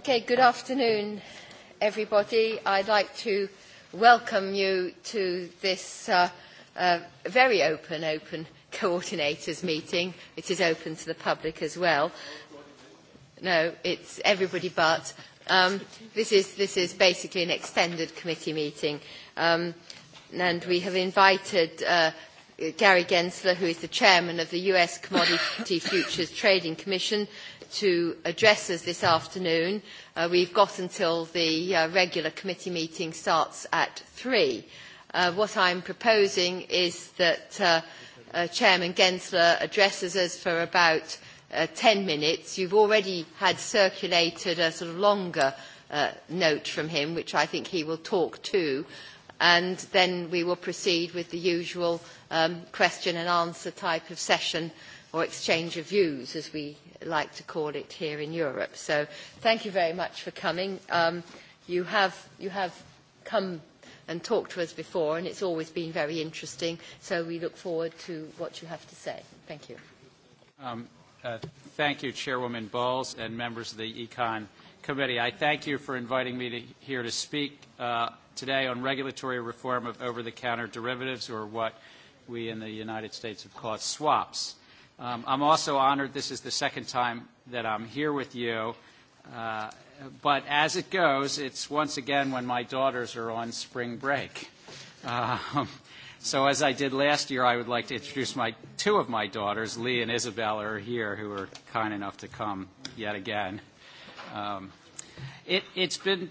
Okay, good afternoon, everybody. I'd like to welcome you to this very open, open coordinators meeting. It is open to the public as well. No, it's everybody but. This is this is basically an extended committee meeting, and we have invited Gary Gensler, who is the chairman of the U.S. Commodity Futures Trading Commission, to address us this afternoon. We've got until the regular committee meeting starts at 3. What I'm proposing is that Chairman Gensler addresses us for about 10 minutes. You've already had circulated a sort of longer note from him, which I think he will talk to, and then we will proceed with the usual question and answer type of session or exchange of views, as we like to call it here in Europe. So thank you very much for coming. You have you have come and talked to us before, and it's always been very interesting. So we look forward to what you have to say. Thank you. Thank you, Chairwoman Balls and members of the Econ Committee. I thank you for inviting me here to speak today on regulatory reform of over-the-counter derivatives, or what we in the United States have called swaps. I'm also honored this is the second time that I'm here with you. But as it goes, it's once again when my daughters are on spring break. So as I did last year, I would like to introduce my two of my daughters, Lee and Isabel, are here, who are kind enough to come yet again. It's been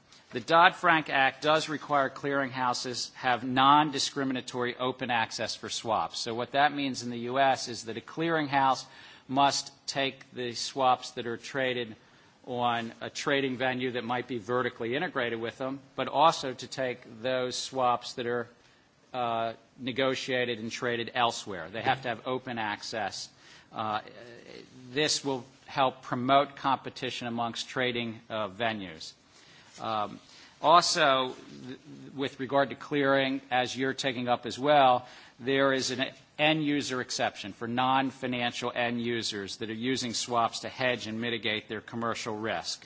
The Dodd-Frank Act does require clearinghouses have non-discriminatory open access for swaps. So what that means in the U.S. is that a clearinghouse must take the swaps that are traded on a trading venue that might be vertically integrated with them, but also to take those swaps that are negotiated and traded elsewhere. They have to have open access. This will help promote competition amongst trading venues. Also, with regard to clearing, as you're taking up as well, there is an end-user exception for non-financial end users that are using swaps to hedge and mitigate their commercial risk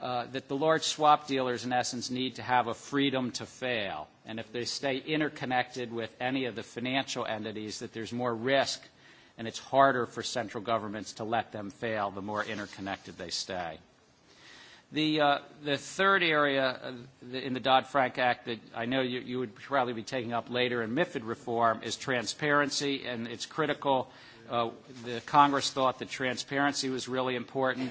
that the large swap dealers, in essence, need to have a freedom to fail. And if they stay interconnected with any of the financial entities, that there's more risk and it's harder for central governments to let them fail the more interconnected they stay. The third area in the Dodd-Frank Act that I know you would probably be taking up later in MIFID reform is transparency, and it's critical. The Congress thought that transparency was really important.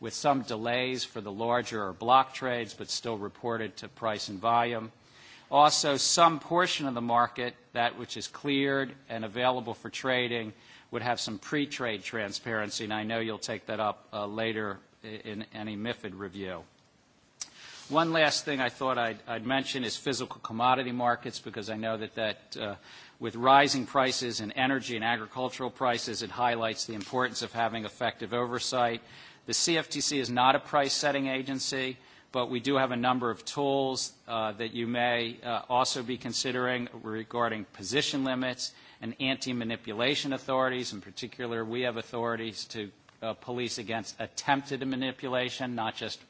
with some delays for the larger or block trades, but still reported to price and volume. Also, some portion of the market, that which is cleared and available for trading, would have some pre-trade transparency, and I know you'll take that up later in any MIFID review. One last thing I thought I'd mention is physical commodity markets, because I know that with rising prices in energy and agricultural prices, it highlights the importance of having effective oversight. The CFTC is not a price-setting agency, but we do have a number of tools that you may also be considering regarding position limits and anti-manipulation authorities. In particular, we have authorities to police against attempted manipulation, not just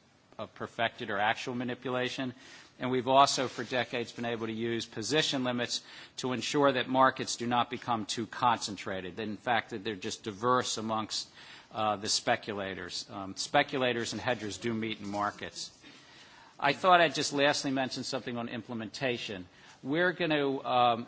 perfected or actual manipulation. And we've also, for decades, been able to use position limits to ensure that markets do not become too concentrated, that, in fact, that they're just diverse amongst the speculators. Speculators and hedgers do meet in markets. I thought I'd just lastly mention something on implementation. We're going to,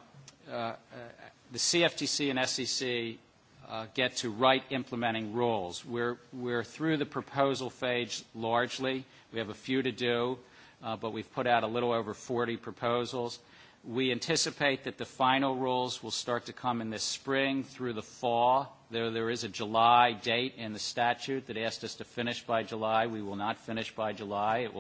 the CFTC and SEC get to write implementing rules. We're through the proposal phase largely. We have a few to do, but we've put out a little over 40 proposals. We anticipate that the final rules will start to come in this spring through the fall. There is a July date in the statute that asked us to finish by July. We will not finish by July. It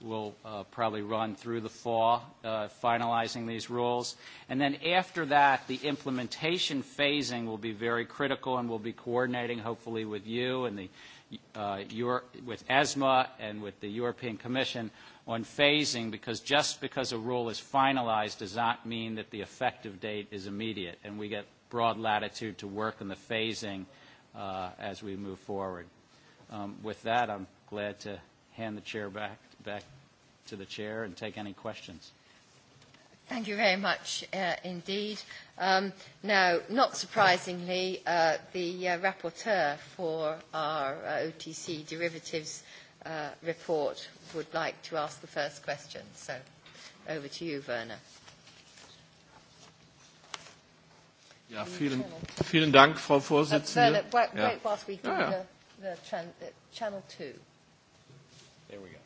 will probably run through the fall, finalizing these rules. And then after that, the implementation phasing will be very critical, and we'll be coordinating, hopefully, with you and the with ESMA and with the European Commission on phasing because just because a rule is finalized does not mean that the effective date is immediate. And we get broad latitude to work on the phasing as we move forward. With that, I'm glad to hand the chair back to the chair and take any questions. Thank you very much indeed. Now, not surprisingly, the rapporteur for our OTC derivatives report would like to ask the first question. So over to you, Werner. Ja, vielen, vielen Dank, Frau Vorsitzende. Werner, wait whilst we do the channel two. There we go.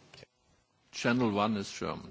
Channel one is German.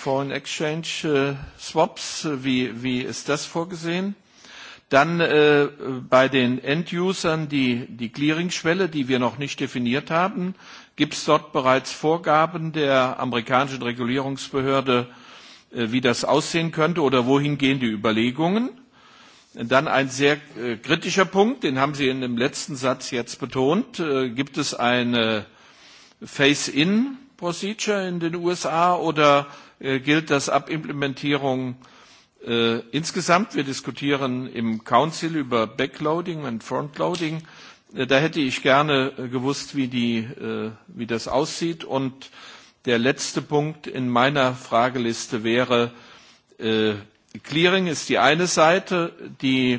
Foreign Exchange Swaps, wie ist das vorgesehen? Dann bei den End-Usern die Clearingschwelle, die wir noch nicht definiert haben. Gibt es dort bereits Vorgaben der amerikanischen Regulierungsbehörde, wie das aussehen könnte oder wohin gehen die Überlegungen? Dann ein sehr kritischer Punkt, den haben Sie in dem letzten Satz jetzt betont. Gibt es eine Face-in-Procedure in den USA oder gilt das ab Implementierung insgesamt. Wir diskutieren im Council über Backloading und Frontloading. Da hätte ich gerne gewusst, wie das aussieht. Und der letzte Punkt in meiner Frageliste wäre, Clearing ist die eine Seite, die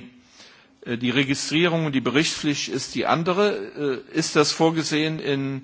Registrierung und die Berichtspflicht ist die andere. Ist das vorgesehen in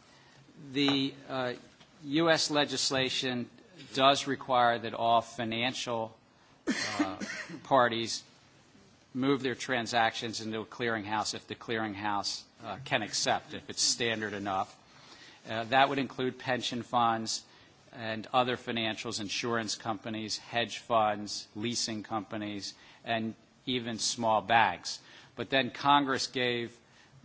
the U.S. legislation does require that all financial parties move their transactions into a clearinghouse if the clearinghouse can accept, if it's standard enough. That would include pension funds and other financials, insurance companies, hedge funds, leasing companies, and even small banks. But then Congress gave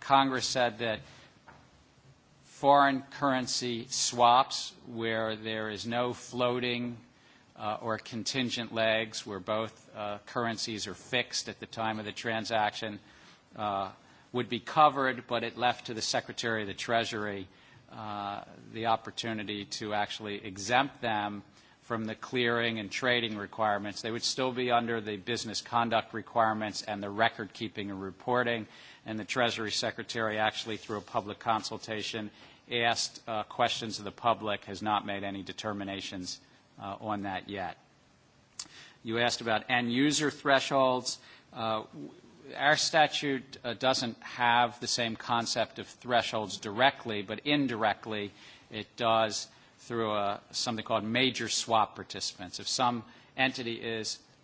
Congress said that foreign currency swaps where there is no floating or contingent legs, where both currencies are fixed at the time of the transaction, would be covered, but it left to the Secretary of the Treasury the opportunity to actually exempt them from the clearing and trading requirements. They would still be under the business conduct requirements and the record keeping and reporting and the Treasury Secretary actually, through a public consultation, asked questions of the public, has not made any determinations on that yet. You asked about end-user thresholds. Our statute doesn't have the same concept of thresholds directly, but indirectly it does through something called major swap participants. If some entity is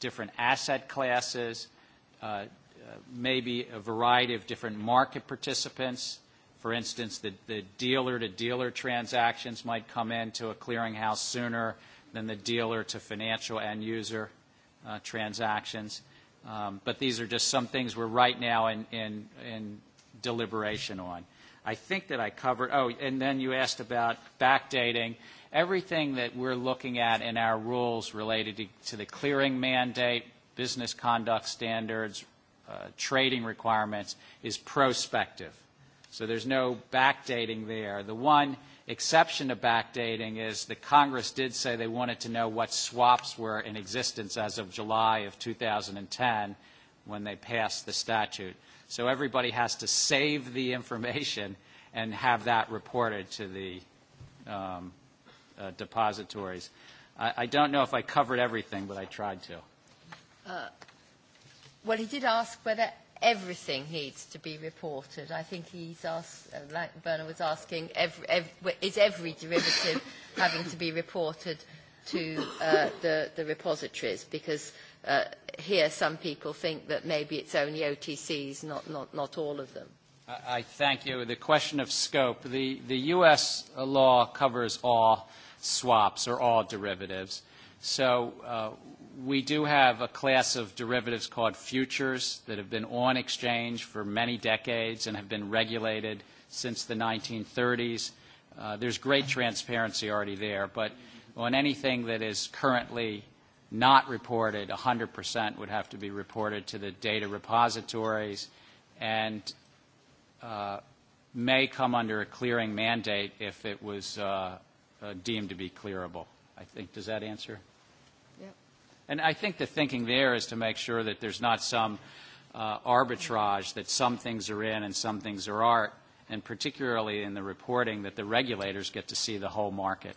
different asset classes, maybe a variety of different market participants. For instance, the dealer-to-dealer transactions might come into a clearinghouse sooner than the dealer-to-financial end-user transactions. But these are just some things we're right now in deliberation on. I think that I covered, oh, and then you asked about backdating everything that we're looking at in our rules related to the clearing mandate, business conduct standards, trading requirements is prospective. So there's no backdating there. The one exception to backdating is the Congress did say they wanted to know what swaps were in existence as of July of 2010 when they passed the statute. So everybody has to save the information and have that reported to the depositories. I don't know if I covered everything, but I tried to. Well, he did ask whether everything needs to be reported. I think he's asked, like Bernard was asking, is every derivative having to be reported to the repositories? Because here some people think that maybe it's only OTCs, not all of them. I thank you. The question of scope. The U.S. law covers all swaps are all derivatives. So we do have a class of derivatives called futures that have been on exchange for many decades and have been regulated since the 1930s. There's great transparency already there, but on anything that is currently not reported, 100% would have to be reported to the data repositories and may come under a clearing mandate if it was deemed to be clearable. I think does that answer? Yeah. And I think the thinking there is to make sure that there's not some arbitrage that some things are in and some things are art, and particularly in the reporting that the regulators get to see the whole market.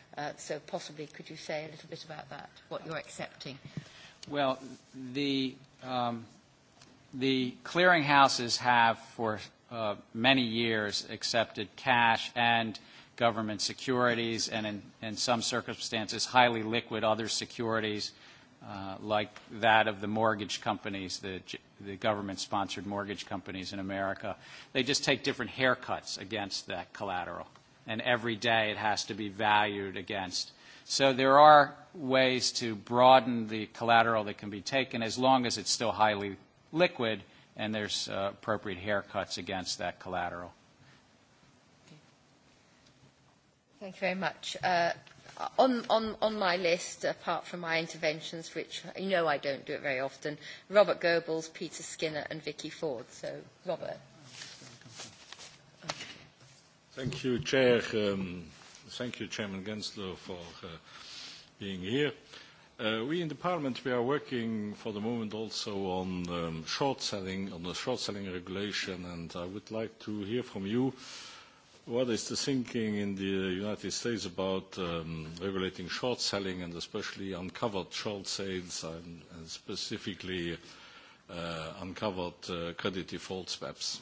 So possibly could you say a little bit about that, what you're accepting? Well, the the clearinghouses have for many years accepted cash and government securities and in some circumstances highly liquid other securities like that of the mortgage companies, the government-sponsored mortgage companies in America. They just take different haircuts against that collateral and every day it has to be valued against. So there are ways to broaden the collateral that can be taken as long as it's still highly liquid and there's appropriate haircuts against that collateral. Thank you very much. On my list, apart from my interventions, which you know I don't do it very often, Robert Goebbels, Peter Skinner and Vicky Ford. So, Robert. Thank you, Chair. Thank you, Chairman Gensler, for being here. We in the Parliament, we are working for the moment also on short selling, on the short selling regulation, and I would like to hear from you what is the thinking in the United States about regulating short selling and especially uncovered short sales and specifically uncovered credit default swaps.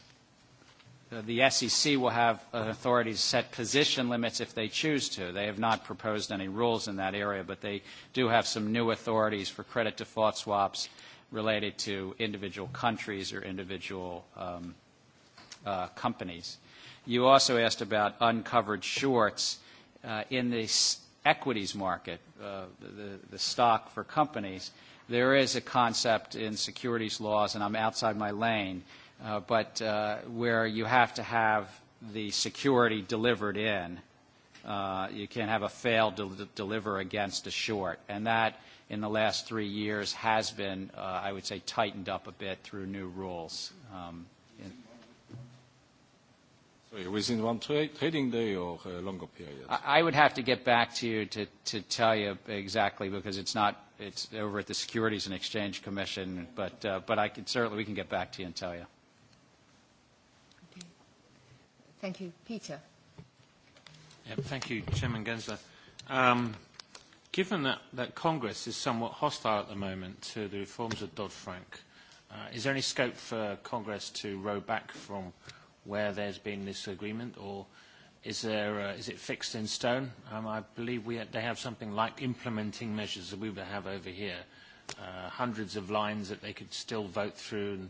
The SEC will have authorities set position limits if they choose to. They have not proposed any rules in that area, but they do have some new authorities for credit default swaps related to individual countries or individual companies. You also asked about uncovered shorts in the equities market, the stock for companies. There is a concept in securities laws, and I'm outside my lane, but where you have to have the security delivered in. You can't have a failed deliver against a short. And that, in the last three years, has been, I would say, tightened up a bit through new rules. Within one trading day or a longer period? I would have to get back to you to tell you exactly because it's not it's over at the Securities and Exchange Commission, but but I can certainly we can get back to you and tell you. Thank you. Peter. Thank you, Chairman Gensler. Given that that Congress is somewhat hostile at the moment to the reforms of Dodd-Frank, is there any scope for Congress to row back from where there's been this agreement, or is is it fixed in stone? I believe we they have something like implementing measures that we would have over here, hundreds of lines that they could still vote through and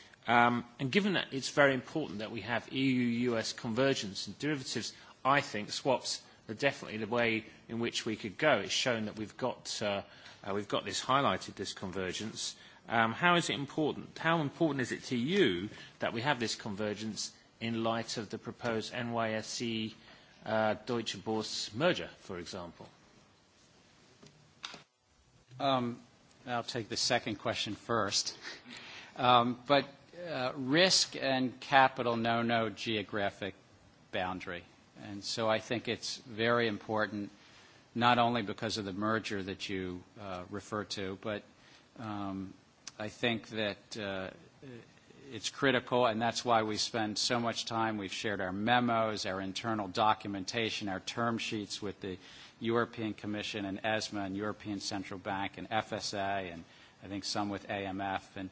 And given that it's very important that we have EU-US convergence in derivatives, I think swaps are definitely the way in which we could go. It's shown that we've got we've got this highlighted, this convergence. How is it important? How important is it to you that we have this convergence in light of the proposed NYSE Deutsche Börse merger, for example? I'll take the second question first. But risk and capital no no geographic boundary. And so I think it's very important, not only because of the merger that you refer to, but I think that it's critical, and that's why we spend so much time. We've shared our memos, our internal documentation, our term sheets with the European Commission and ESMA and European Central Bank and FSA and I think some with AMF. And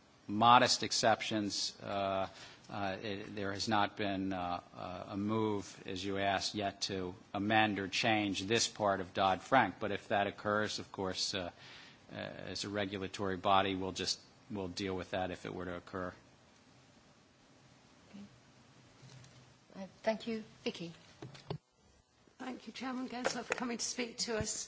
modest exceptions. There has not been a move, as you asked, yet to amend or change this part of Dodd-Frank. But if that occurs, of course, as a regulatory body, we'll just we'll deal with that if it were to occur. Thank you. Vicky. Thank you, Chairman Gensler, for coming to speak to us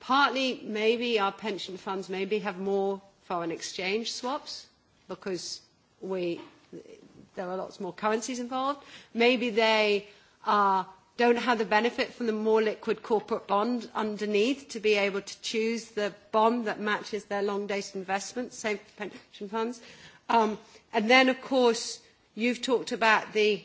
Partly, maybe our pension funds maybe have more foreign exchange swaps because we there are lots more currencies involved. Maybe they don't have the benefit from the more liquid corporate bond underneath to be able to choose the bond that matches their long-dated investments, same pension funds. And then, of course, you've talked about the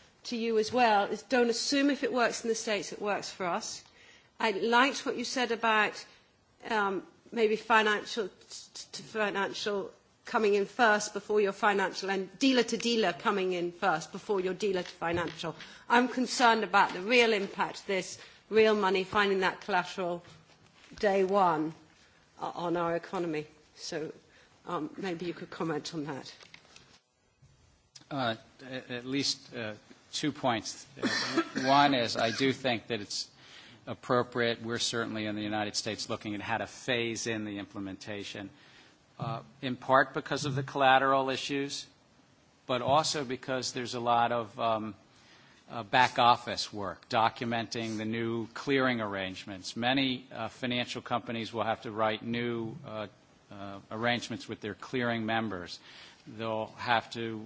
to you as well is don't assume if it works in the States, it works for us. I liked what you said about maybe financial to financial coming in first before your financial and dealer to dealer coming in first before your dealer to financial. I'm concerned about the real impact of this, real money, finding that collateral day one on our economy. So maybe you could comment on that. At least two points. One is I do think that it's appropriate. We're certainly in the United States looking at how to phase in the implementation, in part because of the collateral issues, but also because there's a lot of back office work, documenting the new clearing arrangements. Many financial companies will have to write new arrangements with their clearing members. They'll have to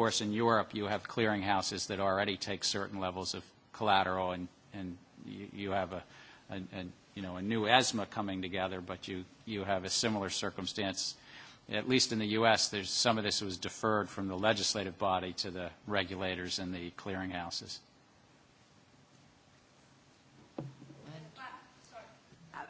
course, in Europe, you have clearinghouses that already take certain levels of collateral, and, you have a, new ESMA coming together, but you, have a similar circumstance. At least in the U.S., there's, some of this was deferred from the legislative body to the regulators and the clearinghouses.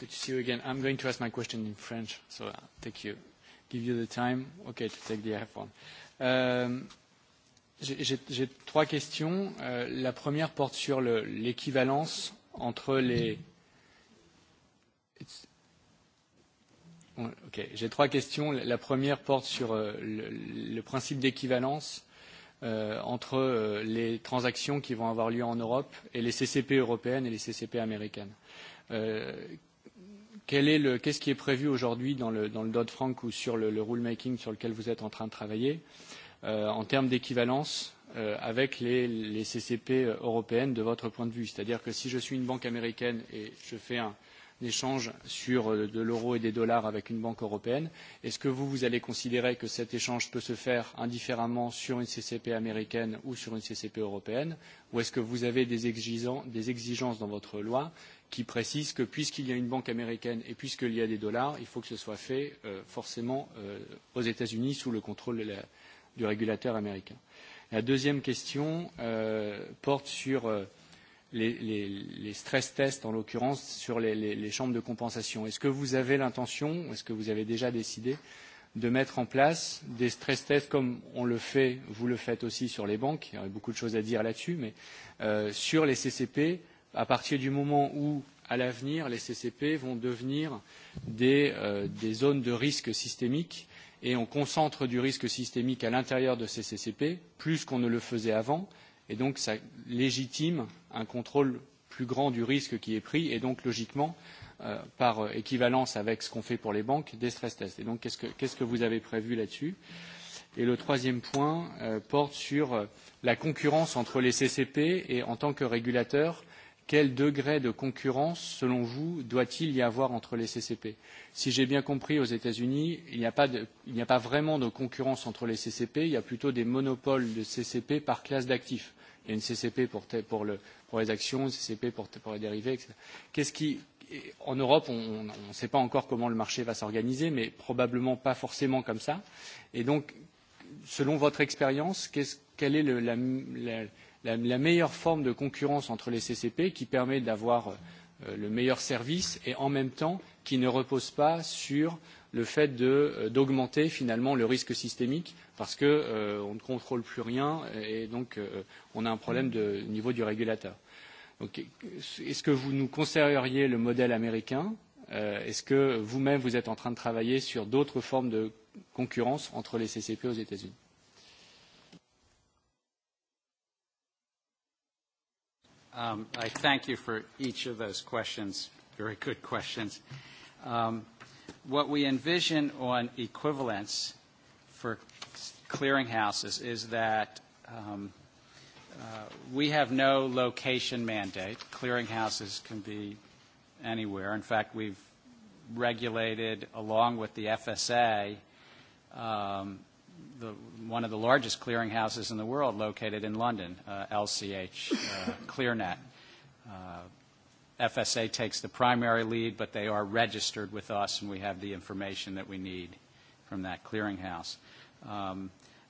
good to see you again. I'm going to ask my question in French, so I'll take you, give you the time, okay, to take the iPhone. J'ai trois questions. La première porte sur l'équivalence entre les. Ok, j'ai trois questions. La première porte sur le principe d'équivalence entre les transactions qui vont avoir lieu en Europe et les CCP européennes et les CCP américaines Qu'est-ce qui est prévu aujourd'hui dans le Dodd-Frank ou sur le rulemaking sur lequel vous êtes en train de travailler en termes d'équivalence avec les CCP européennes de votre point de vue C'est-à-dire que si je suis une banque américaine et je fais un L'échange sur de l'euro et des dollars avec une banque européenne. Est-ce que vous, vous allez considérer que cet échange peut se faire indifféremment sur une CCP américaine ou sur une CCP européenne Ou est-ce que vous avez des exigences dans votre loi qui précisent que puisqu'il y a une banque américaine et puisqu'il y a des dollars, il faut que ce soit fait forcément aux États-Unis sous le contrôle du régulateur américain La deuxième question porte sur les stress tests, en l'occurrence, sur les chambres de compensation. Est-ce que vous avez l'intention, est-ce que vous avez déjà décidé de mettre en place des stress tests comme on le fait, vous le faites aussi sur les banques, il y aurait beaucoup de choses à dire là-dessus, mais sur les CCP, à partir du moment où, à l'avenir, les CCP vont devenir des zones de risque systémique et on concentre du risque systémique à l'intérieur de ces CCP, plus qu'on ne le faisait avant, et donc ça légitime un contrôle plus grand du risque qui est pris et donc logiquement par équivalence avec ce qu'on fait pour les banques des stress tests. Et donc qu'est-ce que vous avez prévu là-dessus Et le troisième point porte sur la concurrence entre les CCP et en tant que régulateur, quel degré de concurrence, selon vous, doit-il y avoir entre les CCP Si j'ai bien compris, aux États-Unis, il n'y a pas vraiment de concurrence entre les CCP, il y a plutôt des monopoles de CCP par classe d'actifs. Il y a une CCP pour les actions, une CCP pour les dérivés, etc. En Europe, on ne sait pas encore comment le marché va s'organiser, mais probablement pas forcément comme ça. Et donc, selon votre expérience, quelle est la meilleure forme de concurrence entre les CCP qui permet d'avoir le meilleur service et en même temps qui ne repose pas sur le fait d'augmenter finalement le risque systémique parce qu'on ne contrôle plus rien et donc on a un problème de niveau du régulateur. Est-ce que vous nous conseilleriez le modèle américain Est-ce que vous-même, vous êtes en train de travailler sur d'autres formes de concurrence entre les CCP aux États-Unis I thank you for each of those questions, very good questions. Um, what we envision on equivalence for clearinghouses is that we have no location mandate. Clearinghouses can be anywhere. In fact, we've regulated, along with the FSA, one of the largest clearinghouses in the world located in London, LCH ClearNet FSA takes the primary lead, but they are registered with us, and we have the information that we need from that clearinghouse.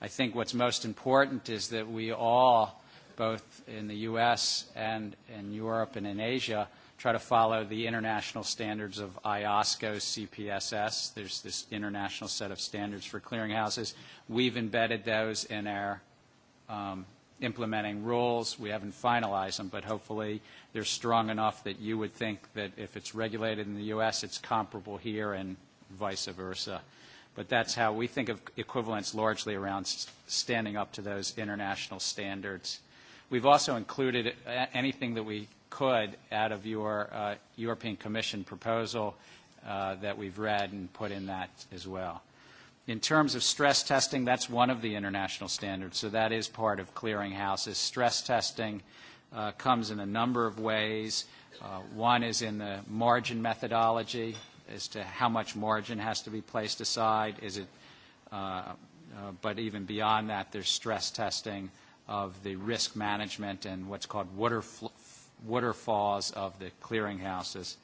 I think what's most important is that we all, both in the U.S. and in Europe and in Asia, try to follow the international standards of IOSCO, CPSS. There's this international set of standards for clearinghouses. We've embedded those in our implementing rules. We haven't finalized them, but hopefully they're strong enough that you would think that if it's regulated in the U.S., it's comparable here and vice versa. But that's how we think of equivalence largely around standing up to those international standards. We've also included anything that we could out of your European Commission proposal that we've read and put in that as well. In terms of stress testing, that's one of the international standards, so that is part of clearinghouses. Stress testing comes in a number of ways. One is in the margin methodology as to how much margin has to be placed aside. Is it, but even beyond that, there's stress testing of the risk management and what's called waterfalls of the clearinghouses.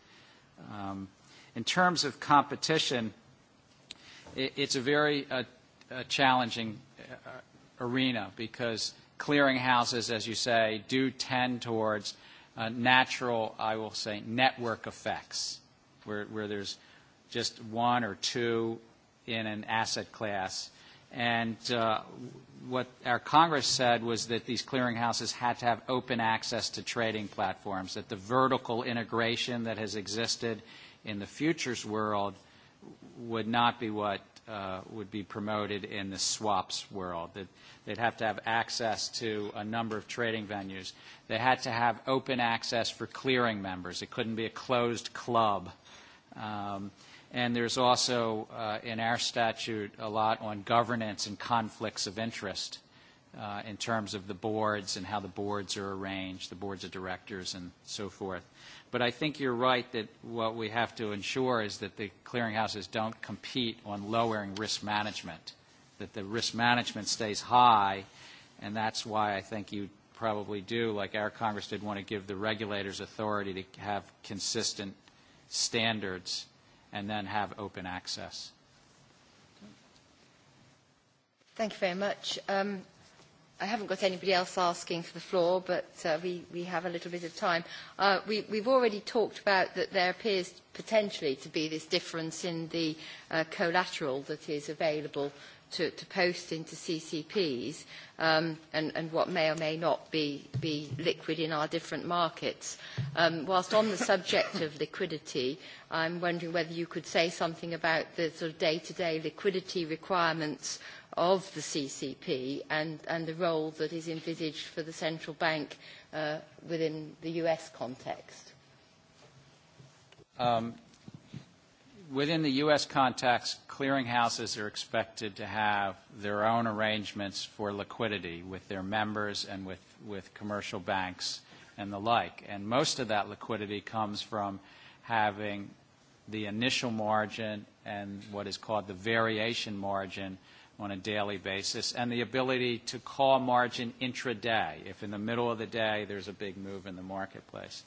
In terms of competition, It's a very challenging arena because clearing houses, as you say, do tend towards natural, I will say, network effects, where there's just one or two in an asset class. And what our Congress said was that these clearinghouses had to have open access to trading platforms, that the vertical integration that has existed in the futures world would not be what would be promoted in the swaps world. They'd have to have access to a number of trading venues. They had to have open access for clearing members. It couldn't be a closed club. And there's also in our statute a lot on governance and conflicts of interest in terms of the boards and how the boards are arranged, the boards of directors and so forth. But I think you're right that what we have to ensure is that the clearinghouses don't compete on lowering risk management, that the risk management stays high, and that's why I think you probably do, like our Congress did want to give the regulators authority to have consistent standards and then have open access. Thank you very much. Um, I haven't got anybody else asking for the floor, but we we have a little bit of time. We We've already talked about that there appears potentially to be this difference in the collateral that is available to post into CCPs and what may or may not be liquid in our different markets. Whilst on the subject of liquidity, I'm wondering whether you could say something about the sort of day-to-day liquidity requirements of the CCP and the role that is envisaged for the central bank within the US context? Within the U.S. context, clearinghouses are expected to have their own arrangements for liquidity with their members and with commercial banks and the like. And most of that liquidity comes from having the initial margin and what is called the variation margin on a daily basis, and the ability to call margin intraday if in the middle of the day there's a big move in the marketplace.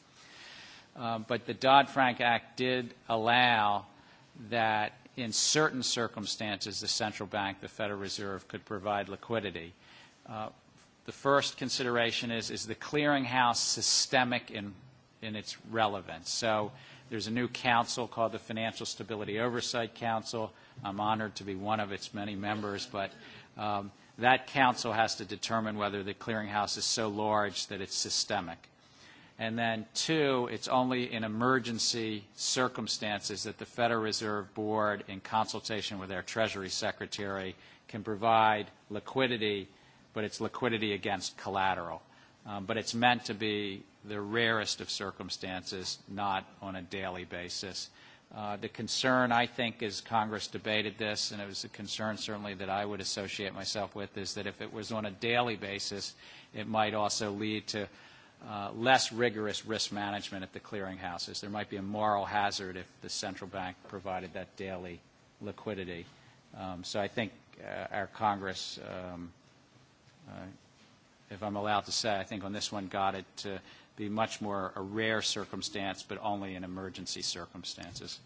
But the Dodd-Frank Act did allow that in certain circumstances the central bank, the Federal Reserve, could provide liquidity. The first consideration is, is the clearinghouse systemic in its relevance? So There's a new council called the Financial Stability Oversight Council. I'm honored to be one of its many members, but that council has to determine whether the clearinghouse is so large that it's systemic. And then, two, it's only in emergency circumstances that the Federal Reserve Board, in consultation with our Treasury Secretary, can provide liquidity, but it's liquidity against collateral but it's meant to be the rarest of circumstances, not on a daily basis. The concern, I think, as Congress debated this, and it was a concern certainly that I would associate myself with, is that if it was on a daily basis, it might also lead to less rigorous risk management at the clearinghouses. There might be a moral hazard if the central bank provided that daily liquidity. So I think our Congress if I'm allowed to say, I think on this one got it to be much more a rare circumstance, but only in emergency circumstances.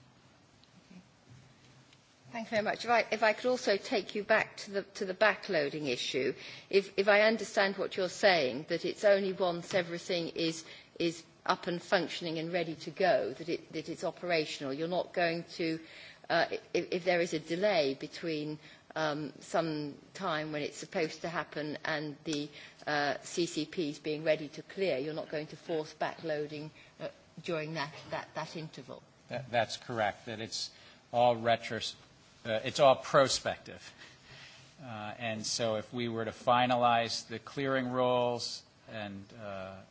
Thank you very much. If I could also take you back to the to the backloading issue, if I understand what you're saying, that it's only once everything is is up and functioning and ready to go that it that it's operational. You're not going to, if there is a delay between some time when it's supposed to happen and the CCPs being ready to clear. You're not going to force backloading during that that interval. That's correct. That it's all it's all prospective. And so if we were to finalize the clearing rules and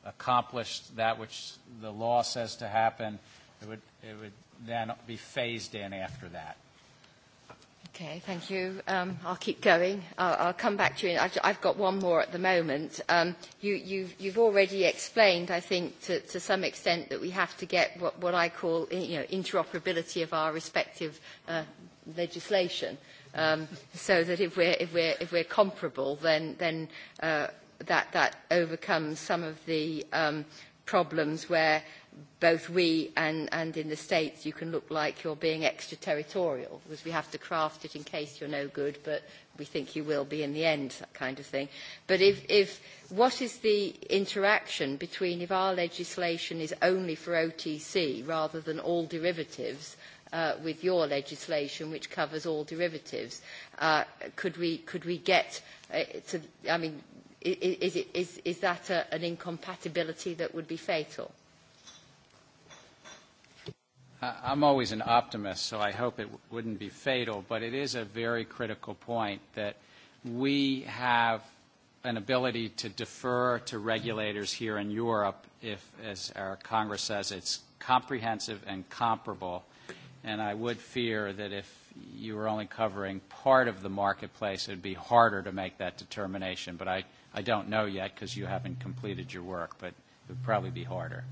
accomplish that which the law says to happen, it would it would then be phased in after that. Okay, thank you. Um, I'll keep going. I'll, I'll come back to you. I've, I've got one more at the moment. Um, you, you've, already explained, I think, to, to some extent that we have to get what, what I call you know, interoperability of our respective legislation so that if we're, if we're, if we're comparable, then, then that, that overcomes some of the problems where both we and and in the States you can look like you're being extraterritorial because we have to craft it in case you're no good but we think you will be in the end, that kind of thing. But if if what is the interaction between if our legislation is only for OTC rather than all derivatives with your legislation which covers all derivatives, could we could we get to I mean is is that an incompatibility that would be fatal? I'm always an optimist, so I hope it wouldn't be fatal, but it is a very critical point that we have an ability to defer to regulators here in Europe if, as our Congress says, it's comprehensive and comparable. And I would fear that if you were only covering part of the marketplace, it would be harder to make that determination. But I, I don't know yet because you haven't completed your work, but it would probably be harder.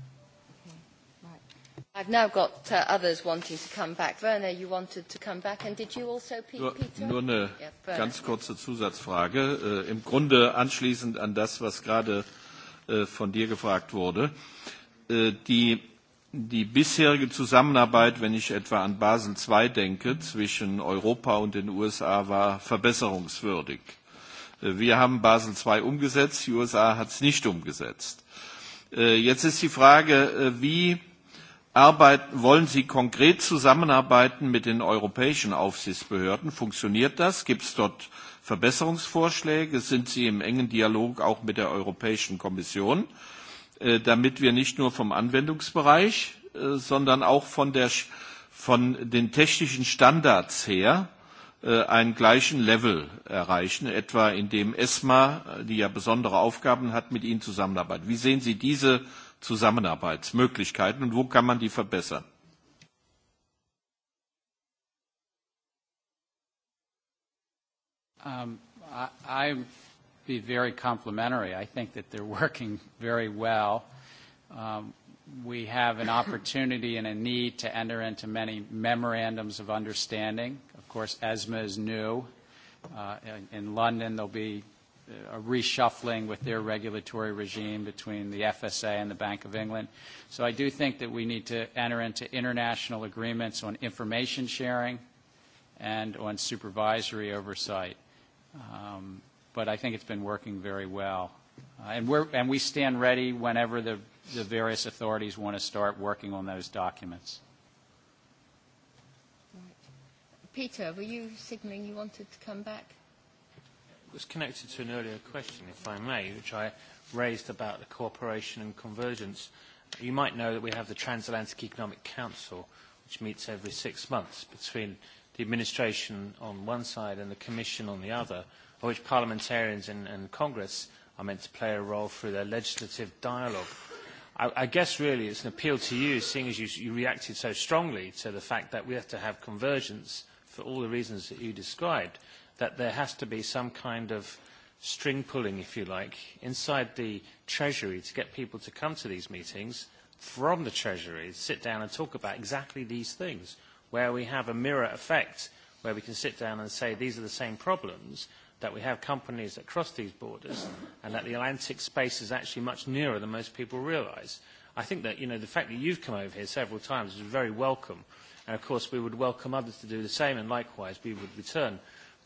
I've now got others wanting to come back. Werner, you wanted to come back, and did you also, Peter? Nur eine ganz kurze Zusatzfrage. Im Grunde anschließend an das, was gerade von dir gefragt wurde. Die bisherige Zusammenarbeit, wenn ich etwa an Basel II denke, zwischen Europa und den USA war verbesserungswürdig. Wir haben Basel II umgesetzt, die USA hat es nicht umgesetzt. Jetzt ist die Frage, wie wollen Sie konkret zusammenarbeiten mit den europäischen Aufsichtsbehörden? Funktioniert das? Gibt es dort Verbesserungsvorschläge? Sind Sie im engen Dialog auch mit der Europäischen Kommission, damit wir nicht nur vom Anwendungsbereich, sondern auch von den technischen Standards her einen gleichen Level erreichen, etwa indem ESMA, die ja besondere Aufgaben hat, mit Ihnen zusammenarbeitet. Wie sehen Sie diese Zusammenarbeitsmöglichkeiten und wo kann man die verbessern? Um I be very complimentary. I think that they're working very well. Um We have an opportunity and a need to enter into many memorandums of understanding. Of course, ESMA is new. In London, there'll be a reshuffling with their regulatory regime between the FSA and the Bank of England. So I do think that we need to enter into international agreements on information sharing and on supervisory oversight. But I think it's been working very well. And we stand ready whenever the various authorities want to start working on those documents. Peter, were you signaling you wanted to come back? was connected to an earlier question, if I may, which I raised about the cooperation and convergence. You might know that we have the Transatlantic Economic Council, which meets every six months between the administration on one side and the Commission on the other, of which parliamentarians and Congress are meant to play a role through their legislative dialogue. I guess really it's an appeal to you, seeing as you reacted so strongly to the fact that we have to have convergence for all the reasons that you described that there has to be some kind of string pulling, if you like, inside the Treasury to get people to come to these meetings from the Treasury, sit down and talk about exactly these things, where we have a mirror effect, where we can sit down and say these are the same problems, that we have companies that cross these borders, and that the Atlantic space is actually much nearer than most people realise. I think that, you know, the fact that you've come over here several times is very welcome, and of course we would welcome others to do the same, and likewise we would return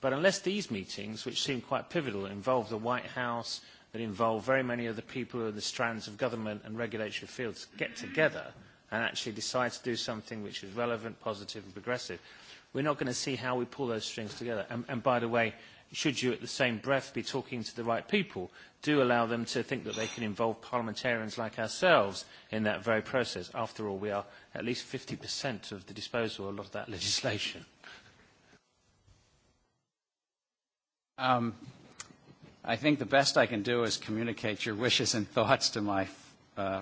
But unless these meetings, which seem quite pivotal, involve the White House, that involve very many of the people who are the strands of government and regulatory fields, get together and actually decide to do something which is relevant, positive and progressive, we're not going to see how we pull those strings together. And by the way, should you at the same breath be talking to the right people, do allow them to think that they can involve parliamentarians like ourselves in that very process. After all, we are at least 50% of the disposal of a lot of that legislation. I think the best I can do is communicate your wishes and thoughts to my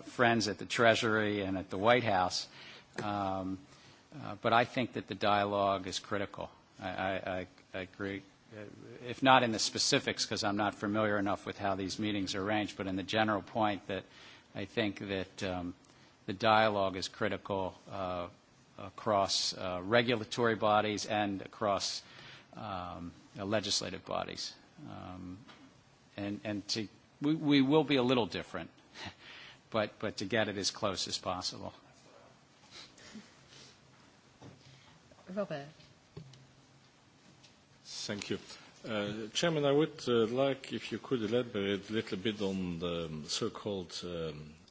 friends at the Treasury and at the White House. but I think that the dialogue is critical. I, agree, if not in the specifics, because I'm not familiar enough with how these meetings are arranged, but in the general point that I think that the dialogue is critical across regulatory bodies and across legislative bodies. And and to we we will be a little different, but but to get it as close as possible. Robert. Thank you. Chairman, I would like if you could elaborate a little bit on the so-called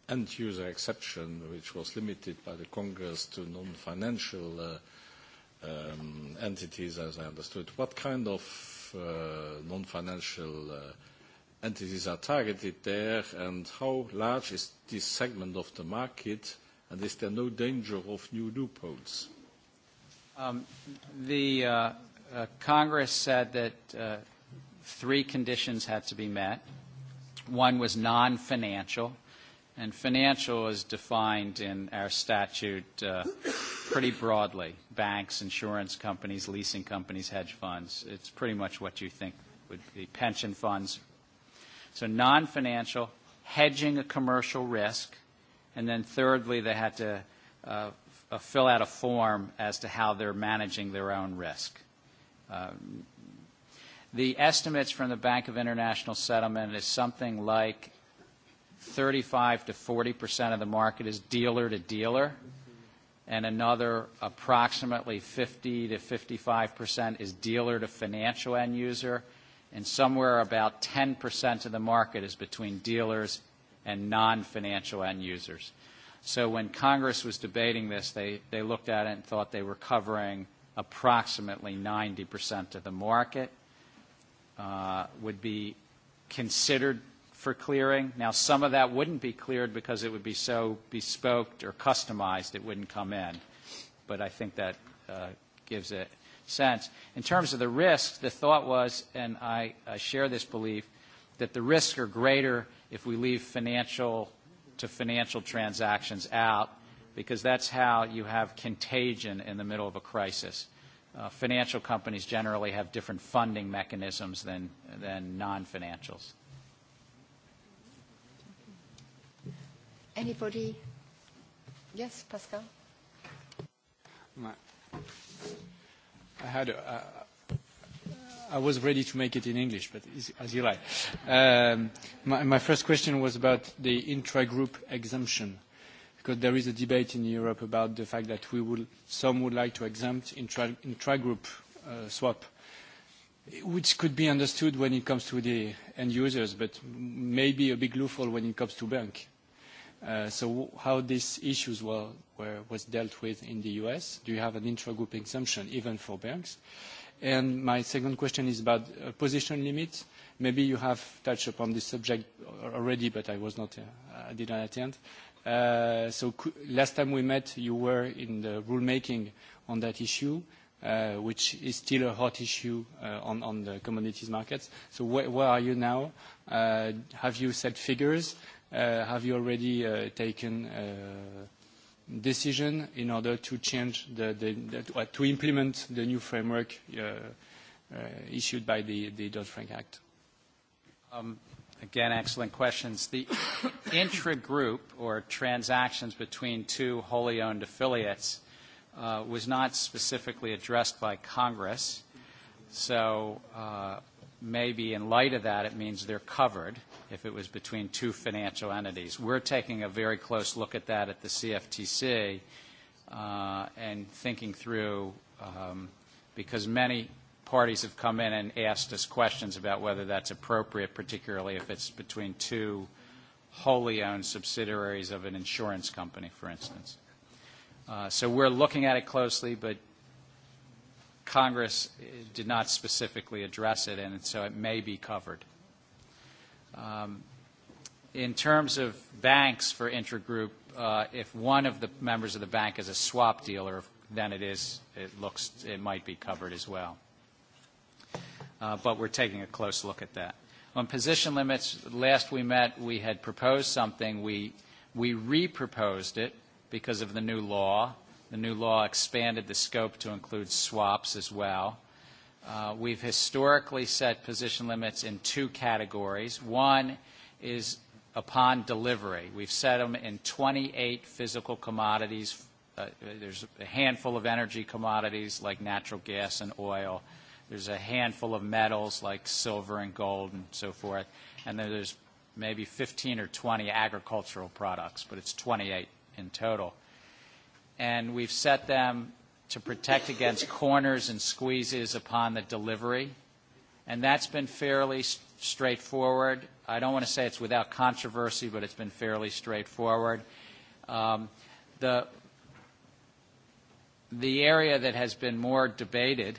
end-user exception, which was limited by the Congress to non-financial entities, as I understood. What kind of non-financial entities are targeted there, and how large is this segment of the market, and is there no danger of new loopholes? The Congress said that three conditions had to be met. One was non-financial. And financial is defined in our statute pretty broadly. Banks, insurance companies, leasing companies, hedge funds. It's pretty much what you think would be pension funds. So non-financial, hedging a commercial risk. And then thirdly, they had to fill out a form as to how they're managing their own risk. The estimates from the Bank of International Settlement is something like 35 to 40 of the market is dealer to dealer, and another approximately 50 to 55 is dealer to financial end user, and somewhere about 10 of the market is between dealers and non-financial end users. So when Congress was debating this, they, they looked at it and thought they were covering approximately 90% of the market, would be considered for clearing. Now, some of that wouldn't be cleared because it would be so bespoke or customized it wouldn't come in. But I think that gives it sense. In terms of the risk, the thought was, and I share this belief, that the risks are greater if we leave financial to financial transactions out because that's how you have contagion in the middle of a crisis. Financial companies generally have different funding mechanisms than non-financials. Anybody? Yes, Pascal. I had. I was ready to make it in English, but as you like. my, my first question was about the intra-group exemption, because there is a debate in Europe about the fact that we will, some would like to exempt intra, intra-group swap, which could be understood when it comes to the end users, but maybe a big loophole when it comes to banks. So how these issues were was dealt with in the U.S.? Do you have an intra-group exemption even for banks? And my second question is about position limits. Maybe you have touched upon this subject already, but I was not, I not attend. So last time we met, you were in the rulemaking on that issue, which is still a hot issue on the commodities markets. So where are you now? Have you set figures? Have you already taken decision in order to change the to implement the new framework issued by the Dodd-Frank Act? Again, excellent questions. The intra-group or transactions between two wholly owned affiliates was not specifically addressed by Congress, so maybe in light of that, it means they're covered if it was between two financial entities. We're taking a very close look at that at the CFTC and thinking through, because many parties have come in and asked us questions about whether that's appropriate, particularly if it's between two wholly owned subsidiaries of an insurance company, for instance. So we're looking at it closely, but Congress did not specifically address it, and so it may be covered. In terms of banks for intragroup, if one of the members of the bank is a swap dealer, then it is, it looks, it might be covered as well. But we're taking a close look at that. On position limits, last we met, we had proposed something. We we re-proposed it because of the new law. The new law expanded the scope to include swaps as well. We've historically set position limits in two categories. One is upon delivery. We've set them in 28 physical commodities. There's a handful of energy commodities like natural gas and oil. There's a handful of metals like silver and gold and so forth. And then there's maybe 15 or 20 agricultural products, but it's 28 in total. And we've set them to protect against corners and squeezes upon the delivery. And that's been fairly straightforward. I don't want to say it's without controversy, but it's been fairly straightforward. The area that has been more debated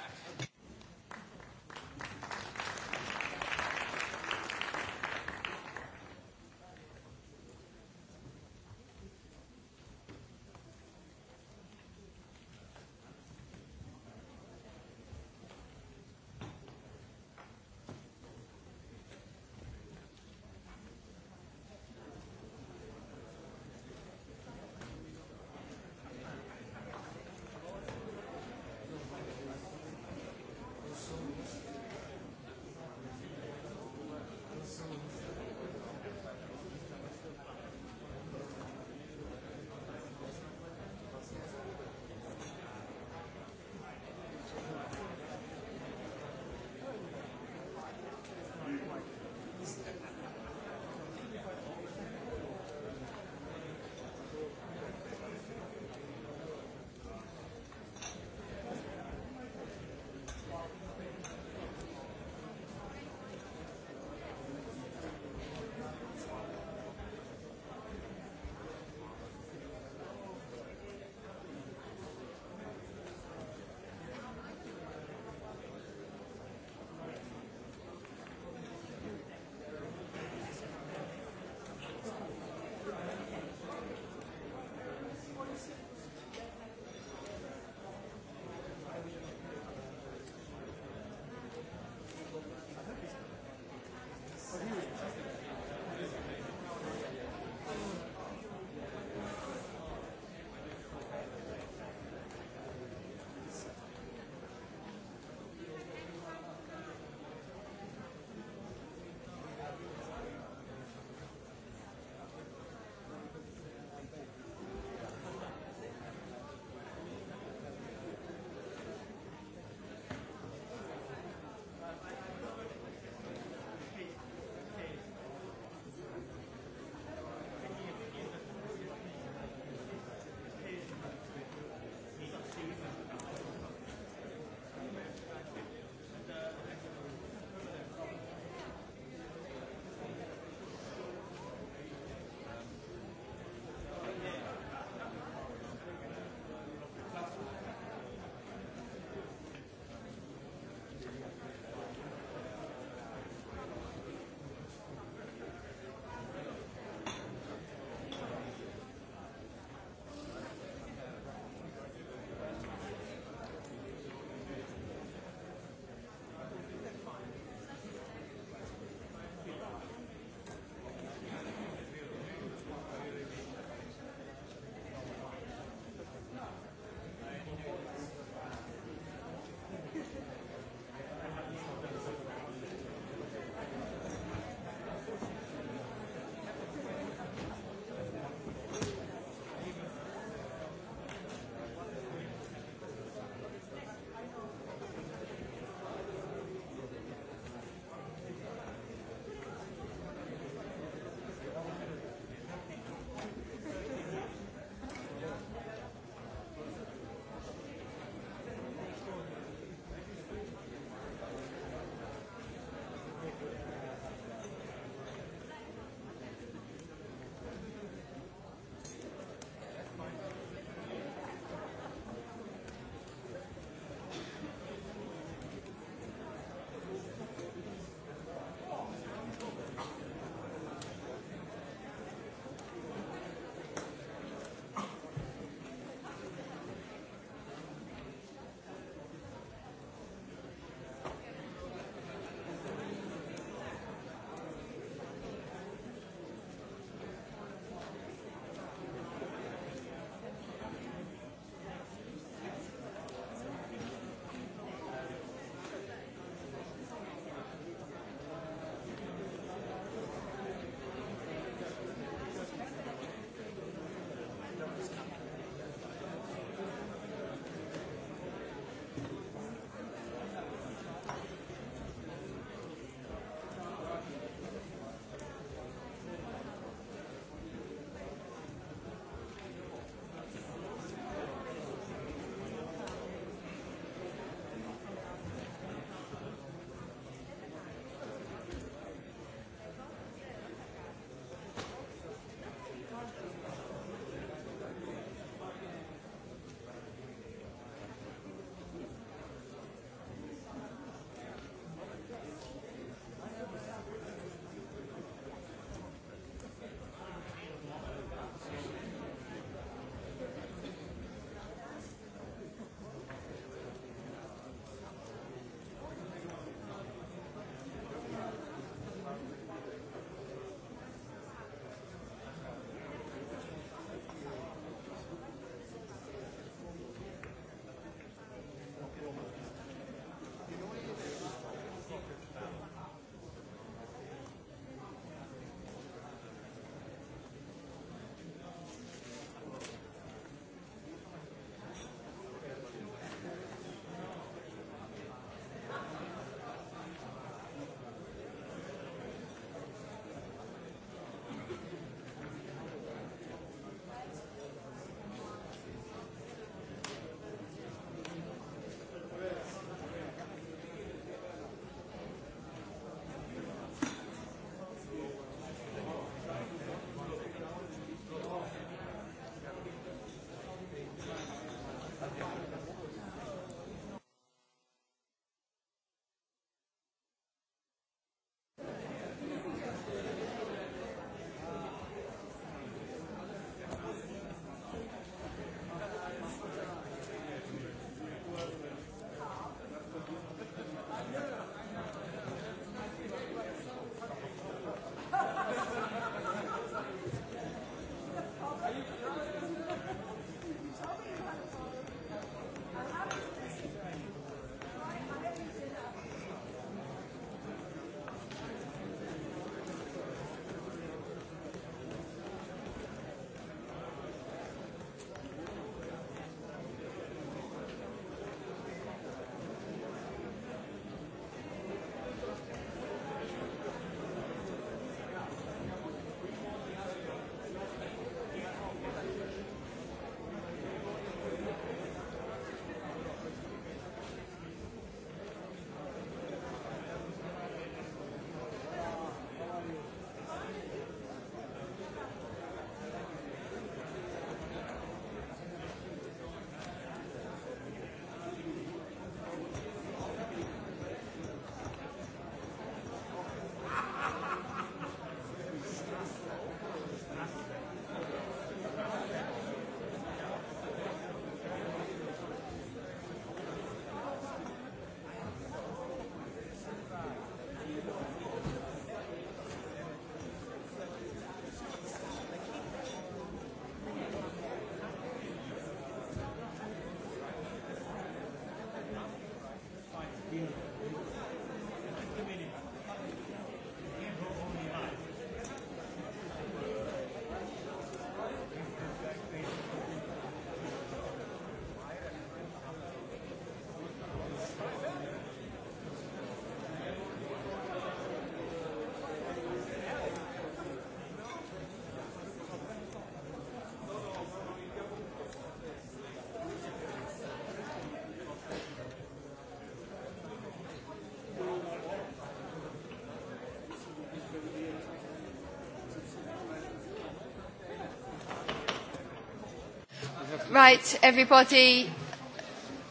Right, everybody,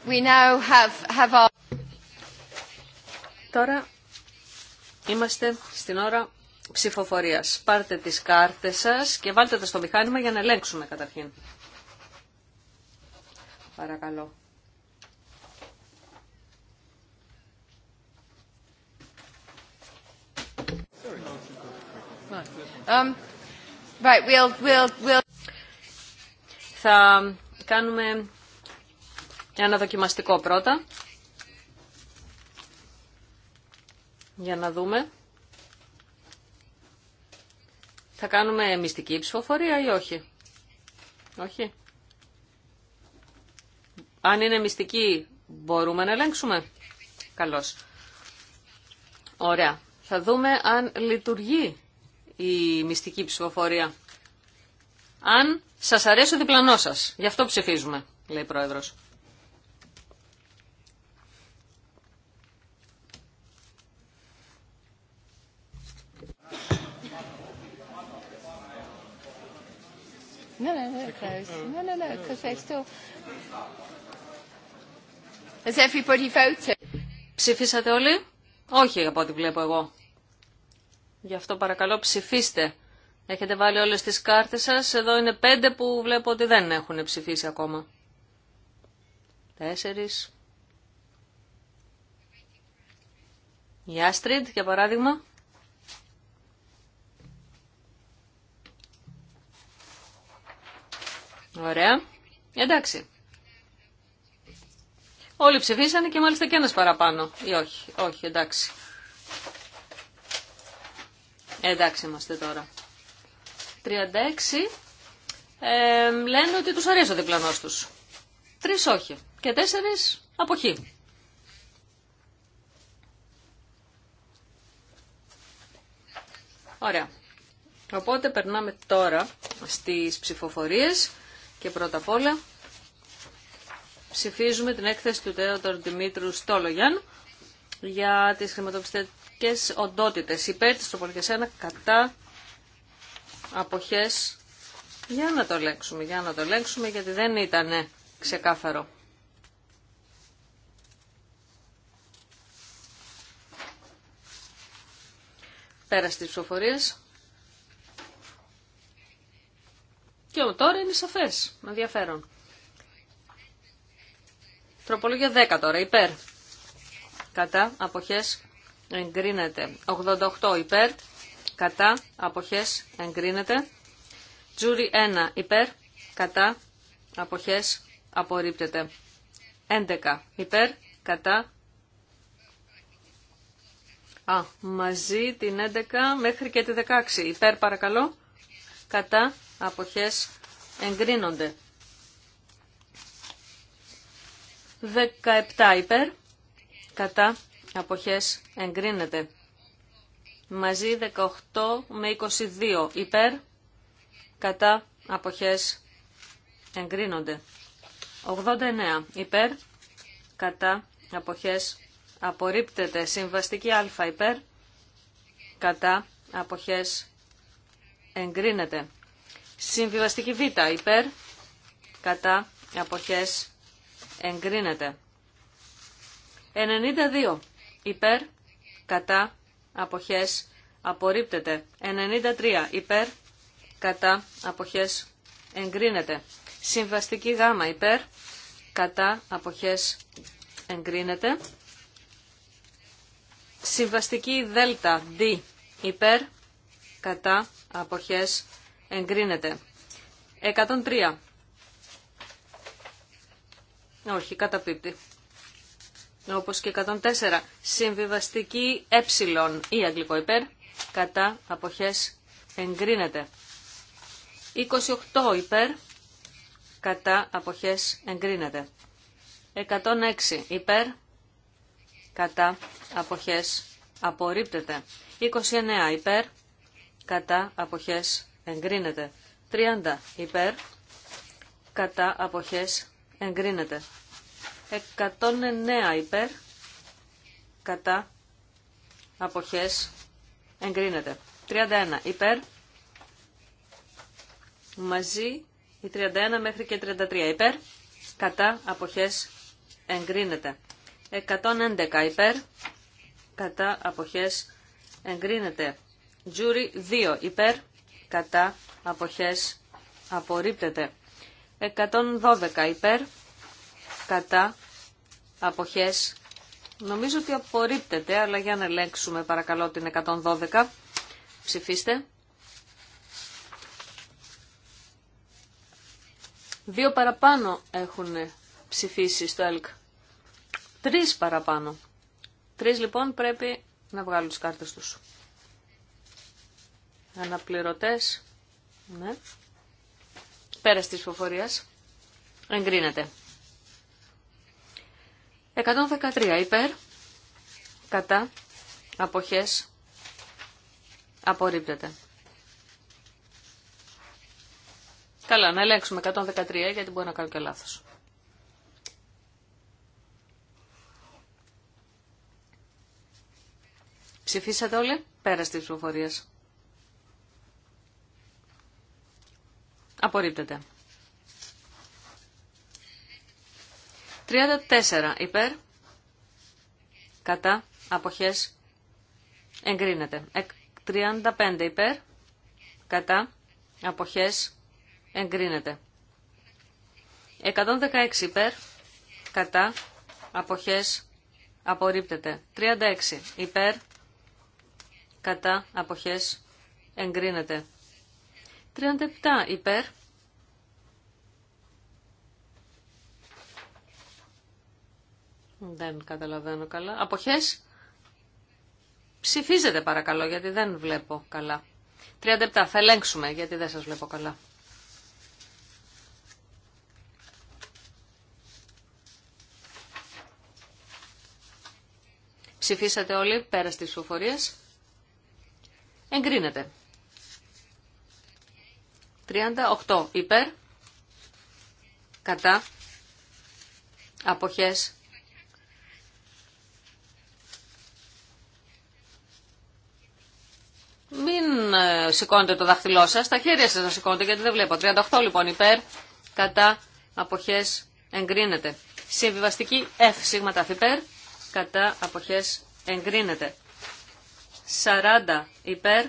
we now have, have our... Τώρα είμαστε στην ώρα ψηφοφορίας. Πάρτε τις κάρτες σας και βάλτε τα στο μηχάνημα για να ελέγξουμε καταρχήν. Παρακαλώ. Um, right, we'll, we'll, we'll... Θα Κάνουμε ένα δοκιμαστικό πρώτα. Για να δούμε. Θα κάνουμε μυστική ψηφοφορία ή όχι. Όχι. Αν είναι μυστική μπορούμε να ελέγξουμε. Καλώς. Ωραία. Θα δούμε αν λειτουργεί η μυστική ψηφοφορία αν σας αρέσει ο διπλανός σας. Γι' αυτό ψηφίζουμε, λέει η Πρόεδρος. No, no, no, closed. No, no, no, because they still. Has everybody voted? Ψηφίσατε όλοι? Όχι, από ό,τι βλέπω εγώ. Γι' αυτό παρακαλώ ψηφίστε Έχετε βάλει όλες τις κάρτες σας. Εδώ είναι πέντε που βλέπω ότι δεν έχουν ψηφίσει ακόμα. Τέσσερις. Η Άστριντ, για παράδειγμα. Ωραία. Εντάξει. Όλοι ψηφίσανε και μάλιστα και ένας παραπάνω. Ή όχι. Όχι, εντάξει. Εντάξει είμαστε τώρα. 36 ε, λένε ότι τους αρέσει ο διπλανός τους. Τρεις όχι και τέσσερις αποχή. Ωραία. Οπότε περνάμε τώρα στις ψηφοφορίες και πρώτα απ' όλα ψηφίζουμε την έκθεση του Τέοτορ Δημήτρου Στόλογιαν για τις χρηματοπιστωτικές οντότητες υπέρ της τροπολογίας 1 κατά αποχές. Για να το λέξουμε, για να το λέξουμε, γιατί δεν ήταν ξεκάθαρο. Πέρα στις ψηφοφορίες. Και τώρα είναι σαφές, με ενδιαφέρον. Τροπολογία 10 τώρα, υπέρ. Κατά, αποχές, εγκρίνεται. 88 υπέρ, κατά, αποχές, εγκρίνεται. Τζούρι 1 υπέρ, κατά, αποχές, απορρίπτεται. 11 υπέρ, κατά, Α, μαζί την 11 μέχρι και τη 16. Υπέρ παρακαλώ. Κατά αποχές εγκρίνονται. 17 υπέρ. Κατά αποχές εγκρίνεται μαζί 18 με 22 υπέρ, κατά αποχές εγκρίνονται. 89 υπέρ, κατά αποχές απορρίπτεται. Συμβαστική α υπέρ, κατά αποχές εγκρίνεται. Συμβιβαστική β υπέρ, κατά αποχές εγκρίνεται. 92 υπέρ, κατά αποχές απορρίπτεται. 93 υπέρ κατά αποχές εγκρίνεται. Συμβαστική γάμα υπέρ κατά αποχές εγκρίνεται. Συμβαστική δέλτα D υπέρ κατά αποχές εγκρίνεται. 103. Όχι, καταπίπτει όπως και 104. Συμβιβαστική ε ή αγγλικό υπέρ, κατά αποχές εγκρίνεται. 28 υπέρ, κατά αποχές εγκρίνεται. 106 υπέρ, κατά αποχές απορρίπτεται. 29 υπέρ, κατά αποχές εγκρίνεται. 30 υπέρ, κατά αποχές εγκρίνεται. 109 υπέρ κατά αποχές εγκρίνεται. 31 υπέρ μαζί η 31 μέχρι και 33 υπέρ κατά αποχές εγκρίνεται. 111 υπέρ κατά αποχές εγκρίνεται. Τζούρι 2 υπέρ κατά αποχές απορρίπτεται. 112 υπέρ κατά αποχές. Νομίζω ότι απορρίπτεται, αλλά για να ελέγξουμε παρακαλώ την 112. Ψηφίστε. Δύο παραπάνω έχουν ψηφίσει στο ΕΛΚ. Τρεις παραπάνω. Τρεις λοιπόν πρέπει να βγάλουν τις κάρτες τους. Αναπληρωτές. Ναι. Πέρας της φοφορίας. Εγκρίνεται. 113 υπέρ, κατά, αποχές, απορρίπτεται. Καλά, να ελέγξουμε 113 γιατί μπορεί να κάνω και λάθος. Ψηφίσατε όλοι, πέρα τη προφορίες. Απορρίπτεται. 34 υπέρ, κατά, αποχές, εγκρίνεται. 35 υπέρ, κατά, αποχές, εγκρίνεται. 116 υπέρ, κατά, αποχές, απορρίπτεται. 36 υπέρ, κατά, αποχές, εγκρίνεται. 37 υπέρ, Δεν καταλαβαίνω καλά. Αποχές. Ψηφίζετε παρακαλώ γιατί δεν βλέπω καλά. 37. Θα ελέγξουμε γιατί δεν σας βλέπω καλά. Ψηφίσατε όλοι πέρα στις ψηφοφορίες. Εγκρίνετε. 38. Υπέρ. Κατά. Αποχές. Μην ε, σηκώνετε το δάχτυλό σας, τα χέρια σας να σηκώνετε γιατί δεν βλέπω. 38 λοιπόν υπέρ, κατά, αποχές, εγκρίνεται. Συμβιβαστική F, σίγμα τα υπέρ, κατά, αποχές, εγκρίνεται. 40 υπέρ,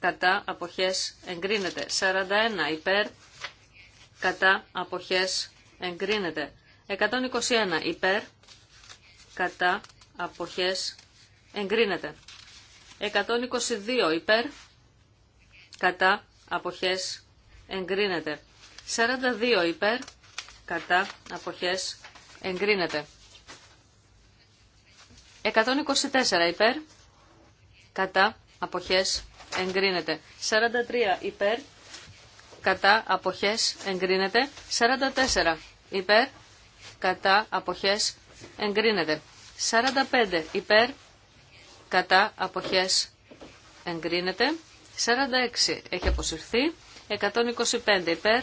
κατά, αποχές, εγκρίνεται. 41 υπέρ, κατά, αποχές, εγκρίνεται. 121 υπέρ, κατά, αποχές, εγκρίνεται. 122 υπέρ, κατά, αποχές, εγκρίνεται. 42 υπέρ, κατά, αποχές, εγκρίνεται. 124 υπέρ, κατά, αποχές, εγκρίνεται. 43 υπέρ, κατά, αποχές, εγκρίνεται. 44 υπέρ, κατά, αποχές, εγκρίνεται. 45 υπέρ, κατά αποχές εγκρίνεται. 46 έχει αποσυρθεί. 125 υπέρ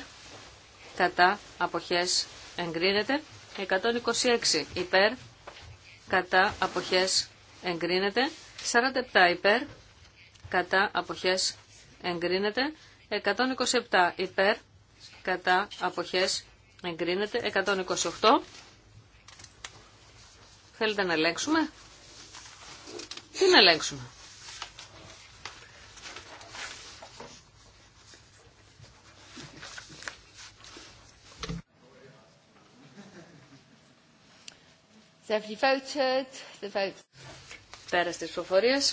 κατά αποχές εγκρίνεται. 126 υπέρ κατά αποχές εγκρίνεται. 47 υπέρ κατά αποχές εγκρίνεται. 127 υπέρ κατά αποχές εγκρίνεται. 128 Θέλετε να ελέγξουμε. Τι να ελέγξουμε. Voted, the vote. Πέρα στις προφορίες.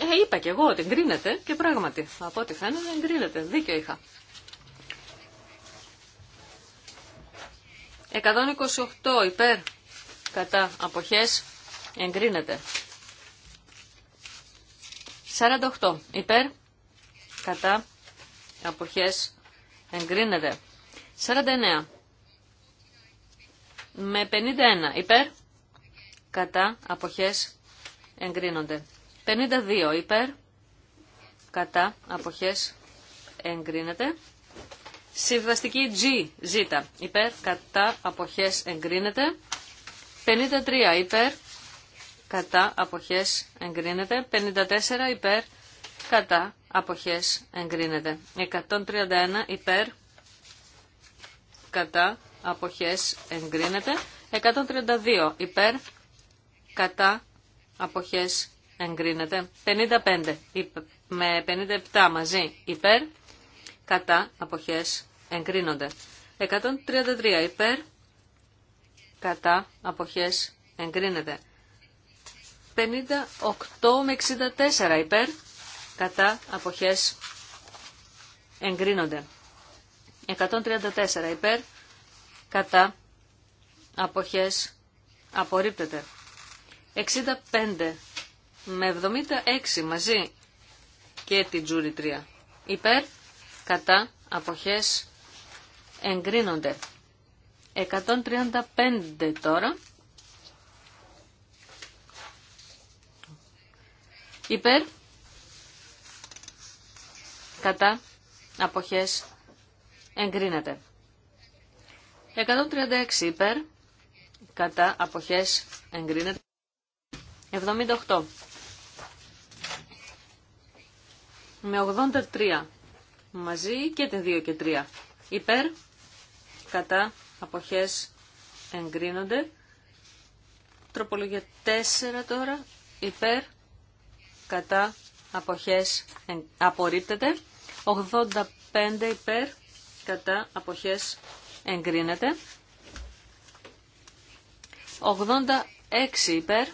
Ε, είπα κι εγώ ότι εγκρίνεται και πράγματι. Από ό,τι φαίνεται εγκρίνεται. Δίκιο είχα. 128 υπέρ κατά αποχές Εγκρίνεται. 48. Υπέρ. Κατά. Αποχές. Εγκρίνεται. 49. Με 51. Υπέρ. Κατά. Αποχές. Εγκρίνονται. 52. Υπέρ. Κατά. Αποχές. Εγκρίνεται. Συμβαστική G, Z, υπέρ, κατά, αποχές, εγκρίνεται. 53, υπέρ, κατά αποχές εγκρίνεται, 54 υπέρ κατά αποχές εγκρίνεται, 131 υπέρ κατά αποχές εγκρίνεται, 132 υπέρ κατά αποχές εγκρίνεται, 55 με 57 μαζί υπέρ κατά αποχές εγκρίνονται, 133 υπέρ κατά αποχές εγκρίνεται. 58 με 64 υπέρ, κατά αποχές εγκρίνονται. 134 υπέρ, κατά αποχές απορρίπτεται. 65 με 76 μαζί και την τζούρι 3. Υπέρ, κατά, αποχές εγκρίνονται. 135 τώρα Υπέρ. Κατά. Αποχές. Εγκρίνεται. 136 υπέρ. Κατά. Αποχές. Εγκρίνεται. 78. Με 83 μαζί και την 2 και 3. Υπέρ, κατά, αποχές εγκρίνονται. Τροπολογία 4 τώρα. Υπέρ, κατά αποχές απορρίπτεται. 85 υπέρ κατά αποχές εγκρίνεται. 86 υπέρ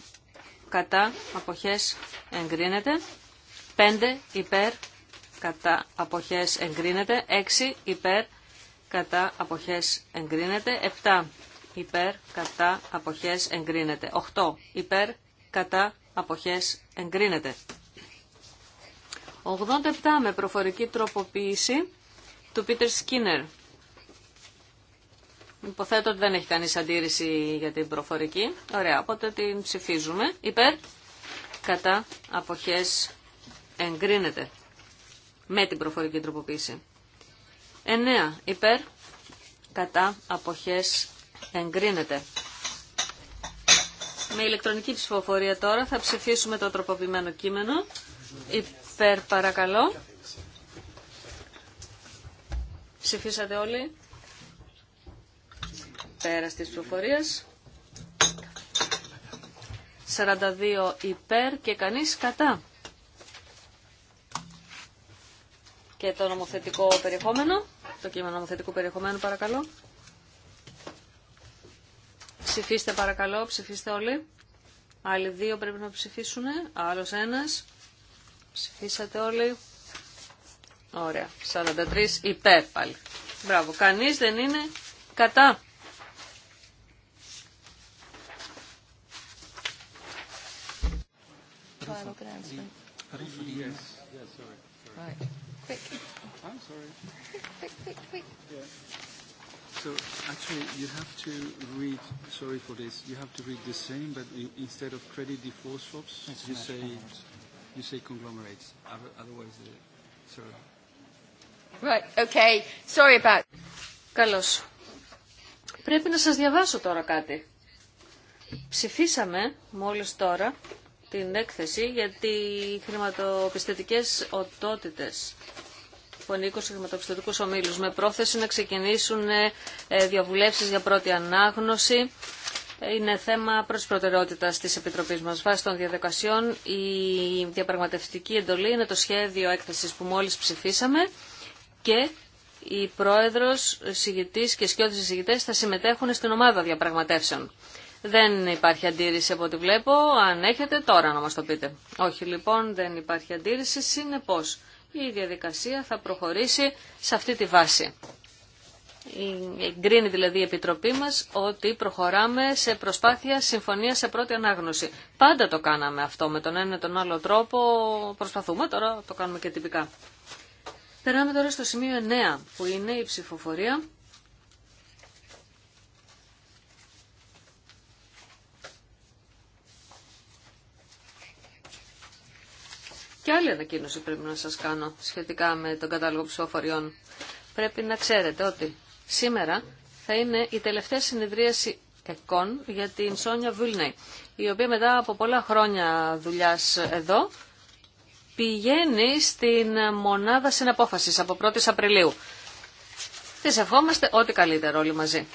κατά αποχές εγκρίνεται. 5 υπέρ κατά αποχές εγκρίνεται. 6 υπέρ κατά αποχές εγκρίνεται. 7 υπέρ κατά αποχές εγκρίνεται. 8 υπέρ κατά αποχές εγκρίνεται. 87 με προφορική τροποποίηση του Πίτερ Σκίνερ. Υποθέτω ότι δεν έχει κανείς αντίρρηση για την προφορική. Ωραία, οπότε την ψηφίζουμε. Υπέρ, κατά, αποχές, εγκρίνεται. Με την προφορική τροποποίηση. 9. Υπέρ, κατά, αποχές, εγκρίνεται. Με ηλεκτρονική ψηφοφορία τώρα θα ψηφίσουμε το τροποποιημένο κείμενο. Υπέρ παρακαλώ. Ψηφίσατε όλοι. Πέρα της ψηφοφορίας. 42 υπέρ και κανείς κατά. Και το νομοθετικό περιεχόμενο, το κείμενο νομοθετικού περιεχομένου παρακαλώ. Ψηφίστε παρακαλώ, ψηφίστε όλοι. Άλλοι δύο πρέπει να ψηφίσουν, άλλος ένας. Ψηφίσατε όλοι. Ωραία, 43 υπέρ πάλι. Μπράβο, κανείς δεν είναι κατά. So actually, you have to read. Sorry for this. You have to read the same, but instead of credit default swaps, you say you say conglomerates. Otherwise, sorry. Right. Okay. Sorry about. Καλώς. Πρέπει να σας διαβάσω τώρα κάτι. Ψηφίσαμε μόλις τώρα την έκθεση για τις χρηματοπιστωτικές οντότητες. 20 χρηματοπιστωτικού ομίλου με πρόθεση να ξεκινήσουν ε, ε, διαβουλεύσει για πρώτη ανάγνωση. Είναι θέμα προς προτεραιότητα τη Επιτροπή μας. Βάσει των διαδικασιών η διαπραγματευτική εντολή είναι το σχέδιο έκθεση που μόλι ψηφίσαμε και η πρόεδρο, συγητή και σκιώδη συγητέ θα συμμετέχουν στην ομάδα διαπραγματεύσεων. Δεν υπάρχει αντίρρηση από ό,τι βλέπω. Αν έχετε, τώρα να μας το πείτε. Όχι, λοιπόν, δεν υπάρχει αντίρρηση. Συνεπώς, η διαδικασία θα προχωρήσει σε αυτή τη βάση. Εγκρίνει δηλαδή η Επιτροπή μας ότι προχωράμε σε προσπάθεια συμφωνία σε πρώτη ανάγνωση. Πάντα το κάναμε αυτό με τον ένα ή τον άλλο τρόπο. Προσπαθούμε τώρα, το κάνουμε και τυπικά. Περάμε τώρα στο σημείο 9 που είναι η ψηφοφορία Και άλλη ανακοίνωση πρέπει να σας κάνω σχετικά με τον κατάλογο ψηφοφοριών. Πρέπει να ξέρετε ότι σήμερα θα είναι η τελευταία συνεδρίαση ΕΚΟΝ για την Σόνια Βουλνέι η οποία μετά από πολλά χρόνια δουλειά εδώ πηγαίνει στην μονάδα συναπόφασης από 1η Απριλίου. Της ευχόμαστε ό,τι καλύτερο όλοι μαζί.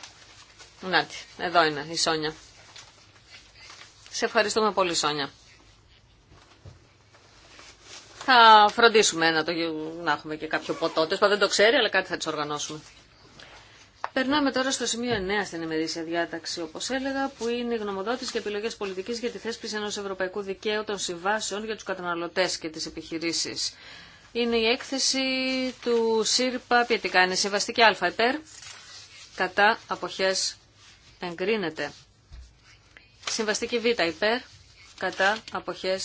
Να εδώ είναι η απριλιου τις ευχομαστε οτι καλυτερο ολοι μαζι νατι εδω ειναι η σονια Σε ευχαριστούμε πολύ Σόνια. Θα φροντίσουμε να, το, να έχουμε και κάποιο ποτό. Τέλο δεν το ξέρει, αλλά κάτι θα τι οργανώσουμε. Περνάμε τώρα στο σημείο 9 στην ημερήσια διάταξη, όπω έλεγα, που είναι η γνωμοδότηση και επιλογέ πολιτική για τη θέσπιση ενό ευρωπαϊκού δικαίου των συμβάσεων για του καταναλωτέ και τι επιχειρήσει. Είναι η έκθεση του ΣΥΡΠΑ ποιητικά Είναι συμβαστική Α υπέρ. Κατά αποχέ εγκρίνεται. Συμβαστική Β υπέρ. Κατά αποχέ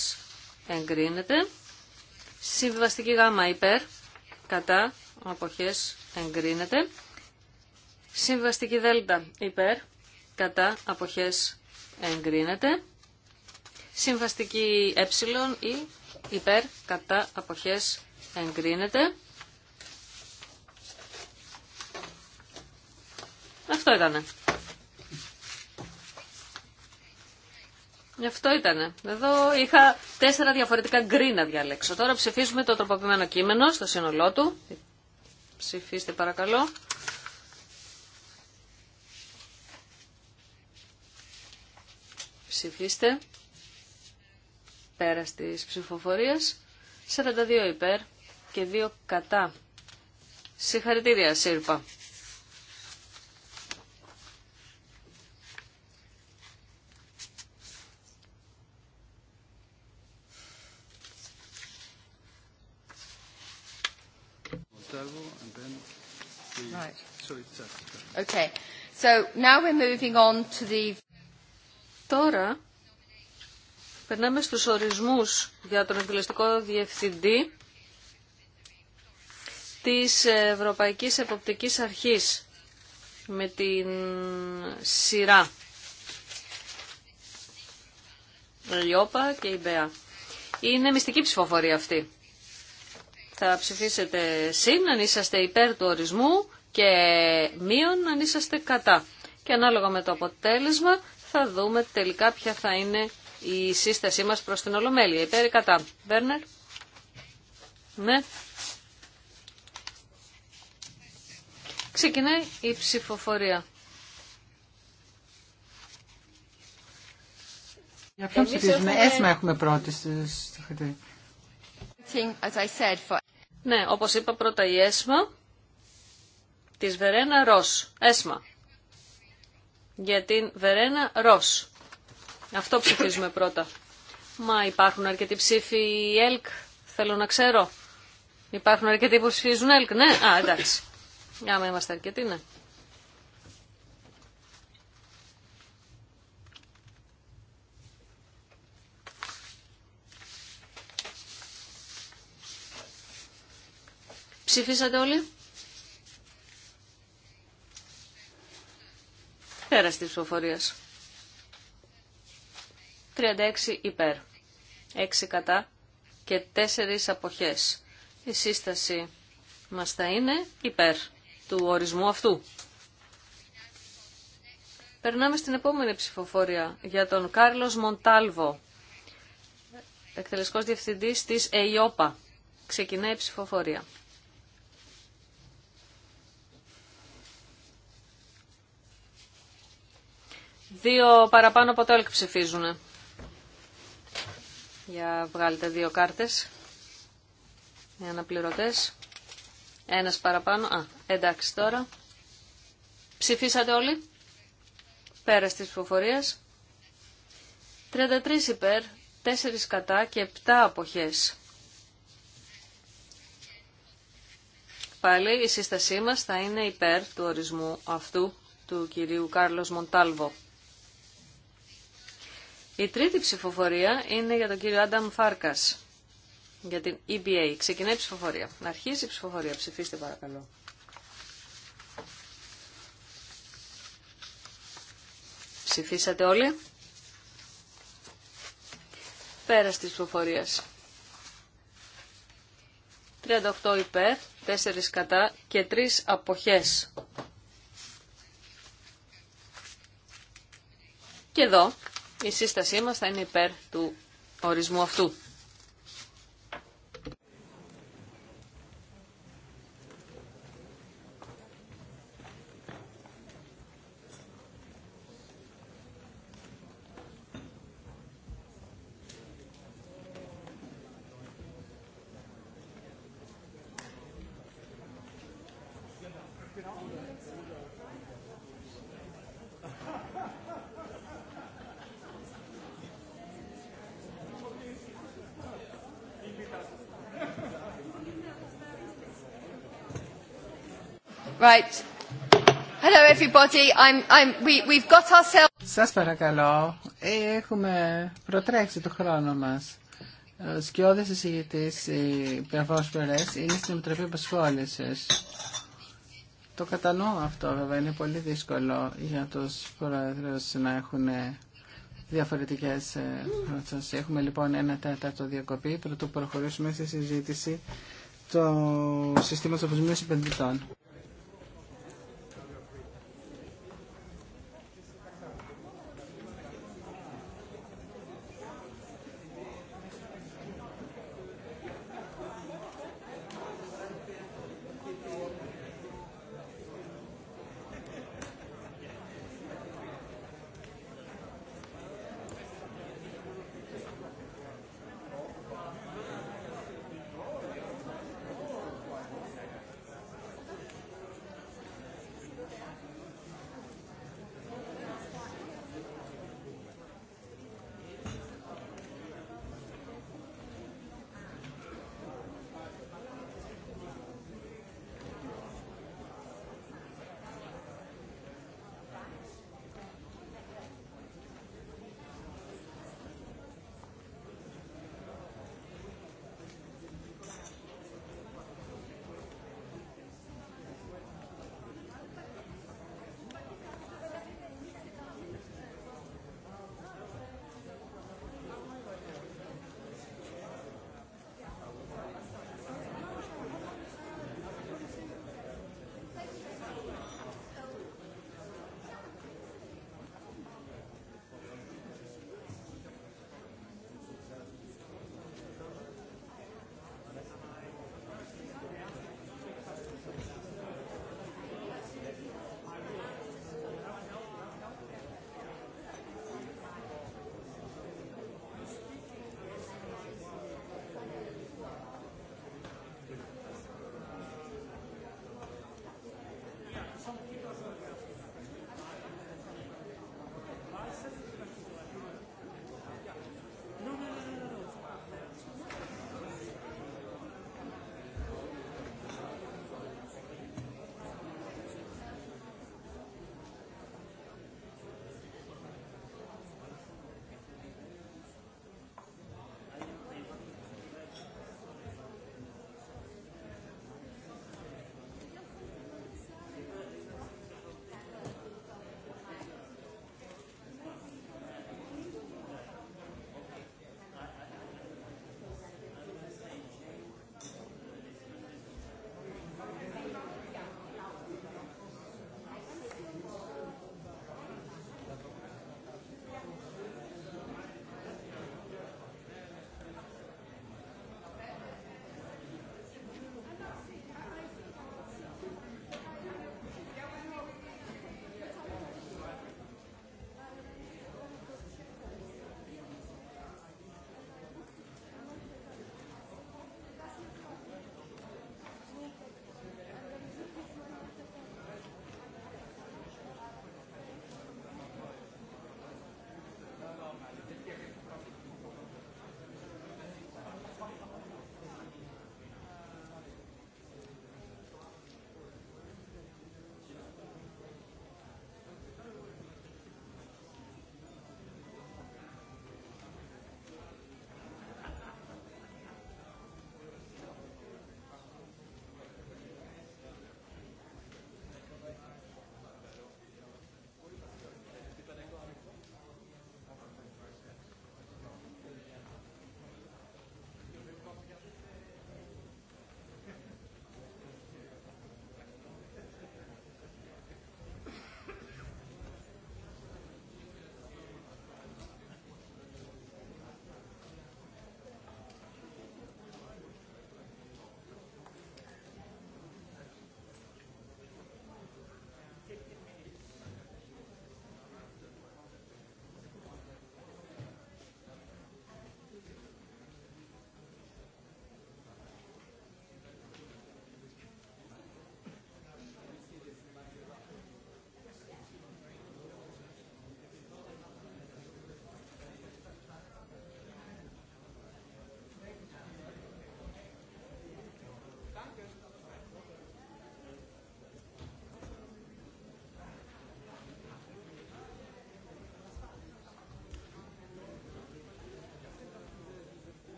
εγκρίνεται. Συμβαστική γάμα υπέρ, κατά, αποχές εγκρίνεται. Συμβαστική δέλτα υπέρ, κατά, αποχές εγκρίνεται. Συμβαστική ε ή υπέρ, κατά, αποχές εγκρίνεται. Αυτό ήτανε. Αυτό ήτανε. Εδώ είχα τέσσερα διαφορετικά γκρι να διαλέξω. Τώρα ψηφίζουμε το τροποποιημένο κείμενο στο σύνολό του. Ψηφίστε παρακαλώ. Ψηφίστε. Πέρα της ψηφοφορίας. 42 υπέρ και 2 κατά. Συγχαρητήρια, Σύρπα. So, now we're moving on to the... Τώρα περνάμε στους ορισμούς για τον εκτελεστικό διευθυντή της Ευρωπαϊκής Εποπτικής Αρχής με την σειρά Λιώπα και η Είναι μυστική ψηφοφορία αυτή. Θα ψηφίσετε συν αν είσαστε υπέρ του ορισμού και μείον αν είσαστε κατά. Και ανάλογα με το αποτέλεσμα θα δούμε τελικά ποια θα είναι η σύστασή μας προς την Ολομέλεια. Υπέρ ή κατά. Βέρνερ. Ναι. Ξεκινάει η ψηφοφορία. Για ποιον ψηφίζουμε. Έχουμε... έχουμε πρώτη Ναι, όπως είπα πρώτα η ΕΣΜΑ της Βερένα Ρος. Έσμα. Για την Βερένα Ρος. Αυτό ψηφίζουμε πρώτα. Μα υπάρχουν αρκετοί ψήφοι ΕΛΚ, θέλω να ξέρω. Υπάρχουν αρκετοί που ψηφίζουν ΕΛΚ, ναι. Α, εντάξει. Άμα είμαστε αρκετοί, ναι. Ψηφίσατε όλοι. Πέρας της ψηφοφορίας. 36 υπέρ, 6 κατά και 4 αποχές. Η σύσταση μας θα είναι υπέρ του ορισμού αυτού. Περνάμε στην επόμενη ψηφοφορία για τον Κάρλος Μοντάλβο, εκτελεσκός διευθυντής της ΕΙΟΠΑ. Ξεκινάει η ψηφοφορία. Δύο παραπάνω από το ΕΛΚ ψηφίζουν. Για βγάλετε δύο κάρτες. Οι αναπληρωτές. Ένας παραπάνω. Α, εντάξει τώρα. Ψηφίσατε όλοι. Πέρα της ψηφοφορίας. 33 υπέρ, 4 κατά και 7 αποχές. Πάλι η σύστασή μας θα είναι υπέρ του ορισμού αυτού του κυρίου Κάρλος Μοντάλβο. Η τρίτη ψηφοφορία είναι για τον κύριο Άνταμ Φάρκα για την EBA. Ξεκινάει η ψηφοφορία. Να αρχίσει η ψηφοφορία. Ψηφίστε παρακαλώ. Ψηφίσατε όλοι. Πέρα τη ψηφοφορία. 38 υπέρ, 4 κατά και 3 αποχές. Και εδώ η σύστασή μας θα είναι υπέρ του ορισμού αυτού. Σας παρακαλώ, ε, έχουμε προτρέξει το χρόνο μας. Ο σκιώδης εισηγητής οι Περβόσπερες είναι στην Επιτροπή Επασχόλησης. Το κατανοώ αυτό βέβαια, είναι πολύ δύσκολο για τους πρόεδρους να έχουν διαφορετικές ε, προτάσεις. Έχουμε λοιπόν ένα τέταρτο διακοπή, πρωτού προχωρήσουμε στη συζήτηση του συστήματος αποζημίωσης επενδυτών.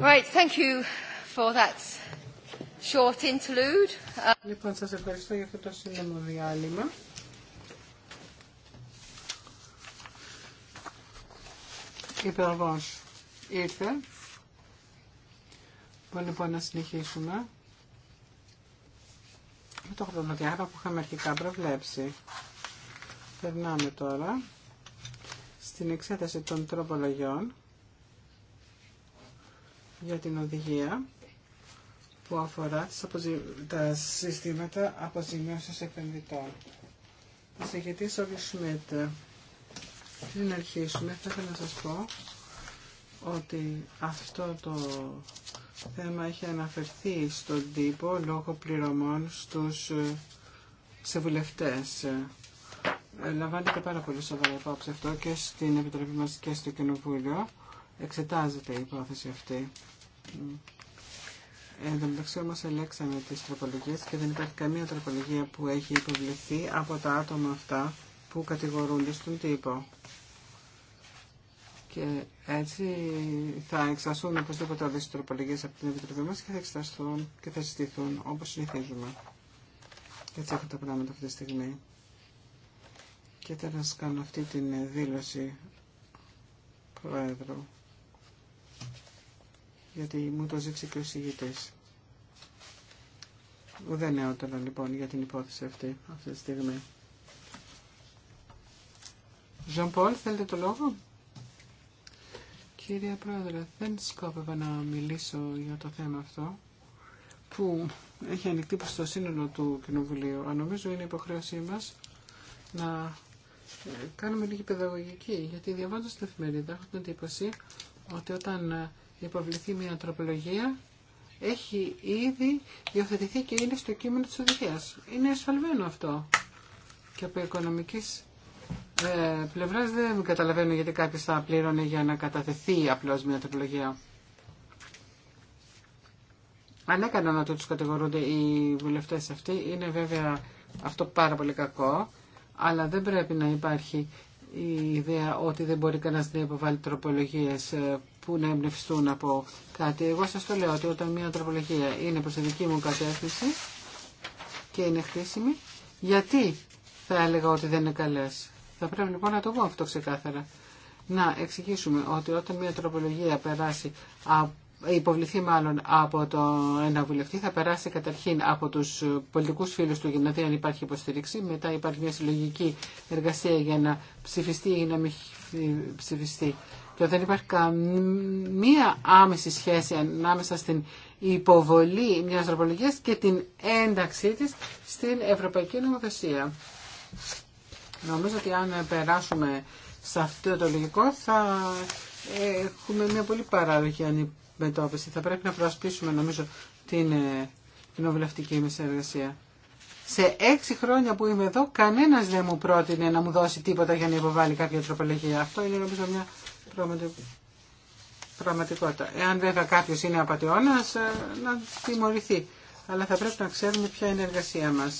Right, thank you for that short interlude. Λοιπόν, σας ευχαριστώ για αυτό το σύντομο διάλειμμα. Η ήρθε. Μπορεί λοιπόν να συνεχίσουμε με το χρονοδιάγραμμα που είχαμε αρχικά προβλέψει. Περνάμε τώρα στην εξέταση των τροπολογιών για την οδηγία που αφορά τα συστήματα αποζημίωσης επενδυτών. Ο συγκεκριτής Όλη Σμιτ. Πριν αρχίσουμε, θα ήθελα να σας πω ότι αυτό το θέμα έχει αναφερθεί στον τύπο λόγω πληρωμών στους ε, σεβουλευτές. Ε, λαμβάνεται πάρα πολύ σοβαρά υπόψη αυτό και στην Επιτροπή μας και στο Κοινοβούλιο εξετάζεται η υπόθεση αυτή. Ε, εν τω μεταξύ όμω ελέξαμε τι τροπολογίε και δεν υπάρχει καμία τροπολογία που έχει υποβληθεί από τα άτομα αυτά που κατηγορούνται στον τύπο. Και έτσι θα εξασθούν οπωσδήποτε όλε τι τροπολογίε από την Επιτροπή μα και θα εξεταστούν και θα συστηθούν όπω συνηθίζουμε. Έτσι έχουν τα πράγματα αυτή τη στιγμή. Και τώρα να σα κάνω αυτή την δήλωση Πρόεδρου γιατί μου το ζήτησε και ο συγητής. Ουδέν νεότερο λοιπόν για την υπόθεση αυτή, αυτή τη στιγμή. Ζων Πολ, θέλετε το λόγο. Κύριε Πρόεδρε, δεν σκόπευα να μιλήσω για το θέμα αυτό που έχει ανοιχτεί προς το σύνολο του Κοινοβουλίου. Αν νομίζω είναι υποχρέωσή μας να ε, κάνουμε λίγη παιδαγωγική, γιατί διαβάζοντας την εφημερίδα έχω την εντύπωση ότι όταν ε, υποβληθεί μια τροπολογία έχει ήδη υιοθετηθεί και είναι στο κείμενο της οδηγίας. Είναι ασφαλμένο αυτό. Και από οικονομικής ε, πλευράς δεν καταλαβαίνω γιατί κάποιος θα πλήρωνε για να καταθεθεί απλώς μια τροπολογία. Αν έκαναν ότι τους κατηγορούνται οι βουλευτές αυτοί, είναι βέβαια αυτό πάρα πολύ κακό, αλλά δεν πρέπει να υπάρχει η ιδέα ότι δεν μπορεί κανένας να υποβάλει τροπολογίες ε, που να εμπνευστούν από κάτι. Εγώ σας το λέω ότι όταν μια τροπολογία είναι προς τη δική μου κατεύθυνση και είναι χρήσιμη, γιατί θα έλεγα ότι δεν είναι καλές. Θα πρέπει λοιπόν να το πω αυτό ξεκάθαρα. Να εξηγήσουμε ότι όταν μια τροπολογία περάσει από υποβληθεί μάλλον από το ένα βουλευτή θα περάσει καταρχήν από τους πολιτικούς φίλους του για να δει αν υπάρχει υποστήριξη. Μετά υπάρχει μια συλλογική εργασία για να ψηφιστεί ή να μην ψηφιστεί. Και δεν υπάρχει καμία άμεση σχέση ανάμεσα στην υποβολή μιας δραπολογίας και την ένταξή της στην Ευρωπαϊκή Νομοθεσία. Νομίζω ότι αν περάσουμε σε αυτό το λογικό θα έχουμε μια πολύ παράλογη θα πρέπει να προσπίσουμε νομίζω την ε, κοινοβουλευτική μας εργασία. Σε έξι χρόνια που είμαι εδώ, κανένα δεν μου πρότεινε να μου δώσει τίποτα για να υποβάλει κάποια τροπολογία. Αυτό είναι νομίζω μια πραγματικότητα. Εάν βέβαια κάποιο είναι απαταιώνα, ε, να τιμωρηθεί. Αλλά θα πρέπει να ξέρουμε ποια είναι η εργασία μα.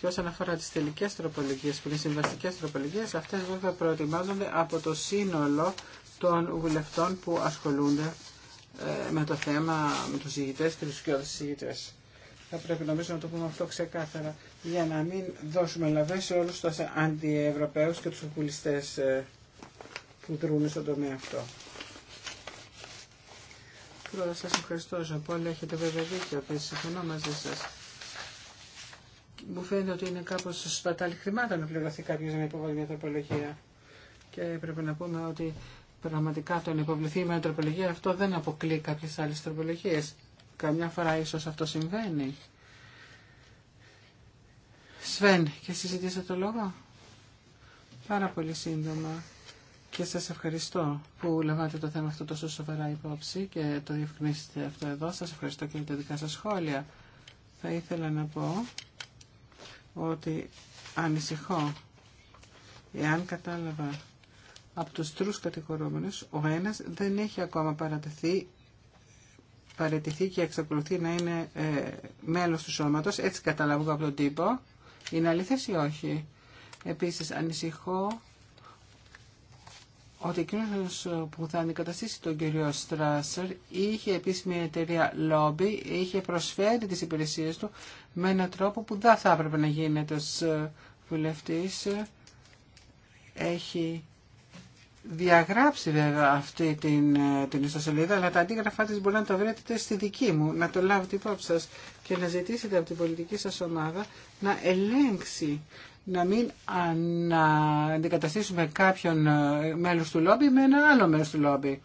Και όσον αφορά τι τελικέ τροπολογίε που είναι συμβαστικέ τροπολογίε, αυτέ βέβαια προετοιμάζονται από το σύνολο των βουλευτών που ασχολούνται ε, με το θέμα, με τους ηγητές και τους κοιόδους ηγητές. Θα πρέπει νομίζω να το πούμε αυτό ξεκάθαρα για να μην δώσουμε λαβέ σε όλους τους αντιευρωπαίους και τους ε, που δρούν στον τομέα αυτό. Πρώτα σας ευχαριστώ, Ζαπόλ, έχετε βέβαια δίκιο και συμφωνώ μαζί σας. Μου φαίνεται ότι είναι κάπως σπατάλη χρημάτων να πληρωθεί κάποιος να υποβάλει μια τροπολογία. Και πρέπει να πούμε ότι πραγματικά τον υποβληθεί με τροπολογία, αυτό δεν αποκλεί κάποιε άλλες τροπολογίες. Καμιά φορά ίσως αυτό συμβαίνει. Σβέν, και συζητήσατε το λόγο. Πάρα πολύ σύντομα. Και σας ευχαριστώ που λαμβάνετε το θέμα αυτό τόσο σοβαρά υπόψη και το διευκρινίσετε αυτό εδώ. Σας ευχαριστώ και για τα δικά σας σχόλια. Θα ήθελα να πω ότι ανησυχώ. Εάν κατάλαβα από τους τρεις κατηγορούμενους, ο ένας δεν έχει ακόμα παρατεθεί, παρετηθεί και εξακολουθεί να είναι ε, μέλος του σώματος. Έτσι καταλαβαίνω από τον τύπο. Είναι αλήθεια ή όχι. Επίσης ανησυχώ ότι εκείνος που θα αντικαταστήσει τον κύριο Στράσερ είχε επίσης μια εταιρεία λόμπι, είχε προσφέρει τις υπηρεσίες του με έναν τρόπο που δεν θα έπρεπε να γίνεται ως ε, βουλευτής. Έχει διαγράψει βέβαια αυτή την, ε, την ιστοσελίδα, αλλά τα αντίγραφά της μπορεί να τα βρείτε στη δική μου, να το λάβετε υπόψη σας και να ζητήσετε από την πολιτική σας ομάδα να ελέγξει, να μην αντικαταστήσουμε κάποιον ε, μέλος του λόμπι με ένα άλλο μέλος του λόμπι.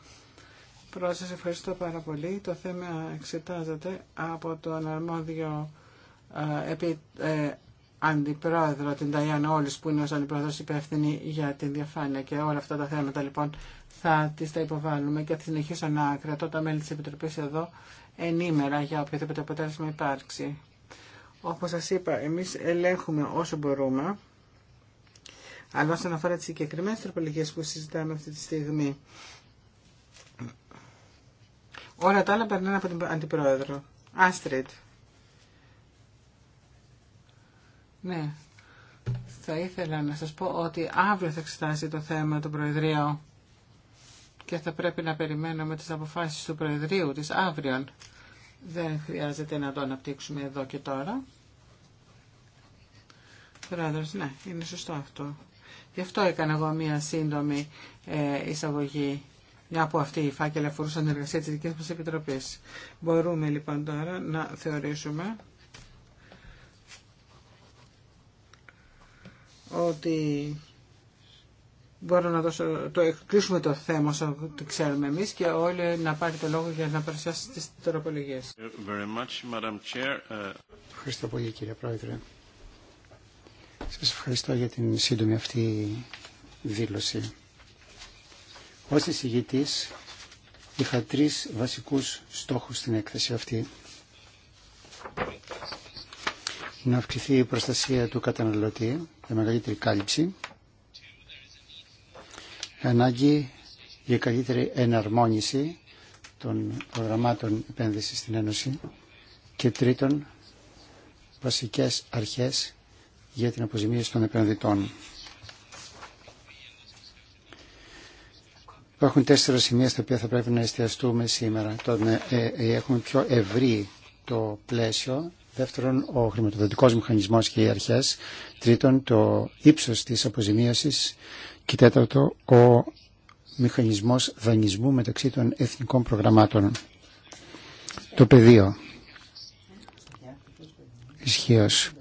Πρώτα σας ευχαριστώ πάρα πολύ. Το θέμα εξετάζεται από το αρμόδιο ε, αντιπρόεδρο, την Ταϊάννα Όλη, που είναι ω αντιπρόεδρο υπεύθυνη για την διαφάνεια και όλα αυτά τα θέματα λοιπόν θα τις τα υποβάλουμε και θα συνεχίσω να κρατώ τα μέλη τη επιτροπή εδώ ενήμερα για οποιοδήποτε αποτέλεσμα υπάρξει. Όπω σα είπα, εμεί ελέγχουμε όσο μπορούμε, αλλά όσον αφορά τι συγκεκριμένε τροπολογίε που συζητάμε αυτή τη στιγμή, όλα τα άλλα περνάνε από την Αντιπρόεδρο. Άστριτ. Ναι. Θα ήθελα να σας πω ότι αύριο θα εξετάσει το θέμα του Προεδρείου και θα πρέπει να περιμένουμε τις αποφάσεις του Προεδρείου της αύριο. Δεν χρειάζεται να το αναπτύξουμε εδώ και τώρα. Πρόεδρος, ναι, είναι σωστό αυτό. Γι' αυτό έκανα εγώ μία σύντομη ε, εισαγωγή, μια από αυτή η φάκελα αφορούσαν την εργασία της δικής μας Επιτροπής. Μπορούμε λοιπόν τώρα να θεωρήσουμε... ότι μπορώ να δώσω, το κλείσουμε το θέμα όσο το ξέρουμε εμείς και όλοι να πάρει το λόγο για να παρουσιάσει τις τροπολογίες. Ευχαριστώ πολύ κύριε Πρόεδρε. Σας ευχαριστώ για την σύντομη αυτή δήλωση. Ως εισηγητής είχα τρεις βασικούς στόχους στην έκθεση αυτή να αυξηθεί η προστασία του καταναλωτή για μεγαλύτερη κάλυψη, ανάγκη για καλύτερη εναρμόνιση των προγραμμάτων επένδυση στην Ένωση και τρίτον, βασικές αρχές για την αποζημίωση των επενδυτών. Υπάρχουν τέσσερα σημεία στα οποία θα πρέπει να εστιαστούμε σήμερα. Το έχουν ε, ε, έχουμε πιο ευρύ το πλαίσιο Δεύτερον, ο χρηματοδοτικός μηχανισμός και οι αρχές. Τρίτον, το ύψος της αποζημίωσης. Και τέταρτο, ο μηχανισμός δανεισμού μεταξύ των εθνικών προγραμμάτων. Το πεδίο. ισχύως.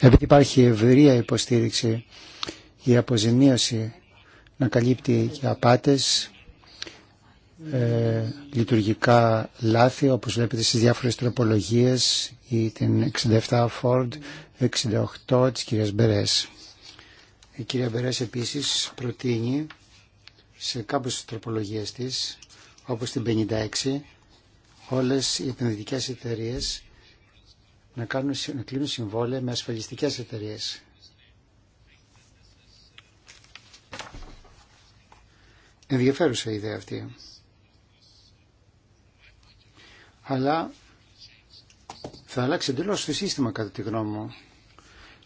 Επειδή υπάρχει ευρεία υποστήριξη, η αποζημίωση να καλύπτει και απάτες, ε, λειτουργικά λάθη όπως βλέπετε στις διάφορες τροπολογίες ή την 67 Ford, 68 της κυρίας Μπερές. Η κυρία Μπερές επίσης προτείνει σε κάποιες τροπολογίες της όπως την 56 όλες οι επενδυτικές εταιρείε να, κάνουν, να κλείνουν συμβόλαια με ασφαλιστικές εταιρείε. Ενδιαφέρουσα η ιδέα αυτή αλλά θα αλλάξει εντελώ το σύστημα κατά τη γνώμη μου.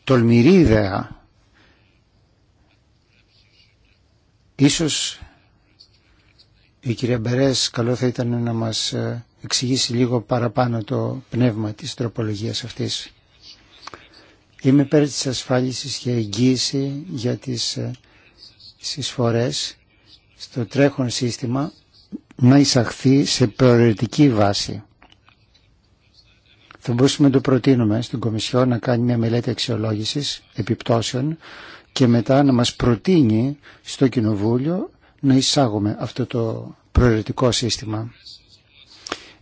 Τολμηρή ιδέα. Ίσως η κυρία Μπερές καλό θα ήταν να μας ε, εξηγήσει λίγο παραπάνω το πνεύμα της τροπολογίας αυτής. Είμαι πέρα της ασφάλισης και εγγύηση για τις συσφορές ε, στο τρέχον σύστημα να εισαχθεί σε προαιρετική βάση θα μπορούσαμε να το προτείνουμε στην Κομισιό να κάνει μια μελέτη αξιολόγησης επιπτώσεων και μετά να μας προτείνει στο Κοινοβούλιο να εισάγουμε αυτό το προαιρετικό σύστημα.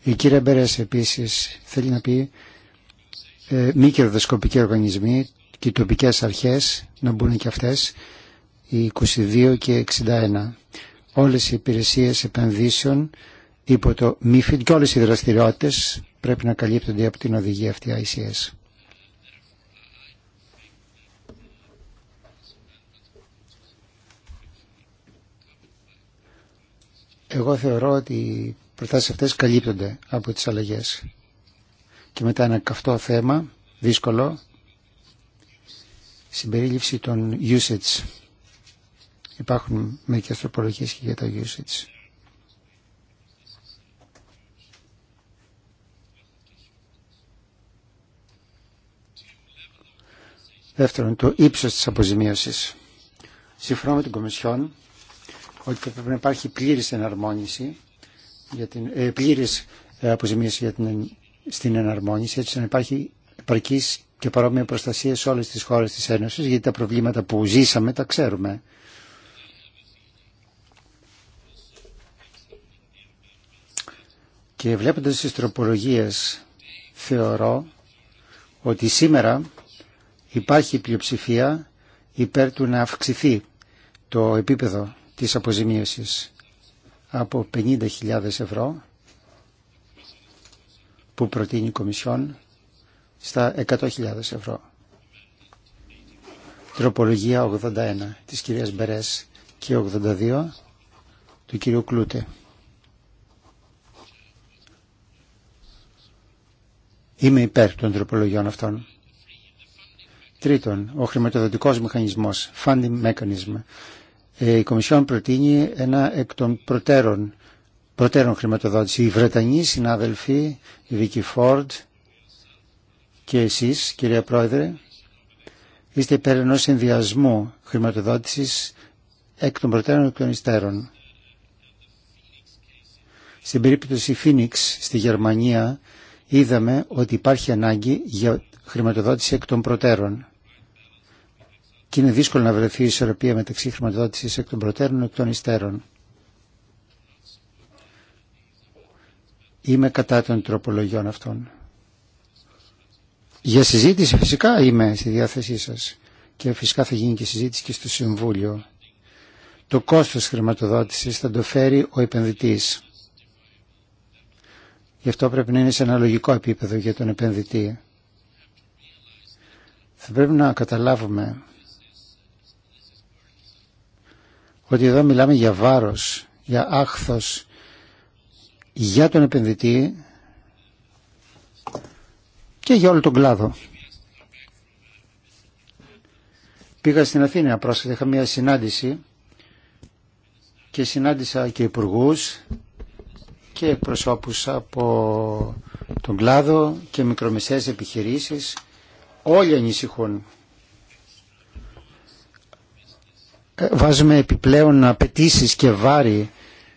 Η κυρία Μπέρες επίσης θέλει να πει ε, μη κερδοσκοπικοί οργανισμοί και οι τοπικές αρχές να μπουν και αυτές οι 22 και 61. Όλες οι υπηρεσίες επενδύσεων υπό το MIFID και όλες οι δραστηριότητες πρέπει να καλύπτονται από την οδηγία αυτή ICS. Εγώ θεωρώ ότι οι προτάσεις αυτές καλύπτονται από τις αλλαγές. Και μετά ένα καυτό θέμα, δύσκολο, συμπερίληψη των usage. Υπάρχουν μερικές τροπολογίες και για τα usage. Δεύτερον, το ύψο τη αποζημίωση Συμφωνώ με την Κομισιόν ότι πρέπει να υπάρχει πλήρης εναρμόνιση, για την, ε, πλήρης ε, αποζημίωση για την, στην εναρμόνιση, έτσι να υπάρχει επαρκή και παρόμοια προστασία σε όλες τις χώρες της Ένωσης, γιατί τα προβλήματα που ζήσαμε τα ξέρουμε. Και βλέποντας τις τροπολογίες, θεωρώ ότι σήμερα υπάρχει πλειοψηφία υπέρ του να αυξηθεί το επίπεδο της αποζημίωσης από 50.000 ευρώ που προτείνει η Κομισιόν στα 100.000 ευρώ. Τροπολογία 81 της κυρίας Μπερές και 82 του κυρίου Κλούτε. Είμαι υπέρ των τροπολογιών αυτών. Τρίτον, ο χρηματοδοτικός μηχανισμός, funding mechanism. Ε, η Κομισιόν προτείνει ένα εκ των προτέρων, προτέρων χρηματοδότηση. Οι Βρετανοί συνάδελφοι, η Βίκη Φόρντ και εσείς, κυρία Πρόεδρε, είστε υπέρ ενός συνδυασμού χρηματοδότησης εκ των προτέρων εκ των υστέρων. Στην περίπτωση Φίνιξ, στη Γερμανία είδαμε ότι υπάρχει ανάγκη για χρηματοδότηση εκ των προτέρων και είναι δύσκολο να βρεθεί η ισορροπία μεταξύ χρηματοδότηση εκ των προτέρων και εκ των υστέρων. Είμαι κατά των τροπολογιών αυτών. Για συζήτηση φυσικά είμαι στη διάθεσή σας και φυσικά θα γίνει και συζήτηση και στο Συμβούλιο. Το κόστος χρηματοδότησης θα το φέρει ο επενδυτής. Γι' αυτό πρέπει να είναι σε αναλογικό επίπεδο για τον επενδυτή. Θα πρέπει να καταλάβουμε ότι εδώ μιλάμε για βάρος, για άχθος, για τον επενδυτή και για όλο τον κλάδο. Πήγα στην Αθήνα πρόσφατα, είχα μια συνάντηση και συνάντησα και υπουργού και προσώπους από τον κλάδο και μικρομεσαίες επιχειρήσεις. Όλοι ανησυχούν βάζουμε επιπλέον απαιτήσει και βάρη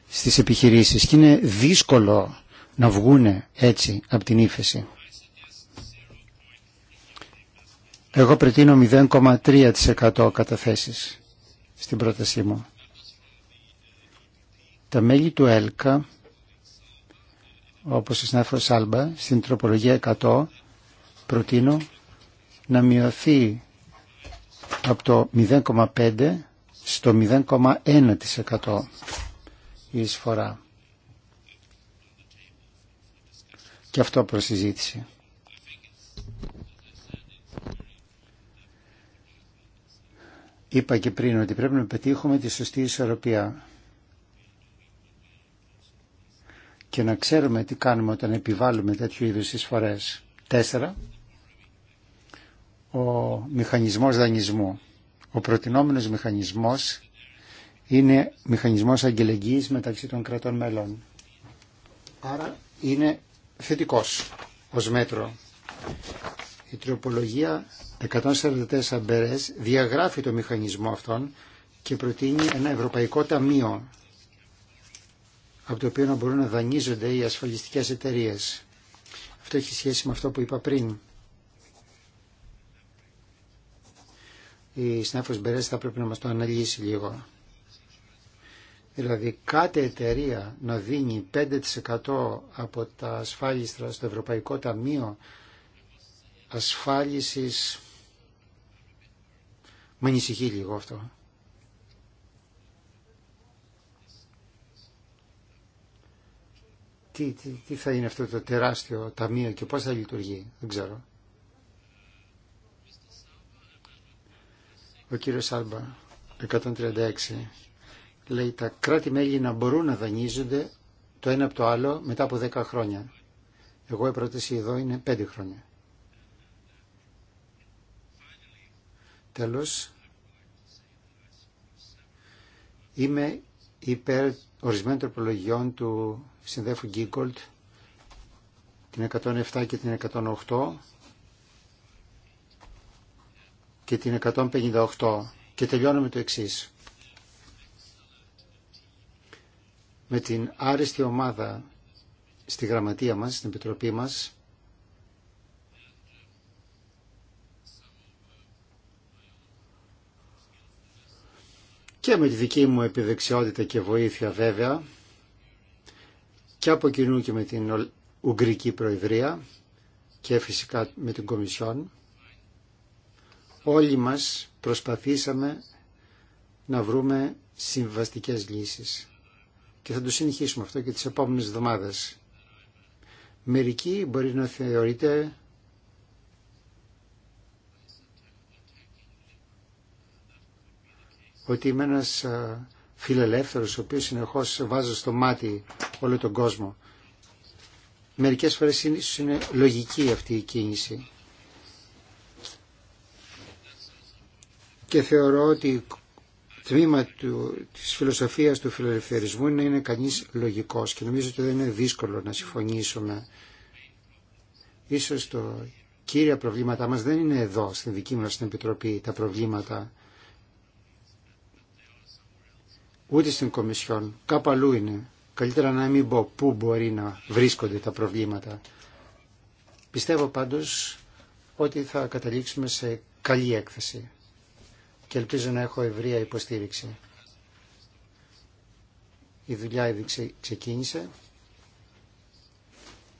στις επιχειρήσεις και είναι δύσκολο να βγούνε έτσι από την ύφεση. Εγώ προτείνω 0,3% καταθέσεις στην πρότασή μου. Τα μέλη του ΕΛΚΑ, όπως η συνάδελφος Άλμπα, στην τροπολογία 100 προτείνω να μειωθεί από το 0,5% στο 0,1% η εισφορά. Και αυτό προς συζήτηση. Είπα και πριν ότι πρέπει να πετύχουμε τη σωστή ισορροπία και να ξέρουμε τι κάνουμε όταν επιβάλλουμε τέτοιου είδους εισφορές. Τέσσερα, ο μηχανισμός δανεισμού. Ο προτινόμενος μηχανισμός είναι μηχανισμός αγγελεγγύης μεταξύ των κρατών μελών. Άρα είναι θετικός ως μέτρο. Η τροπολογία 144 Μπερές διαγράφει το μηχανισμό αυτόν και προτείνει ένα ευρωπαϊκό ταμείο από το οποίο να μπορούν να δανείζονται οι ασφαλιστικές εταιρείες. Αυτό έχει σχέση με αυτό που είπα πριν. η συνάδελφος Μπερέση θα πρέπει να μας το αναλύσει λίγο. Δηλαδή κάθε εταιρεία να δίνει 5% από τα ασφάλιστρα στο Ευρωπαϊκό Ταμείο ασφάλισης με ανησυχεί λίγο αυτό. Τι, τι, τι θα είναι αυτό το τεράστιο ταμείο και πώς θα λειτουργεί, δεν ξέρω. Ο κύριο Άλμπα, 136, λέει τα κράτη-μέλη να μπορούν να δανείζονται το ένα από το άλλο μετά από 10 χρόνια. Εγώ η πρόταση εδώ είναι 5 χρόνια. Τέλος, είμαι υπέρ ορισμένων τροπολογιών του συνδέφου Γκίγκολτ, την 107 και την 108, και την 158 και τελειώνω με το εξή. Με την άριστη ομάδα στη γραμματεία μας, στην επιτροπή μας, και με τη δική μου επιδεξιότητα και βοήθεια βέβαια, και από κοινού και με την Ουγγρική Προεδρία και φυσικά με την Κομισιόν, όλοι μας προσπαθήσαμε να βρούμε συμβαστικές λύσεις και θα το συνεχίσουμε αυτό και τις επόμενες εβδομάδες. Μερικοί μπορεί να θεωρείτε. ότι είμαι ένας φιλελεύθερος ο οποίος συνεχώς βάζω στο μάτι όλο τον κόσμο. Μερικές φορές είναι, είναι λογική αυτή η κίνηση. και θεωρώ ότι τμήμα του, της φιλοσοφίας του φιλελευθερισμού είναι να είναι κανείς λογικός και νομίζω ότι δεν είναι δύσκολο να συμφωνήσουμε. Ίσως το κύρια προβλήματά μας δεν είναι εδώ, στην δική μας στην Επιτροπή, τα προβλήματα ούτε στην Κομισιόν, κάπου αλλού είναι. Καλύτερα να μην πω πού μπορεί να βρίσκονται τα προβλήματα. Πιστεύω πάντως ότι θα καταλήξουμε σε καλή έκθεση και ελπίζω να έχω ευρεία υποστήριξη. Η δουλειά ήδη ξεκίνησε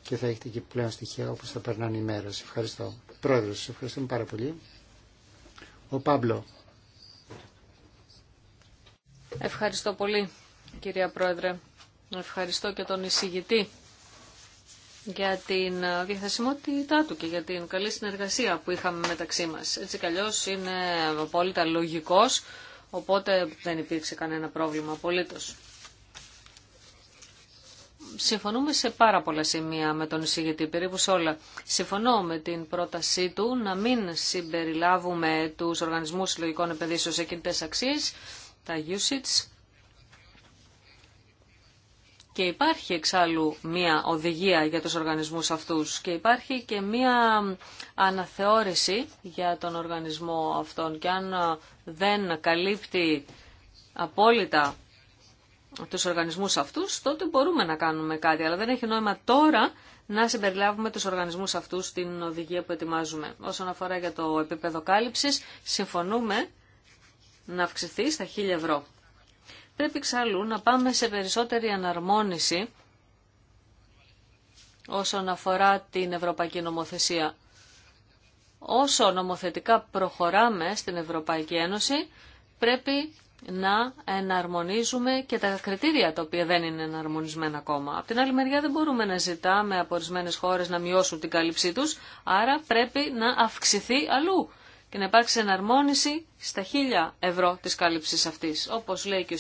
και θα έχετε και πλέον στοιχεία όπως θα περνάνε οι μέρες. Ευχαριστώ. Πρόεδρος, σας ευχαριστούμε πάρα πολύ. Ο Πάμπλο. Ευχαριστώ πολύ, κυρία Πρόεδρε. Ευχαριστώ και τον εισηγητή για την ε, διαθεσιμότητά του και για την καλή συνεργασία που είχαμε μεταξύ μας. Έτσι κι αλλιώς είναι απόλυτα λογικός, οπότε δεν υπήρξε κανένα πρόβλημα απολύτως. Συμφωνούμε σε πάρα πολλά σημεία με τον εισηγητή, περίπου σε όλα. Συμφωνώ με την πρότασή του να μην συμπεριλάβουμε τους οργανισμούς συλλογικών επενδύσεων σε κινητές αξίες, τα usage, και υπάρχει εξάλλου μία οδηγία για τους οργανισμούς αυτούς και υπάρχει και μία αναθεώρηση για τον οργανισμό αυτόν και αν ε, δεν καλύπτει απόλυτα τους οργανισμούς αυτούς, τότε μπορούμε να κάνουμε κάτι. Αλλά δεν έχει νόημα τώρα να συμπεριλάβουμε τους οργανισμούς αυτούς στην οδηγία που ετοιμάζουμε. Όσον αφορά για το επίπεδο κάλυψης, συμφωνούμε να αυξηθεί στα 1000 ευρώ. Πρέπει εξάλλου να πάμε σε περισσότερη αναρμόνιση όσον αφορά την Ευρωπαϊκή Νομοθεσία. Όσο νομοθετικά προχωράμε στην Ευρωπαϊκή Ένωση, πρέπει να εναρμονίζουμε και τα κριτήρια τα οποία δεν είναι εναρμονισμένα ακόμα. Απ' την άλλη μεριά δεν μπορούμε να ζητάμε από ορισμένε χώρες να μειώσουν την κάλυψή τους, άρα πρέπει να αυξηθεί αλλού και να υπάρξει εναρμόνιση στα 1000 ευρώ της κάλυψη αυτή, όπω λέει και ο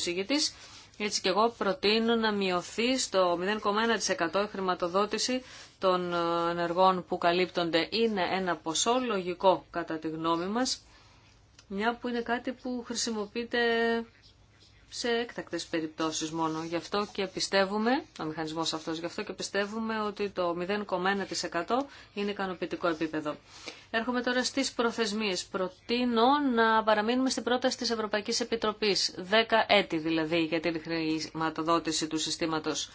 έτσι και εγώ προτείνω να μειωθεί στο 0,1% η χρηματοδότηση των ε, ενεργών που καλύπτονται. Είναι ένα ποσό λογικό κατά τη γνώμη μας, μια που είναι κάτι που χρησιμοποιείται σε έκτακτες περιπτώσεις μόνο. Γι' αυτό και πιστεύουμε, ο μηχανισμός αυτός, γι' αυτό και πιστεύουμε ότι το 0,1% είναι ικανοποιητικό επίπεδο. Έρχομαι τώρα στις προθεσμίες. Προτείνω να παραμείνουμε στην πρόταση της Ευρωπαϊκής Επιτροπής. 10 έτη δηλαδή για την χρηματοδότηση του συστήματος.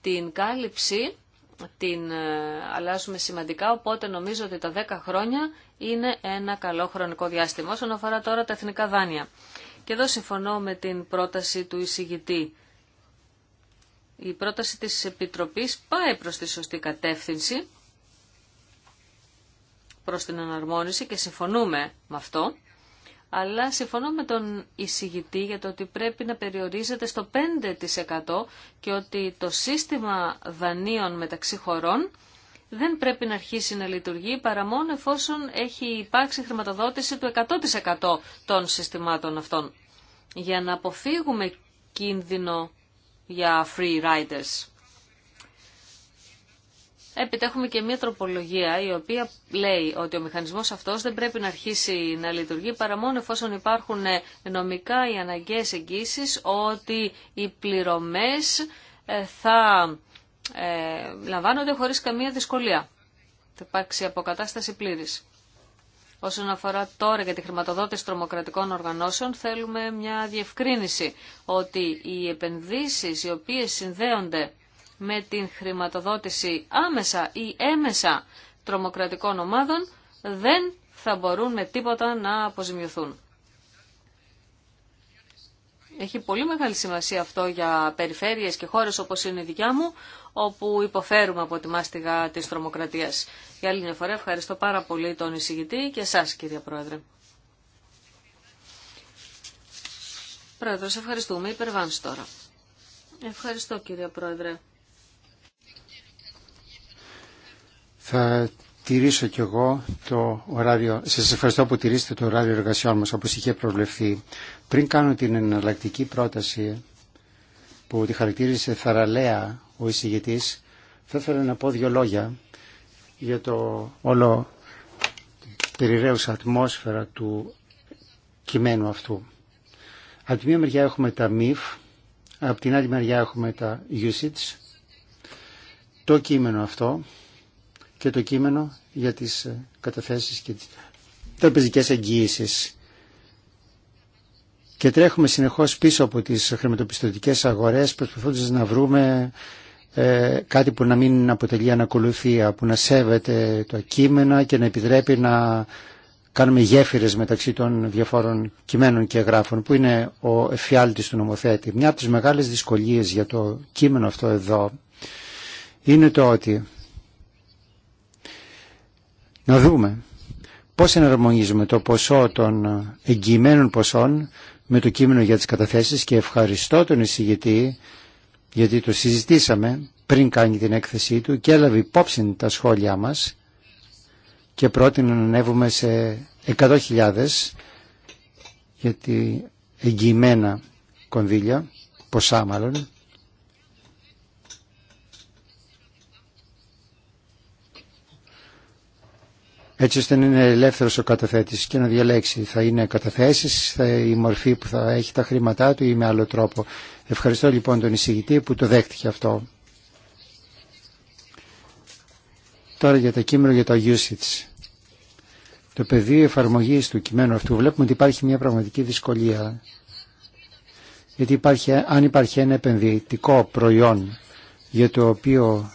Την κάλυψη την ε, αλλάζουμε σημαντικά, οπότε νομίζω ότι τα 10 χρόνια είναι ένα καλό χρονικό διάστημα όσον αφορά τώρα τα εθνικά δάνεια. Και εδώ συμφωνώ με την πρόταση του εισηγητή. Η πρόταση της Επιτροπής πάει προς τη σωστή κατεύθυνση, προς την αναρμόνιση και συμφωνούμε με αυτό, αλλά συμφωνώ με τον εισηγητή για το ότι πρέπει να περιορίζεται στο 5% και ότι το σύστημα δανείων μεταξύ χωρών δεν πρέπει να αρχίσει να λειτουργεί παρά μόνο εφόσον έχει υπάρξει χρηματοδότηση του 100% των συστημάτων αυτών. Για να αποφύγουμε κίνδυνο για free riders. Έπειτα έχουμε και μια τροπολογία η οποία λέει ότι ο μηχανισμός αυτός δεν πρέπει να αρχίσει να λειτουργεί παρά μόνο εφόσον υπάρχουν νομικά οι αναγκαίες εγγύσεις ότι οι πληρωμές ε, θα ε, λαμβάνονται χωρίς καμία δυσκολία. Θα υπάρξει αποκατάσταση πλήρης. Όσον αφορά τώρα για τη χρηματοδότηση τρομοκρατικών οργανώσεων, θέλουμε μια διευκρίνηση ότι οι επενδύσεις οι οποίες συνδέονται με την χρηματοδότηση άμεσα ή έμεσα τρομοκρατικών ομάδων δεν θα μπορούν με τίποτα να αποζημιωθούν. Έχει πολύ μεγάλη σημασία αυτό για περιφέρειες και χώρες όπως είναι η δικιά μου, όπου υποφέρουμε από τη μάστιγα της τρομοκρατίας. Για άλλη μια φορά ευχαριστώ πάρα πολύ τον εισηγητή και εσάς κύριε Πρόεδρε. Πρόεδρε, σε ευχαριστούμε. Υπερβάνση τώρα. Ευχαριστώ κύριε Πρόεδρε. Θα τηρήσω κι εγώ το ωράριο. Σας ευχαριστώ που τηρήσετε το ωράριο εργασιών μας όπως είχε προβλεφθεί. Πριν κάνω την εναλλακτική πρόταση που τη χαρακτήρισε θαραλέα ο εισηγητής. Θα ήθελα να πω δύο λόγια για το όλο περιραίους ατμόσφαιρα του κειμένου αυτού. Από τη μία μεριά έχουμε τα μύφ, από την άλλη μεριά έχουμε τα usage, το κείμενο αυτό και το κείμενο για τις ε, καταθέσεις και τις τραπεζικές εγγύησεις. Και τρέχουμε συνεχώς πίσω από τις χρηματοπιστωτικές αγορές προσπαθώντας να βρούμε ε, κάτι που να μην αποτελεί ανακολουθία, που να σέβεται το κείμενα και να επιτρέπει να κάνουμε γέφυρες μεταξύ των διαφόρων κειμένων και γράφων, που είναι ο εφιάλτης του νομοθέτη. Μια από τις μεγάλες δυσκολίες για το κείμενο αυτό εδώ είναι το ότι να δούμε πώς εναρμονίζουμε το ποσό των εγγυημένων ποσών με το κείμενο για τις καταθέσεις και ευχαριστώ τον εισηγητή γιατί το συζητήσαμε πριν κάνει την έκθεσή του και έλαβε υπόψη τα σχόλιά μας και πρότεινε να ανέβουμε σε 100.000 γιατί εγγυημένα κονδύλια, ποσά μάλλον, έτσι ώστε να είναι ελεύθερος ο καταθέτης και να διαλέξει θα είναι καταθέσεις, η μορφή που θα έχει τα χρήματά του ή με άλλο τρόπο. Ευχαριστώ λοιπόν τον εισηγητή που το δέχτηκε αυτό. Τώρα για τα κείμενο για το usage. Το πεδίο εφαρμογής του κειμένου αυτού βλέπουμε ότι υπάρχει μια πραγματική δυσκολία. Γιατί υπάρχει, αν υπάρχει ένα επενδυτικό προϊόν για το οποίο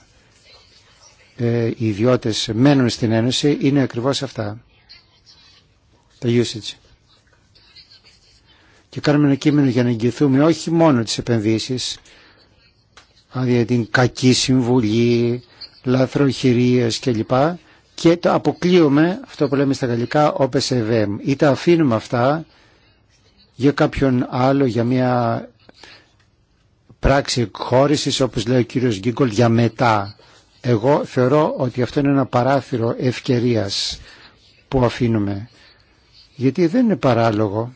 ε, οι ιδιώτες μένουν στην Ένωση είναι ακριβώς αυτά. Τα usage και κάνουμε ένα κείμενο για να εγγυηθούμε όχι μόνο τις επενδύσεις, αλλά δηλαδή για την κακή συμβουλή, λαθροχειρίες κλπ. Και το αποκλείουμε, αυτό που λέμε στα γαλλικά, ευέμ. Ε Ή τα αφήνουμε αυτά για κάποιον άλλο, για μια πράξη χώρισης όπως λέει ο κύριος Γκίγκολ, για μετά. Εγώ θεωρώ ότι αυτό είναι ένα παράθυρο ευκαιρίας που αφήνουμε. Γιατί δεν είναι παράλογο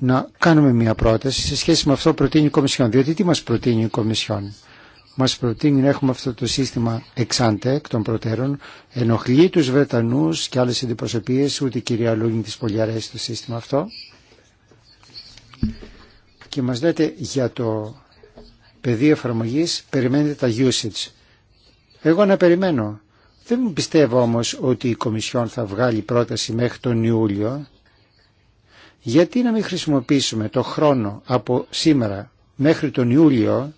να κάνουμε μια πρόταση σε σχέση με αυτό που προτείνει η Κομισιόν. Διότι τι μας προτείνει η Κομισιόν. Μας προτείνει να έχουμε αυτό το σύστημα εξάντε εκ των προτέρων. Ενοχλεί τους Βρετανούς και άλλες αντιπροσωπείες, ούτε η κυρία Λούγιν της πολύ αρέσει το σύστημα αυτό. Και μας λέτε για το πεδίο εφαρμογή περιμένετε τα usage. Εγώ να περιμένω. Δεν πιστεύω όμως ότι η Κομισιόν θα βγάλει πρόταση μέχρι τον Ιούλιο γιατί να μην χρησιμοποιήσουμε το χρόνο από σήμερα μέχρι τον Ιούλιο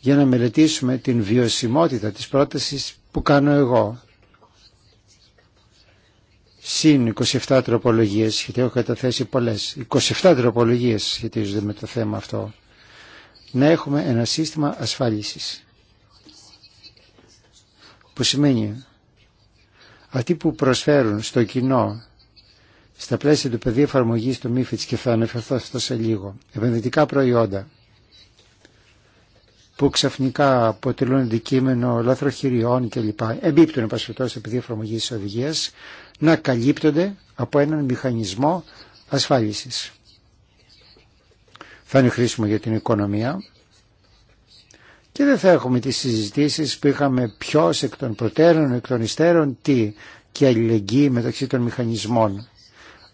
για να μελετήσουμε την βιωσιμότητα της πρότασης που κάνω εγώ. Συν 27 τροπολογίες, γιατί έχω καταθέσει πολλές. 27 τροπολογίες σχετίζονται με το θέμα αυτό. Να έχουμε ένα σύστημα ασφάλισης. Που σημαίνει αυτοί που προσφέρουν στο κοινό στα πλαίσια του πεδίου εφαρμογή του ΜΥΦΙΤΣ και θα αναφερθώ αυτό σε λίγο. Επενδυτικά προϊόντα που ξαφνικά αποτελούν αντικείμενο λαθροχειριών κλπ. Εμπίπτουν επασφαιρτό σε πεδίο εφαρμογή τη οδηγία να καλύπτονται από έναν μηχανισμό ασφάλιση. Θα είναι χρήσιμο για την οικονομία και δεν θα έχουμε τις συζητήσεις που είχαμε ποιος εκ των προτέρων, εκ των υστέρων, τι και αλληλεγγύη μεταξύ των μηχανισμών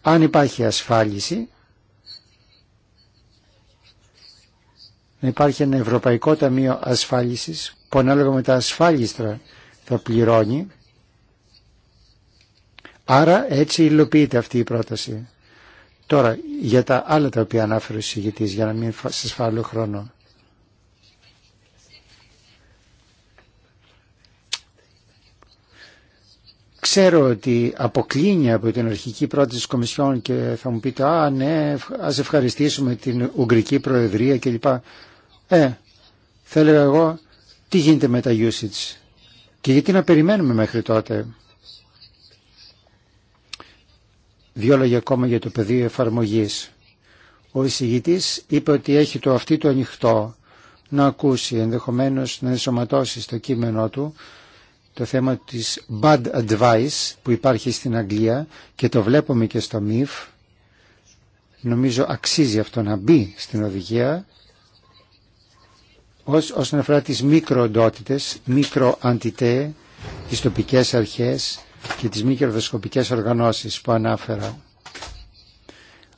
αν υπάρχει ασφάλιση, να υπάρχει ένα Ευρωπαϊκό Ταμείο Ασφάλισης που ανάλογα με τα ασφάλιστρα θα πληρώνει. Άρα έτσι υλοποιείται αυτή η πρόταση. Τώρα για τα άλλα τα οποία ανάφερε ο συγητής για να μην σας φάλω χρόνο. Ξέρω ότι αποκλίνει από την αρχική πρόταση της Κομισιόν και θα μου πείτε «Α, ναι, ας ευχαριστήσουμε την Ουγγρική Προεδρία κλπ». Ε, θα εγώ, τι γίνεται με τα usage και γιατί να περιμένουμε μέχρι τότε. Δύο λόγια ακόμα για το πεδίο εφαρμογής. Ο εισηγητής είπε ότι έχει το αυτή το ανοιχτό να ακούσει, ενδεχομένως να ενσωματώσει στο κείμενό του το θέμα της bad advice που υπάρχει στην Αγγλία και το βλέπουμε και στο MIF. Νομίζω αξίζει αυτό να μπει στην οδηγία ως, όσον αφορά τις μικροοντότητες, μικροαντιτέ, τις τοπικές αρχές και τις μικροδοσκοπικές οργανώσεις που ανάφερα.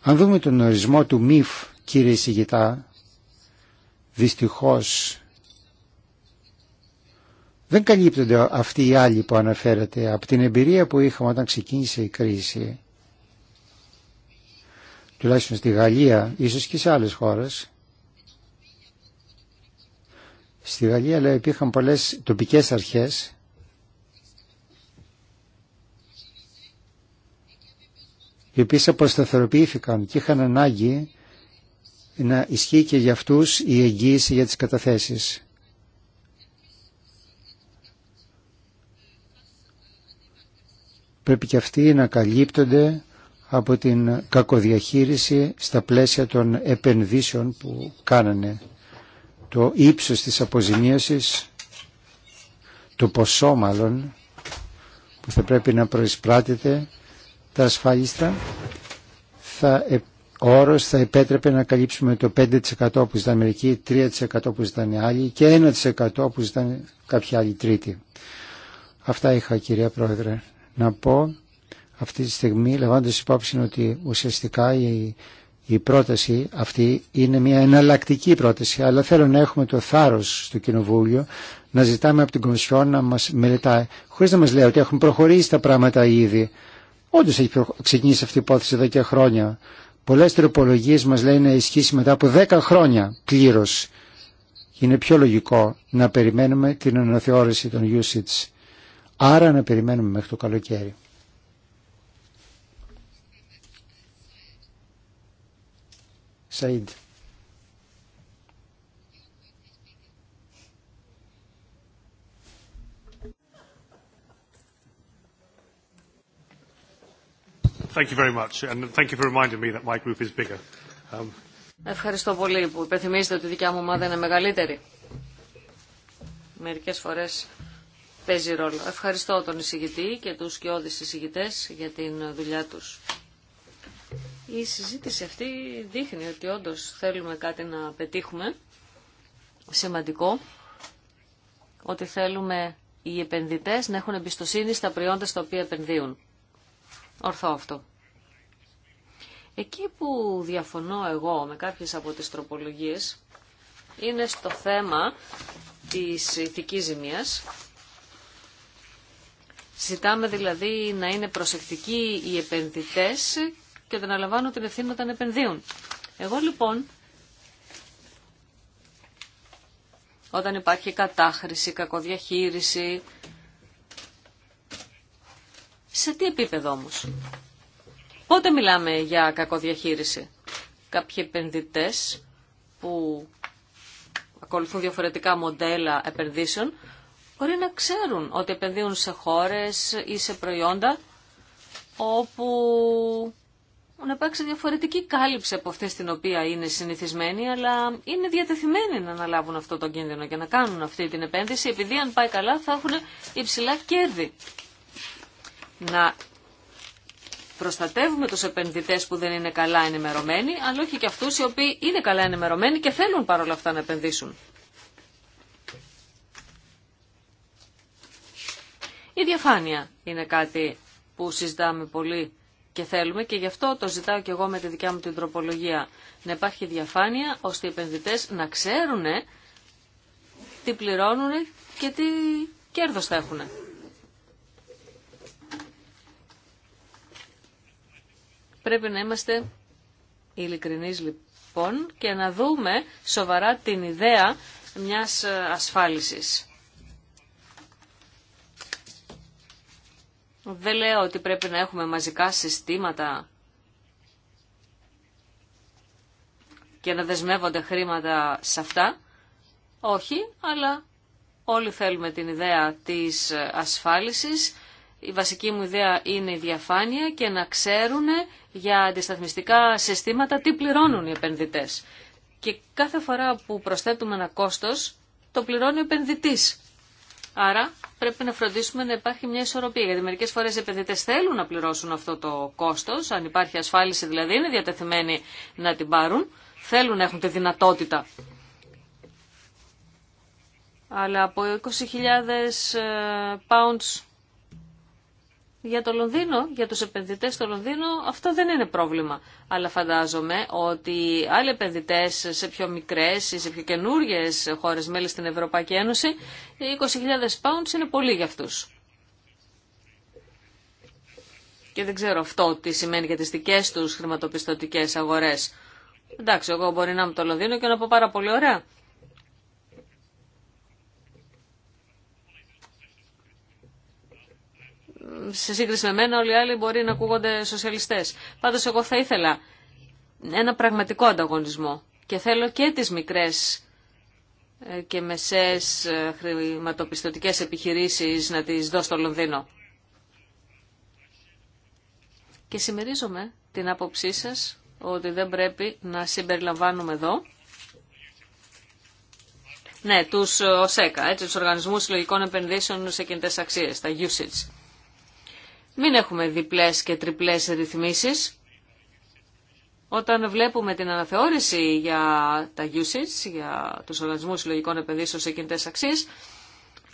Αν δούμε τον ορισμό του μυφ, κύριε Σιγητά, δυστυχώς δεν καλύπτονται αυτοί οι άλλοι που αναφέρατε από την εμπειρία που είχαμε όταν ξεκίνησε η κρίση. Τουλάχιστον στη Γαλλία, ίσως και σε άλλες χώρες. Στη Γαλλία λέει, υπήρχαν πολλές τοπικές αρχές οι οποίες αποσταθεροποιήθηκαν και είχαν ανάγκη να ισχύει και για αυτούς η εγγύηση για τις καταθέσεις. πρέπει και αυτοί να καλύπτονται από την κακοδιαχείριση στα πλαίσια των επενδύσεων που κάνανε. Το ύψος της αποζημίωσης, το ποσό μάλλον, που θα πρέπει να προεισπράτεται τα ασφάλιστρα, θα, ε, ο όρος θα επέτρεπε να καλύψουμε το 5% που ζητάνε μερικοί, 3% που ζητάνε άλλοι και 1% που ζητάνε κάποια άλλη τρίτη. Αυτά είχα κυρία Πρόεδρε να πω αυτή τη στιγμή λαμβάνοντας υπόψη ότι ουσιαστικά η, η πρόταση αυτή είναι μια εναλλακτική πρόταση αλλά θέλω να έχουμε το θάρρος στο Κοινοβούλιο να ζητάμε από την Κομισιόν να μας μελετάει χωρίς να μας λέει ότι έχουν προχωρήσει τα πράγματα ήδη Όντω έχει ξεκινήσει αυτή η υπόθεση εδώ και χρόνια. Πολλές τροπολογίες μας λένε ισχύσει μετά από 10 χρόνια πλήρω. Είναι πιο λογικό να περιμένουμε την αναθεώρηση των usage. Άρα να περιμένουμε μέχρι το καλοκαίρι. Σαΐντ. Ευχαριστώ πολύ που υπενθυμίζετε ότι η δικιά μου ομάδα είναι μεγαλύτερη. Μερικές φορές παίζει ρόλο. Ευχαριστώ τον εισηγητή και τους σκιώδεις εισηγητές για την δουλειά τους. Η συζήτηση αυτή δείχνει ότι όντως θέλουμε κάτι να πετύχουμε σημαντικό, ότι θέλουμε οι επενδυτές να έχουν εμπιστοσύνη στα προϊόντα στα οποία επενδύουν. Ορθό αυτό. Εκεί που διαφωνώ εγώ με κάποιες από τις τροπολογίες είναι στο θέμα της ηθικής ζημίας Ζητάμε δηλαδή να είναι προσεκτικοί οι επενδυτές και να λαμβάνουν την ευθύνη όταν επενδύουν. Εγώ λοιπόν, όταν υπάρχει κατάχρηση, κακοδιαχείριση, σε τι επίπεδο όμως. Πότε μιλάμε για κακοδιαχείριση. Κάποιοι επενδυτές που ακολουθούν διαφορετικά μοντέλα επενδύσεων μπορεί να ξέρουν ότι επενδύουν σε χώρες ή σε προϊόντα όπου να υπάρξει διαφορετική κάλυψη από αυτές την οποία είναι συνηθισμένοι, αλλά είναι διατεθειμένοι να αναλάβουν αυτό το κίνδυνο και να κάνουν αυτή την επένδυση, επειδή αν πάει καλά θα έχουν υψηλά κέρδη. Να προστατεύουμε τους επενδυτές που δεν είναι καλά ενημερωμένοι, αλλά όχι και αυτούς οι οποίοι είναι καλά ενημερωμένοι και θέλουν παρόλα αυτά να επενδύσουν. Η διαφάνεια είναι κάτι που συζητάμε πολύ και θέλουμε και γι' αυτό το ζητάω και εγώ με τη δικιά μου την τροπολογία. Να υπάρχει διαφάνεια ώστε οι επενδυτές να ξέρουν τι πληρώνουν και τι κέρδος θα έχουν. Πρέπει να είμαστε ειλικρινείς λοιπόν και να δούμε σοβαρά την ιδέα μιας ε, ασφάλισης. Δεν λέω ότι πρέπει να έχουμε μαζικά συστήματα και να δεσμεύονται χρήματα σε αυτά. Όχι, αλλά όλοι θέλουμε την ιδέα της ασφάλισης. Η βασική μου ιδέα είναι η διαφάνεια και να ξέρουν για αντισταθμιστικά συστήματα τι πληρώνουν οι επενδυτές. Και κάθε φορά που προσθέτουμε ένα κόστος, το πληρώνει ο επενδυτής. Άρα πρέπει να φροντίσουμε να υπάρχει μια ισορροπία. Γιατί μερικέ φορέ οι επενδυτέ θέλουν να πληρώσουν αυτό το κόστο, αν υπάρχει ασφάλιση δηλαδή, είναι διατεθειμένοι να την πάρουν, θέλουν να έχουν τη δυνατότητα. Αλλά από 20.000 ε, pounds για το Λονδίνο, για τους επενδυτές στο Λονδίνο, αυτό δεν είναι πρόβλημα. Αλλά φαντάζομαι ότι άλλοι επενδυτές σε πιο μικρές ή σε πιο καινούριε χώρες μέλη στην Ευρωπαϊκή Ένωση, 20.000 pounds είναι πολύ για αυτούς. Και δεν ξέρω αυτό τι σημαίνει για τις δικές τους χρηματοπιστωτικές αγορές. Εντάξει, εγώ μπορεί να είμαι το Λονδίνο και να πω πάρα πολύ ωραία. σε σύγκριση με μένα όλοι οι άλλοι μπορεί να ακούγονται σοσιαλιστές. Πάντως εγώ θα ήθελα ένα πραγματικό ανταγωνισμό και θέλω και τις μικρές ε, και μεσές ε, χρηματοπιστωτικές επιχειρήσεις να τις δω στο Λονδίνο. Και συμμερίζομαι την άποψή σας ότι δεν πρέπει να συμπεριλαμβάνουμε εδώ ναι, τους ε, ΟΣΕΚΑ, έτσι, τους Οργανισμούς Συλλογικών Επενδύσεων σε Κινητές Αξίες, τα USAGE. Μην έχουμε διπλές και τριπλές ρυθμίσεις. Όταν βλέπουμε την αναθεώρηση για τα usage, για τους οργανισμούς συλλογικών επενδύσεων σε κινητές αξίες,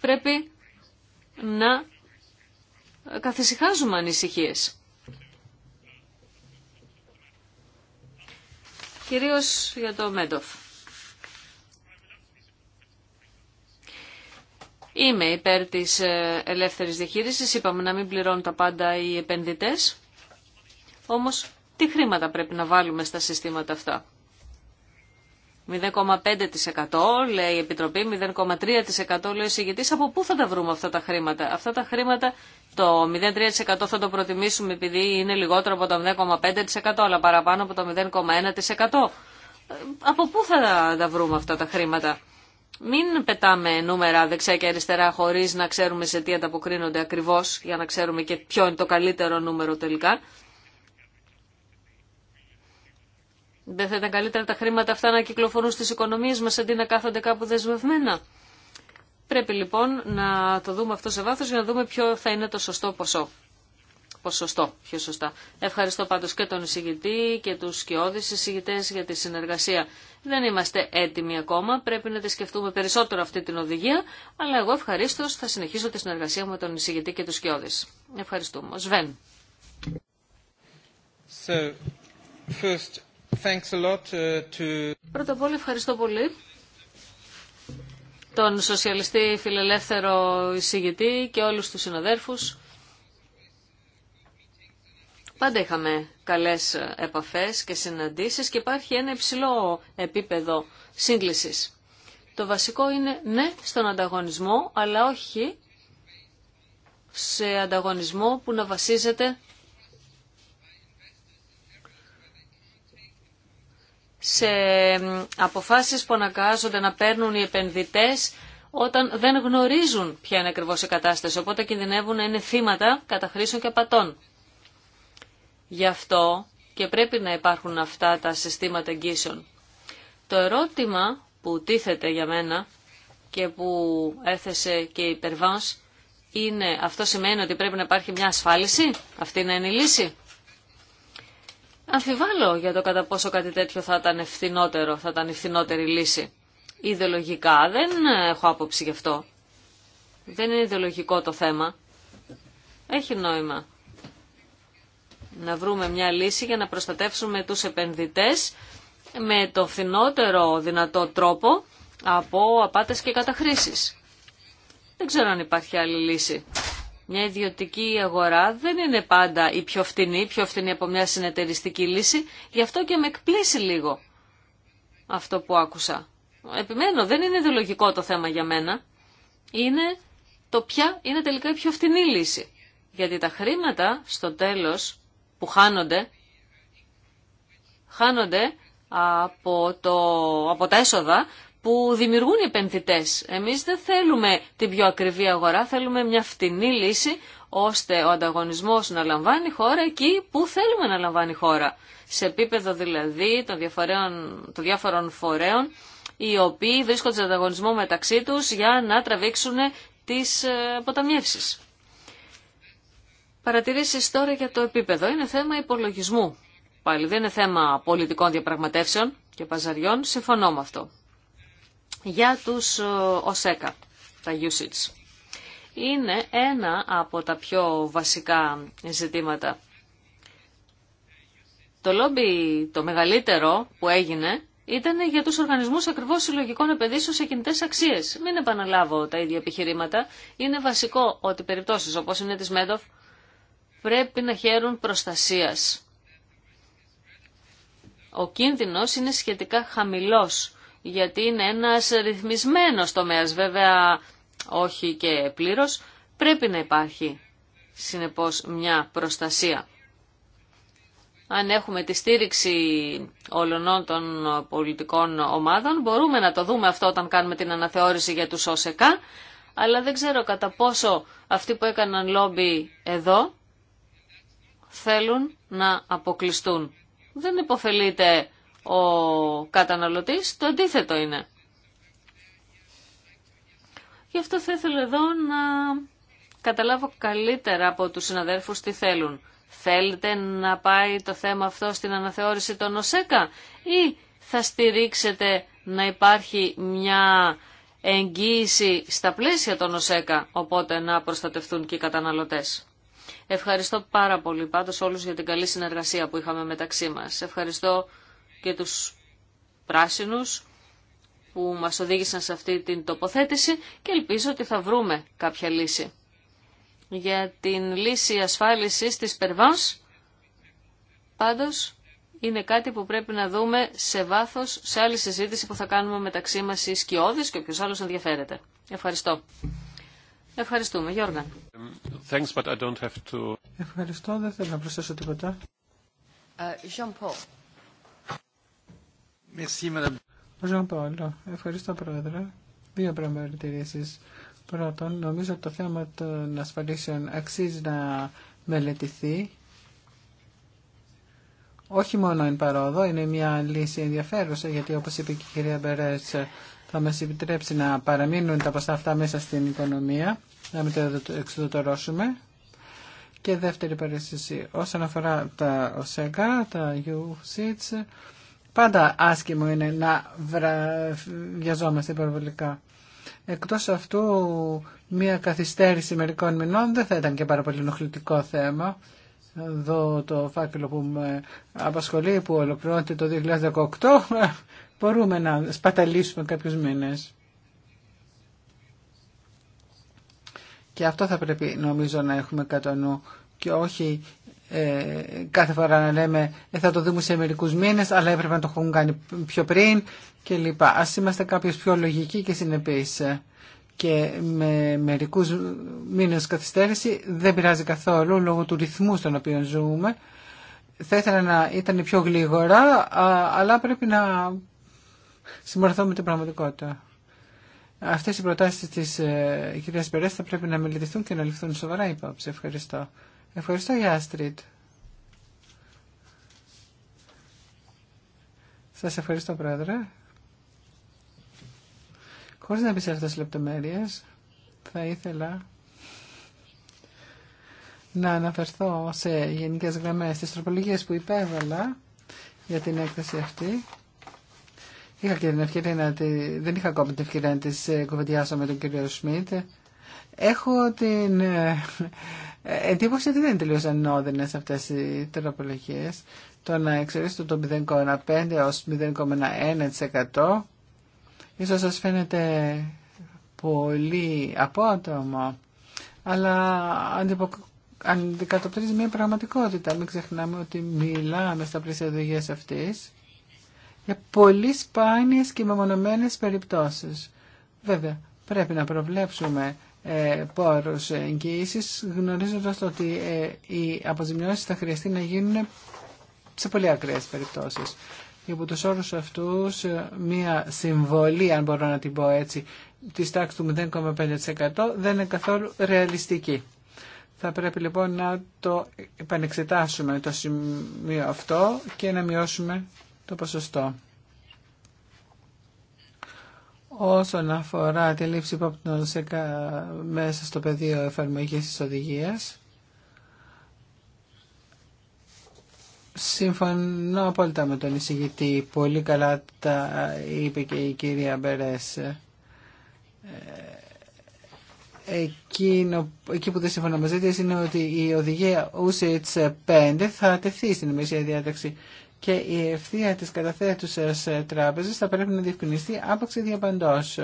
πρέπει να καθησυχάζουμε ανησυχίες. Κυρίως για το Μέντοφ. Είμαι υπέρ της ε, ελεύθερης διαχείρισης, είπαμε να μην πληρώνουν τα πάντα οι επενδυτές, όμως τι χρήματα πρέπει να βάλουμε στα συστήματα αυτά. 0,5% λέει η Επιτροπή, 0,3% λέει ο συγγετής. Από πού θα τα βρούμε αυτά τα χρήματα. Αυτά τα χρήματα το 0,3% θα το προτιμήσουμε επειδή είναι λιγότερο από το 0,5% αλλά παραπάνω από το 0,1%. Ε, από πού θα τα βρούμε αυτά τα χρήματα μην πετάμε νούμερα δεξιά και αριστερά χωρί να ξέρουμε σε τι ανταποκρίνονται ακριβώς, για να ξέρουμε και ποιο είναι το καλύτερο νούμερο τελικά. Δεν θα ήταν καλύτερα τα χρήματα αυτά να κυκλοφορούν στις οικονομίες μας αντί να κάθονται κάπου δεσμευμένα. Πρέπει λοιπόν να το δούμε αυτό σε βάθο για να δούμε ποιο θα είναι το σωστό ποσό ποσοστό πιο σωστά. Ευχαριστώ πάντως και τον εισηγητή και τους σκιώδεις εισηγητές για τη συνεργασία. Δεν είμαστε έτοιμοι ακόμα, πρέπει να τη σκεφτούμε περισσότερο αυτή την οδηγία, αλλά εγώ ευχαρίστω θα συνεχίσω τη συνεργασία με τον εισηγητή και τους σκιώδεις. Ευχαριστούμε. Σβέν. first, thanks a lot uh, to... Πρώτα απ' όλα ευχαριστώ πολύ τον σοσιαλιστή φιλελεύθερο εισηγητή και όλους τους συναδέρφους Πάντα είχαμε καλές επαφές και συναντήσεις και υπάρχει ένα υψηλό επίπεδο σύγκλησης. Το βασικό είναι ναι στον ανταγωνισμό, αλλά όχι σε ανταγωνισμό που να βασίζεται σε αποφάσεις που αναγκάζονται να παίρνουν οι επενδυτές όταν δεν γνωρίζουν ποια είναι ακριβώς η κατάσταση, οπότε κινδυνεύουν να είναι θύματα καταχρήσεων και απατών. Γι' αυτό και πρέπει να υπάρχουν αυτά τα συστήματα εγγύσεων. Το ερώτημα που τίθεται για μένα και που έθεσε και η Περβάνς είναι αυτό σημαίνει ότι πρέπει να υπάρχει μια ασφάλιση, αυτή να είναι η λύση. Αμφιβάλλω για το κατά πόσο κάτι τέτοιο θα ήταν ευθυνότερο, θα ήταν ευθυνότερη λύση. Ιδεολογικά δεν έχω άποψη γι' αυτό. Δεν είναι ιδεολογικό το θέμα. Έχει νόημα να βρούμε μια λύση για να προστατεύσουμε τους επενδυτές με το φθηνότερο δυνατό τρόπο από απάτες και καταχρήσεις. Δεν ξέρω αν υπάρχει άλλη λύση. Μια ιδιωτική αγορά δεν είναι πάντα η πιο φτηνή, η πιο φτηνή από μια συνεταιριστική λύση, γι' αυτό και με εκπλήσει λίγο αυτό που άκουσα. Επιμένω, δεν είναι ιδεολογικό το θέμα για μένα. Είναι το ποια είναι τελικά η πιο φτηνή λύση. Γιατί τα χρήματα στο τέλος που χάνονται, από, το, από τα έσοδα που δημιουργούν οι επενδυτές. Εμείς δεν θέλουμε την πιο ακριβή αγορά, θέλουμε μια φτηνή λύση ώστε ο ανταγωνισμός να λαμβάνει χώρα εκεί που θέλουμε να λαμβάνει χώρα. Σε επίπεδο δηλαδή των, των διάφορων φορέων οι οποίοι βρίσκονται σε ανταγωνισμό μεταξύ τους για να τραβήξουν τις ε, αποταμιεύσεις. Παρατηρήσεις τώρα για το επίπεδο. Είναι θέμα υπολογισμού. Πάλι δεν είναι θέμα πολιτικών διαπραγματεύσεων και παζαριών. Συμφωνώ με αυτό. Για τους ΟΣΕΚΑ, τα usage. Είναι ένα από τα πιο βασικά ζητήματα. Το λόμπι το μεγαλύτερο που έγινε ήταν για τους οργανισμούς ακριβώς συλλογικών επενδύσεων σε κινητές αξίες. Μην επαναλάβω τα ίδια επιχειρήματα. Είναι βασικό ότι περιπτώσεις όπως είναι της Μέντοφ πρέπει να χαίρουν προστασίας. Ο κίνδυνος είναι σχετικά χαμηλός, γιατί είναι ένας ρυθμισμένος τομέας, βέβαια όχι και πλήρως, πρέπει να υπάρχει συνεπώς μια προστασία. Αν έχουμε τη στήριξη όλων των πολιτικών ομάδων, μπορούμε να το δούμε αυτό όταν κάνουμε την αναθεώρηση για τους ΟΣΕΚΑ, αλλά δεν ξέρω κατά πόσο αυτοί που έκαναν λόμπι εδώ θέλουν να αποκλειστούν. Δεν υποφελείται ο καταναλωτής, το αντίθετο είναι. Γι' αυτό θα ήθελα εδώ να καταλάβω καλύτερα από τους συναδέρφους τι θέλουν. Θέλετε να πάει το θέμα αυτό στην αναθεώρηση των ΟΣΕΚΑ ή θα στηρίξετε να υπάρχει μια εγγύηση στα πλαίσια των ΟΣΕΚΑ, οπότε να προστατευτούν και οι καταναλωτές. Ευχαριστώ πάρα πολύ πάντως όλους για την καλή συνεργασία που είχαμε μεταξύ μας. Ευχαριστώ και τους πράσινους που μας οδήγησαν σε αυτή την τοποθέτηση και ελπίζω ότι θα βρούμε κάποια λύση. Για την λύση ασφάλισης της Περβάνς, πάντως είναι κάτι που πρέπει να δούμε σε βάθος σε άλλη συζήτηση που θα κάνουμε μεταξύ μας οι σκιώδεις και όποιος άλλος ενδιαφέρεται. Ευχαριστώ. Ευχαριστούμε. Γιώργα. Ευχαριστώ. Δεν θέλω να προσθέσω τίποτα. Ε, Jean Paul. Ευχαριστώ, Πρόεδρε. Δύο παρατηρήσει. Πρώτον, νομίζω ότι το θέμα των ασφαλίσεων αξίζει να μελετηθεί. Όχι μόνο εν παρόδο, είναι μια λύση ενδιαφέρουσα, γιατί όπως είπε και η κυρία Μπερέτς, θα μας επιτρέψει να παραμείνουν τα ποσά αυτά μέσα στην οικονομία, να μην τα εξοδοτερώσουμε. Και δεύτερη παρέστηση, όσον αφορά τα ΟΣΕΚΑ, τα USITS, πάντα άσχημο είναι να βιαζόμαστε υπερβολικά. Εκτός αυτού, μία καθυστέρηση μερικών μηνών δεν θα ήταν και πάρα πολύ ενοχλητικό θέμα. Εδώ το φάκελο που με απασχολεί, που ολοκληρώνεται το 2018, Μπορούμε να σπαταλήσουμε κάποιους μήνες. Και αυτό θα πρέπει νομίζω να έχουμε κατά νου και όχι ε, κάθε φορά να λέμε ε, θα το δούμε σε μερικού μήνε, αλλά έπρεπε να το έχουν κάνει πιο πριν και λοιπά. Ας είμαστε κάποιο πιο λογικοί και συνεπείς Και με μερικούς μήνες καθυστέρηση δεν πειράζει καθόλου λόγω του ρυθμού στον οποίο ζούμε. Θα ήθελα να ήταν πιο γλίγορα, αλλά πρέπει να συμμορφώ με την πραγματικότητα. Αυτές οι προτάσει της ε, κυρίας θα πρέπει να μελετηθούν και να ληφθούν σοβαρά υπόψη. Ευχαριστώ. Ευχαριστώ για Άστριτ. Σας ευχαριστώ πρόεδρε. Χωρί να επισέλθω σε λεπτομέρειε, θα ήθελα να αναφερθώ σε γενικές γραμμές της τροπολογίες που υπέβαλα για την έκθεση αυτή. Είχα και την ευκαιρία να τη... Δεν είχα ακόμα την ευκαιρία να τη ε, κουβεντιάσω με τον κύριο Σμιτ. Έχω την ε, εντύπωση ότι δεν είναι τελείως ανώδυνες αυτές οι τροπολογίες. Το να εξορίσετε το 0,5 ω 0,1% ίσως σας φαίνεται πολύ απότομο, αλλά αντικατοπτρίζει μια πραγματικότητα. Μην ξεχνάμε ότι μιλάμε στα πλαίσια οδηγίας αυτής για πολύ σπάνιες και μεμονωμένες περιπτώσεις. Βέβαια, πρέπει να προβλέψουμε ε, πόρους εγγύησης γνωρίζοντας ότι ε, οι αποζημιώσεις θα χρειαστεί να γίνουν σε πολύ ακραίες περιπτώσεις. Υπό τους όρους αυτούς, ε, μία συμβολή, αν μπορώ να την πω έτσι, της τάξης του 0,5% δεν είναι καθόλου ρεαλιστική. Θα πρέπει λοιπόν να το επανεξετάσουμε το σημείο αυτό και να μειώσουμε το ποσοστό. Όσον αφορά τη λήψη υπόπτων σε μέσα στο πεδίο εφαρμογής της οδηγίας, συμφωνώ απόλυτα με τον εισηγητή. Πολύ καλά τα είπε και η κυρία Μπερές. Ε, εκείνο, εκεί που δεν συμφωνώ μαζί της είναι ότι η οδηγία ΟΥΣΕΙΤΣ 5 θα τεθεί στην ημερήσια διάταξη και η ευθεία της καταθέτουσας ε, τράπεζας θα πρέπει να διευκρινιστεί άποψη διαπαντός.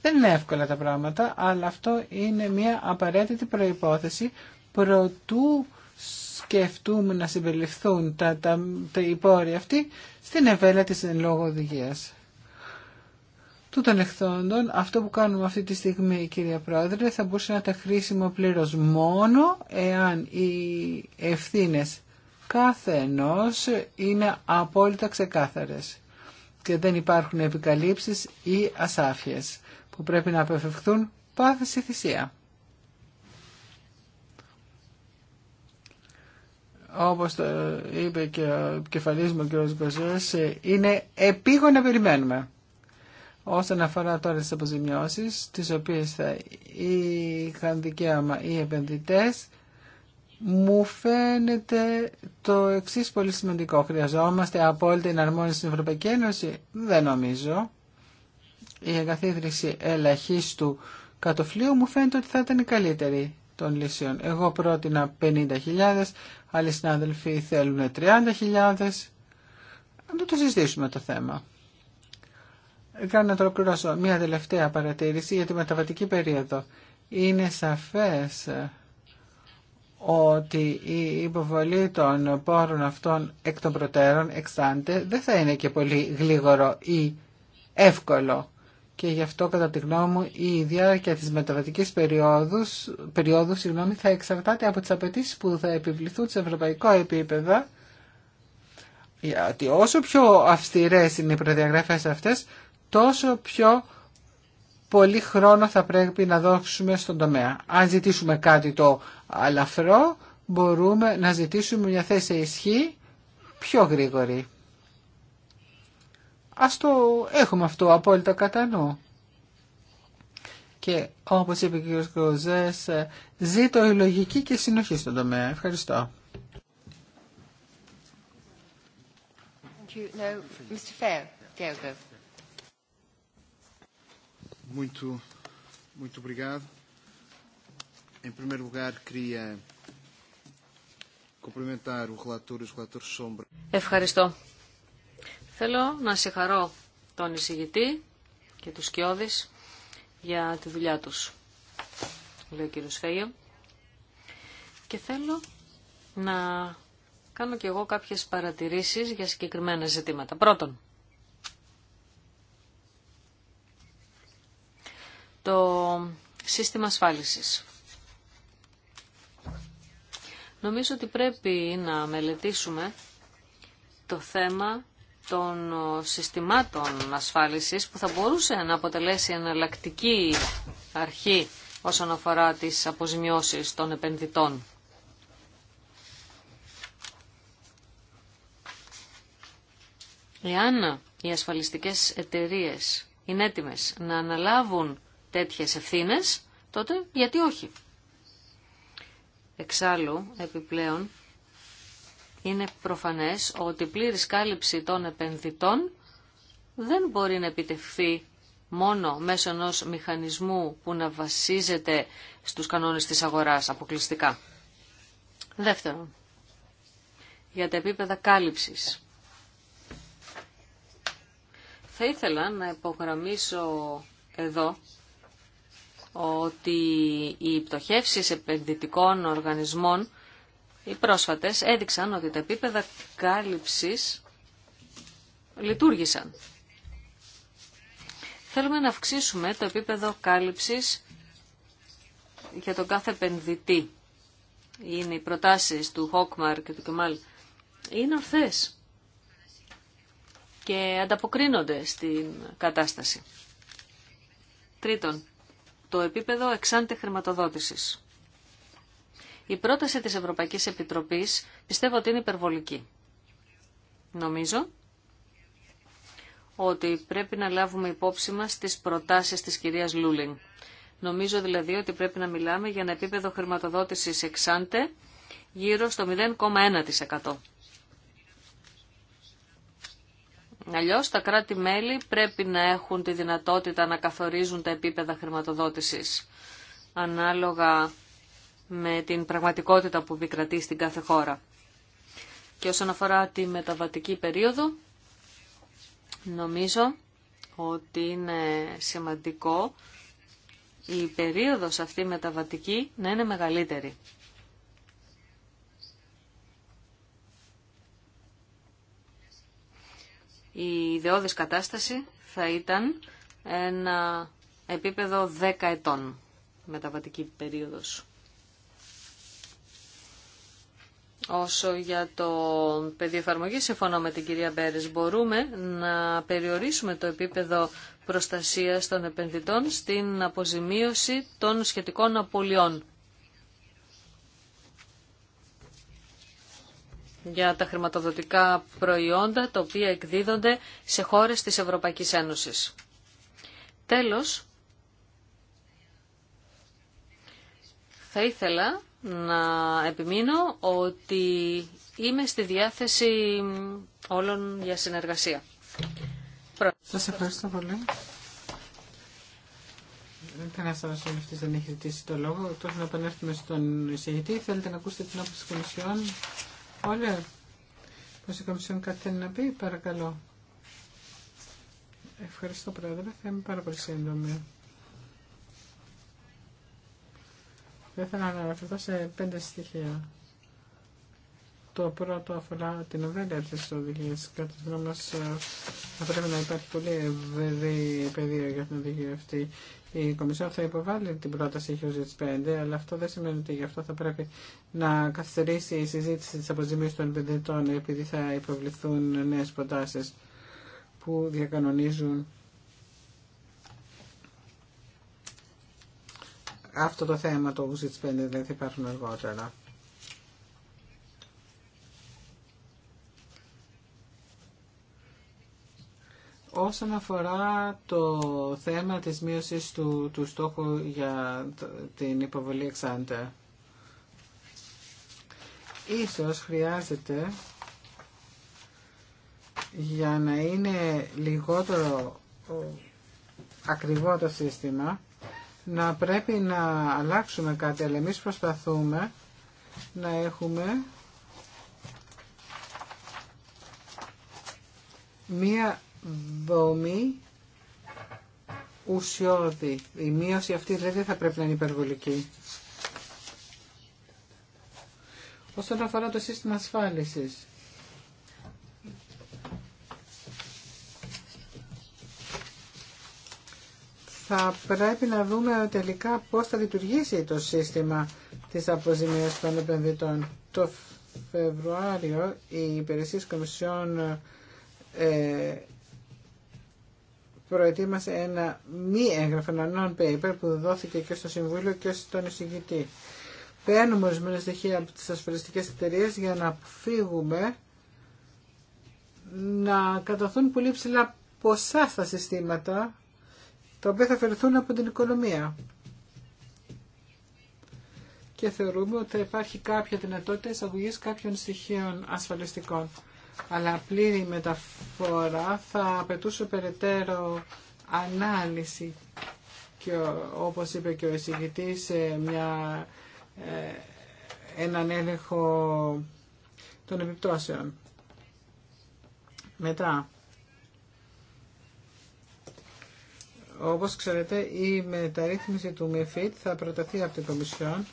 Δεν είναι εύκολα τα πράγματα, αλλά αυτό είναι μια απαραίτητη προϋπόθεση προτού σκεφτούμε να συμπεριληφθούν τα, τα, τα υπόρρια αυτοί στην ευέλα της εν λόγω οδηγίας. Τούτων εχθόντων, αυτό που κάνουμε αυτή τη στιγμή, κυρία Πρόεδρε, θα μπορούσε να τα χρήσιμο πλήρως μόνο εάν οι ευθύνες κάθε είναι απόλυτα ξεκάθαρες και δεν υπάρχουν επικαλύψεις ή ασάφειες που πρέπει να απεφευχθούν πάθηση θυσία. όπως το είπε και ο κεφαλής μου ο κ. Γκοζές, είναι επίγον να περιμένουμε. Όσον αφορά τώρα τις αποζημιώσεις, τις οποίες θα είχαν δικαίωμα οι επενδυτές, μου φαίνεται το εξή πολύ σημαντικό. Χρειαζόμαστε απόλυτη εναρμόνιση στην Ευρωπαϊκή Ένωση. Δεν νομίζω. Η εγκαθίδρυση ελαχίστου κατοφλίου μου φαίνεται ότι θα ήταν η καλύτερη των λύσεων. Εγώ πρότεινα 50.000, άλλοι συνάδελφοι θέλουν 30.000. Να το συζητήσουμε το θέμα. Κάνω να το ολοκληρώσω. Μία τελευταία παρατήρηση για τη μεταβατική περίοδο. Είναι σαφές ότι η υποβολή των πόρων αυτών εκ των προτέρων εξάντε δεν θα είναι και πολύ γλίγορο ή εύκολο. Και γι' αυτό κατά τη γνώμη μου η διάρκεια της μεταβατικής περιόδους περίοδου θα εξαρτάται από τις απαιτήσει που θα επιβληθούν σε ευρωπαϊκό επίπεδο γιατί όσο πιο αυστηρές είναι οι προδιαγραφές αυτές τόσο πιο πολύ χρόνο θα πρέπει να δώσουμε στον τομέα. Αν ζητήσουμε κάτι το αλαφρό, μπορούμε να ζητήσουμε μια θέση ισχύ πιο γρήγορη. Ας το έχουμε αυτό απόλυτα κατά νου. Και όπως είπε ο κ. Κροζές, ζήτω η λογική και συνοχή στον τομέα. Ευχαριστώ. you. Mr. Ευχαριστώ. Θέλω να συγχαρώ τον εισηγητή και τους Κιώδης για τη δουλειά τους, λέει ο κύριος Φέιο. Και θέλω να κάνω κι εγώ κάποιες παρατηρήσεις για συγκεκριμένα ζητήματα. Πρώτον, το σύστημα ασφάλισης. Νομίζω ότι πρέπει να μελετήσουμε το θέμα των συστημάτων ασφάλισης που θα μπορούσε να αποτελέσει εναλλακτική αρχή όσον αφορά τις αποζημιώσεις των επενδυτών. Εάν οι ασφαλιστικές εταιρείες είναι έτοιμες να αναλάβουν τέτοιες ευθύνες, τότε γιατί όχι. Εξάλλου, επιπλέον, είναι προφανές ότι η πλήρης κάλυψη των επενδυτών δεν μπορεί να επιτευχθεί μόνο μέσω ενό μηχανισμού που να βασίζεται στους κανόνες της αγοράς αποκλειστικά. Δεύτερον, για τα επίπεδα κάλυψης. Θα ήθελα να υπογραμμίσω εδώ ότι οι πτωχεύσεις επενδυτικών οργανισμών, οι πρόσφατες, έδειξαν ότι τα επίπεδα κάλυψης λειτουργήσαν. Θέλουμε να αυξήσουμε το επίπεδο κάλυψης για τον κάθε επενδυτή. Είναι οι προτάσεις του Χόκμαρ και του Κεμάλ. Είναι ορθές και ανταποκρίνονται στην κατάσταση. Τρίτον, το επίπεδο εξάντε χρηματοδότησης. Η πρόταση της Ευρωπαϊκής Επιτροπής πιστεύω ότι είναι υπερβολική. Νομίζω ότι πρέπει να λάβουμε υπόψη μας τις προτάσεις της κυρίας Λούλινγκ. Νομίζω δηλαδή ότι πρέπει να μιλάμε για ένα επίπεδο χρηματοδότησης εξάντε γύρω στο 0,1%. Αλλιώς τα κράτη-μέλη πρέπει να έχουν τη δυνατότητα να καθορίζουν τα επίπεδα χρηματοδότησης ανάλογα με την πραγματικότητα που επικρατεί στην κάθε χώρα. Και όσον αφορά τη μεταβατική περίοδο, νομίζω ότι είναι σημαντικό η περίοδος αυτή μεταβατική να είναι μεγαλύτερη. Η ιδεώδης κατάσταση θα ήταν ένα επίπεδο 10 ετών μεταβατική περίοδος. Όσο για το πεδίο εφαρμογή, συμφωνώ με την κυρία Μπέρες, μπορούμε να περιορίσουμε το επίπεδο προστασίας των επενδυτών στην αποζημίωση των σχετικών απολειών. για τα χρηματοδοτικά προϊόντα τα οποία εκδίδονται σε χώρες της Ευρωπαϊκής Ένωσης. Τέλος, θα ήθελα να επιμείνω ότι είμαι στη διάθεση όλων για συνεργασία. Σας ευχαριστώ πολύ. Κανένα άλλο ομιλητή δεν έχει ζητήσει το λόγο. Εκτό να επανέλθουμε στον εισηγητή, θέλετε να ακούσετε την άποψη τη Κομισιόν. Όλε. Πώς η Κομισιόν κάτι θέλει να πει, παρακαλώ. Ευχαριστώ, Πρόεδρε. Θα είμαι πάρα πολύ σύντομη. Θα ήθελα να αναφερθώ σε πέντε στοιχεία. Το πρώτο αφορά την εμβέλεια τη οδηγία. Κατά τη γνώμη μα, ε, θα πρέπει να υπάρχει πολύ ευρύ πεδίο για την οδηγία αυτή. Η Κομισιόν θα υποβάλει την πρόταση HOSITS 5, αλλά αυτό δεν σημαίνει ότι γι' αυτό θα πρέπει να καθυστερήσει η συζήτηση τη αποζημίωση των επενδυτών, επειδή θα υποβληθούν νέε προτάσει που διακανονίζουν αυτό το θέμα το HOSITS 5, δεν θα υπάρχουν αργότερα. Όσον αφορά το θέμα της μείωσης του, του στόχου για την υποβολή εξάντα, ίσως χρειάζεται για να είναι λιγότερο ακριβό το σύστημα, να πρέπει να αλλάξουμε κάτι, αλλά εμείς προσπαθούμε να έχουμε μία δομή ουσιώδη. Η μείωση αυτή δηλαδή δεν θα πρέπει να είναι υπερβολική. Όσον αφορά το σύστημα ασφάλισης, θα πρέπει να δούμε τελικά πώς θα λειτουργήσει το σύστημα της αποζημίωσης των επενδυτών. Το Φεβρουάριο οι υπηρεσίες Κομισιόν ε, προετοίμασε ένα μη έγγραφο, ένα non-paper που δόθηκε και στο Συμβούλιο και στον εισηγητή. Παίρνουμε ορισμένα στοιχεία από τις ασφαλιστικές εταιρείε για να αποφύγουμε να καταθούν πολύ ψηλά ποσά στα συστήματα τα οποία θα φερθούν από την οικονομία. Και θεωρούμε ότι θα υπάρχει κάποια δυνατότητα εισαγωγή κάποιων στοιχείων ασφαλιστικών αλλά πλήρη μεταφορά θα απαιτούσε περαιτέρω ανάλυση και όπως είπε και ο εισηγητής μια, ε, έναν έλεγχο των επιπτώσεων. Μετά, όπως ξέρετε, η μεταρρύθμιση του ΜΕΦΙΤ θα προταθεί από την Κομισιόν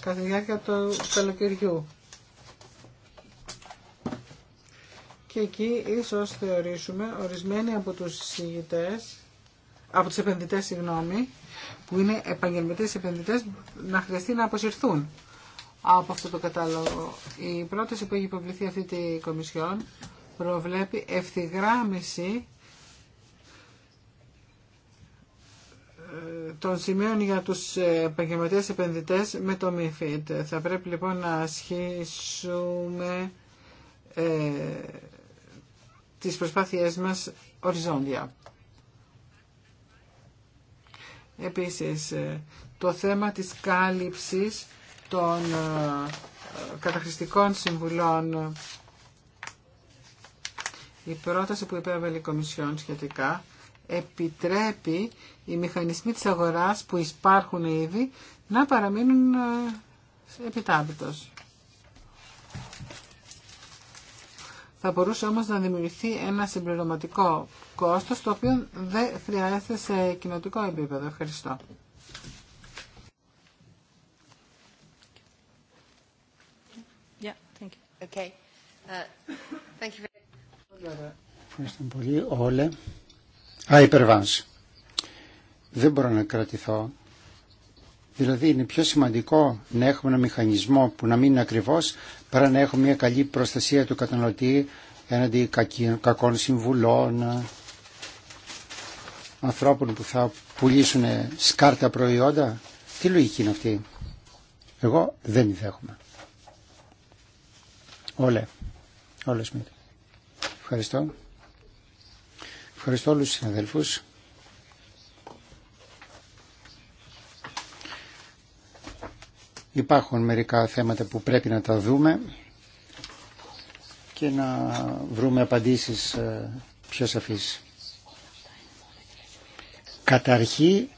κατά τη διάρκεια του καλοκαιριού. και εκεί ίσως θεωρήσουμε ορισμένοι από τους συγητές, από τους επενδυτές, συγγνώμη, που είναι επαγγελματίες επενδυτές, να χρειαστεί να αποσυρθούν από αυτό το κατάλογο. Η πρόταση που έχει υποβληθεί αυτή τη Κομισιόν προβλέπει ευθυγράμμιση ε, των σημείων για τους επαγγελματίες επενδυτές με το MIFID. Θα πρέπει λοιπόν να ασχίσουμε ε, τις προσπάθειές μας οριζόντια. Επίσης, ε, το θέμα της κάλυψης των ε, καταχρηστικών συμβουλών η πρόταση που υπέβαλε η Κομισιόν σχετικά επιτρέπει οι μηχανισμοί της αγοράς που υπάρχουν ήδη να παραμείνουν ε, επιτάπητος. Θα μπορούσε όμως να δημιουργηθεί ένα συμπληρωματικό κόστος, το οποίο δεν χρειάζεται σε κοινοτικό επίπεδο. Ευχαριστώ. Uh, Ευχαριστώ πολύ. Όλε. Α, υπερβάσου. Δεν μπορώ να κρατηθώ. Δηλαδή είναι πιο σημαντικό να έχουμε ένα μηχανισμό που να μην είναι ακριβώς, παρά να έχουμε μια καλή προστασία του καταναλωτή έναντι κακών συμβουλών, ανθρώπων που θα πουλήσουν σκάρτα προϊόντα. Τι λογική είναι αυτή. Εγώ δεν τη δέχομαι. Όλε. Όλες Ευχαριστώ. Ευχαριστώ όλους τους συναδέλφους. Υπάρχουν μερικά θέματα που πρέπει να τα δούμε και να βρούμε απαντήσεις ε, πιο σαφείς. Καταρχή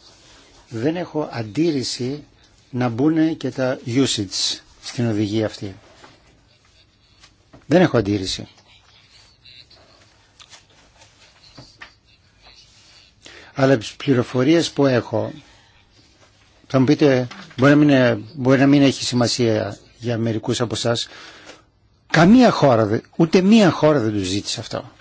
δεν έχω αντίρρηση να μπουν και τα usage στην οδηγία αυτή. Δεν έχω αντίρρηση. Αλλά τις πληροφορίες που έχω θα μου πείτε, μπορεί να μην, έχει σημασία για μερικούς από εσά. Καμία χώρα, ούτε μία χώρα δεν του ζήτησε αυτό.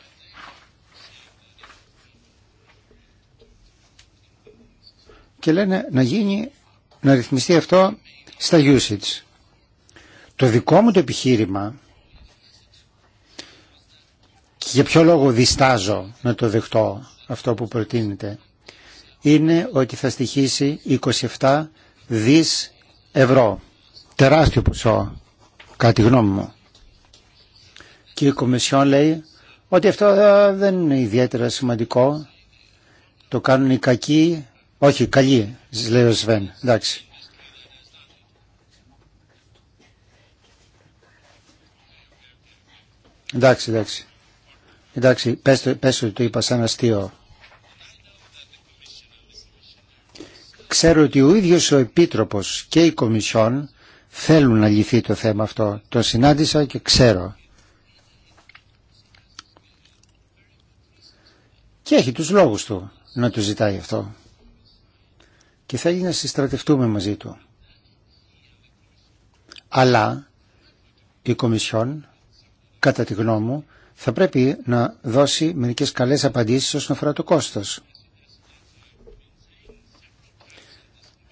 Και λένε να γίνει, να ρυθμιστεί αυτό στα usage. Το δικό μου το επιχείρημα, και για ποιο λόγο διστάζω να το δεχτώ αυτό που προτείνεται, είναι ότι θα στοιχήσει 27 δις ευρώ. Τεράστιο ποσό, κατά τη γνώμη μου. Και η Κομισιόν λέει ότι αυτό ε, δεν είναι ιδιαίτερα σημαντικό. Το κάνουν οι κακοί, όχι οι καλοί, λέει ο Σβέν. Εντάξει. Εντάξει, εντάξει. Εντάξει, πες, πες ότι το είπα σαν αστείο. Ξέρω ότι ο ίδιος ο Επίτροπος και η Κομισιόν θέλουν να λυθεί το θέμα αυτό. Το συνάντησα και ξέρω. Και έχει τους λόγους του να το ζητάει αυτό. Και θέλει να συστρατευτούμε μαζί του. Αλλά η Κομισιόν, κατά τη γνώμη μου, θα πρέπει να δώσει μερικές καλές απαντήσεις όσον αφορά το κόστος.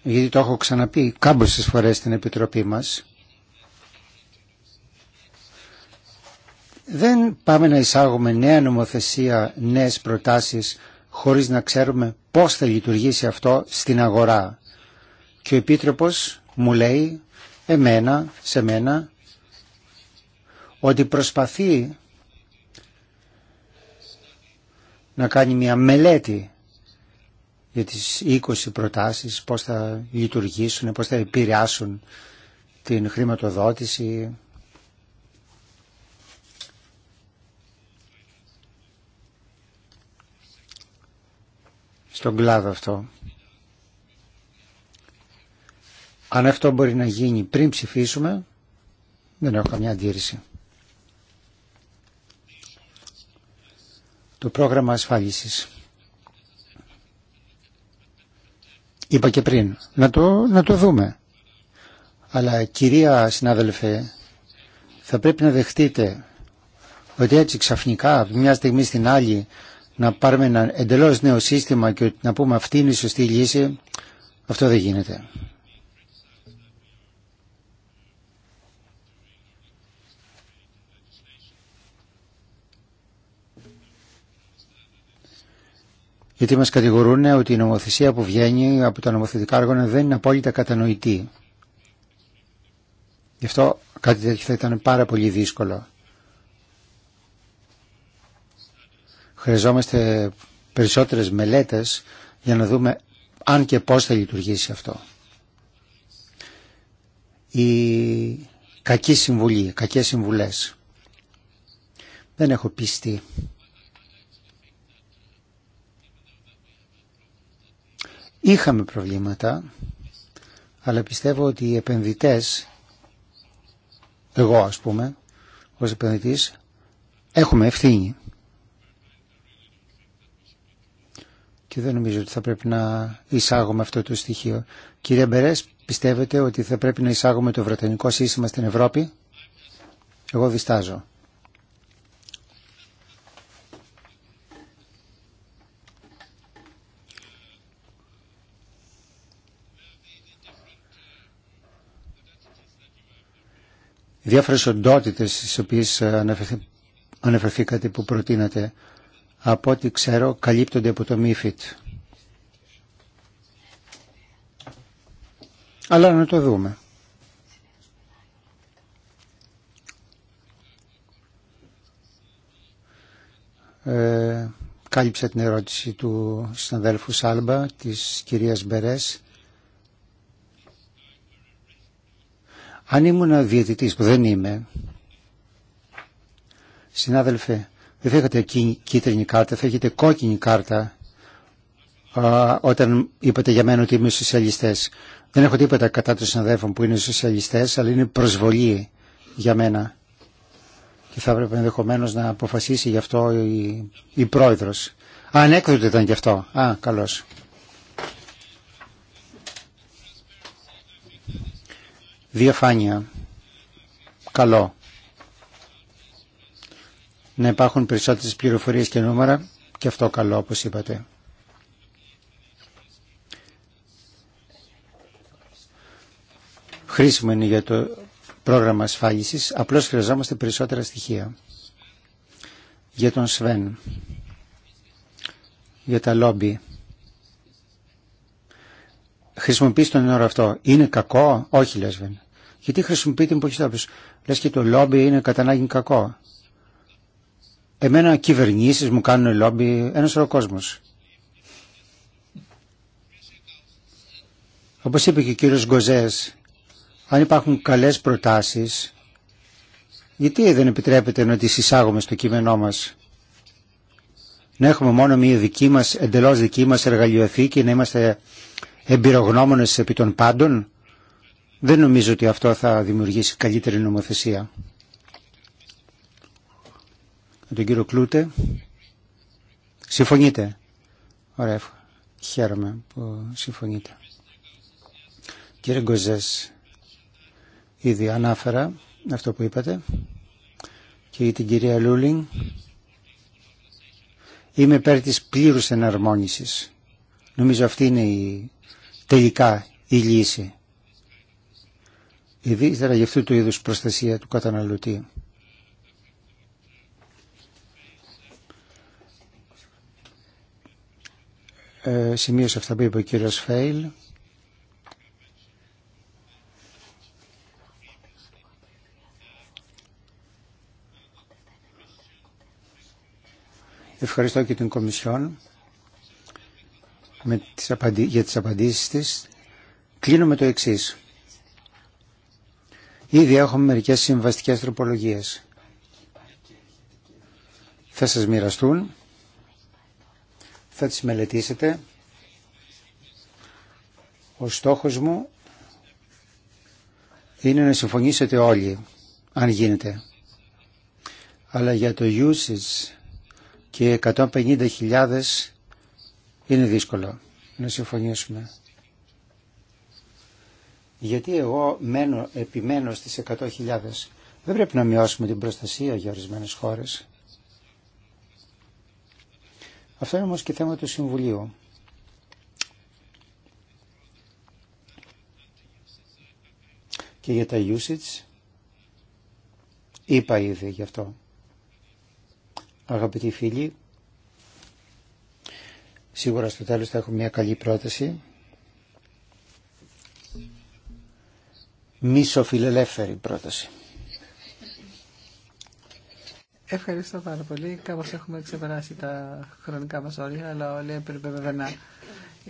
γιατί το έχω ξαναπεί κάμποσες φορές στην Επιτροπή μας, δεν πάμε να εισάγουμε νέα νομοθεσία, νέες προτάσεις, χωρίς να ξέρουμε πώς θα λειτουργήσει αυτό στην αγορά. Και ο Επίτροπος μου λέει, εμένα, σε μένα, ότι προσπαθεί να κάνει μια μελέτη για τις 20 προτάσεις, πώς θα λειτουργήσουν, πώς θα επηρεάσουν την χρηματοδότηση. Στον κλάδο αυτό. Αν αυτό μπορεί να γίνει πριν ψηφίσουμε, δεν έχω καμιά αντίρρηση. Το πρόγραμμα ασφάλισης. Είπα και πριν. Να το, να το δούμε. Αλλά κυρία συνάδελφε, θα πρέπει να δεχτείτε ότι έτσι ξαφνικά από μια στιγμή στην άλλη να πάρουμε ένα εντελώς νέο σύστημα και να πούμε αυτή είναι η σωστή λύση, αυτό δεν γίνεται. γιατί μας κατηγορούν ότι η νομοθεσία που βγαίνει από τα νομοθετικά όργανα δεν είναι απόλυτα κατανοητή. Γι' αυτό κάτι τέτοιο θα ήταν πάρα πολύ δύσκολο. Χρειαζόμαστε περισσότερες μελέτες για να δούμε αν και πώς θα λειτουργήσει αυτό. Οι κακή συμβουλή, κακές συμβουλές. Δεν έχω πιστεί Είχαμε προβλήματα, αλλά πιστεύω ότι οι επενδυτές, εγώ ας πούμε, ως επενδυτής, έχουμε ευθύνη. Και δεν νομίζω ότι θα πρέπει να εισάγουμε αυτό το στοιχείο. Κύριε Μπερές, πιστεύετε ότι θα πρέπει να εισάγουμε το βρετανικό σύστημα στην Ευρώπη? Εγώ διστάζω. διάφορες οντότητες στις οποίες ε, αναφερθήκατε που προτείνατε από ό,τι ξέρω καλύπτονται από το MIFID. Αλλά να το δούμε. Ε, κάλυψα την ερώτηση του συναδέλφου Σάλμπα, της κυρίας Μπερές. Αν ήμουν διαιτητής που δεν είμαι, συνάδελφε, δεν θα είχατε κίτρινη κάρτα, θα έχετε κόκκινη κάρτα α, όταν είπατε για μένα ότι είμαι σοσιαλιστές. Δεν έχω τίποτα κατά των συναδέλφων που είναι σοσιαλιστές, αλλά είναι προσβολή για μένα. Και θα έπρεπε ενδεχομένω να αποφασίσει γι' αυτό η, η πρόεδρος. Α, ανέκδοτο ήταν γι' αυτό. Α, καλώς. Διαφάνεια. Καλό. Να υπάρχουν περισσότερες πληροφορίες και νούμερα και αυτό καλό όπως είπατε. Χρήσιμο είναι για το πρόγραμμα ασφάλισης, απλώς χρειαζόμαστε περισσότερα στοιχεία. Για τον Σβέν, για τα λόμπι, χρησιμοποιείς τον όρο αυτό. Είναι κακό? Όχι λες βέβαια. Γιατί χρησιμοποιεί την υποχιστόπιση. Λες και το λόμπι είναι κατά ανάγκη κακό. Εμένα κυβερνήσεις μου κάνουν λόμπι ένα ο κόσμος. Όπως είπε και ο κύριος Γκοζές, αν υπάρχουν καλές προτάσεις, γιατί δεν επιτρέπεται να τις εισάγουμε στο κείμενό μας. Να έχουμε μόνο μια δική μας, εντελώς δική μας εργαλειοθήκη, να είμαστε εμπειρογνώμονες επί των πάντων, δεν νομίζω ότι αυτό θα δημιουργήσει καλύτερη νομοθεσία. Με τον κύριο Κλούτε. Συμφωνείτε. Ωραία. Χαίρομαι που συμφωνείτε. Κύριε Γκοζές, ήδη ανάφερα αυτό που είπατε και την κυρία Λούλινγκ. Είμαι υπέρ της πλήρους εναρμόνισης. Νομίζω αυτή είναι η τελικά η λύση. Ιδιαίτερα για αυτού του είδους προστασία του καταναλωτή. Ε, σημείωσα αυτά που είπε ο κύριος Φέιλ. Ευχαριστώ και την Κομισιόν με τις απαντη... για τις απαντήσεις της. Κλείνω με το εξής. Ήδη έχουμε μερικές συμβαστικές τροπολογίες. Θα σας μοιραστούν, θα τις μελετήσετε. Ο στόχος μου είναι να συμφωνήσετε όλοι, αν γίνεται. Αλλά για το usage και 150.000 είναι δύσκολο να συμφωνήσουμε. Γιατί εγώ μένω, επιμένω στις 100.000. Δεν πρέπει να μειώσουμε την προστασία για ορισμένε χώρες. Αυτό είναι όμως και θέμα του Συμβουλίου. Και για τα usage είπα ήδη γι' αυτό. Αγαπητοί φίλοι, Σίγουρα στο τέλος θα έχουμε μια καλή πρόταση. Μισοφιλελεύθερη πρόταση. Ευχαριστώ πάρα πολύ. Κάπως έχουμε ξεπεράσει τα χρονικά μας όρια, αλλά όλοι έπρεπε βέβαια να ε,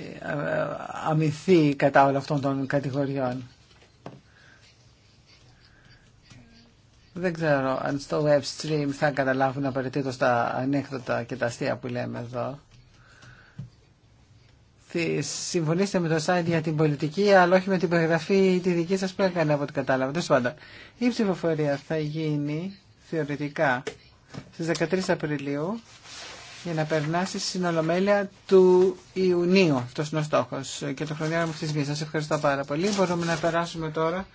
ε, αμυθεί κατά όλων αυτών των κατηγοριών. Δεν ξέρω αν στο web stream θα καταλάβουν απαραίτητο τα ανέκδοτα και τα αστεία που λέμε εδώ συμφωνήσετε με το site για την πολιτική, αλλά όχι με την περιγραφή τη δική σας που έκανε από ό,τι κατάλαβα. Τέλος πάντων, η ψηφοφορία θα γίνει θεωρητικά στις 13 Απριλίου για να περνάσει στην Ολομέλεια του Ιουνίου. Αυτό είναι ο στόχος και το μου τη της Σα ευχαριστώ πάρα πολύ. Μπορούμε να περάσουμε τώρα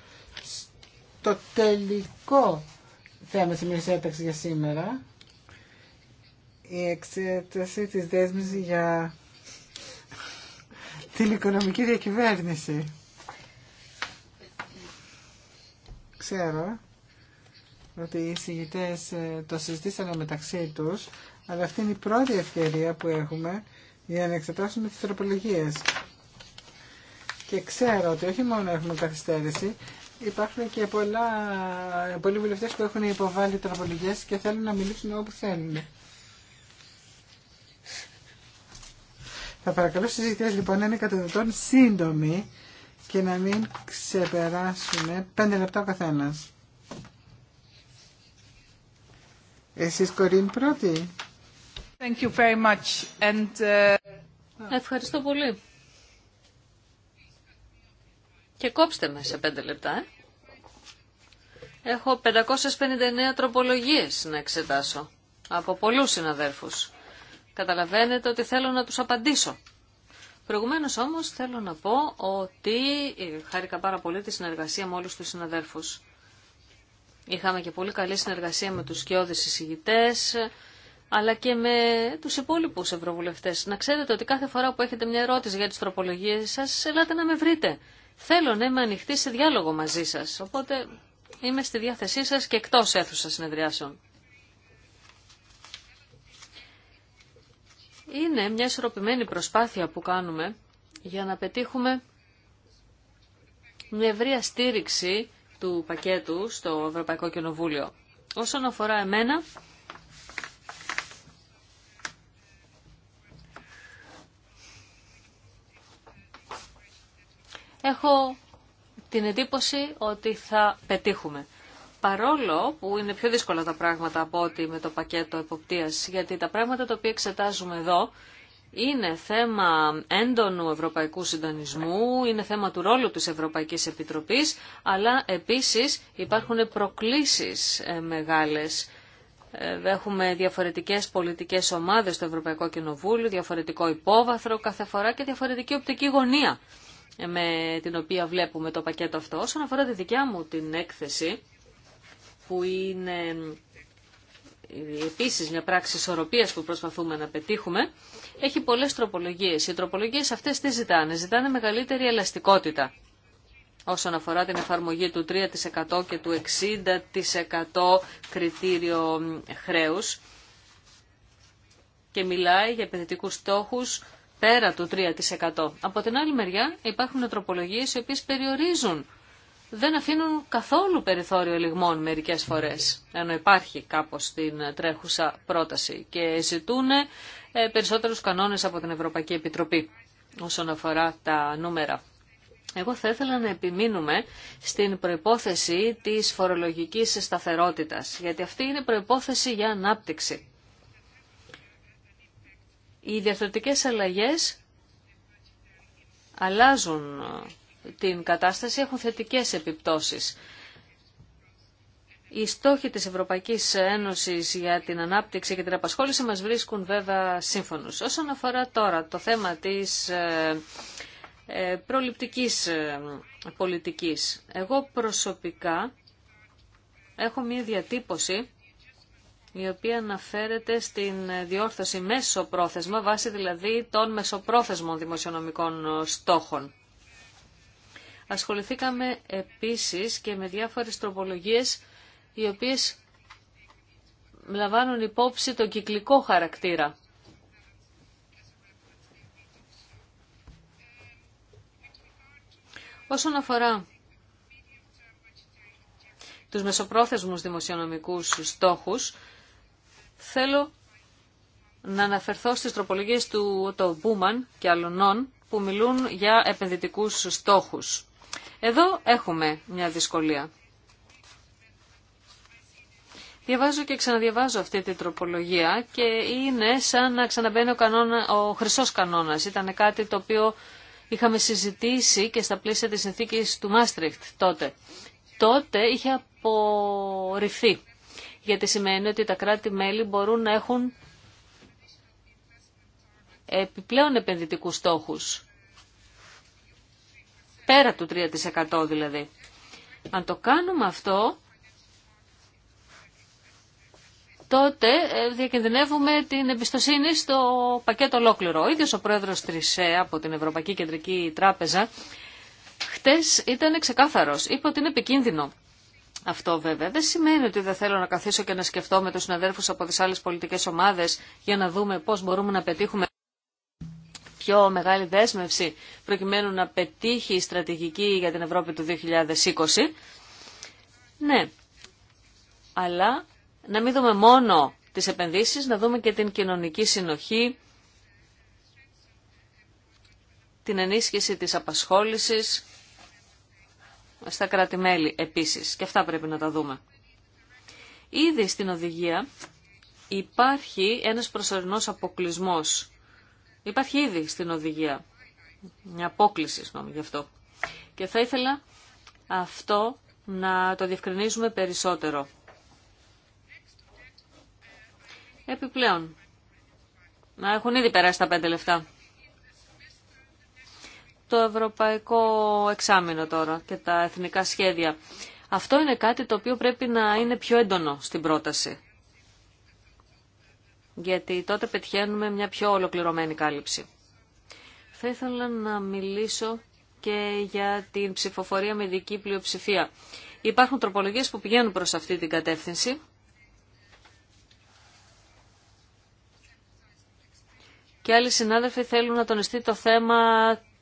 στο τελικό θέμα τη μια για σήμερα. Η εξέταση της δέσμης για την οικονομική διακυβέρνηση. Ξέρω ότι οι συγητές ε, το συζητήσανε μεταξύ τους, αλλά αυτή είναι η πρώτη ευκαιρία που έχουμε για να εξετάσουμε τις τροπολογίες. Και ξέρω ότι όχι μόνο έχουμε καθυστέρηση, υπάρχουν και πολλά, πολλοί βουλευτές που έχουν υποβάλει τροπολογίες και θέλουν να μιλήσουν όπου θέλουν. Θα παρακαλώ στις ζητές λοιπόν να είναι κατά σύντομοι και να μην ξεπεράσουμε πέντε λεπτά ο καθένας. Εσείς Κορίν πρώτη. Thank you very much. And, uh, Ευχαριστώ πολύ. Και κόψτε με σε πέντε λεπτά. Ε. Έχω 559 τροπολογίες να εξετάσω από πολλούς συναδέρφους. Καταλαβαίνετε ότι θέλω να τους απαντήσω. Προηγουμένως όμως θέλω να πω ότι χάρηκα πάρα πολύ τη συνεργασία με όλους τους συναδέρφους. Είχαμε και πολύ καλή συνεργασία με τους σκιώδεις εισηγητές, αλλά και με τους υπόλοιπους ευρωβουλευτές. Να ξέρετε ότι κάθε φορά που έχετε μια ερώτηση για τις τροπολογίες σας, ελάτε να με βρείτε. Θέλω να είμαι ανοιχτή σε διάλογο μαζί σας, οπότε είμαι στη διάθεσή σας και εκτός αίθουσα συνεδριάσεων. είναι μια ισορροπημένη προσπάθεια που κάνουμε για να πετύχουμε μια ευρεία στήριξη του πακέτου στο Ευρωπαϊκό Κοινοβούλιο. Όσον αφορά εμένα, έχω την εντύπωση ότι θα πετύχουμε παρόλο που είναι πιο δύσκολα τα πράγματα από ότι με το πακέτο εποπτείας, γιατί τα πράγματα τα οποία εξετάζουμε εδώ είναι θέμα έντονου ευρωπαϊκού συντονισμού, είναι θέμα του ρόλου της Ευρωπαϊκής Επιτροπής, αλλά επίσης υπάρχουν προκλήσεις ε, μεγάλες. Ε, έχουμε διαφορετικές πολιτικές ομάδες στο Ευρωπαϊκό Κοινοβούλιο, διαφορετικό υπόβαθρο κάθε φορά και διαφορετική οπτική γωνία ε, με την οποία βλέπουμε το πακέτο αυτό. Όσον αφορά τη δικιά μου την έκθεση, που είναι ε, επίσης μια πράξη ισορροπίας που προσπαθούμε να πετύχουμε, έχει πολλές τροπολογίες. Οι τροπολογίες αυτές τι ζητάνε. Ζητάνε μεγαλύτερη ελαστικότητα όσον αφορά την εφαρμογή του 3% και του 60% κριτήριο χρέους και μιλάει για επενδυτικούς στόχους πέρα του 3%. Από την άλλη μεριά υπάρχουν τροπολογίες οι οποίες περιορίζουν δεν αφήνουν καθόλου περιθώριο λιγμών μερικές φορές, ενώ υπάρχει κάπως την τρέχουσα πρόταση και ζητούν ε, περισσότερους κανόνες από την Ευρωπαϊκή Επιτροπή όσον αφορά τα νούμερα. Εγώ θα ήθελα να επιμείνουμε στην προϋπόθεση της φορολογικής σταθερότητας, γιατί αυτή είναι προϋπόθεση για ανάπτυξη. Οι διαφορετικές αλλαγές αλλάζουν την κατάσταση έχουν θετικές επιπτώσεις. Οι στόχοι της Ευρωπαϊκής Ένωσης για την ανάπτυξη και την απασχόληση μας βρίσκουν βέβαια σύμφωνους. Όσον αφορά τώρα το θέμα της ε, ε, προληπτικής ε, πολιτικής, εγώ προσωπικά έχω μία διατύπωση η οποία αναφέρεται στην διόρθωση μέσοπρόθεσμα, βάσει δηλαδή των μεσοπρόθεσμων δημοσιονομικών στόχων. Ασχοληθήκαμε επίσης και με διάφορες τροπολογίες οι οποίες λαμβάνουν υπόψη τον κυκλικό χαρακτήρα. Όσον αφορά τους μεσοπρόθεσμους δημοσιονομικούς στόχους, θέλω να αναφερθώ στις τροπολογίες του Οτομπούμαν Μπούμαν και αλλωνών που μιλούν για επενδυτικούς στόχους. Εδώ έχουμε μια δυσκολία. Διαβάζω και ξαναδιαβάζω αυτή την τροπολογία και είναι σαν να ξαναμπαίνει ο, κανόνα, ο χρυσός κανόνας. Ήταν κάτι το οποίο είχαμε συζητήσει και στα πλαίσια της συνθήκης του Μάστριχτ τότε. Τότε είχε απορριφθεί, γιατί σημαίνει ότι τα κράτη-μέλη μπορούν να έχουν επιπλέον επενδυτικούς στόχους πέρα του 3% δηλαδή. Αν το κάνουμε αυτό, τότε ε, διακινδυνεύουμε την εμπιστοσύνη στο πακέτο ολόκληρο. Ο ίδιος ο πρόεδρος Τρισέ από την Ευρωπαϊκή Κεντρική Τράπεζα χτες ήταν ξεκάθαρος. Είπε ότι είναι επικίνδυνο. Αυτό βέβαια δεν σημαίνει ότι δεν θέλω να καθίσω και να σκεφτώ με τους συναδέρφους από τις άλλες πολιτικές ομάδες για να δούμε πώς μπορούμε να πετύχουμε πιο μεγάλη δέσμευση προκειμένου να πετύχει η στρατηγική για την Ευρώπη του 2020. Ναι, αλλά να μην δούμε μόνο τις επενδύσεις, να δούμε και την κοινωνική συνοχή, την ενίσχυση της απασχόλησης στα κράτη-μέλη επίσης. Και αυτά πρέπει να τα δούμε. Ήδη στην οδηγία υπάρχει ένας προσωρινός αποκλεισμός Υπάρχει ήδη στην οδηγία μια απόκληση, συγγνώμη, γι' αυτό. Και θα ήθελα αυτό να το διευκρινίζουμε περισσότερο. Επιπλέον, να έχουν ήδη περάσει τα πέντε λεφτά. Το ευρωπαϊκό εξάμεινο τώρα και τα εθνικά σχέδια. Αυτό είναι κάτι το οποίο πρέπει να είναι πιο έντονο στην πρόταση γιατί τότε πετυχαίνουμε μια πιο ολοκληρωμένη κάλυψη. Θα ήθελα να μιλήσω και για την ψηφοφορία με ειδική πλειοψηφία. Υπάρχουν τροπολογίες που πηγαίνουν προς αυτή την κατεύθυνση. Και άλλοι συνάδελφοι θέλουν να τονιστεί το θέμα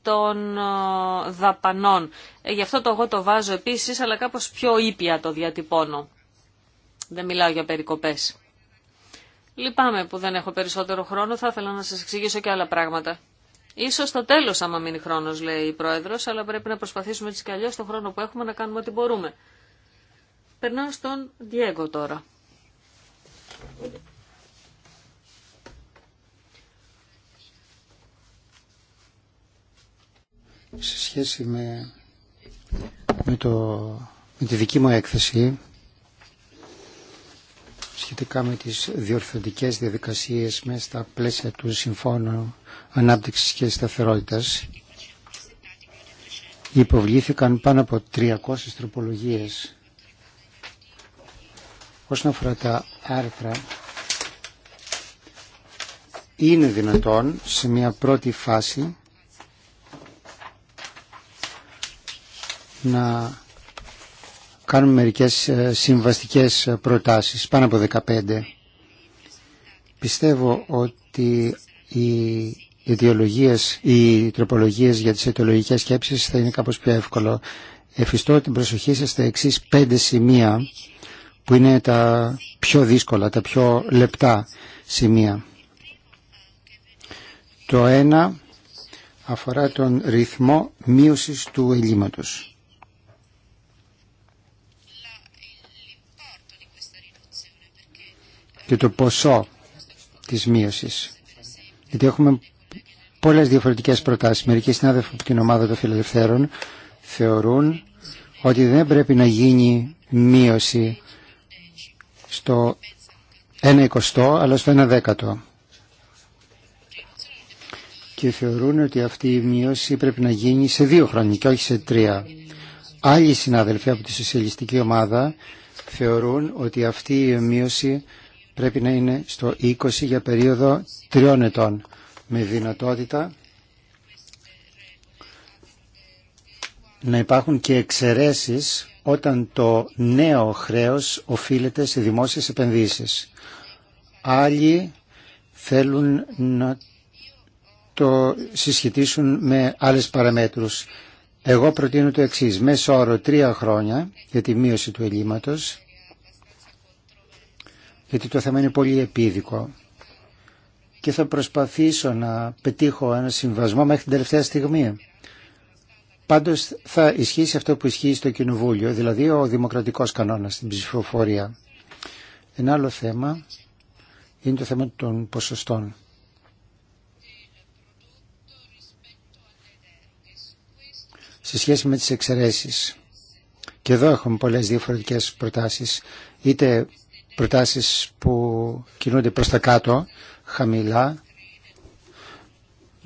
των ε, δαπανών. Ε, γι' αυτό το εγώ το βάζω επίσης, αλλά κάπως πιο ήπια το διατυπώνω. Δεν μιλάω για περικοπές. Λυπάμαι που δεν έχω περισσότερο χρόνο, θα ήθελα να σας εξηγήσω και άλλα πράγματα. Ίσως στο τέλος άμα μείνει χρόνος, λέει η Πρόεδρος, αλλά πρέπει να προσπαθήσουμε έτσι κι αλλιώς τον χρόνο που έχουμε να κάνουμε ό,τι μπορούμε. Περνάω στον Διέγκο τώρα. Σε σχέση με, με, το, με τη δική μου έκθεση, σχετικά με τις διορθωτικές διαδικασίες μέσα στα πλαίσια του Συμφώνου Ανάπτυξης και Σταθερότητας υποβλήθηκαν πάνω από 300 τροπολογίες όσον αφορά τα άρθρα είναι δυνατόν σε μια πρώτη φάση να κάνουμε μερικές ε, συμβαστικές ε, προτάσεις, πάνω από 15. Πιστεύω ότι οι ιδεολογίες, οι τροπολογίες για τις αιτιολογικές σκέψεις θα είναι κάπως πιο εύκολο. Εφιστώ την προσοχή σας στα εξή πέντε σημεία που είναι τα πιο δύσκολα, τα πιο λεπτά σημεία. Το ένα αφορά τον ρυθμό μείωσης του ελλείμματος. και το ποσό της μείωσης. Γιατί έχουμε πολλές διαφορετικές προτάσεις. Μερικοί συνάδελφοι από την ομάδα των φιλελευθέρων θεωρούν ότι δεν πρέπει να γίνει μείωση στο 1 εικοστό αλλά στο 1 δέκατο. Και θεωρούν ότι αυτή η μείωση πρέπει να γίνει σε δύο χρόνια και όχι σε τρία. Άλλοι συνάδελφοι από τη σοσιαλιστική ομάδα θεωρούν ότι αυτή η μείωση πρέπει να είναι στο 20 για περίοδο τριών ετών με δυνατότητα να υπάρχουν και εξαιρέσει όταν το νέο χρέος οφείλεται σε δημόσιες επενδύσεις. Άλλοι θέλουν να το συσχετίσουν με άλλες παραμέτρους. Εγώ προτείνω το εξής. Μέσο όρο τρία χρόνια για τη μείωση του ελλείμματος γιατί το θέμα είναι πολύ επίδικο και θα προσπαθήσω να πετύχω ένα συμβασμό μέχρι την τελευταία στιγμή. Πάντως θα ισχύσει αυτό που ισχύει στο Κοινοβούλιο, δηλαδή ο δημοκρατικός κανόνας στην ψηφοφορία. Ένα άλλο θέμα είναι το θέμα των ποσοστών. Σε σχέση με τις εξαιρέσεις. Και εδώ έχουμε πολλές διαφορετικές προτάσεις. Είτε προτάσεις που κινούνται προς τα κάτω, χαμηλά,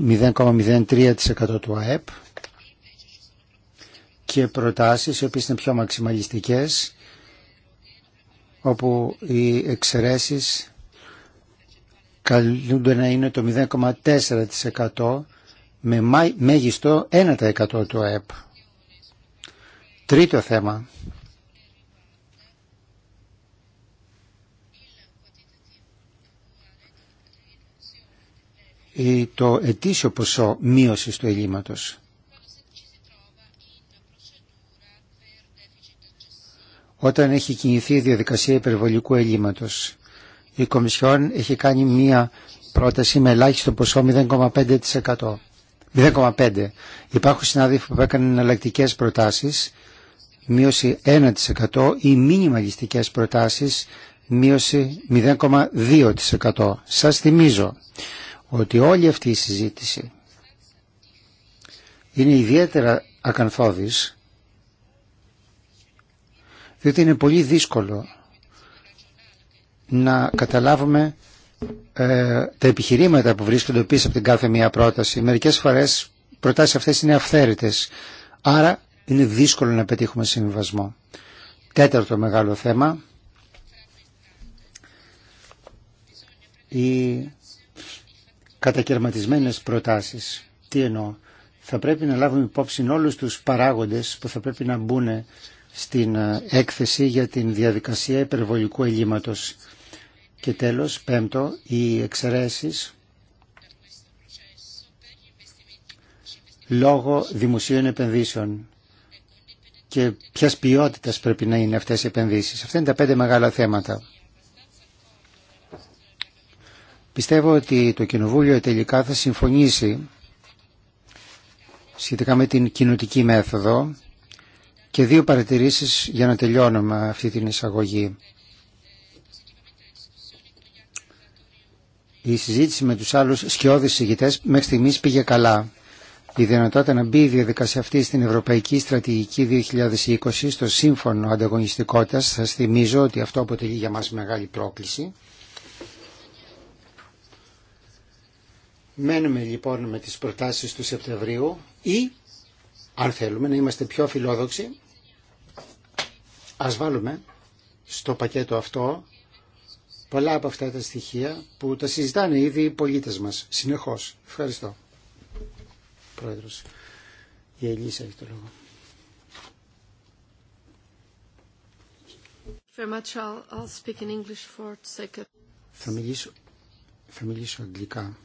0,03% του ΑΕΠ και προτάσεις οι οποίες είναι πιο μαξιμαλιστικές όπου οι εξαιρέσει καλούνται να είναι το 0,4% με μέγιστο 1% του ΑΕΠ. Τρίτο θέμα το ετήσιο ποσό μείωσης του ελλείμματος. Όταν έχει κινηθεί η διαδικασία υπερβολικού ελλείμματος, η Κομισιόν έχει κάνει μία πρόταση με ελάχιστο ποσό 0,5%. 0,5. Υπάρχουν συνάδελφοι που έκαναν εναλλακτικέ προτάσεις, μείωση 1% ή μινιμαλιστικές προτάσεις, μείωση 0,2%. Σας θυμίζω ότι όλη αυτή η συζήτηση είναι ιδιαίτερα ακαθόδης διότι είναι πολύ δύσκολο να καταλάβουμε ε, τα επιχειρήματα που βρίσκονται πίσω από την κάθε μία πρόταση. Μερικές φορές προτάσεις αυτές είναι αυθαίρετες, άρα είναι δύσκολο να πετύχουμε συμβιβασμό. Τέταρτο μεγάλο θέμα, η κατακαιρματισμένες προτάσεις. Τι εννοώ. Θα πρέπει να λάβουμε υπόψη όλους τους παράγοντες που θα πρέπει να μπουν στην ε, έκθεση για την διαδικασία υπερβολικού ελλείμματος. Και τέλος, πέμπτο, οι εξαιρέσει λόγω δημοσίων επενδύσεων και ποιας ποιότητας πρέπει να είναι αυτές οι επενδύσεις. Αυτά είναι τα πέντε μεγάλα θέματα. Πιστεύω ότι το Κοινοβούλιο τελικά θα συμφωνήσει σχετικά με την κοινοτική μέθοδο και δύο παρατηρήσεις για να τελειώνουμε αυτή την εισαγωγή. Η συζήτηση με τους άλλους σκιώδεις συγητές μέχρι στιγμής πήγε καλά. Η δυνατότητα να μπει η διαδικασία αυτή στην Ευρωπαϊκή Στρατηγική 2020 στο Σύμφωνο Ανταγωνιστικότητας, σας θυμίζω ότι αυτό αποτελεί για μας μεγάλη πρόκληση. Μένουμε λοιπόν με τις προτάσεις του Σεπτεμβρίου ή αν θέλουμε να είμαστε πιο φιλόδοξοι ας βάλουμε στο πακέτο αυτό πολλά από αυτά τα στοιχεία που τα συζητάνε ήδη οι πολίτες μας συνεχώς. Ευχαριστώ. Πρόεδρος, η Ελίσσα έχει το λόγο. Θα μιλήσω, θα μιλήσω αγγλικά.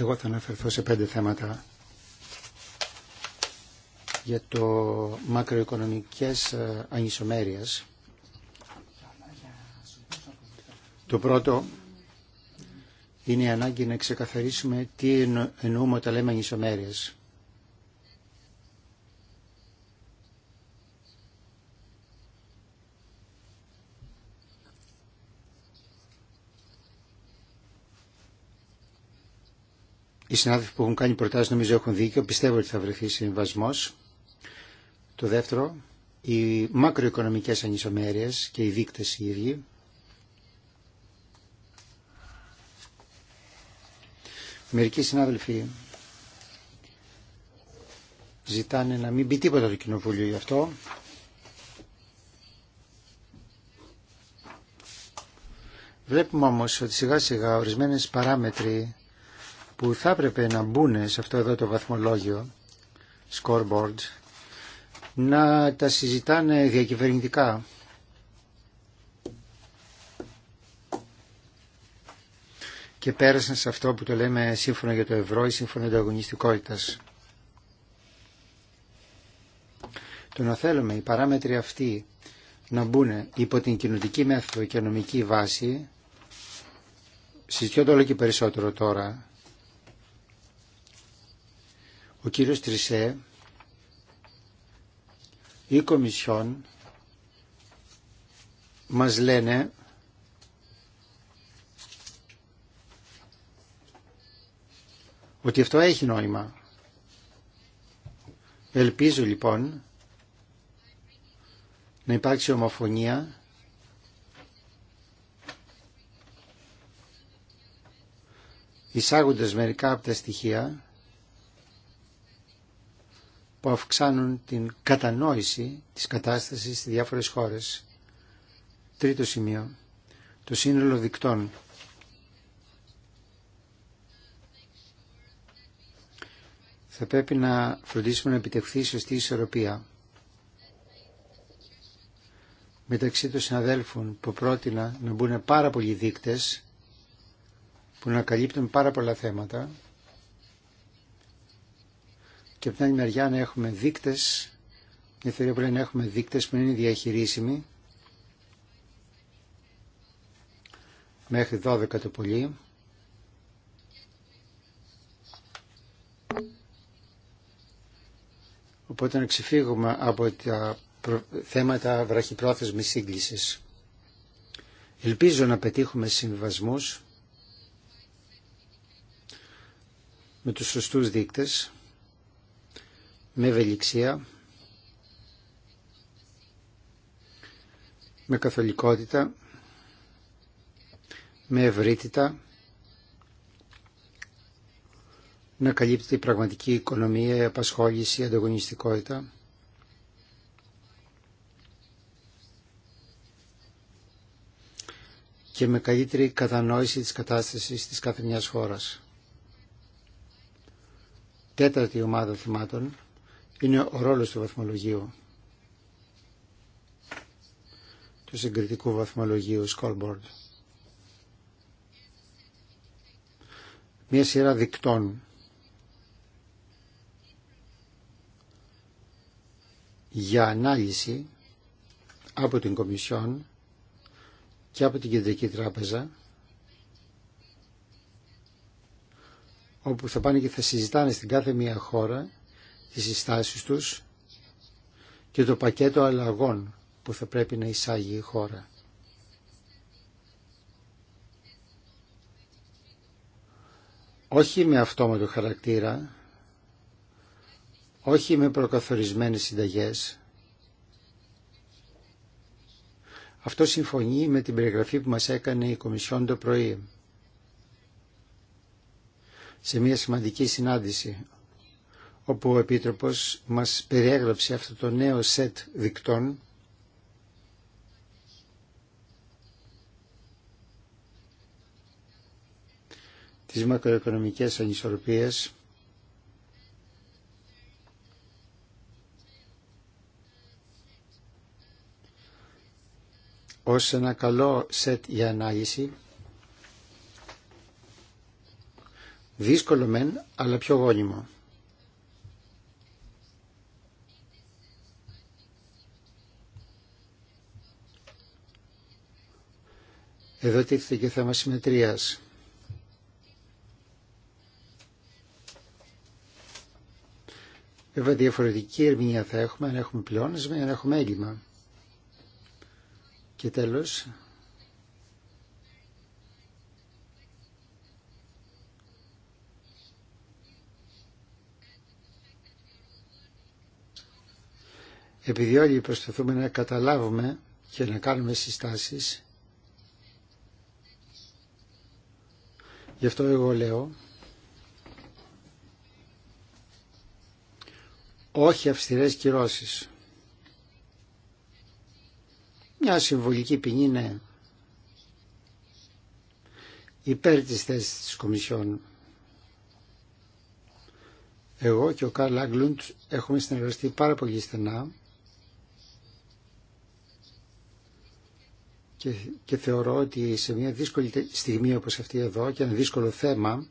Και εγώ θα αναφερθώ σε πέντε θέματα για το μακροοικονομικές ε, ανισομέρειες. Το πρώτο είναι η ανάγκη να ξεκαθαρίσουμε τι εννοούμε όταν λέμε ανισομέρειες. Οι συνάδελφοι που έχουν κάνει προτάσεις νομίζω έχουν δίκιο. Πιστεύω ότι θα βρεθεί συμβασμό. Το δεύτερο, οι μακροοικονομικές ανισομέρειε και οι δείκτε οι ίδιοι. Μερικοί συνάδελφοι ζητάνε να μην μπει τίποτα το κοινοβούλιο γι' αυτό. Βλέπουμε όμως ότι σιγά σιγά ορισμένες παράμετροι που θα έπρεπε να μπουν σε αυτό εδώ το βαθμολόγιο scoreboard να τα συζητάνε διακυβερνητικά. Και πέρασαν σε αυτό που το λέμε σύμφωνα για το ευρώ ή σύμφωνα για Το να θέλουμε οι παράμετροι αυτοί να μπουν υπό την κοινωτική μέθοδο και νομική βάση συζητιόνται όλο και περισσότερο τώρα ο κύριος Τρισέ ή Κομισιόν μας λένε ότι αυτό έχει νόημα. Ελπίζω λοιπόν να υπάρξει ομοφωνία εισάγοντας μερικά από τα στοιχεία που αυξάνουν την κατανόηση της κατάστασης στις διάφορες χώρες. Τρίτο σημείο. Το σύνολο δικτών. Θα πρέπει να φροντίσουμε να επιτευχθεί σωστή ισορροπία. Μεταξύ των συναδέλφων που πρότεινα να μπουν πάρα πολλοί δείκτες που να καλύπτουν πάρα πολλά θέματα και από την άλλη μεριά να έχουμε δείκτες, η θεωρία που λέει να έχουμε δείκτες που είναι διαχειρίσιμοι μέχρι 12 το πολύ Οπότε να ξεφύγουμε από τα θέματα βραχυπρόθεσμης σύγκλησης. Ελπίζω να πετύχουμε συμβασμούς με τους σωστούς δείκτες με ευελιξία, με καθολικότητα, με ευρύτητα, να καλύπτει η πραγματική οικονομία, η απασχόληση, η ανταγωνιστικότητα. και με καλύτερη κατανόηση της κατάστασης της κάθε μιας χώρας. Τέταρτη ομάδα θυμάτων είναι ο ρόλος του βαθμολογίου, του συγκριτικού βαθμολογίου scoreboard. Μία σειρά δικτών για ανάλυση από την Κομισιόν και από την Κεντρική Τράπεζα όπου θα πάνε και θα συζητάνε στην κάθε μία χώρα τις συστάσεις τους και το πακέτο αλλαγών που θα πρέπει να εισάγει η χώρα. Όχι με αυτόματο χαρακτήρα, όχι με προκαθορισμένες συνταγές. Αυτό συμφωνεί με την περιγραφή που μας έκανε η Κομισιόν το πρωί σε μια σημαντική συνάντηση όπου ο Επίτροπος μας περιέγραψε αυτό το νέο σετ δικτών τις μακροοικονομικές ανισορροπίες ως ένα καλό σετ για ανάλυση δύσκολο μεν αλλά πιο γόνιμο. Εδώ τίθεται και θέμα συμμετρίας. Βέβαια διαφορετική ερμηνεία θα έχουμε αν έχουμε πλεόνασμα ή αν έχουμε έγκλημα. Και τέλος, επειδή όλοι προσπαθούμε να καταλάβουμε και να κάνουμε συστάσεις, Γι' αυτό εγώ λέω όχι αυστηρές κυρώσεις. Μια συμβολική ποινή είναι υπέρ της θέσης της Κομισιόν. Εγώ και ο Καρλ Άγγλουντ έχουμε συνεργαστεί πάρα πολύ στενά και, θεωρώ ότι σε μια δύσκολη στιγμή όπως αυτή εδώ και ένα δύσκολο θέμα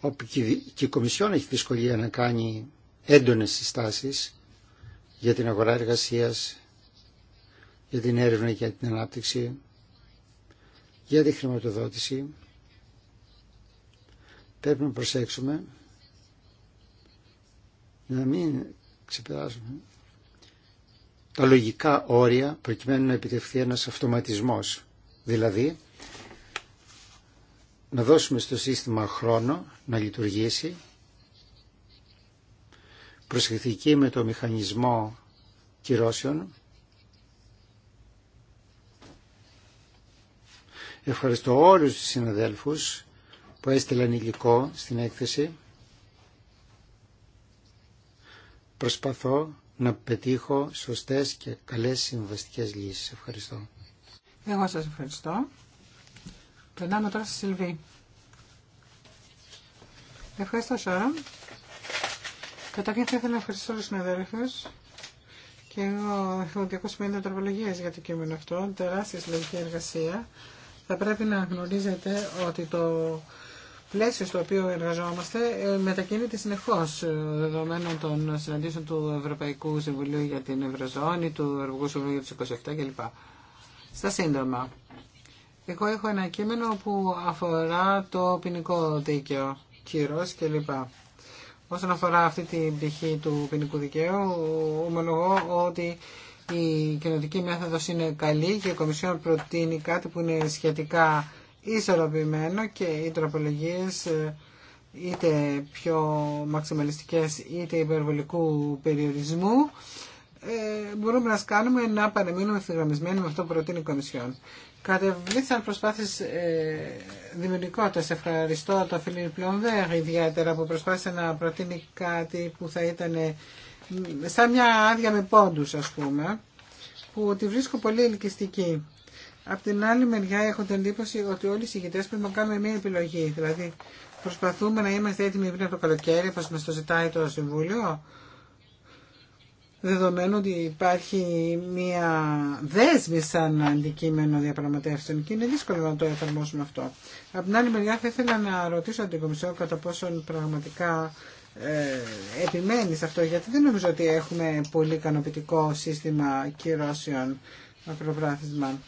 όπου και η Κομισιόν έχει δυσκολία να κάνει έντονες συστάσεις για την αγορά εργασίας, για την έρευνα και την ανάπτυξη, για τη χρηματοδότηση. Πρέπει να προσέξουμε να μην ξεπεράσουν τα λογικά όρια προκειμένου να επιτευχθεί ένας αυτοματισμός. Δηλαδή, να δώσουμε στο σύστημα χρόνο να λειτουργήσει, προσεκτική με το μηχανισμό κυρώσεων. Ευχαριστώ όλους τους συναδέλφους που έστειλαν υλικό στην έκθεση. προσπαθώ να πετύχω σωστές και καλές συμβαστικές λύσεις. Ευχαριστώ. Εγώ σας ευχαριστώ. Περνάμε τώρα στη Σιλβή. Ευχαριστώ Σάρα. Καταρχήν θα ήθελα να ευχαριστήσω όλους τους συναδέλφους και εγώ έχω 250 τροπολογίε για το κείμενο αυτό, τεράστια συλλογική εργασία. Θα πρέπει να γνωρίζετε ότι το πλαίσιο στο οποίο εργαζόμαστε ε, μετακινείται συνεχώ ε, δεδομένων των συναντήσεων του Ευρωπαϊκού Συμβουλίου για την Ευρωζώνη, του Ευρωπαϊκού Συμβουλίου για του 27 κλπ. Στα σύντομα. Εγώ έχω ένα κείμενο που αφορά το ποινικό δίκαιο, κύριο κλπ. Όσον αφορά αυτή την πτυχή του ποινικού δικαίου, ομολογώ ότι η κοινωτική μέθοδος είναι καλή και η Κομισιόν προτείνει κάτι που είναι σχετικά ισορροπημένο και οι τροπολογίες ε, είτε πιο μαξιμαλιστικές είτε υπερβολικού περιορισμού ε, μπορούμε να σκάνουμε να παραμείνουμε ευθυγραμμισμένοι με αυτό που προτείνει η Κομισιόν. Κατεβλήθησαν προσπάθειες ε, δημιουργικότητας. Ευχαριστώ τον Φιλίπ Πλομβέρ ιδιαίτερα που προσπάθησε να προτείνει κάτι που θα ήταν ε, σαν μια άδεια με πόντους ας πούμε που τη βρίσκω πολύ ελκυστική. Απ' την άλλη μεριά έχω την εντύπωση ότι όλοι οι συγκητέ πρέπει να κάνουμε μια επιλογή. Δηλαδή, προσπαθούμε να είμαστε έτοιμοι πριν από το καλοκαίρι, όπω μα το ζητάει το Συμβούλιο, δεδομένου ότι υπάρχει μια δέσμη σαν αντικείμενο διαπραγματεύσεων και είναι δύσκολο να το εφαρμόσουμε αυτό. Απ' την άλλη μεριά θα ήθελα να ρωτήσω την Κομισιό κατά πόσον πραγματικά ε, επιμένει σε αυτό, γιατί δεν νομίζω ότι έχουμε πολύ ικανοποιητικό σύστημα κυρώσεων μακροπρόθεσμα.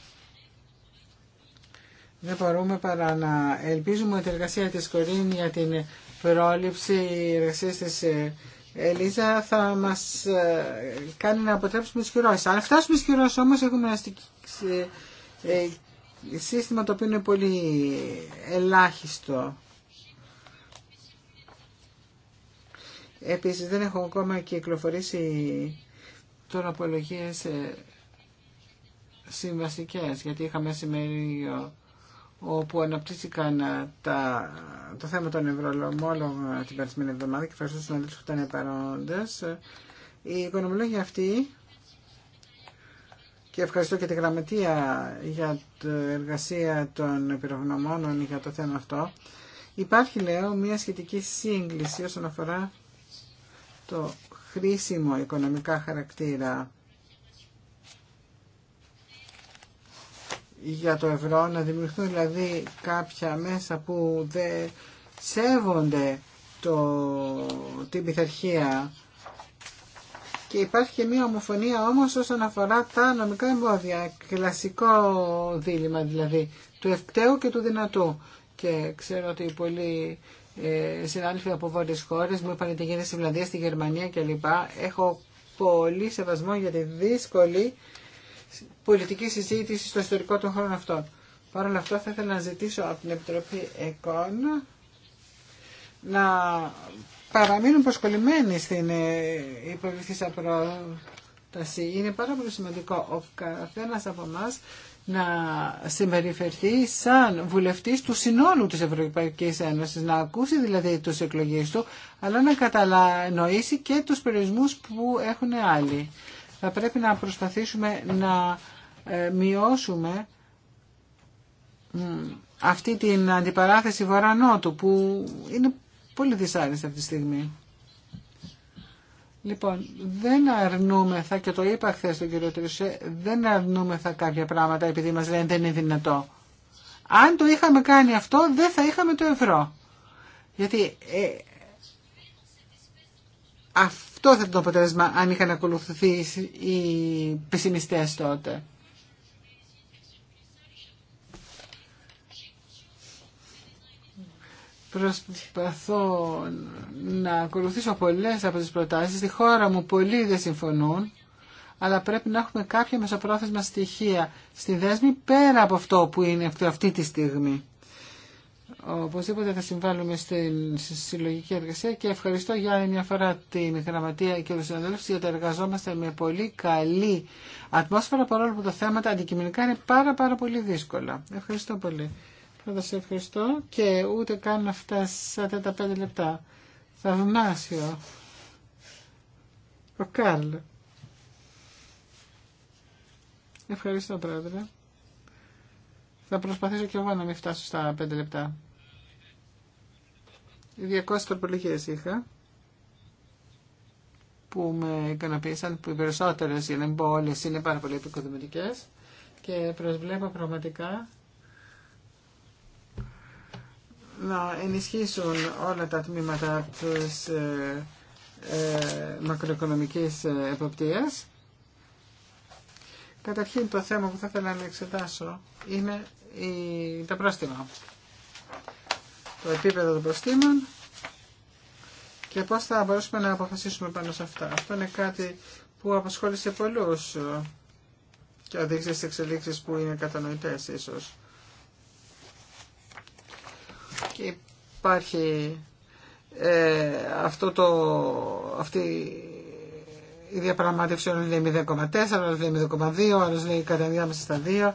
Δεν μπορούμε παρά να ελπίζουμε ότι η εργασία της Κορίνη για την πρόληψη, η εργασία της ε, Ελίζα θα μας ε, κάνει να αποτρέψουμε τις κυρώσεις. Αν φτάσουμε στις κυρώσεις όμως έχουμε ένα ε, σύστημα το οποίο είναι πολύ ελάχιστο. Επίσης δεν έχω ακόμα κυκλοφορήσει τον απολογίες συμβασικές, γιατί είχαμε σημερινή όπου αναπτύχθηκαν ε, τα, το θέμα των ευρωομόλογων ε, την περασμένη εβδομάδα και ευχαριστώ στους συναδέλφους που ήταν παρόντες. Ε, η οικονομολόγη αυτή και ευχαριστώ και τη γραμματεία για την εργασία των πυρογνωμόνων για το θέμα αυτό. Υπάρχει, λέω, μια σχετική σύγκληση όσον αφορά το χρήσιμο οικονομικά χαρακτήρα για το ευρώ, να δημιουργηθούν δηλαδή κάποια μέσα που δεν σέβονται το, την πειθαρχία και υπάρχει και μία ομοφωνία όμως όσον αφορά τα νομικά εμπόδια, κλασικό δίλημα δηλαδή, του ευκταίου και του δυνατού. Και ξέρω ότι πολλοί ε, συνάδελφοι από βόρειες χώρες μου είπαν ότι γίνεται στη Βλανδία, στη Γερμανία κλπ. Έχω πολύ σεβασμό για τη δύσκολη πολιτική συζήτηση στο ιστορικό των χώρων αυτών. Παρ' όλα αυτά θα ήθελα να ζητήσω από την Επιτροπή ΕΚΟΝ να παραμείνουν προσκολλημένοι στην ε, υποβληθήσα πρόταση. Είναι πάρα πολύ σημαντικό ο καθένας από εμά να συμπεριφερθεί σαν βουλευτής του συνόλου της Ευρωπαϊκής Ένωσης, να ακούσει δηλαδή τους εκλογές του, αλλά να καταλανοήσει και τους περιορισμούς που έχουν άλλοι θα πρέπει να προσπαθήσουμε να ε, μειώσουμε αυτή την αντιπαράθεση βορρανότου που είναι πολύ δυσάρεστη αυτή τη στιγμή. Λοιπόν, δεν αρνούμεθα, και το είπα χθε τον κύριο Τρισέ, δεν αρνούμεθα κάποια πράγματα επειδή μας λένε δεν είναι δυνατό. Αν το είχαμε κάνει αυτό, δεν θα είχαμε το ευρώ. Γιατί ε, αυτό θα ήταν το αποτέλεσμα αν είχαν ακολουθηθεί οι πεσημιστές τότε. Προσπαθώ να ακολουθήσω πολλές από τις προτάσεις. Στη χώρα μου πολλοί δεν συμφωνούν, αλλά πρέπει να έχουμε κάποια μεσοπρόθεσμα στοιχεία στη δέσμη πέρα από αυτό που είναι αυτή τη στιγμή. Οπωσδήποτε θα συμβάλλουμε στην συλλογική εργασία και ευχαριστώ για άλλη μια φορά την Γραμματεία και του συναδέλφου γιατί εργαζόμαστε με πολύ καλή ατμόσφαιρα παρόλο που τα θέματα αντικειμενικά είναι πάρα πάρα πολύ δύσκολα. Ευχαριστώ πολύ. Θα σε ευχαριστώ και ούτε καν αυτά τα πέντε λεπτά. Θαυμάσιο. Ο Καρλ. Ευχαριστώ πρόεδρε. Θα προσπαθήσω και εγώ να μην φτάσω στα πέντε λεπτά. 200 τροπολογίες είχα που με ικανοποίησαν που οι περισσότερες για να είναι πάρα πολύ επικοδομητικές και προσβλέπω πραγματικά να ενισχύσουν όλα τα τμήματα της ε, ε, μακροοικονομικής εποπτείας. Καταρχήν το θέμα που θα ήθελα να εξετάσω είναι η, τα πρόστιμα το επίπεδο των προστήμων και πώς θα μπορούσαμε να αποφασίσουμε πάνω σε αυτά. Αυτό είναι κάτι που απασχόλησε πολλούς και οδήγησε στις εξελίξεις που είναι κατανοητές ίσως. Και υπάρχει ε, αυτό το, αυτή η διαπραγμάτευση όλων λέει 0,4, άλλος λέει 0,2, άλλος λέει κατά διάμεση στα 2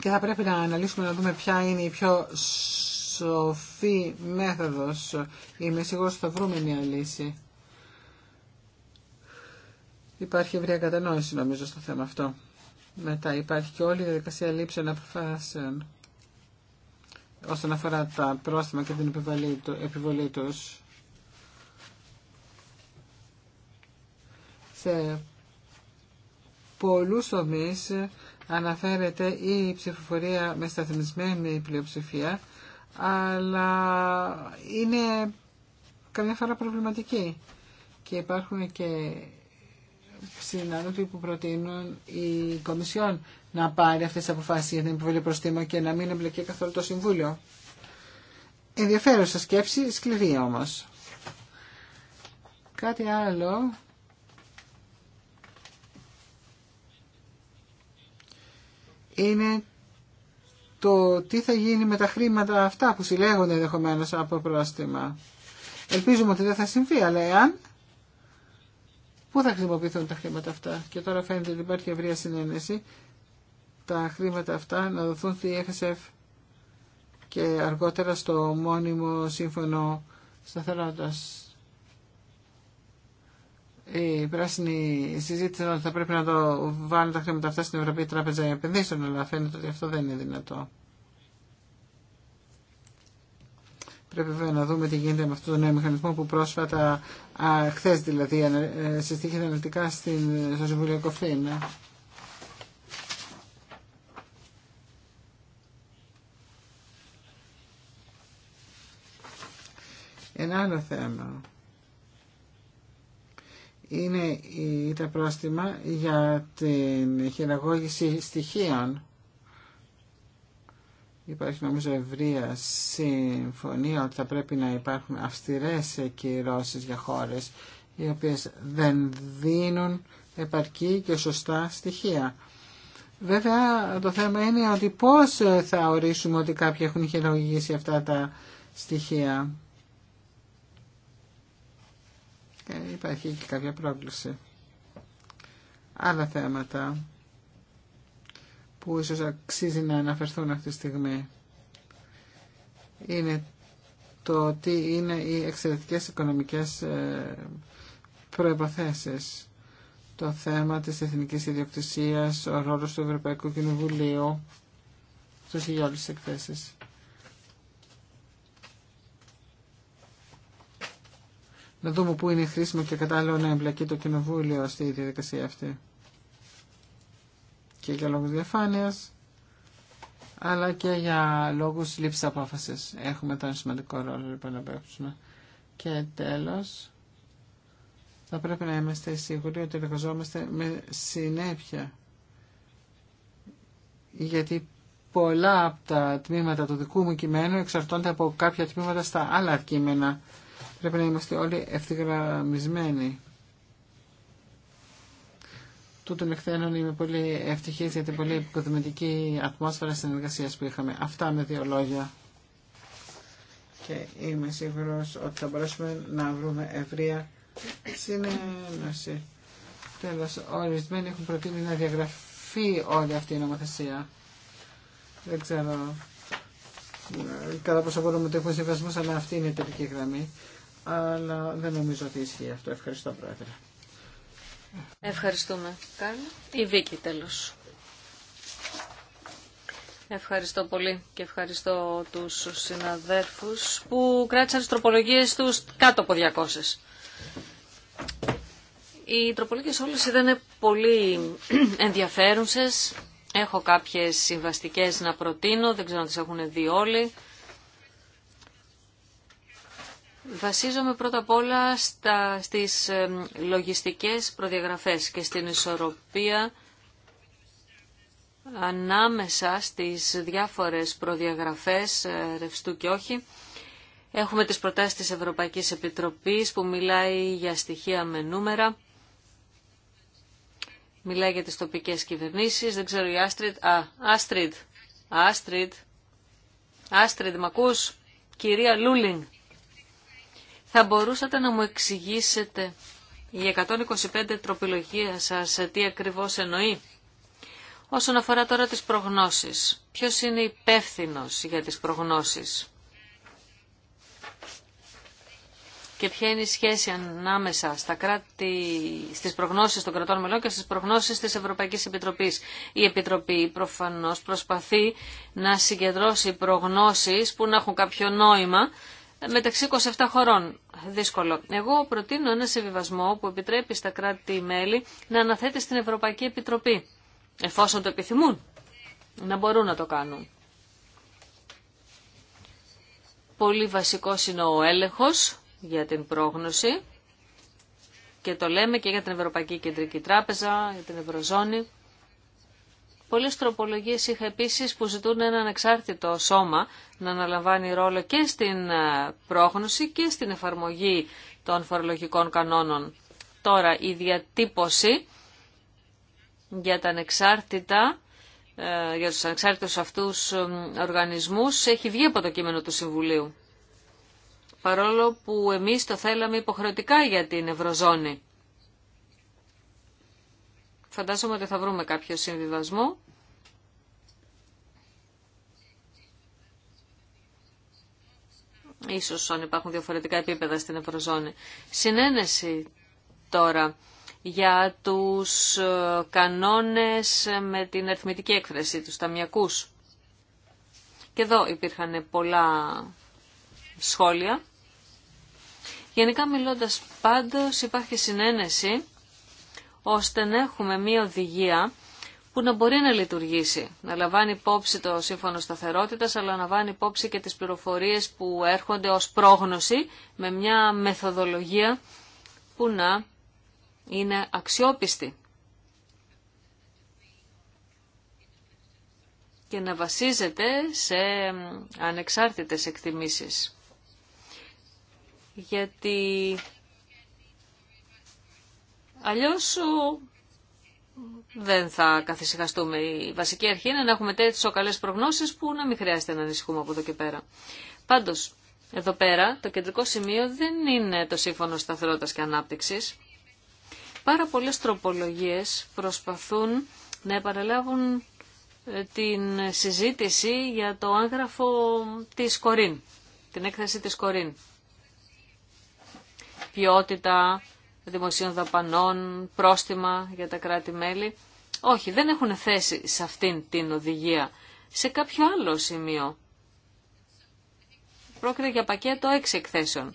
και θα πρέπει να αναλύσουμε να δούμε ποια είναι η πιο σοφή μέθοδος. Είμαι σίγουρος ότι θα βρούμε μια λύση. Υπάρχει ευρία κατανόηση νομίζω στο θέμα αυτό. Μετά υπάρχει και όλη η διαδικασία λήψεων αποφάσεων όσον αφορά τα πρόστιμα και την επιβολή τους. Σε πολλούς τομείς αναφέρεται η ψηφοφορία με σταθμισμένη πλειοψηφία, αλλά είναι καμιά φορά προβληματική. Και υπάρχουν και συνάδελφοι που προτείνουν η Κομισιόν να πάρει αυτές τις αποφάσεις για την υποβολή και να μην εμπλεκεί καθόλου το Συμβούλιο. Ενδιαφέρουσα σκέψη, σκληρή όμως. Κάτι άλλο είναι το τι θα γίνει με τα χρήματα αυτά που συλλέγονται ενδεχομένω από πρόστιμα. Ελπίζουμε ότι δεν θα συμβεί, αλλά εάν, πού θα χρησιμοποιηθούν τα χρήματα αυτά. Και τώρα φαίνεται ότι υπάρχει ευρεία συνένεση τα χρήματα αυτά να δοθούν στη ΕΦΣΕΦ και αργότερα στο μόνιμο σύμφωνο σταθερότητας η πράσινη συζήτηση ότι θα πρέπει να το βάλουν τα χρήματα αυτά στην Ευρωπαϊκή Τράπεζα Επενδύσεων, αλλά φαίνεται ότι αυτό δεν είναι δυνατό. Πρέπει βέβαια να δούμε τι γίνεται με αυτό το νέο μηχανισμό που πρόσφατα, χθε δηλαδή, ε, συστήθηκε αναλυτικά στην, στο Συμβουλίο Κοφίν. Ένα άλλο θέμα είναι τα πρόστιμα για την χειραγώγηση στοιχείων. Υπάρχει νομίζω ευρεία συμφωνία ότι θα πρέπει να υπάρχουν αυστηρές κυρώσεις για χώρες οι οποίες δεν δίνουν επαρκή και σωστά στοιχεία. Βέβαια το θέμα είναι ότι πώς θα ορίσουμε ότι κάποιοι έχουν χειραγωγήσει αυτά τα στοιχεία. Ε, υπάρχει και κάποια πρόκληση. Άλλα θέματα που ίσως αξίζει να αναφερθούν αυτή τη στιγμή είναι το ότι είναι οι εξαιρετικές οικονομικές ε, προϋποθέσεις. Το θέμα της εθνικής ιδιοκτησίας, ο ρόλος του Ευρωπαϊκού Κοινοβουλίου, τους για όλες εκθέσεις. να δούμε πού είναι χρήσιμο και κατάλληλο να εμπλακεί το κοινοβούλιο στη διαδικασία αυτή. Και για λόγους διαφάνειας, αλλά και για λόγους λήψης απόφασης. Έχουμε τον σημαντικό ρόλο λοιπόν να παίξουμε. Και τέλος, θα πρέπει να είμαστε σίγουροι ότι εργαζόμαστε με συνέπεια. Γιατί πολλά από τα τμήματα του δικού μου κειμένου εξαρτώνται από κάποια τμήματα στα άλλα κείμενα. Πρέπει να είμαστε όλοι ευθυγραμμισμένοι. Τούτων εκθένων είμαι πολύ ευτυχής για την πολύ επικοδομητική ατμόσφαιρα συνεργασίας που είχαμε. Αυτά με δύο λόγια. Και είμαι σίγουρος ότι θα μπορέσουμε να βρούμε ευρεία συνένωση. Τέλος, ορισμένοι έχουν προτείνει να διαγραφεί όλη αυτή η νομοθεσία. Δεν ξέρω ε, Κατά πόσο μπορούμε το έχουμε συμβασμού, αλλά αυτή είναι η τελική γραμμή. Αλλά δεν νομίζω ότι ισχύει αυτό. Ευχαριστώ, Πρόεδρε. Ευχαριστούμε. Κάρλ. Η Βίκη, τέλο. Ευχαριστώ πολύ και ευχαριστώ τους συναδέρφους που κράτησαν τις τροπολογίες τους κάτω από 200. Οι τροπολογίες όλες ήταν πολύ ενδιαφέρουσες, Έχω κάποιες συμβαστικές να προτείνω, δεν ξέρω αν τις έχουν δει όλοι. Βασίζομαι πρώτα απ' όλα στα, στις λογιστικές προδιαγραφές και στην ισορροπία ανάμεσα στις διάφορες προδιαγραφές, ε, ρευστού και όχι. Έχουμε τις προτάσεις της Ευρωπαϊκής Επιτροπής που μιλάει για στοιχεία με νούμερα. Μιλάει για τις τοπικές κυβερνήσεις. Δεν ξέρω η Άστριτ. Α, Άστριτ. Άστριτ. Άστριτ, μ' ακούς? Κυρία Λούλινγκ. Θα μπορούσατε να μου εξηγήσετε η 125 τροπολογία σας ε, τι ακριβώς εννοεί. Όσον αφορά τώρα τις προγνώσεις, ποιος είναι υπεύθυνο για τις προγνώσεις. και ποια είναι η σχέση ανάμεσα στα κράτη, στις προγνώσεις των κρατών μελών και στις προγνώσεις της Ευρωπαϊκής Επιτροπής. Η Επιτροπή προφανώς προσπαθεί να συγκεντρώσει προγνώσεις που να έχουν κάποιο νόημα μεταξύ 27 χωρών. Δύσκολο. Εγώ προτείνω ένα συμβιβασμό που επιτρέπει στα κράτη-μέλη να αναθέτει στην Ευρωπαϊκή Επιτροπή, εφόσον το επιθυμούν, να μπορούν να το κάνουν. Πολύ βασικός είναι ο έλεγχος για την πρόγνωση και το λέμε και για την Ευρωπαϊκή Κεντρική Τράπεζα, για την Ευρωζώνη. Πολλές τροπολογίες είχα επίσης που ζητούν ένα ανεξάρτητο σώμα να αναλαμβάνει ρόλο και στην ε, πρόγνωση και στην εφαρμογή των φορολογικών κανόνων. Τώρα η διατύπωση για τα ανεξάρτητα ε, για τους ανεξάρτητους αυτούς ε, οργανισμούς έχει βγει από το κείμενο του Συμβουλίου παρόλο που εμείς το θέλαμε υποχρεωτικά για την Ευρωζώνη. Φαντάζομαι ότι θα βρούμε κάποιο συμβιβασμό. Ίσως αν υπάρχουν διαφορετικά επίπεδα στην Ευρωζώνη. Συνένεση τώρα για τους ε, κανόνες με την αριθμητική έκφραση, τους ταμιακούς. Και εδώ υπήρχαν πολλά σχόλια. Γενικά μιλώντας πάντως υπάρχει συνένεση ώστε να έχουμε μία οδηγία που να μπορεί να λειτουργήσει, να λαμβάνει υπόψη το σύμφωνο σταθερότητας, αλλά να λαμβάνει υπόψη και τις πληροφορίες που έρχονται ως πρόγνωση με μια μεθοδολογία που να είναι αξιόπιστη και να βασίζεται σε ανεξάρτητες εκτιμήσεις γιατί αλλιώς δεν θα καθυσυχαστούμε. Η βασική αρχή είναι να έχουμε τέτοιες καλές προγνώσεις που να μην χρειάζεται να ανησυχούμε από εδώ και πέρα. Πάντως, εδώ πέρα το κεντρικό σημείο δεν είναι το σύμφωνο σταθερότητας και ανάπτυξης. Πάρα πολλές τροπολογίες προσπαθούν να επαναλάβουν ε, την συζήτηση για το άγγραφο της Κορίν, την έκθεση της Κορίν ποιότητα δημοσίων δαπανών, πρόστιμα για τα κράτη-μέλη. Όχι, δεν έχουν θέση σε αυτήν την οδηγία. Σε κάποιο άλλο σημείο. Πρόκειται για πακέτο έξι εκθέσεων.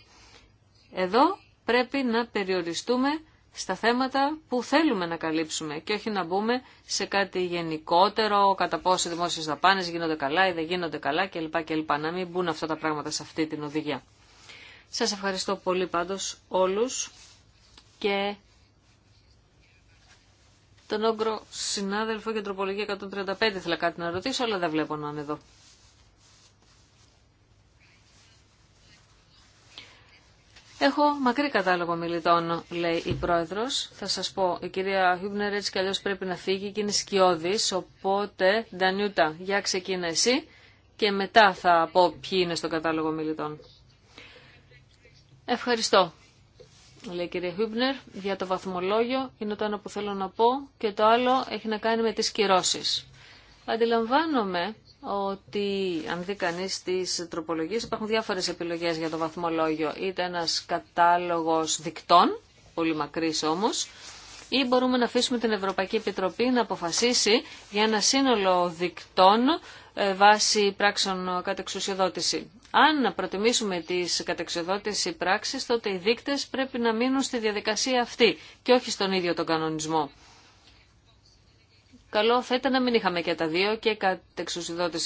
Εδώ πρέπει να περιοριστούμε στα θέματα που θέλουμε να καλύψουμε και όχι να μπούμε σε κάτι γενικότερο, κατά πόσο οι δημόσιες δαπάνες γίνονται καλά ή δεν γίνονται καλά κλπ. κλπ. Να μην μπουν αυτά τα πράγματα σε αυτή την οδηγία. Σας ευχαριστώ πολύ πάντως όλους και τον όγκρο συνάδελφο για τροπολογία 135 ήθελα κάτι να ρωτήσω, αλλά δεν βλέπω να είναι εδώ. Έχω μακρύ κατάλογο μιλητών, λέει η πρόεδρος. Θα σας πω, η κυρία Χιούμπνερ έτσι κι αλλιώς πρέπει να φύγει και είναι σκιώδης, οπότε, Ντανιούτα, για ξεκίνα εσύ και μετά θα πω ποιοι είναι στο κατάλογο μιλητών. Ευχαριστώ, λέει η κυρία Χούμπνερ, για το βαθμολόγιο. Είναι το ένα που θέλω να πω και το άλλο έχει να κάνει με τις κυρώσεις. Αντιλαμβάνομαι ότι αν δει κανεί τι τροπολογίε, υπάρχουν διάφορε επιλογέ για το βαθμολόγιο. Είτε ένα κατάλογο δικτών, πολύ μακρύ όμω, ή μπορούμε να αφήσουμε την Ευρωπαϊκή Επιτροπή να αποφασίσει για ένα σύνολο δικτών ε, βάσει πράξεων κατεξουσιοδότηση. Αν προτιμήσουμε τις ή πράξεις, τότε οι δείκτες πρέπει να μείνουν στη διαδικασία αυτή και όχι στον ίδιο τον κανονισμό. Καλό θα ήταν να μην είχαμε και τα δύο, και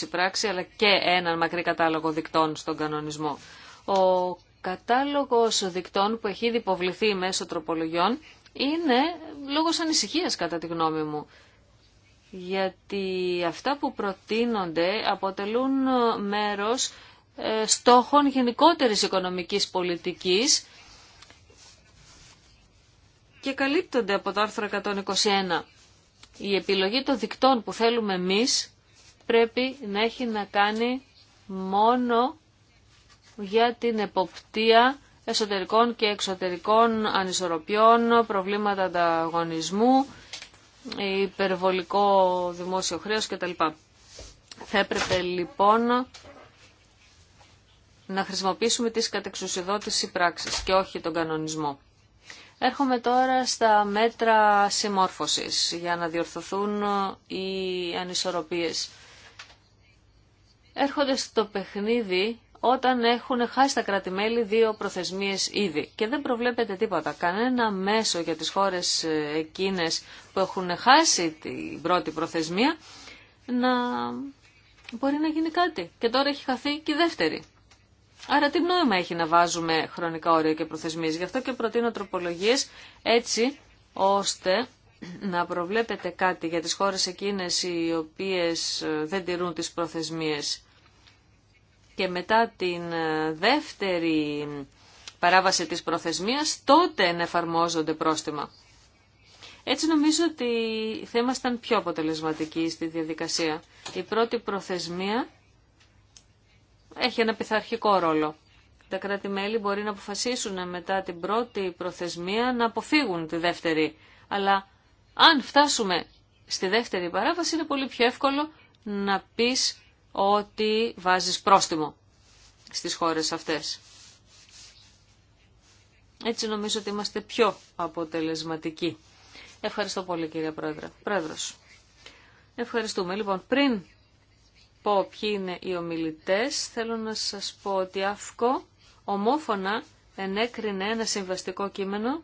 η πράξη, αλλά και έναν μακρύ κατάλογο δικτών στον κανονισμό. Ο κατάλογος δικτών που έχει ήδη μέσω τροπολογιών είναι λόγος ανησυχίας κατά τη γνώμη μου. Γιατί αυτά που προτείνονται αποτελούν μέρος ε, στόχων γενικότερης οικονομικής πολιτικής και καλύπτονται από το άρθρο 121. Η επιλογή των δικτών που θέλουμε εμείς πρέπει να έχει να κάνει μόνο για την εποπτεία εσωτερικών και εξωτερικών ανισορροπιών, προβλήματα ανταγωνισμού, υπερβολικό δημόσιο χρέος κτλ. Θα έπρεπε λοιπόν να χρησιμοποιήσουμε τις ή πράξεις και όχι τον κανονισμό. Έρχομαι τώρα στα μέτρα συμμόρφωσης για να διορθωθούν οι ανισορροπίες. Έρχονται στο παιχνίδι όταν έχουν χάσει τα κρατη δύο προθεσμίες ήδη και δεν προβλέπεται τίποτα, κανένα μέσο για τις χώρες εκείνες που έχουν χάσει την πρώτη προθεσμία να μπορεί να γίνει κάτι. Και τώρα έχει χαθεί και η δεύτερη. Άρα τι νόημα έχει να βάζουμε χρονικά όρια και προθεσμίες. Γι' αυτό και προτείνω τροπολογίες έτσι ώστε να προβλέπετε κάτι για τις χώρες εκείνες οι οποίες ε, δεν τηρούν τις προθεσμίες. Και μετά την ε, δεύτερη παράβαση της προθεσμίας, τότε εφαρμόζονται πρόστιμα. Έτσι νομίζω ότι θα ήμασταν πιο αποτελεσματικοί στη διαδικασία. Η πρώτη προθεσμία έχει ένα πειθαρχικό ρόλο. Τα κράτη-μέλη μπορεί να αποφασίσουν μετά την πρώτη προθεσμία να αποφύγουν τη δεύτερη. Αλλά αν φτάσουμε στη δεύτερη παράβαση είναι πολύ πιο εύκολο να πεις ότι βάζεις πρόστιμο στις χώρες αυτές. Έτσι νομίζω ότι είμαστε πιο αποτελεσματικοί. Ευχαριστώ πολύ κύριε Πρόεδρε. Πρόεδρος. Ευχαριστούμε. Λοιπόν, πριν πω ποιοι είναι οι ομιλητές, θέλω να σας πω ότι ΑΦΚΟ ομόφωνα ενέκρινε ένα συμβαστικό κείμενο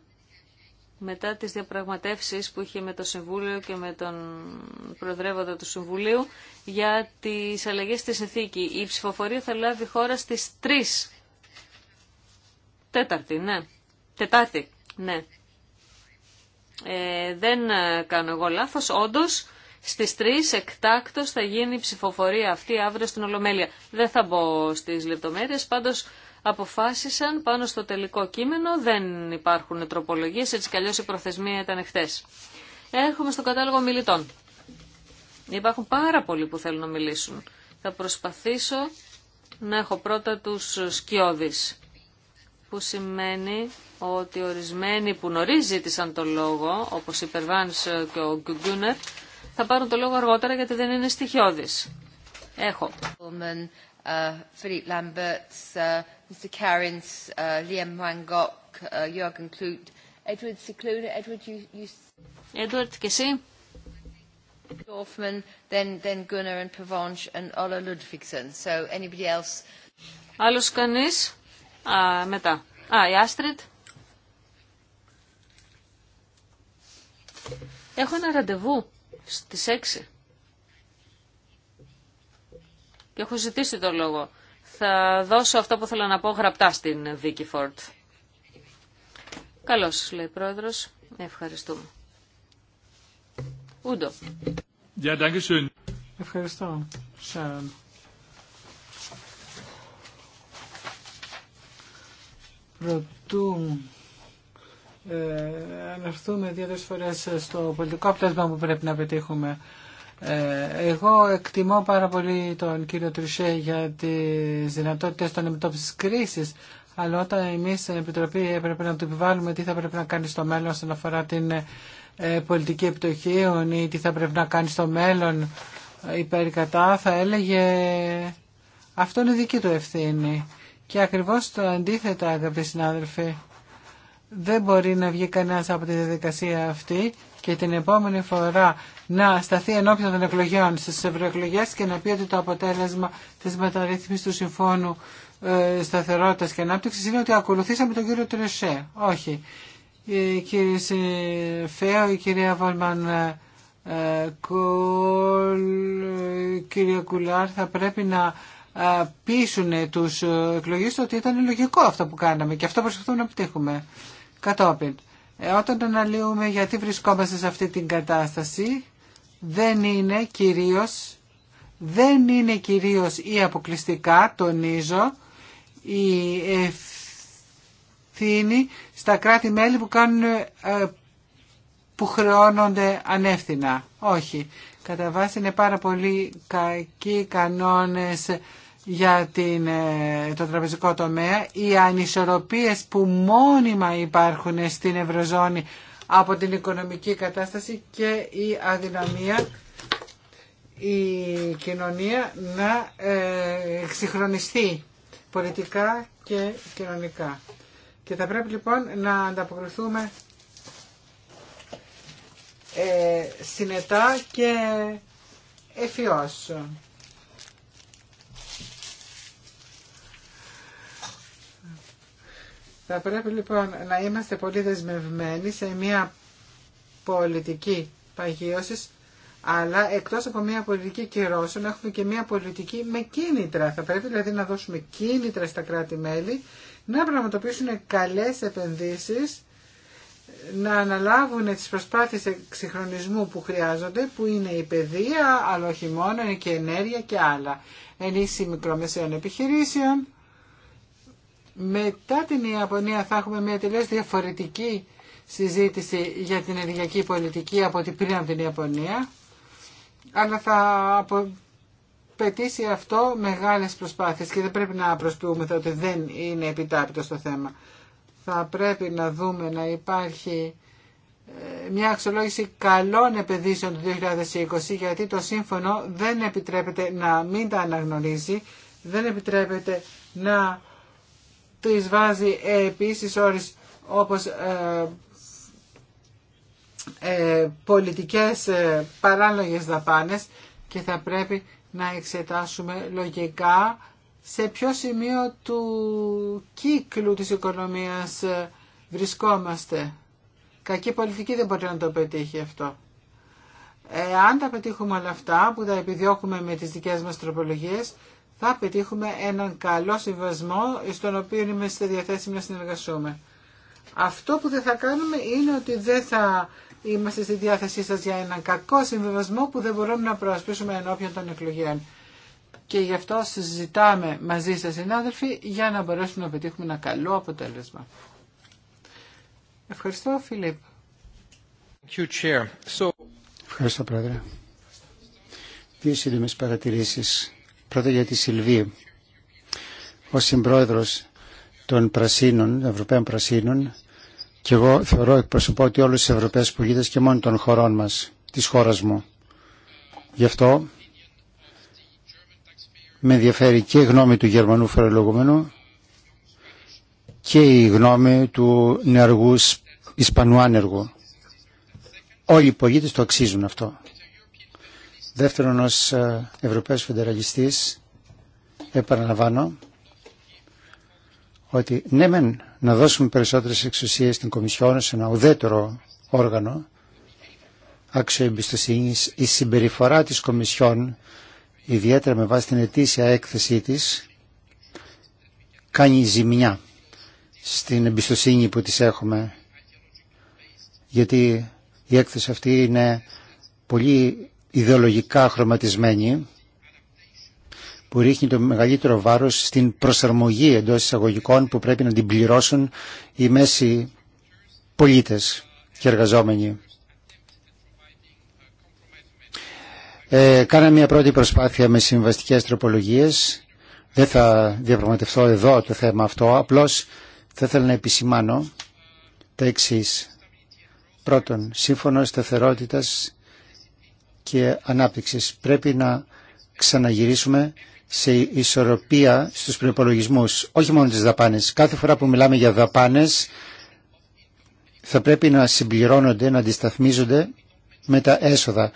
μετά τις διαπραγματεύσεις που είχε με το Συμβούλιο και με τον Προεδρεύοντα του Συμβουλίου για τις αλλαγές στη συνθήκη. Η ψηφοφορία θα λάβει χώρα στις 3. Τέταρτη, ναι. Τετάρτη, ναι. Ε, δεν κάνω εγώ λάθος, όντως Στι 3 εκτάκτος θα γίνει η ψηφοφορία αυτή αύριο στην Ολομέλεια. Δεν θα μπω στι λεπτομέρειε, πάντως αποφάσισαν πάνω στο τελικό κείμενο, δεν υπάρχουν τροπολογίε, έτσι κι αλλιώ η προθεσμία ήταν χτε. Έρχομαι στο κατάλογο μιλητών. Υπάρχουν πάρα πολλοί που θέλουν να μιλήσουν. Θα προσπαθήσω να έχω πρώτα τους σκιώδεις, που σημαίνει ότι ορισμένοι που νωρί ζήτησαν το λόγο, όπως η Περβάν και ο Γκουγκούνερ, θα πάρουν το λόγο αργότερα γιατί δεν είναι στοιχειώδης. Έχω. Philip Lamberts, Mr. Karins, Liam Wangok, Jürgen Klut, Edward Cicluna. Edward, you... Edward, και εσύ. Dorfman, then, then Gunnar and Pavanch and Ola Ludvigsen. So anybody else? Άλλος κανείς. Α, μετά. Α, η Άστριντ. Έχω ένα ραντεβού στις 6. Και έχω ζητήσει το λόγο. Θα δώσω αυτό που θέλω να πω γραπτά στην Βίκη Φόρτ. Καλώς, λέει πρόεδρος. Ευχαριστούμε. Ούντο. Ευχαριστώ, ε, αναφερθούμε δύο-τρεις φορές στο πολιτικό αποτέλεσμα που πρέπει να πετύχουμε. Ε, εγώ εκτιμώ πάρα πολύ τον κύριο Τρουσέ για τις δυνατότητες των αντιμετώπισης κρίσης, αλλά όταν εμείς στην Επιτροπή έπρεπε να του επιβάλλουμε τι θα πρέπει να κάνει στο μέλλον όσον αφορά την ε, πολιτική επιτοχή ή τι θα πρέπει να κάνει στο μέλλον ε, υπέρ κατά, θα έλεγε αυτό είναι δική του ευθύνη. Και ακριβώς το αντίθετα αγαπητοί συνάδελφοι, δεν μπορεί να βγει κανένα από τη διαδικασία αυτή και την επόμενη φορά να σταθεί ενώπιον των εκλογών στι ευρωεκλογέ και να πει ότι το αποτέλεσμα τη μεταρρυθμίση του Συμφώνου ε, Σταθερότητας και ανάπτυξη είναι ότι ακολουθήσαμε τον κύριο Τρεσέ. Όχι. Η κύριε Φέο, η κυρία Βόλμαν ε, ε Κολ, κύριε Κουλάρ θα πρέπει να ε, πείσουν τους εκλογείς ότι ήταν λογικό αυτό που κάναμε και αυτό προσπαθούμε να επιτύχουμε. Κατόπιν, ε, όταν αναλύουμε γιατί βρισκόμαστε σε αυτή την κατάσταση, δεν είναι κυρίως, δεν είναι κυρίως ή αποκλειστικά, τονίζω, η ευθύνη στα κράτη-μέλη που, κάνουν, ε, που χρεώνονται ανεύθυνα. Όχι. Κατά βάση είναι πάρα πολύ κακοί κανόνες για την, ε, το τραπεζικό τομέα, οι ανισορροπίες που μόνιμα υπάρχουν στην Ευρωζώνη από την οικονομική κατάσταση και η αδυναμία η κοινωνία να ξεχρονιστεί πολιτικά και κοινωνικά. Και θα πρέπει λοιπόν να ανταποκριθούμε ε, συνετά και εφιώς. Θα πρέπει λοιπόν να είμαστε πολύ δεσμευμένοι σε μια πολιτική παγίωση. αλλά εκτός από μια πολιτική κυρώσεων έχουμε και μια πολιτική με κίνητρα. Θα πρέπει δηλαδή να δώσουμε κίνητρα στα κράτη-μέλη να πραγματοποιήσουν καλές επενδύσεις, να αναλάβουν τις προσπάθειες εξυγχρονισμού που χρειάζονται, που είναι η παιδεία, αλλά όχι μόνο, είναι και ενέργεια και άλλα. Ενίσχυση μικρομεσαίων επιχειρήσεων, μετά την Ιαπωνία θα έχουμε μια τελείως διαφορετική συζήτηση για την ενεργειακή πολιτική από την πριν από την Ιαπωνία, αλλά θα απαιτήσει αυτό μεγάλες προσπάθειες και δεν πρέπει να προσποιούμε ότι δεν είναι επιτάπητο στο θέμα. Θα πρέπει να δούμε να υπάρχει ε, μια αξιολόγηση καλών επενδύσεων του 2020 γιατί το σύμφωνο δεν επιτρέπεται να μην τα αναγνωρίζει, δεν επιτρέπεται να τις βάζει επίσης όρις όπως ε, ε, πολιτικές ε, παράλογες δαπάνες και θα πρέπει να εξετάσουμε λογικά σε ποιο σημείο του κύκλου της οικονομίας ε, βρισκόμαστε. Κακή πολιτική δεν μπορεί να το πετύχει αυτό. Ε, αν τα πετύχουμε όλα αυτά που τα επιδιώκουμε με τις δικές μας τροπολογίες, θα πετύχουμε έναν καλό συμβασμό στον οποίο είμαστε διαθέσιμοι να συνεργαστούμε. Αυτό που δεν θα κάνουμε είναι ότι δεν θα είμαστε στη διάθεσή σας για έναν κακό συμβιβασμό που δεν μπορούμε να προασπίσουμε ενώπιον των εκλογέων. Και γι' αυτό συζητάμε μαζί σας συνάδελφοι για να μπορέσουμε να πετύχουμε ένα καλό αποτέλεσμα. Ευχαριστώ Φιλίπ. Ευχαριστώ Πρόεδρε. Δύο σύντομε παρατηρήσεις Πρώτα για τη Σιλβή. Ω συμπρόεδρο των Πρασίνων, Ευρωπαίων Πρασίνων, και εγώ θεωρώ εκπροσωπώ ότι όλου του Ευρωπαίου πολίτε και μόνο των χωρών μα, τη χώρα μου. Γι' αυτό με ενδιαφέρει και η γνώμη του Γερμανού φορολογούμενου και η γνώμη του νεαργού Ισπανού άνεργου. Όλοι οι πολίτες το αξίζουν αυτό. Δεύτερον, ως ε, Ευρωπαίος Φεντεραγιστής, επαναλαμβάνω ότι ναι μεν να δώσουμε περισσότερες εξουσίες στην Κομισιόν σε ένα ουδέτερο όργανο, άξιο εμπιστοσύνη η συμπεριφορά της Κομισιόν, ιδιαίτερα με βάση την ετήσια έκθεσή της, κάνει ζημιά στην εμπιστοσύνη που της έχουμε. Γιατί η έκθεση αυτή είναι πολύ ιδεολογικά χρωματισμένη που ρίχνει το μεγαλύτερο βάρος στην προσαρμογή εντός εισαγωγικών που πρέπει να την πληρώσουν οι μέσοι πολίτες και εργαζόμενοι. Ε, μια πρώτη προσπάθεια με συμβαστικές τροπολογίες. Δεν θα διαπραγματευτώ εδώ το θέμα αυτό, απλώς θα ήθελα να επισημάνω τα εξής. Πρώτον, σύμφωνο σταθερότητας και ανάπτυξης. Πρέπει να ξαναγυρίσουμε σε ισορροπία στους προπολογισμού, όχι μόνο τις δαπάνες. Κάθε φορά που μιλάμε για δαπάνες θα πρέπει να συμπληρώνονται, να αντισταθμίζονται με τα έσοδα.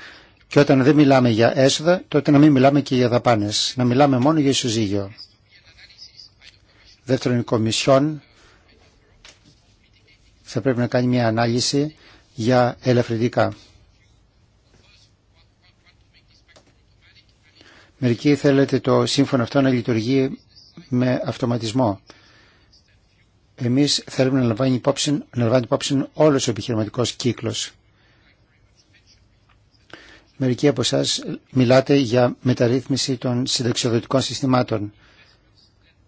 Και όταν δεν μιλάμε για έσοδα, τότε να μην μιλάμε και για δαπάνες. Να μιλάμε μόνο για ισοζύγιο. Δεύτερον, η Κομισιόν θα πρέπει να κάνει μια ανάλυση για ελαφρυντικά. Μερικοί θέλετε το σύμφωνο αυτό να λειτουργεί με αυτοματισμό. Εμείς θέλουμε να λαμβάνει υπόψη, να λαμβάνει υπόψη όλος ο επιχειρηματικός κύκλος. Μερικοί από εσά μιλάτε για μεταρρύθμιση των συνταξιοδοτικών συστημάτων.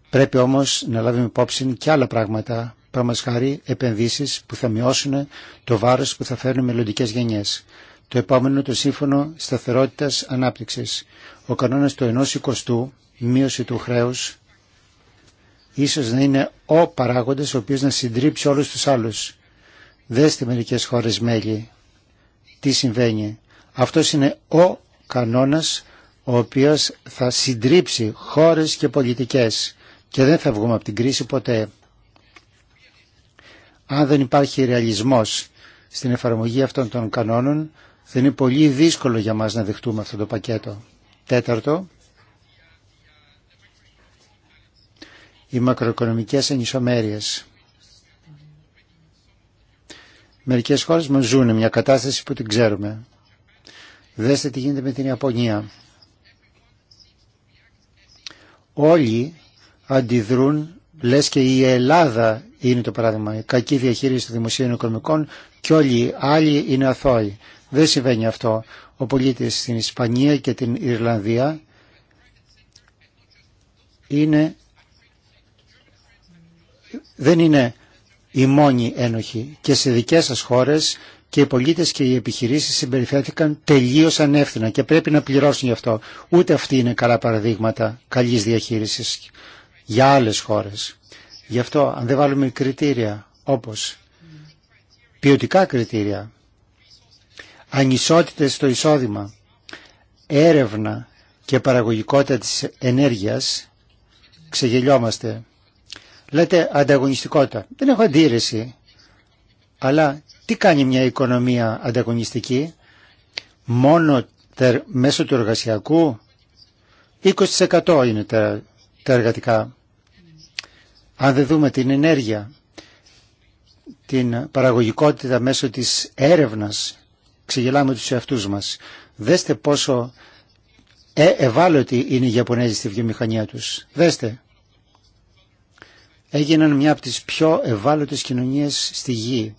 Πρέπει όμως να λάβουμε υπόψη και άλλα πράγματα, παραδείγματος επενδύσεις που θα μειώσουν το βάρος που θα φέρουν μελλοντικέ γενιές. Το επόμενο το σύμφωνο σταθερότητας ανάπτυξης. Ο κανόνας του ενός εικοστού, η μείωση του χρέους, ίσως να είναι ο παράγοντας ο οποίος να συντρίψει όλους τους άλλους. Δέστε μερικές χώρες μέλη τι συμβαίνει. Αυτός είναι ο κανόνας ο οποίος θα συντρίψει χώρες και πολιτικές και δεν θα βγούμε από την κρίση ποτέ. Αν δεν υπάρχει ρεαλισμός στην εφαρμογή αυτών των κανόνων θα είναι πολύ δύσκολο για μας να δεχτούμε αυτό το πακέτο. Τέταρτο, οι μακροοικονομικές ανισομέρειες. Μερικές χώρες μας ζουν μια κατάσταση που την ξέρουμε. Δέστε τι γίνεται με την Ιαπωνία. Όλοι αντιδρούν, λες και η Ελλάδα είναι το παράδειγμα, η κακή διαχείριση των δημοσίων οικονομικών και όλοι οι άλλοι είναι αθώοι. Δεν συμβαίνει αυτό. Ο πολίτης στην Ισπανία και την Ιρλανδία είναι, δεν είναι η μόνη ένοχη. Και σε δικές σας χώρες και οι πολίτες και οι επιχειρήσεις συμπεριφέρθηκαν τελείως ανεύθυνα και πρέπει να πληρώσουν γι' αυτό. Ούτε αυτοί είναι καλά παραδείγματα καλής διαχείρισης για άλλες χώρες. Γι' αυτό αν δεν βάλουμε κριτήρια όπως ποιοτικά κριτήρια ανισότητες στο εισόδημα, έρευνα και παραγωγικότητα της ενέργειας, ξεγελιόμαστε. Λέτε ανταγωνιστικότητα. Δεν έχω αντίρρηση. Αλλά τι κάνει μια οικονομία ανταγωνιστική, μόνο τερ, μέσω του εργασιακού, 20% είναι τα, τα εργατικά. Αν δεν δούμε την ενέργεια, την παραγωγικότητα μέσω της έρευνας, ξεγελάμε τους εαυτούς μας. Δέστε πόσο ε, ευάλωτοι είναι οι Ιαπωνέζοι στη βιομηχανία τους. Δέστε. Έγιναν μια από τις πιο ευάλωτες κοινωνίες στη γη.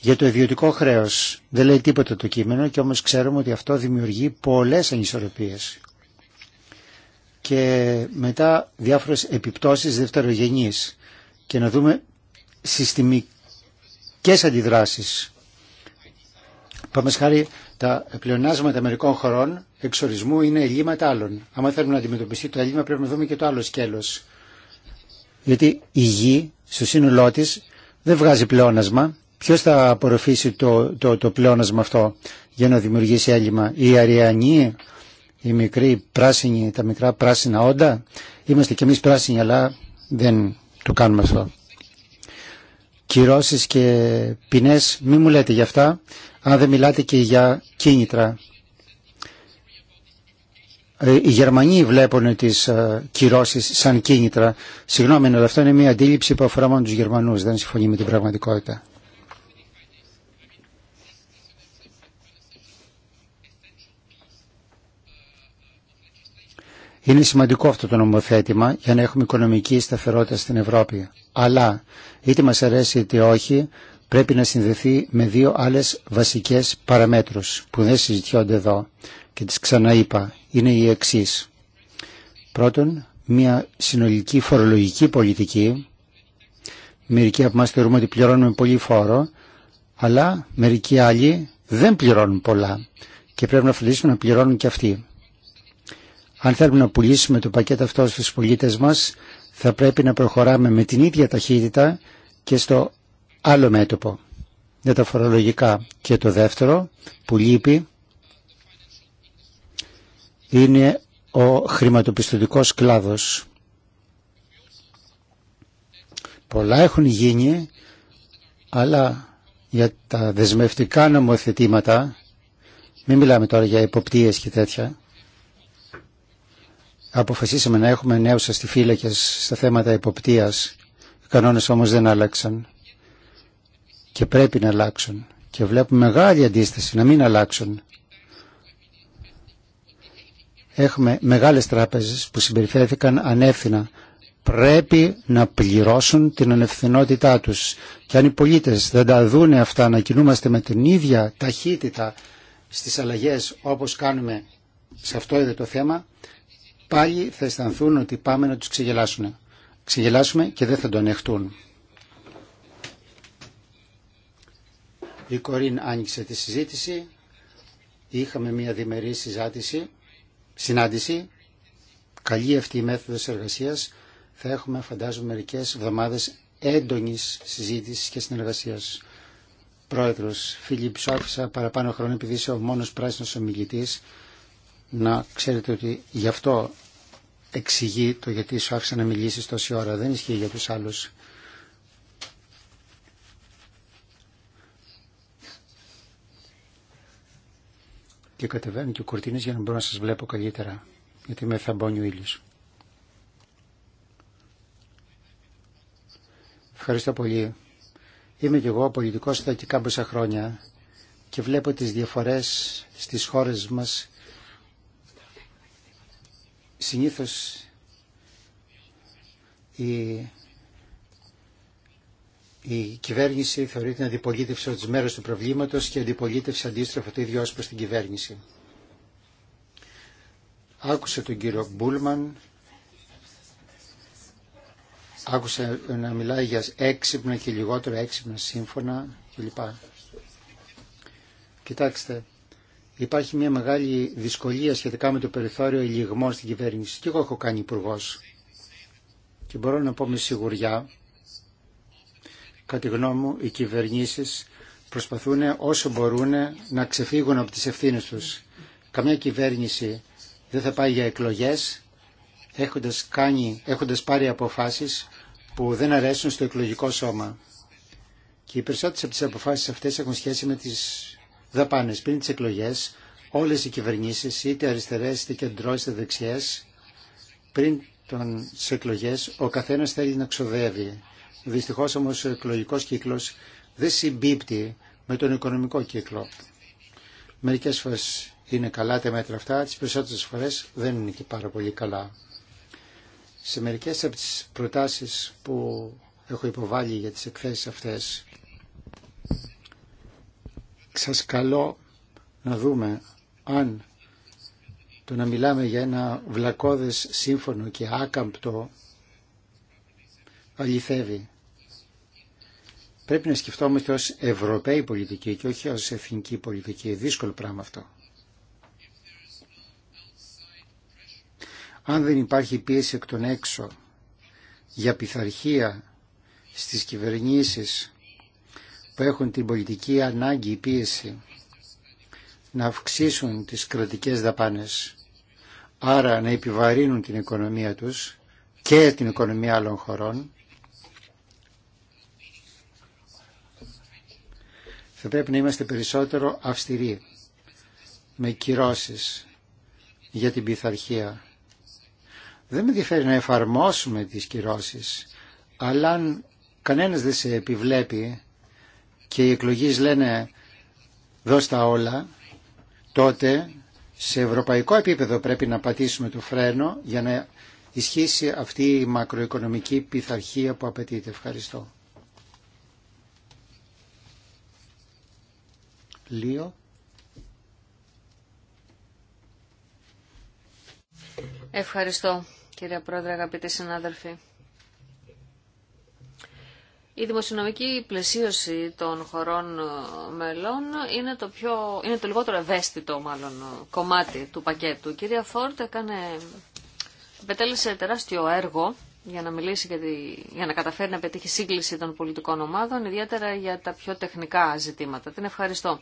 Για το ιδιωτικό χρέος δεν λέει τίποτα το κείμενο και όμως ξέρουμε ότι αυτό δημιουργεί πολλές ανισορροπίες. Και μετά διάφορες επιπτώσεις δευτερογενής. Και να δούμε συστημικές αντιδράσεις Πάμε χάρη τα πλεονάσματα μερικών χωρών εξορισμού είναι ελλείμματα άλλων. Αν θέλουμε να αντιμετωπιστεί το έλλειμμα πρέπει να δούμε και το άλλο σκέλος. Γιατί η γη στο σύνολό τη δεν βγάζει πλεόνασμα. Ποιο θα απορροφήσει το, το, το πλεόνασμα αυτό για να δημιουργήσει έλλειμμα. Οι αριανοί, οι μικροί πράσινοι, τα μικρά πράσινα όντα. Είμαστε κι εμεί πράσινοι αλλά δεν το κάνουμε αυτό κυρώσεις και ποινές, μην μου λέτε γι' αυτά, αν δεν μιλάτε και για κίνητρα. Ε, οι Γερμανοί βλέπουν τις ε, κυρώσεις σαν κίνητρα. Συγγνώμη, αλλά αυτό είναι μια αντίληψη που αφορά μόνο τους Γερμανούς, δεν συμφωνεί με την πραγματικότητα. Είναι σημαντικό αυτό το νομοθέτημα για να έχουμε οικονομική σταθερότητα στην Ευρώπη. Αλλά είτε μας αρέσει είτε όχι πρέπει να συνδεθεί με δύο άλλες βασικές παραμέτρους που δεν συζητιόνται εδώ και τις ξαναείπα. Είναι οι εξή. Πρώτον, μια συνολική φορολογική πολιτική. Μερικοί από εμάς θεωρούμε ότι πληρώνουμε πολύ φόρο, αλλά μερικοί άλλοι δεν πληρώνουν πολλά και πρέπει να φροντίσουμε να πληρώνουν και αυτοί. Αν θέλουμε να πουλήσουμε το πακέτο αυτό στους πολίτες μας, θα πρέπει να προχωράμε με την ίδια ταχύτητα και στο άλλο μέτωπο για τα φορολογικά. Και το δεύτερο που λείπει είναι ο χρηματοπιστωτικός κλάδος. Πολλά έχουν γίνει, αλλά για τα δεσμευτικά νομοθετήματα, μην μιλάμε τώρα για υποπτίες και τέτοια, αποφασίσαμε να έχουμε νέους αστιφύλακες στα θέματα εποπτείας. Οι κανόνες όμως δεν άλλαξαν και πρέπει να αλλάξουν. Και βλέπουμε μεγάλη αντίσταση να μην αλλάξουν. Έχουμε μεγάλες τράπεζες που συμπεριφέρθηκαν ανεύθυνα. Πρέπει να πληρώσουν την ανευθυνότητά τους. Και αν οι πολίτες δεν τα δούνε αυτά, να κινούμαστε με την ίδια ταχύτητα στις αλλαγές όπως κάνουμε σε αυτό εδώ το θέμα, πάλι θα αισθανθούν ότι πάμε να τους ξεγελάσουμε. Ξεγελάσουμε και δεν θα τον ανεχτούν. Η Κορίν άνοιξε τη συζήτηση. Είχαμε μια διμερή συζάτηση, συνάντηση. Καλή αυτή η μέθοδος εργασίας. Θα έχουμε φαντάζομαι μερικές εβδομάδες έντονης συζήτησης και συνεργασίας. Πρόεδρος Φίλιπ Σόφισα, παραπάνω χρόνο επειδή είσαι ο μόνος πράσινος ομιλητής, να ξέρετε ότι γι' αυτό εξηγεί το γιατί σου άφησε να μιλήσεις τόση ώρα. Δεν ισχύει για τους άλλους. Και κατεβαίνω και ο κουρτίνες για να μπορώ να σας βλέπω καλύτερα. Γιατί με θαμπώνει ο ήλιος. Ευχαριστώ πολύ. Είμαι και εγώ πολιτικός εδώ και κάμποσα χρόνια και βλέπω τις διαφορές στις χώρες μας συνήθως η, η κυβέρνηση θεωρεί την αντιπολίτευση ως μέρος του προβλήματος και η αντιπολίτευση αντίστροφα το ίδιο ως προς την κυβέρνηση. Άκουσα τον κύριο Μπούλμαν, άκουσα να μιλάει για έξυπνα και λιγότερο έξυπνα σύμφωνα κλπ. Κοιτάξτε, υπάρχει μια μεγάλη δυσκολία σχετικά με το περιθώριο ελιγμών στην κυβέρνηση. Και εγώ έχω κάνει υπουργό. Και μπορώ να πω με σιγουριά, κατά τη γνώμη μου, οι κυβερνήσεις προσπαθούν όσο μπορούν να ξεφύγουν από τις ευθύνε του. Καμιά κυβέρνηση δεν θα πάει για εκλογές έχοντας, κάνει, έχοντας πάρει αποφάσεις που δεν αρέσουν στο εκλογικό σώμα. Και οι περισσότερε από τις αποφάσεις αυτές έχουν σχέση με τις δαπάνες. Πριν τις εκλογές όλες οι κυβερνήσεις, είτε αριστερές, είτε κεντρό, είτε δεξιές, πριν τις εκλογές ο καθένας θέλει να ξοδεύει. Δυστυχώς όμως ο εκλογικός κύκλος δεν συμπίπτει με τον οικονομικό κύκλο. Μερικές φορές είναι καλά τα μέτρα αυτά, τις περισσότερες φορές δεν είναι και πάρα πολύ καλά. Σε μερικές από τις προτάσεις που έχω υποβάλει για τις εκθέσεις αυτές σας καλώ να δούμε αν το να μιλάμε για ένα βλακώδες σύμφωνο και άκαμπτο αληθεύει. Πρέπει να σκεφτόμαστε ως ευρωπαίοι πολιτική, και όχι ως εθνική πολιτική. Δύσκολο πράγμα αυτό. Αν δεν υπάρχει πίεση εκ των έξω για πειθαρχία στις κυβερνήσεις που έχουν την πολιτική ανάγκη ή πίεση να αυξήσουν τις κρατικές δαπάνες, άρα να επιβαρύνουν την οικονομία τους και την οικονομία άλλων χωρών, θα πρέπει να είμαστε περισσότερο αυστηροί με κυρώσεις για την πειθαρχία. Δεν με ενδιαφέρει να εφαρμόσουμε τις κυρώσεις, αλλά αν κανένας δεν σε επιβλέπει και οι εκλογείς λένε δώσ' τα όλα, τότε σε ευρωπαϊκό επίπεδο πρέπει να πατήσουμε το φρένο για να ισχύσει αυτή η μακροοικονομική πειθαρχία που απαιτείται. Ευχαριστώ. Λίο. Ευχαριστώ κύριε Πρόεδρε, αγαπητοί συνάδελφοι. Η δημοσιονομική πλαισίωση των χωρών ε, μελών είναι το, πιο, είναι το λιγότερο ευαίσθητο μάλλον ε, κομμάτι του πακέτου. Η κυρία Φόρτ έκανε, επετέλεσε τεράστιο έργο για να, μιλήσει για, τη, για να καταφέρει να πετύχει σύγκληση των πολιτικών ομάδων, ιδιαίτερα για τα πιο τεχνικά ζητήματα. Την ευχαριστώ.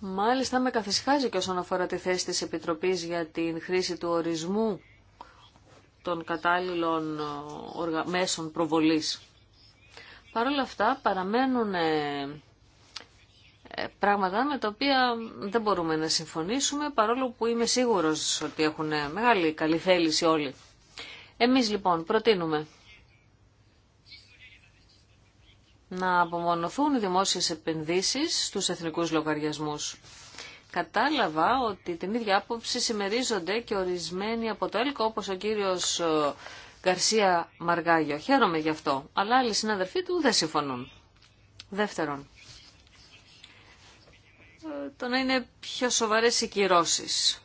Μάλιστα με καθησυχάζει και όσον αφορά τη θέση της Επιτροπής για την χρήση του ορισμού των κατάλληλων ε, μέσων προβολής. Παρ' όλα αυτά παραμένουν ε, ε, πράγματα με τα οποία δεν μπορούμε να συμφωνήσουμε, παρόλο που είμαι σίγουρος ότι έχουν ε, μεγάλη καλή θέληση όλοι. Εμείς λοιπόν προτείνουμε να απομονωθούν οι δημόσιες επενδύσεις στους εθνικούς λογαριασμούς. Κατάλαβα ότι την ίδια άποψη συμμερίζονται και ορισμένοι από το ΕΛΚΟ, όπως ο κύριος Καρσία Μαργάγιο. Χαίρομαι γι' αυτό, αλλά άλλοι συναδελφοί του δεν συμφωνούν. Δεύτερον, ε, το να είναι πιο σοβαρές οι κυρώσεις.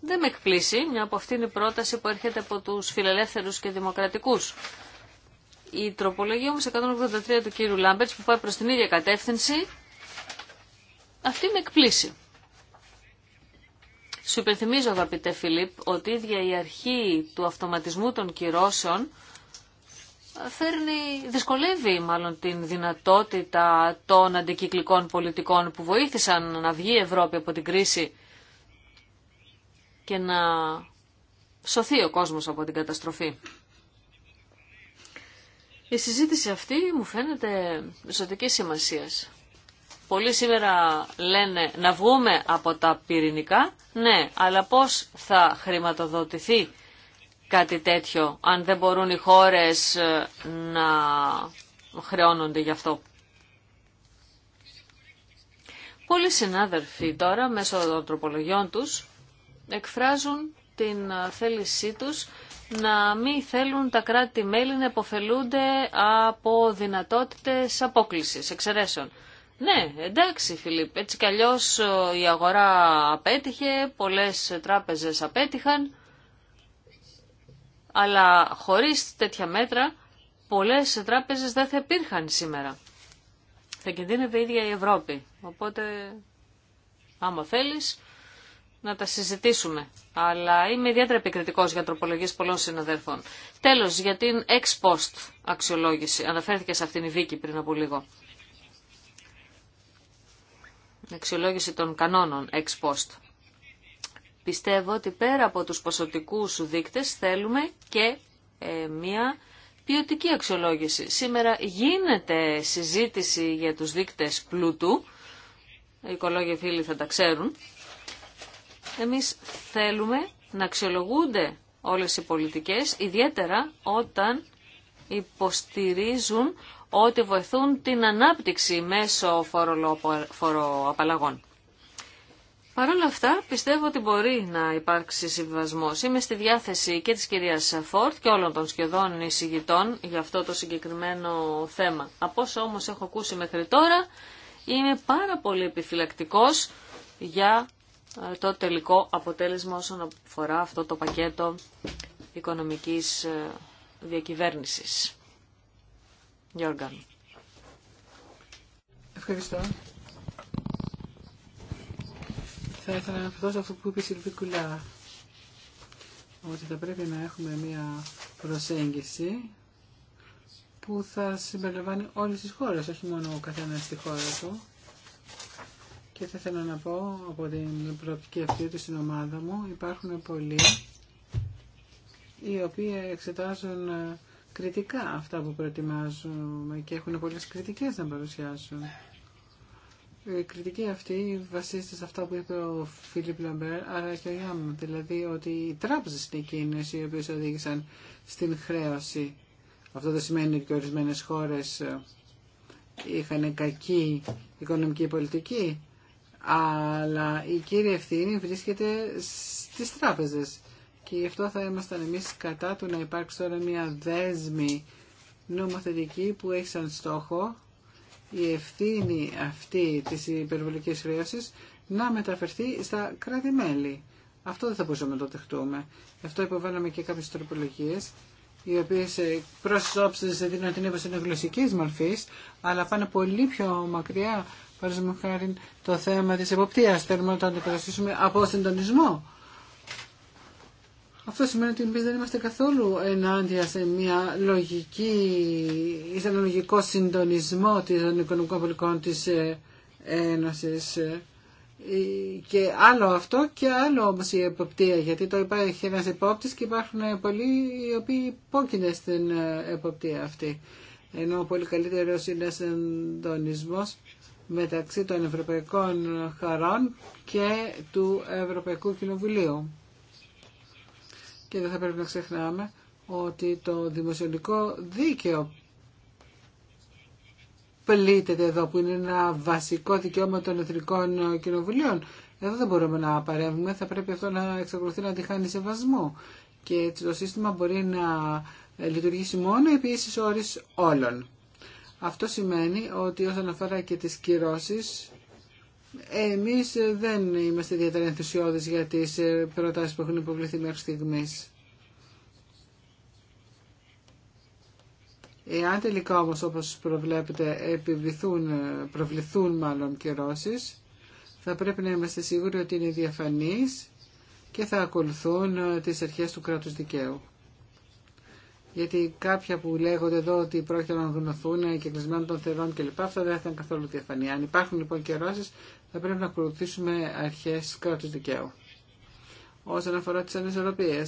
Δεν με εκπλήσει, μια από αυτήν η πρόταση που έρχεται από τους φιλελεύθερους και δημοκρατικούς. Η τροπολογία όμως 183 του κύριου Λάμπερτς που πάει προς την ίδια κατεύθυνση, αυτή με εκπλήσει. Σου υπενθυμίζω αγαπητέ Φιλίπ ότι η ίδια η αρχή του αυτοματισμού των κυρώσεων φέρνει, δυσκολεύει μάλλον την δυνατότητα των αντικυκλικών πολιτικών που βοήθησαν να βγει η Ευρώπη από την κρίση και να σωθεί ο κόσμος από την καταστροφή. Η συζήτηση αυτή μου φαίνεται ζωτική σημασίας. Πολλοί σήμερα λένε να βγούμε από τα πυρηνικά, ναι, αλλά πώς θα χρηματοδοτηθεί κάτι τέτοιο αν δεν μπορούν οι χώρες ε, να χρεώνονται γι' αυτό. Πολλοί συνάδελφοι τώρα μέσω των τροπολογιών τους εκφράζουν την ε, θέλησή τους να μην θέλουν τα κράτη-μέλη να υποφελούνται από δυνατότητες απόκλησης, εξαιρέσεων. Ναι, εντάξει Φιλίπ, έτσι κι αλλιώς ε, η αγορά απέτυχε, πολλές τράπεζες απέτυχαν, αλλά χωρίς τέτοια μέτρα πολλές τράπεζες δεν θα υπήρχαν σήμερα. Θα κινδύνευε η ίδια η Ευρώπη, οπότε άμα θέλεις να τα συζητήσουμε. Αλλά είμαι ιδιαίτερα επικριτικό για τροπολογίε πολλών συναδέρφων. Τέλο, για την ex post αξιολόγηση. Αναφέρθηκε σε αυτήν η Βίκη πριν από λίγο αξιολόγηση των κανόνων ex post. Πιστεύω ότι πέρα από τους ποσοτικούς δείκτες θέλουμε και ε, μια ποιοτική αξιολόγηση. Σήμερα γίνεται συζήτηση για τους δείκτες πλούτου. Οι οικολόγοι φίλοι θα τα ξέρουν. Εμείς θέλουμε να αξιολογούνται όλες οι πολιτικές, ιδιαίτερα όταν υποστηρίζουν ότι βοηθούν την ανάπτυξη μέσω φοροαπαλλαγών. Παρ' όλα αυτά, πιστεύω ότι μπορεί να υπάρξει συμβιβασμό. Είμαι στη διάθεση και τη κυρία Φόρτ και όλων των σχεδόν εισηγητών για αυτό το συγκεκριμένο θέμα. Από όσο όμως έχω ακούσει μέχρι τώρα, είμαι πάρα πολύ επιφυλακτικός για ε, το τελικό αποτέλεσμα όσον αφορά αυτό το πακέτο οικονομικής ε, διακυβέρνησης. Γιώργαν. Ευχαριστώ. Θα ήθελα να αναφερθώ αυτό που είπε η Σιλβί Ότι θα πρέπει να έχουμε μια προσέγγιση που θα συμπεριλαμβάνει όλες τις χώρες, όχι μόνο ο καθένας στη χώρα του. Και θα ήθελα να πω από την προοπτική αυτή ότι στην ομάδα μου υπάρχουν πολλοί οι οποίοι εξετάζουν ε, κριτικά αυτά που προετοιμάζουμε και έχουν πολλές κριτικές να παρουσιάσουν. Η κριτική αυτή βασίζεται σε αυτά που είπε ο Φίλιπ Λαμπέρ αλλά και ο Γιάννη, δηλαδή ότι οι τράπεζες είναι εκείνες οι οποίες οδήγησαν στην χρέωση. Αυτό δεν σημαίνει ότι ορισμένε χώρες ε, είχαν κακή οικονομική πολιτική, αλλά η κύρια ευθύνη βρίσκεται στις τράπεζες. Και γι' αυτό θα ήμασταν εμείς κατά του να υπάρξει τώρα μια δέσμη νομοθετική που έχει σαν στόχο η ευθύνη αυτή της υπερβολικής χρέωση να μεταφερθεί στα κράτη-μέλη. Αυτό δεν θα μπορούσαμε να το δεχτούμε. Γι' αυτό υποβάλαμε και κάποιες τροπολογίες οι οποίε ε, προ όψε δεν δίνουν την έμπαση γλωσσική μορφή, αλλά πάνε πολύ πιο μακριά, παραδείγματο χάρη, το θέμα τη εποπτεία. Θέλουμε να το αντικαταστήσουμε από συντονισμό. Αυτό σημαίνει ότι εμεί δεν είμαστε καθόλου ενάντια σε μια λογική, σε ένα λογικό συντονισμό των οικονομικών πολιτικών τη ενωση ε, Και άλλο αυτό και άλλο όμω η εποπτεία, γιατί το υπάρχει ενα υποπτη και υπάρχουν πολλοί οι οποίοι υποκεινται στην ε, εποπτεία αυτή. Ενώ ο πολύ καλύτερο είναι ένα συντονισμό μεταξύ των ευρωπαϊκών χαρών και του Ευρωπαϊκού Κοινοβουλίου και δεν θα πρέπει να ξεχνάμε ότι το δημοσιονικό δίκαιο πλήττεται εδώ που είναι ένα βασικό δικαίωμα των εθνικών κοινοβουλίων. Εδώ δεν μπορούμε να παρέμβουμε, θα πρέπει αυτό να εξακολουθεί να τη χάνει σεβασμό. Και έτσι το σύστημα μπορεί να λειτουργήσει μόνο επί ίσης όρης όλων. Αυτό σημαίνει ότι όσον αφορά και τις κυρώσεις εμείς δεν είμαστε ιδιαίτερα ενθουσιώδεις για τις ε, προτάσεις που έχουν υποβληθεί μέχρι στιγμής. Εάν τελικά όμως όπως προβλέπετε επιβληθούν, ε, προβληθούν μάλλον καιρώσει, θα πρέπει να είμαστε σίγουροι ότι είναι διαφανείς και θα ακολουθούν ε, τις αρχές του κράτους δικαίου. Γιατί κάποια που λέγονται εδώ ότι πρόκειται να γνωθούν και κλεισμένων των θερών κλπ. Αυτά δεν θα ήταν καθόλου διαφανή. Αν υπάρχουν λοιπόν καιρώσεις θα πρέπει να ακολουθήσουμε αρχέ κράτου δικαίου. Όσον αφορά τι ανισορροπίε,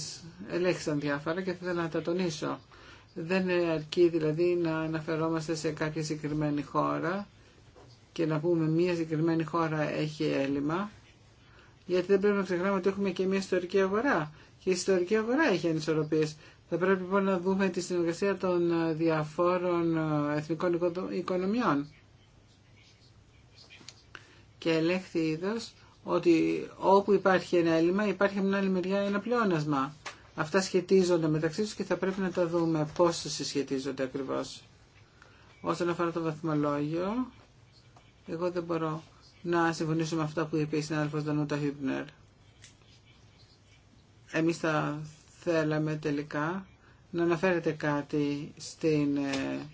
ελέγξαν διάφορα και θα ήθελα να τα τονίσω. Δεν αρκεί δηλαδή να αναφερόμαστε σε κάποια συγκεκριμένη χώρα και να πούμε μία συγκεκριμένη χώρα έχει έλλειμμα, γιατί δεν πρέπει να ξεχνάμε ότι έχουμε και μία ιστορική αγορά. Και η ιστορική αγορά έχει ανισορροπίε. Θα πρέπει λοιπόν να δούμε τη συνεργασία των διαφόρων ε, εθνικών οικονομιών και ελέγχθη είδο ότι όπου υπάρχει ένα έλλειμμα υπάρχει από την άλλη μεριά ένα πλεόνασμα. Αυτά σχετίζονται μεταξύ του και θα πρέπει να τα δούμε πώς συσχετίζονται ακριβώς. Όσον αφορά το βαθμολόγιο, εγώ δεν μπορώ να συμφωνήσω με αυτά που είπε η συνάδελφο Δανούτα Χίπνερ. Εμείς θα θέλαμε τελικά να αναφέρετε κάτι στην ε,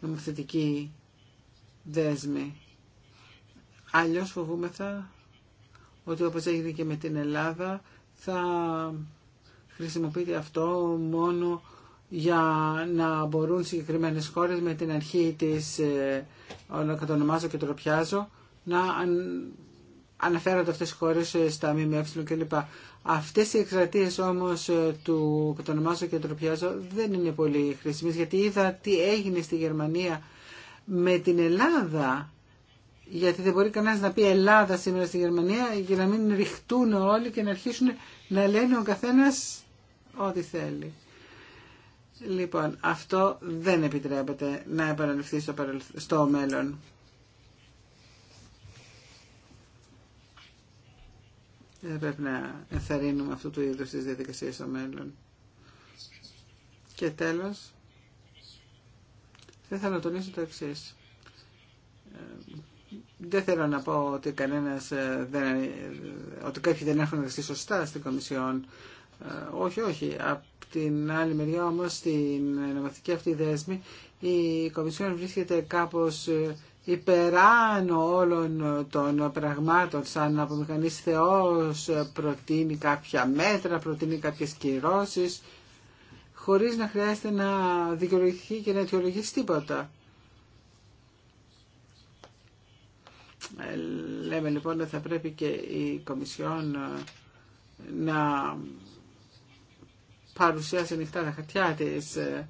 νομοθετική δέσμη. Αλλιώς φοβούμεθα ότι όπως έγινε και με την Ελλάδα θα χρησιμοποιείται αυτό μόνο για να μπορούν συγκεκριμένες χώρες με την αρχή της κατονομάζω ε, και τροπιάζω να αναφέρονται αυτές οι χώρες ε, στα ΜΜΕ κλπ. Αυτές οι εκστρατείες όμως ε, του κατονομάζω και τροπιάζω δεν είναι πολύ χρήσιμες γιατί είδα τι έγινε στη Γερμανία με την Ελλάδα γιατί δεν μπορεί κανένας να πει Ελλάδα σήμερα στη Γερμανία για να μην ρηχτούν όλοι και να αρχίσουν να λένε ο καθένας ό,τι θέλει. Λοιπόν, αυτό δεν επιτρέπεται να επαναληφθεί στο, στο μέλλον. Δεν πρέπει να ενθαρρύνουμε αυτού του είδους τις διαδικασίες στο μέλλον. Και τέλος, θα ήθελα να τονίσω το εξή. Ε, δεν θέλω να πω ότι, κανένας ε, δεν, ε, ότι κάποιοι δεν έχουν εργαστεί σωστά στην Κομισιόν. Ε, όχι, όχι. Απ' την άλλη μεριά όμως στην νομοθετική αυτή δέσμη η Κομισιόν βρίσκεται κάπως υπεράνω όλων των πραγμάτων σαν να απομηχανής θεός προτείνει κάποια μέτρα, προτείνει κάποιες κυρώσεις χωρίς να χρειάζεται να δικαιολογηθεί και να αιτιολογήσει τίποτα. Ε, λέμε λοιπόν ότι θα πρέπει και η Κομισιόν ε, να παρουσιάσει ανοιχτά τα χαρτιά της ε,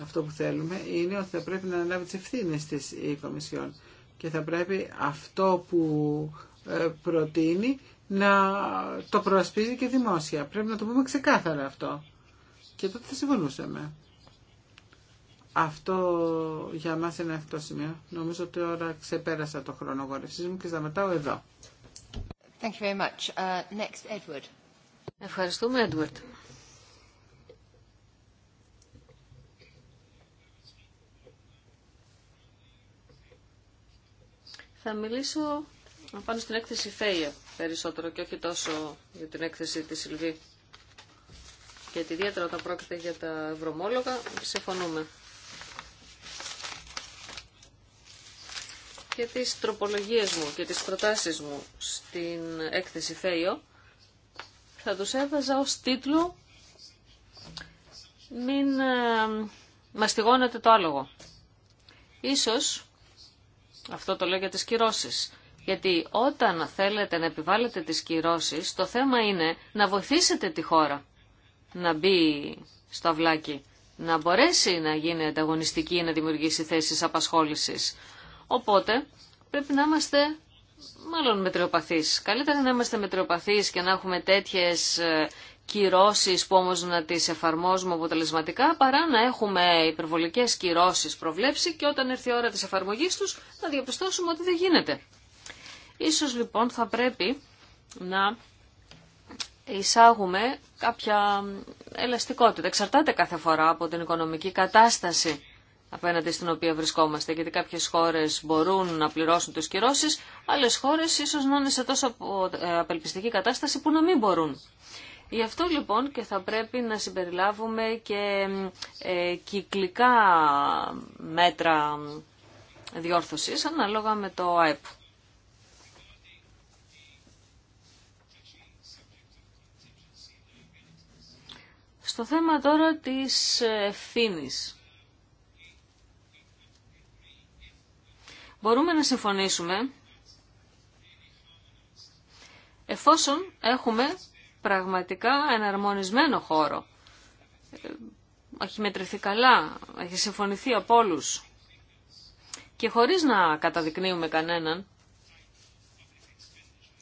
αυτό που θέλουμε είναι ότι θα πρέπει να αναλάβει τι ευθύνε της η Κομισιόν και θα πρέπει αυτό που προτείνει να το προασπίζει και δημόσια. Πρέπει να το πούμε ξεκάθαρα αυτό. Και τότε θα συμφωνούσαμε. Αυτό για μας είναι αυτό το σημείο. Νομίζω ότι ώρα ξεπέρασα το χρόνο γόρευσής μου και σταματάω εδώ. Thank you very much. Uh, next, Edward. Ευχαριστούμε, Edward. Θα μιλήσω πάνω στην έκθεση ΦΕΙΑ περισσότερο και όχι τόσο για την έκθεση της Σιλβή. Γιατί ιδιαίτερα όταν πρόκειται για τα ευρωμόλογα, συμφωνούμε. και τις τροπολογίες μου και τις προτάσεις μου στην έκθεση ΦΕΙΟ θα τους έβαζα ως τίτλο «Μην ε, μαστιγώνετε το άλογο». Ίσως, αυτό το λέω για τις κυρώσεις, γιατί όταν θέλετε να επιβάλλετε τις κυρώσεις, το θέμα είναι να βοηθήσετε τη χώρα να μπει στο αυλάκι, να μπορέσει να γίνει ανταγωνιστική να δημιουργήσει θέσεις απασχόλησης. Οπότε πρέπει να είμαστε μάλλον μετριοπαθείς. Καλύτερα να είμαστε μετριοπαθείς και να έχουμε τέτοιες ε, κυρώσεις που όμως να τις εφαρμόζουμε αποτελεσματικά παρά να έχουμε υπερβολικές κυρώσεις προβλέψει και όταν έρθει η ώρα της εφαρμογής τους να διαπιστώσουμε ότι δεν γίνεται. Ίσως λοιπόν θα πρέπει να εισάγουμε κάποια ελαστικότητα. Εξαρτάται κάθε φορά από την οικονομική κατάσταση απέναντι στην οποία βρισκόμαστε. Γιατί κάποιες χώρες μπορούν να πληρώσουν τι κυρώσει, άλλε χώρες ίσως να είναι σε τόσο ε, απελπιστική κατάσταση που να μην μπορούν. Γι' αυτό λοιπόν και θα πρέπει να συμπεριλάβουμε και ε, κυκλικά μέτρα διόρθωσης ανάλογα με το ΑΕΠ. Στο θέμα τώρα της ε, ευθύνη μπορούμε να συμφωνήσουμε εφόσον έχουμε πραγματικά εναρμονισμένο χώρο. Ε, έχει μετρηθεί καλά, έχει συμφωνηθεί από όλου. Και χωρίς να καταδεικνύουμε κανέναν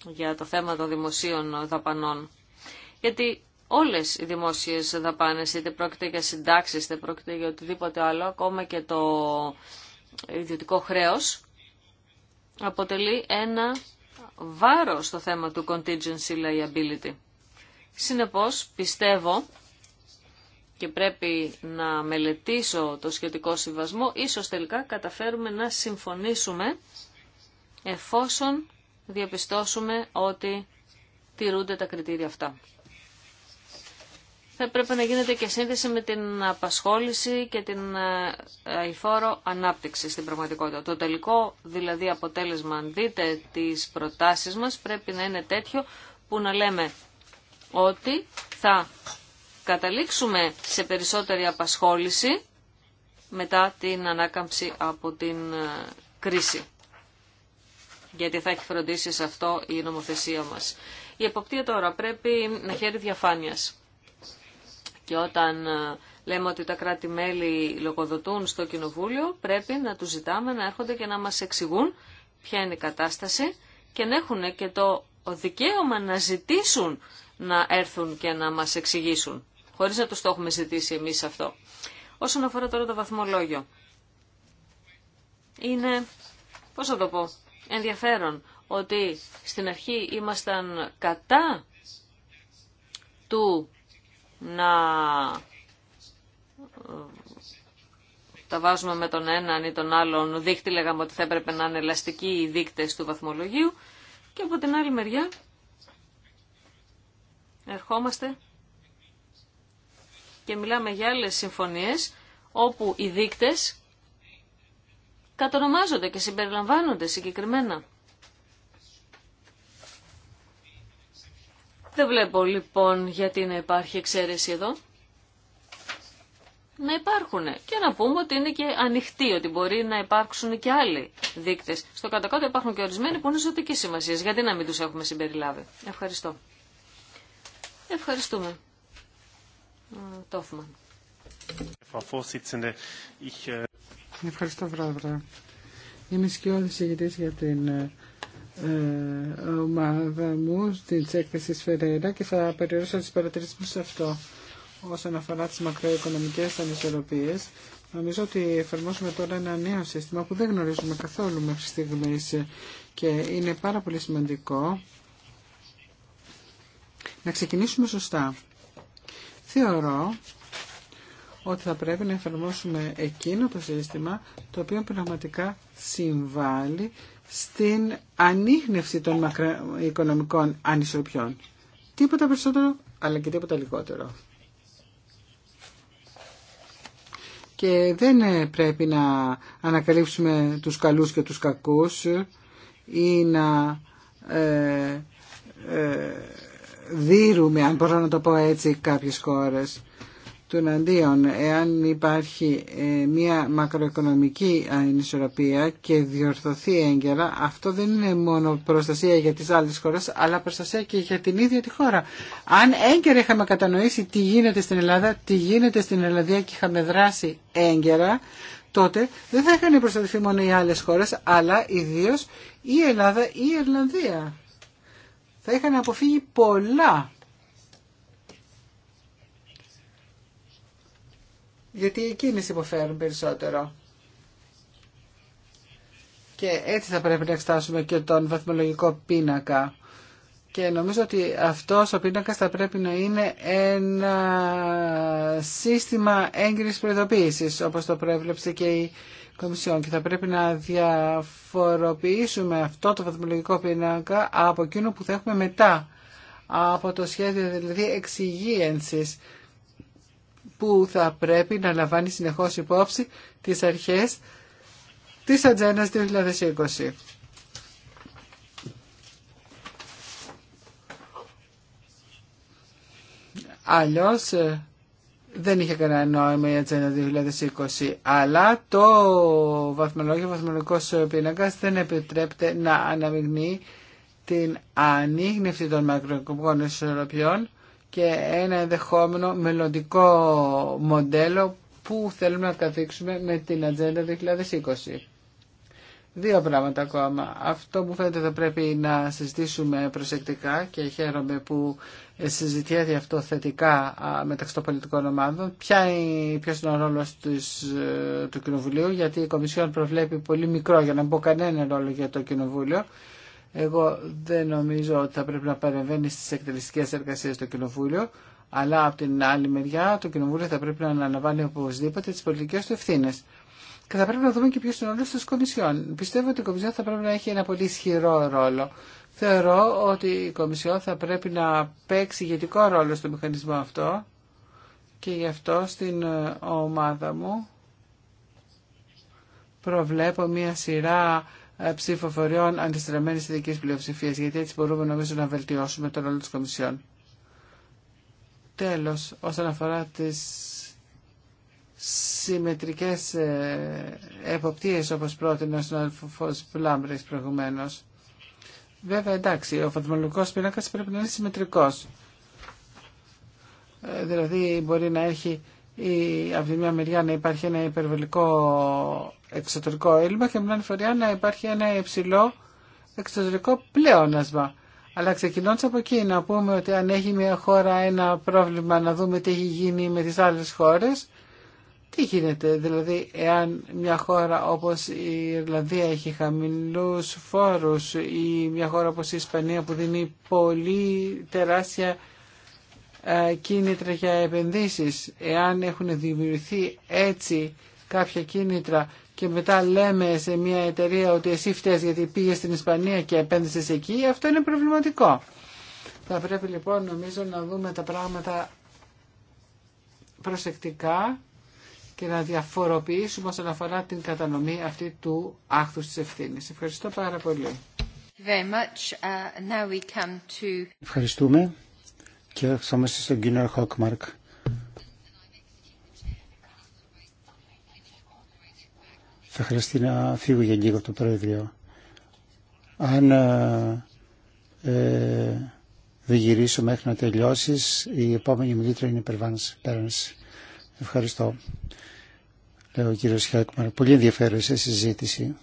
για το θέμα των δημοσίων δαπανών. Γιατί όλες οι δημόσιες δαπάνες, είτε πρόκειται για συντάξεις, είτε πρόκειται για οτιδήποτε άλλο, ακόμα και το ιδιωτικό χρέος, αποτελεί ένα βάρος στο θέμα του contingency liability. Συνεπώς, πιστεύω και πρέπει να μελετήσω το σχετικό συμβασμό, ίσως τελικά καταφέρουμε να συμφωνήσουμε εφόσον διαπιστώσουμε ότι τηρούνται τα κριτήρια αυτά θα πρέπει να γίνεται και σύνδεση με την απασχόληση και την ε, αηφόρο ανάπτυξη στην πραγματικότητα. Το τελικό δηλαδή αποτέλεσμα, αν δείτε τις προτάσεις μας, πρέπει να είναι τέτοιο που να λέμε ότι θα καταλήξουμε σε περισσότερη απασχόληση μετά την ανάκαμψη από την ε, κρίση. Γιατί θα έχει φροντίσει σε αυτό η νομοθεσία μας. Η εποπτεία τώρα πρέπει να χαίρει διαφάνειας. Και όταν ε, λέμε ότι τα κράτη-μέλη λογοδοτούν στο Κοινοβούλιο, πρέπει να τους ζητάμε να έρχονται και να μας εξηγούν ποια είναι η κατάσταση και να έχουν και το δικαίωμα να ζητήσουν να έρθουν και να μας εξηγήσουν, χωρίς να τους το έχουμε ζητήσει εμείς αυτό. Όσον αφορά τώρα το βαθμολόγιο, είναι, πώς θα το πω, ενδιαφέρον ότι στην αρχή ήμασταν κατά του να ε, τα βάζουμε με τον έναν ή τον άλλον δείχτη, λέγαμε ότι θα έπρεπε να είναι ελαστικοί οι δείκτες του βαθμολογίου και από την άλλη μεριά ερχόμαστε και μιλάμε για άλλες συμφωνίες όπου οι δείκτες κατονομάζονται και συμπεριλαμβάνονται συγκεκριμένα. Δεν βλέπω λοιπόν γιατί να υπάρχει εξαίρεση εδώ. Να υπάρχουν και να πούμε ότι είναι και ανοιχτή, ότι μπορεί να υπάρξουν και άλλοι δείκτε. Στο κατά κατω υπάρχουν και ορισμένοι που είναι ζωτική σημασία. Γιατί να μην του έχουμε συμπεριλάβει. Ευχαριστώ. Ευχαριστούμε. Τόφμαν. Äh, Ευχαριστώ, Βράδυ. Είμαι σκιώδη για την ε, ε, ομάδα μου της έκθεσης και θα περιορίσω τις παρατηρήσεις μου σε αυτό. Όσον αφορά τις μακροοικονομικές ανισορροπίες, νομίζω ότι εφαρμόσουμε τώρα ένα νέο σύστημα που δεν γνωρίζουμε καθόλου μέχρι στιγμής και είναι πάρα πολύ σημαντικό να ξεκινήσουμε σωστά. Θεωρώ ότι θα πρέπει να εφαρμόσουμε εκείνο το σύστημα το οποίο πραγματικά συμβάλλει στην ανείχνευση των μακροοικονομικών ανισορροπιών. Τίποτα περισσότερο, αλλά και τίποτα λιγότερο. Και δεν πρέπει να ανακαλύψουμε τους καλούς και τους κακούς ή να ε, ε δίρουμε, αν μπορώ να το πω έτσι, κάποιες χώρες. Τουναντίον, Εάν υπάρχει ε, μια μακροοικονομική ανισορροπία και διορθωθεί έγκαιρα, αυτό δεν είναι μόνο προστασία για τις άλλες χώρες, αλλά προστασία και για την ίδια τη χώρα. Αν έγκαιρα είχαμε κατανοήσει τι γίνεται στην Ελλάδα, τι γίνεται στην Ελλαδία και είχαμε δράσει έγκαιρα, τότε δεν θα είχαν προστατευτεί μόνο οι άλλες χώρες, αλλά ιδίως η Ελλάδα ή η Ιρλανδία. Θα είχαν αποφύγει πολλά γιατί εκείνες υποφέρουν περισσότερο. Και έτσι θα πρέπει να εξτάσουμε και τον βαθμολογικό πίνακα. Και νομίζω ότι αυτός ο πίνακας θα πρέπει να είναι ένα σύστημα έγκυρης προειδοποίησης, όπως το προέβλεψε και η Κομισιόν. Και θα πρέπει να διαφοροποιήσουμε αυτό το βαθμολογικό πίνακα από εκείνο που θα έχουμε μετά, από το σχέδιο δηλαδή εξυγίενσης που θα πρέπει να λαμβάνει συνεχώς υπόψη τις αρχές της Ατζένας 2020. Αλλιώς ε, δεν είχε κανένα νόημα η Ατζέντα 2020, αλλά το βαθμολόγιο, ο βαθμολογικός πίνακας δεν επιτρέπεται να αναμειγνύει την ανείγνευση των μακροεκοπικών ισορροπιών και ένα ενδεχόμενο μελλοντικό μοντέλο που θέλουμε να καθίξουμε με την Ατζέντα 2020. Δύο πράγματα ακόμα. Αυτό που φαίνεται θα πρέπει να συζητήσουμε προσεκτικά και χαίρομαι που συζητιέται αυτό θετικά μεταξύ των πολιτικών ομάδων. Ποια είναι, ποιος είναι ο ρόλος της, ε, του Κοινοβουλίου, γιατί η Κομισιόν προβλέπει πολύ μικρό, για να μπω κανένα ρόλο για το Κοινοβούλιο. Εγώ δεν νομίζω ότι θα πρέπει να παρεμβαίνει στι εκτελεστικές εργασίε στο Κοινοβούλιο, αλλά από την άλλη μεριά το Κοινοβούλιο θα πρέπει να αναλαμβάνει οπωσδήποτε τι πολιτικέ του ευθύνε. Και θα πρέπει να δούμε και ποιο είναι ο ρόλο τη Κομισιόν. Πιστεύω ότι η Κομισιόν θα πρέπει να έχει ένα πολύ ισχυρό ρόλο. Θεωρώ ότι η Κομισιόν θα πρέπει να παίξει ηγετικό ρόλο στο μηχανισμό αυτό και γι' αυτό στην ε, ομάδα μου προβλέπω μία σειρά ε, ψηφοφοριών αντιστραμμένης ειδικής πλειοψηφίας, γιατί έτσι μπορούμε νομίζω να βελτιώσουμε τον ρόλο της Κομισιόν. Τέλος, όσον αφορά τις συμμετρικές ε, εποπτείες όπως πρότεινε ο συνάδελφος Πλάμπρης προηγουμένως. Βέβαια εντάξει, ο φατμολογικός πίνακας πρέπει να είναι συμμετρικός. Ε, δηλαδή μπορεί να έχει η, από τη μια μεριά να υπάρχει ένα υπερβολικό εξωτερικό έλλειμμα και με φορά να υπάρχει ένα υψηλό εξωτερικό πλεόνασμα. Αλλά ξεκινώντα από εκεί να πούμε ότι αν έχει μια χώρα ένα πρόβλημα να δούμε τι έχει γίνει με τις άλλες χώρες, τι γίνεται, δηλαδή εάν μια χώρα όπως η Ιρλανδία έχει χαμηλούς φόρους ή μια χώρα όπως η Ισπανία που δίνει πολύ τεράστια ε, κίνητρα για επενδύσεις, εάν έχουν δημιουργηθεί έτσι κάποια κίνητρα και μετά λέμε σε μια εταιρεία ότι εσύ φταίς γιατί πήγες στην Ισπανία και επένδυσες εκεί, αυτό είναι προβληματικό. Θα πρέπει λοιπόν νομίζω να δούμε τα πράγματα προσεκτικά και να διαφοροποιήσουμε όσον αφορά την κατανομή αυτή του άχθους της ευθύνης. Ευχαριστώ πάρα πολύ. Very much. Uh, now we come to... Ευχαριστούμε και ευχαριστούμε στον κύριο Χόκμαρκ. θα χρειαστεί να φύγω για λίγο το πρόεδριο. Αν ε, ε, δεν γυρίσω μέχρι να τελειώσει, η επόμενη μιλήτρια είναι η Ευχαριστώ. Λέω ο κύριος Χιάκμαρ. Πολύ ενδιαφέρουσα συζήτηση.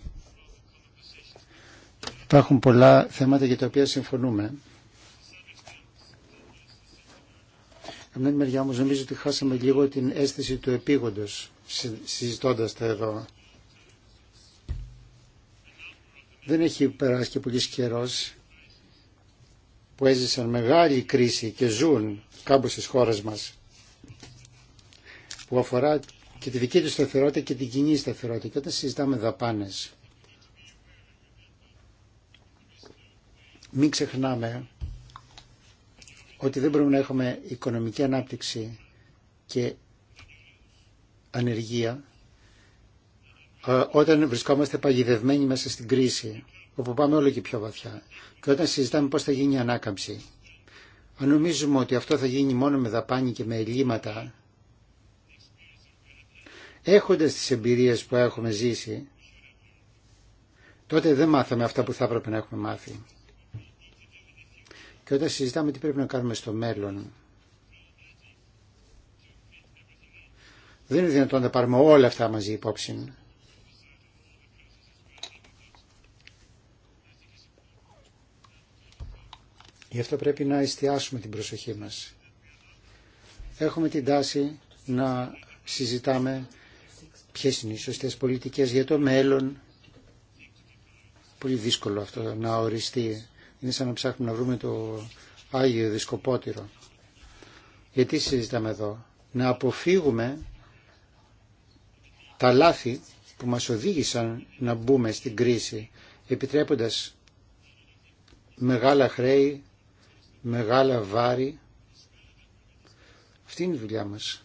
Υπάρχουν πολλά θέματα για τα οποία συμφωνούμε. Από την μεριά όμως νομίζω ότι χάσαμε λίγο την αίσθηση του επίγοντος συζητώντας τα εδώ. δεν έχει περάσει και πολύ καιρό που έζησαν μεγάλη κρίση και ζουν κάπου στις χώρες μας που αφορά και τη δική του σταθερότητα και την κοινή σταθερότητα και όταν συζητάμε δαπάνες μην ξεχνάμε ότι δεν μπορούμε να έχουμε οικονομική ανάπτυξη και ανεργία ε, όταν βρισκόμαστε παγιδευμένοι μέσα στην κρίση, όπου πάμε όλο και πιο βαθιά, και όταν συζητάμε πώς θα γίνει η ανάκαμψη, αν νομίζουμε ότι αυτό θα γίνει μόνο με δαπάνη και με ελλείμματα, έχοντας τις εμπειρίες που έχουμε ζήσει, τότε δεν μάθαμε αυτά που θα έπρεπε να έχουμε μάθει. Και όταν συζητάμε τι πρέπει να κάνουμε στο μέλλον, δεν είναι δυνατόν να πάρουμε όλα αυτά μαζί υπόψη. Γι' αυτό πρέπει να εστιάσουμε την προσοχή μας. Έχουμε την τάση να συζητάμε ποιες είναι οι σωστές πολιτικές για το μέλλον. Πολύ δύσκολο αυτό να οριστεί. Είναι σαν να ψάχνουμε να βρούμε το Άγιο Δισκοπότηρο. Γιατί συζητάμε εδώ. Να αποφύγουμε τα λάθη που μας οδήγησαν να μπούμε στην κρίση επιτρέποντας μεγάλα χρέη μεγάλα βάρη. Αυτή είναι η δουλειά μας.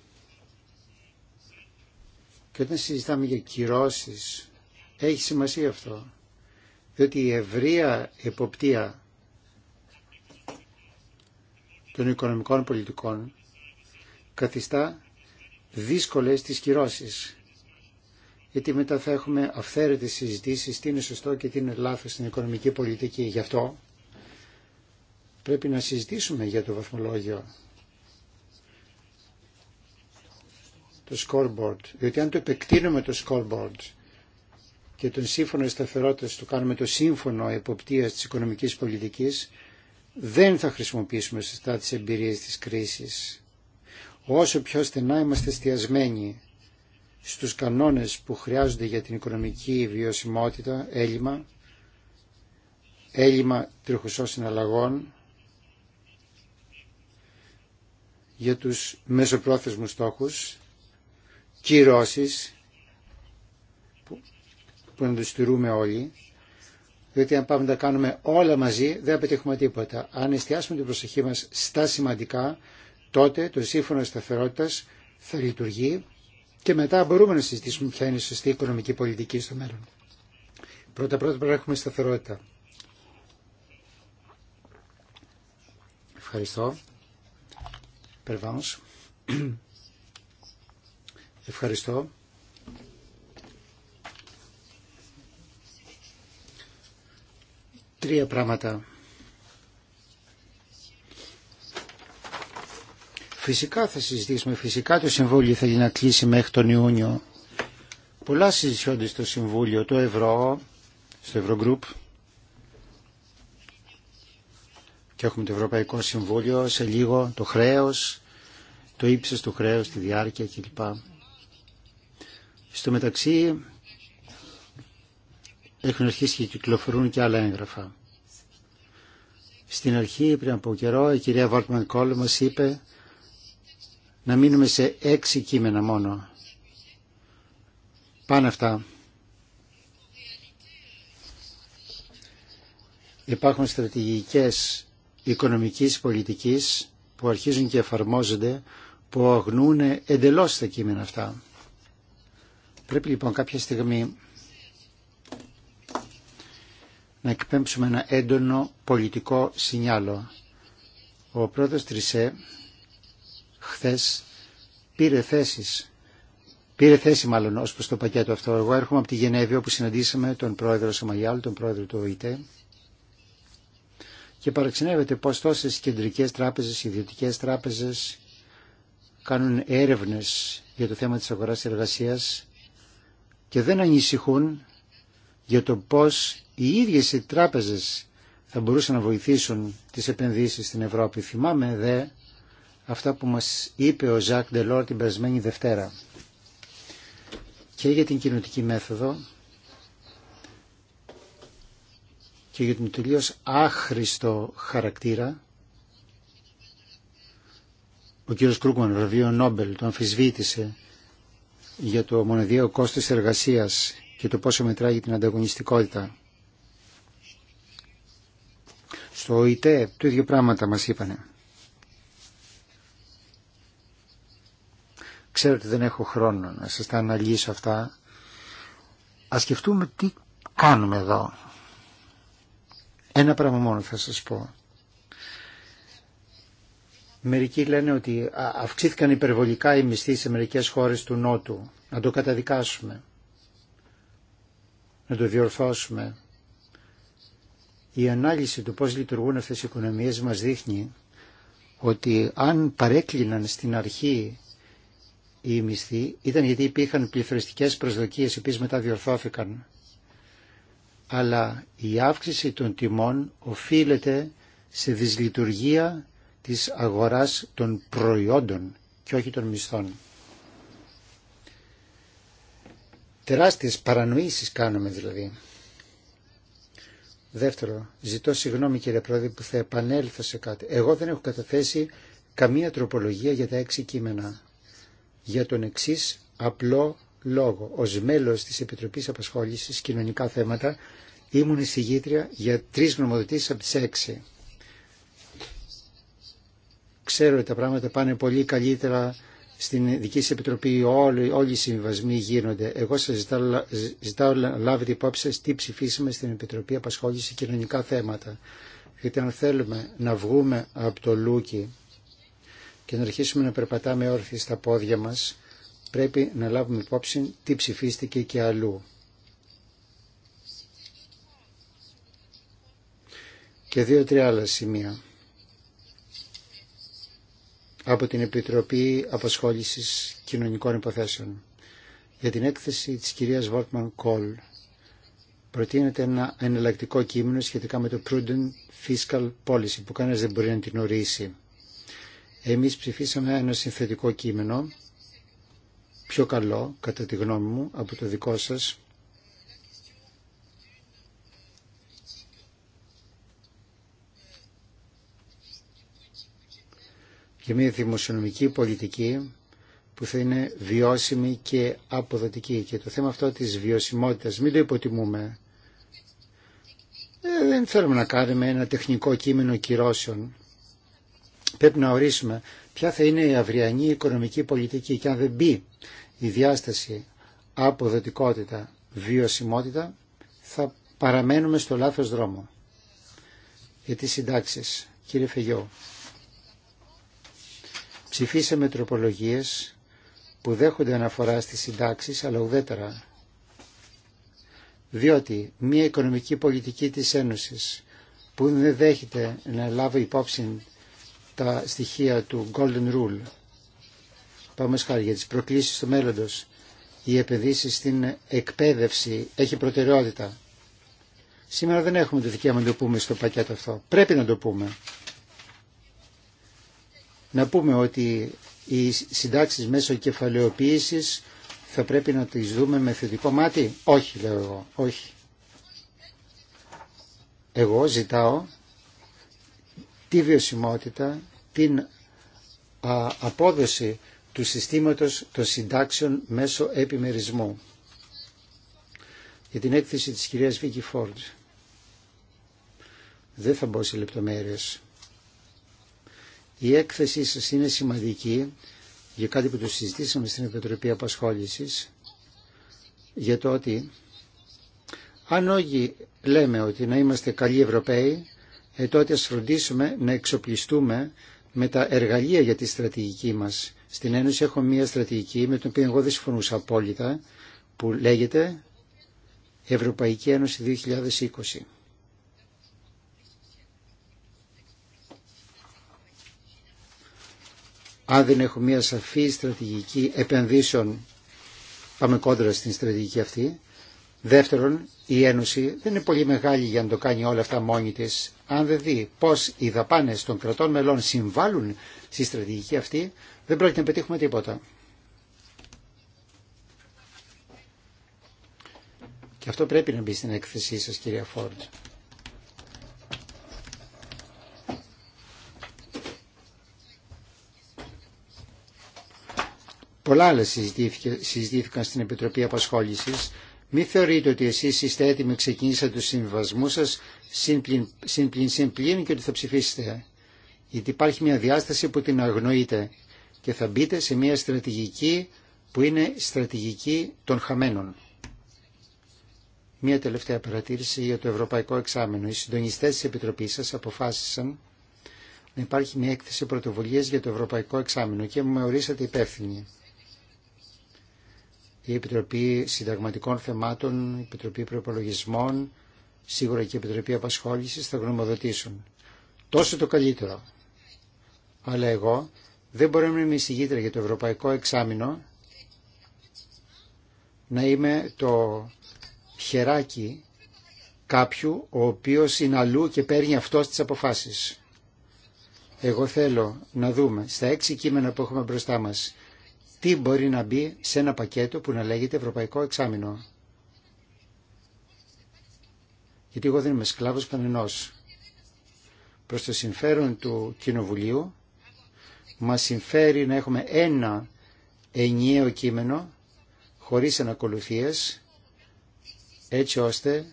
Και όταν συζητάμε για κυρώσεις, έχει σημασία αυτό. Διότι η ευρεία εποπτεία των οικονομικών πολιτικών καθιστά δύσκολες τις κυρώσεις. Γιατί μετά θα έχουμε αυθαίρετες συζητήσεις τι είναι σωστό και τι είναι λάθος στην οικονομική πολιτική. Γι' αυτό πρέπει να συζητήσουμε για το βαθμολόγιο το scoreboard διότι αν το επεκτείνουμε το scoreboard και τον σύμφωνο σταθερότητας το κάνουμε το σύμφωνο εποπτείας της οικονομικής πολιτικής δεν θα χρησιμοποιήσουμε σωστά τις εμπειρίες της κρίσης όσο πιο στενά είμαστε εστιασμένοι στους κανόνες που χρειάζονται για την οικονομική βιωσιμότητα, έλλειμμα, έλλειμμα τριχουσών συναλλαγών, για τους μεσοπρόθεσμους στόχους, κυρώσεις που, που να τους όλοι, διότι αν πάμε να τα κάνουμε όλα μαζί δεν πετύχουμε τίποτα. Αν εστιάσουμε την προσοχή μας στα σημαντικά, τότε το σύμφωνο σταθερότητας θα λειτουργεί και μετά μπορούμε να συζητήσουμε ποια είναι η σωστή οικονομική πολιτική στο μέλλον. Πρώτα πρώτα πρέπει να έχουμε σταθερότητα. Ευχαριστώ. Περβάνς. Ευχαριστώ. Τρία πράγματα. Φυσικά θα συζητήσουμε, φυσικά το Συμβούλιο θέλει να κλείσει μέχρι τον Ιούνιο. Πολλά συζητιόνται στο Συμβούλιο, το Ευρώ, στο Ευρωγκρουπ. και έχουμε το Ευρωπαϊκό Συμβούλιο σε λίγο, το χρέος, το ύψος του χρέους, τη διάρκεια κλπ. Στο μεταξύ έχουν αρχίσει και κυκλοφορούν και άλλα έγγραφα. Στην αρχή, πριν από καιρό, η κυρία Βόρτμαν Κόλ μας είπε να μείνουμε σε έξι κείμενα μόνο. Πάνε αυτά. Υπάρχουν στρατηγικές οικονομικής πολιτικής που αρχίζουν και εφαρμόζονται που αγνούν εντελώς τα κείμενα αυτά. Πρέπει λοιπόν κάποια στιγμή να εκπέμψουμε ένα έντονο πολιτικό σινιάλο. Ο πρόεδρος Τρισέ χθες πήρε θέσεις Πήρε θέση μάλλον ως προς το πακέτο αυτό. Εγώ έρχομαι από τη Γενέβη όπου συναντήσαμε τον πρόεδρο Σαμαγιάλ, τον πρόεδρο του ΟΗΤΕ και παραξενεύεται πως τόσες κεντρικές τράπεζες, ιδιωτικές τράπεζες κάνουν έρευνες για το θέμα της αγοράς εργασίας και δεν ανησυχούν για το πώς οι ίδιες οι τράπεζες θα μπορούσαν να βοηθήσουν τις επενδύσεις στην Ευρώπη. Θυμάμαι δε αυτά που μας είπε ο Ζακ Ντελόρ την περασμένη Δευτέρα και για την κοινωτική μέθοδο και για τον τελείως άχρηστο χαρακτήρα ο κύριος Κρούκμαν, βραβείο Νόμπελ, το αμφισβήτησε για το μοναδιαίο κόστος εργασίας και το πόσο μετράει την ανταγωνιστικότητα. Στο ΟΗΤΕ το ίδιο πράγματα μας είπανε. Ξέρω ότι δεν έχω χρόνο να σας τα αναλύσω αυτά. Ας σκεφτούμε τι κάνουμε εδώ. Ένα πράγμα μόνο θα σας πω. Μερικοί λένε ότι αυξήθηκαν υπερβολικά οι μισθοί σε μερικές χώρες του Νότου. Να το καταδικάσουμε. Να το διορθώσουμε. Η ανάλυση του πώς λειτουργούν αυτές οι οικονομίες μας δείχνει ότι αν παρέκλειναν στην αρχή οι μισθοί ήταν γιατί υπήρχαν πληθωριστικές προσδοκίες οι οποίες μετά διορθώθηκαν αλλά η αύξηση των τιμών οφείλεται σε δυσλειτουργία της αγοράς των προϊόντων και όχι των μισθών. Τεράστιες παρανοήσεις κάνουμε δηλαδή. Δεύτερο, ζητώ συγγνώμη κύριε Πρόεδρε που θα επανέλθω σε κάτι. Εγώ δεν έχω καταθέσει καμία τροπολογία για τα έξι κείμενα. Για τον εξής απλό λόγο. Ως μέλος της Επιτροπής Απασχόλησης Κοινωνικά Θέματα ήμουν εισηγήτρια για τρεις γνωμοδοτήσεις από τις έξι. Ξέρω ότι τα πράγματα πάνε πολύ καλύτερα στην δική σας επιτροπή όλοι, όλοι οι συμβασμοί γίνονται. Εγώ σας ζητάω, ζητάω να λάβετε υπόψη σας τι ψηφίσαμε στην Επιτροπή Απασχόληση Κοινωνικά Θέματα. Γιατί αν θέλουμε να βγούμε από το Λούκι και να αρχίσουμε να περπατάμε όρθιοι στα πόδια μας, πρέπει να λάβουμε υπόψη τι ψηφίστηκε και αλλού. Και δύο-τρία άλλα σημεία από την Επιτροπή Απασχόλησης Κοινωνικών Υποθέσεων. Για την έκθεση της κυρίας Βόρτμαν Κόλ προτείνεται ένα εναλλακτικό κείμενο σχετικά με το Prudent Fiscal Policy που κανένας δεν μπορεί να την ορίσει. Εμείς ψηφίσαμε ένα συνθετικό κείμενο πιο καλό, κατά τη γνώμη μου, από το δικό σας. και μια δημοσιονομική πολιτική που θα είναι βιώσιμη και αποδοτική. Και το θέμα αυτό της βιωσιμότητας, μην το υποτιμούμε. Ε, δεν θέλουμε να κάνουμε ένα τεχνικό κείμενο κυρώσεων. Πρέπει να ορίσουμε ποια θα είναι η αυριανή οικονομική πολιτική και αν δεν μπει η διάσταση αποδοτικότητα, βιωσιμότητα, θα παραμένουμε στο λάθος δρόμο. Για τις συντάξεις, κύριε Φεγιώ, ψηφίσαμε τροπολογίες που δέχονται αναφορά στις συντάξεις, αλλά ουδέτερα. Διότι μια οικονομική πολιτική της Ένωσης που δεν δέχεται να λάβει υπόψη τα στοιχεία του Golden Rule, πάμε χάρη για τις προκλήσεις του μέλλοντος, οι επενδύσει στην εκπαίδευση έχει προτεραιότητα. Σήμερα δεν έχουμε το δικαίωμα να το πούμε στο πακέτο αυτό. Πρέπει να το πούμε. Να πούμε ότι οι συντάξεις μέσω κεφαλαιοποίησης θα πρέπει να τις δούμε με θετικό μάτι. Όχι, λέω εγώ. Όχι. Εγώ ζητάω τη βιωσιμότητα, την απόδοση του συστήματος των συντάξεων μέσω επιμερισμού. Για την έκθεση της κυρίας Βίκη Φόρντ. Δεν θα μπω σε λεπτομέρειες. Η έκθεσή σας είναι σημαντική για κάτι που το συζητήσαμε στην Επιτροπή Απασχόλησης για το ότι αν όγι λέμε ότι να είμαστε καλοί Ευρωπαίοι ε, τότε ας φροντίσουμε να εξοπλιστούμε με τα εργαλεία για τη στρατηγική μας. Στην Ένωση έχω μία στρατηγική με την οποία εγώ δεν συμφωνούσα απόλυτα που λέγεται Ευρωπαϊκή Ένωση 2020. Αν δεν έχουμε μία σαφή στρατηγική επενδύσεων, πάμε κόντρα στην στρατηγική αυτή. Δεύτερον, η Ένωση δεν είναι πολύ μεγάλη για να το κάνει όλα αυτά μόνη της. Αν δεν δει πώς οι δαπάνες των κρατών μελών συμβάλλουν στη στρατηγική αυτή, δεν πρόκειται να πετύχουμε τίποτα. Και αυτό πρέπει να μπει στην έκθεσή σας κυρία Φόρντ. Πολλά άλλα συζητήθηκαν στην Επιτροπή Απασχόλησης μην θεωρείτε ότι εσείς είστε έτοιμοι, ξεκίνησατε τους συμβασμούς σας συμπλην, συμπλην, και ότι θα ψηφίσετε. Γιατί υπάρχει μια διάσταση που την αγνοείτε και θα μπείτε σε μια στρατηγική που είναι στρατηγική των χαμένων. Μία τελευταία παρατήρηση για το Ευρωπαϊκό Εξάμενο. Οι συντονιστέ τη Επιτροπή σα αποφάσισαν να υπάρχει μια έκθεση πρωτοβουλία για το Ευρωπαϊκό Εξάμενο και με ορίσατε υπεύθυνοι η Επιτροπή Συνταγματικών Θεμάτων, η Επιτροπή Προπολογισμών, σίγουρα και η Επιτροπή Απασχόλησης θα γνωμοδοτήσουν. Τόσο το καλύτερο. Αλλά εγώ δεν μπορώ να είμαι εισηγήτρια για το Ευρωπαϊκό Εξάμεινο να είμαι το χεράκι κάποιου ο οποίος είναι αλλού και παίρνει αυτός τις αποφάσεις. Εγώ θέλω να δούμε στα έξι κείμενα που έχουμε μπροστά μας τι μπορεί να μπει σε ένα πακέτο που να λέγεται Ευρωπαϊκό Εξάμεινο. Γιατί εγώ δεν είμαι σκλάβος κανενός. Προς το συμφέρον του Κοινοβουλίου μας συμφέρει να έχουμε ένα ενιαίο κείμενο χωρίς ανακολουθίες έτσι ώστε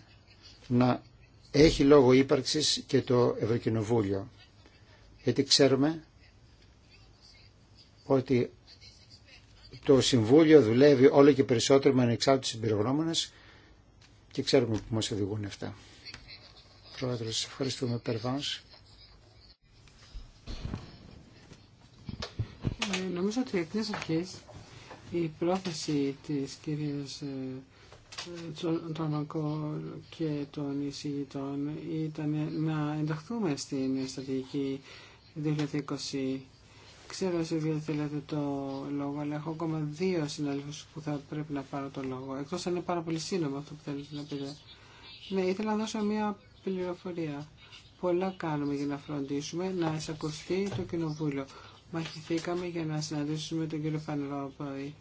να έχει λόγο ύπαρξης και το Ευρωκοινοβούλιο. Γιατί ξέρουμε ότι το Συμβούλιο δουλεύει όλο και περισσότερο με ανεξάρτητους συμπειρογνώμονες και ξέρουμε που μας οδηγούν αυτά. Πρόεδρος, ευχαριστούμε Περβάνς. Ε, νομίζω ότι εκ της αρχής η πρόθεση της κυρίας ε, Τζονκό και των εισηγητών ήταν να ενταχθούμε στην στρατηγική 2020 Ξέρω εσύ δεν θέλετε το λόγο, αλλά έχω ακόμα δύο συνάδελφους που θα πρέπει να πάρω το λόγο. Εκτός αν είναι πάρα πολύ σύνομο αυτό που θέλετε να πείτε. Ναι, ήθελα να δώσω μια πληροφορία. Πολλά κάνουμε για να φροντίσουμε να εισακουστεί το κοινοβούλιο. Μαχηθήκαμε για να συναντήσουμε τον κύριο Φανερόπαη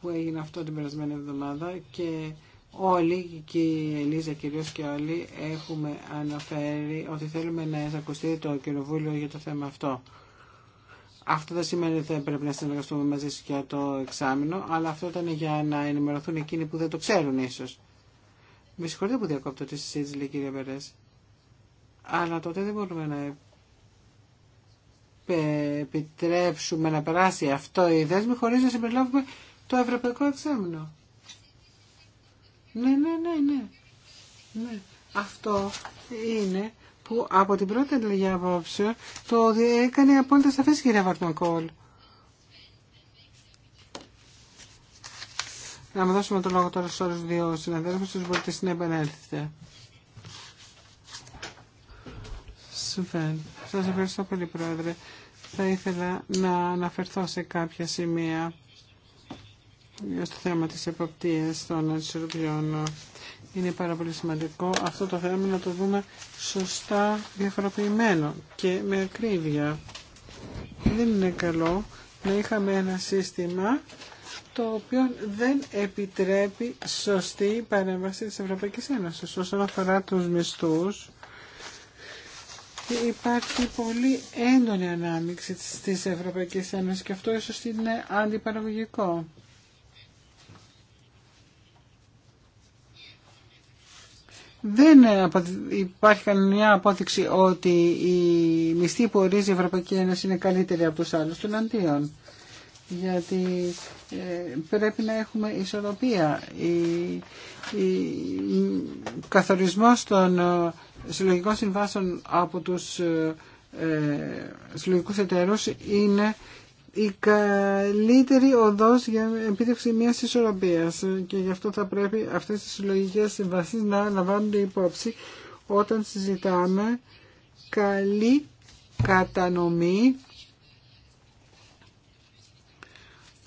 που έγινε αυτό την περασμένη εβδομάδα και όλοι, και η Ελίζα κυρίω και όλοι, έχουμε αναφέρει ότι θέλουμε να εισακουστεί το κοινοβούλιο για το θέμα αυτό. Αυτό δεν σημαίνει ότι δεν πρέπει να συνεργαστούμε μαζί σου για το εξάμεινο, αλλά αυτό ήταν για να ενημερωθούν εκείνοι που δεν το ξέρουν ίσω. Με συγχωρείτε που διακόπτω τη συζήτηση, λέει κύριε Περές. Αλλά τότε δεν μπορούμε να επιτρέψουμε να περάσει αυτό η δέσμη χωρίς να συμπεριλάβουμε το ευρωπαϊκό εξάμεινο. Ναι, ναι, ναι, ναι. ναι. Αυτό είναι που από την πρώτη αλληλεγγύη απόψε το έκανε απόλυτα σαφές κυρία Βαρτμακόλ. Να με δώσουμε το λόγο τώρα στου όλους δύο συναδέλφου του μπορείτε να επανέλθετε. Σα ευχαριστώ πολύ Πρόεδρε. Θα ήθελα να αναφερθώ σε κάποια σημεία στο θέμα της εποπτείας των ανισορροπιών. Είναι πάρα πολύ σημαντικό αυτό το θέμα να το δούμε σωστά διαφοροποιημένο και με ακρίβεια. Δεν είναι καλό να είχαμε ένα σύστημα το οποίο δεν επιτρέπει σωστή παρέμβαση της Ευρωπαϊκής Ένωσης. Όσον αφορά τους μισθούς, υπάρχει πολύ έντονη ανάμειξη της Ευρωπαϊκής Ένωσης και αυτό ίσως είναι αντιπαραγωγικό. δεν υπάρχει κανένα απόδειξη ότι η μισθή που ορίζει η Ευρωπαϊκή Ένωση είναι καλύτερη από τους άλλους των αντίων. Γιατί ε, πρέπει να έχουμε ισορροπία. Η, η καθορισμός των ε, συλλογικών συμβάσεων από τους ε, ε συλλογικούς εταίρους είναι η καλύτερη οδός για επίτευξη μιας ισορροπίας και γι' αυτό θα πρέπει αυτές τις συλλογικές συμβασίες να λαμβάνονται υπόψη όταν συζητάμε καλή κατανομή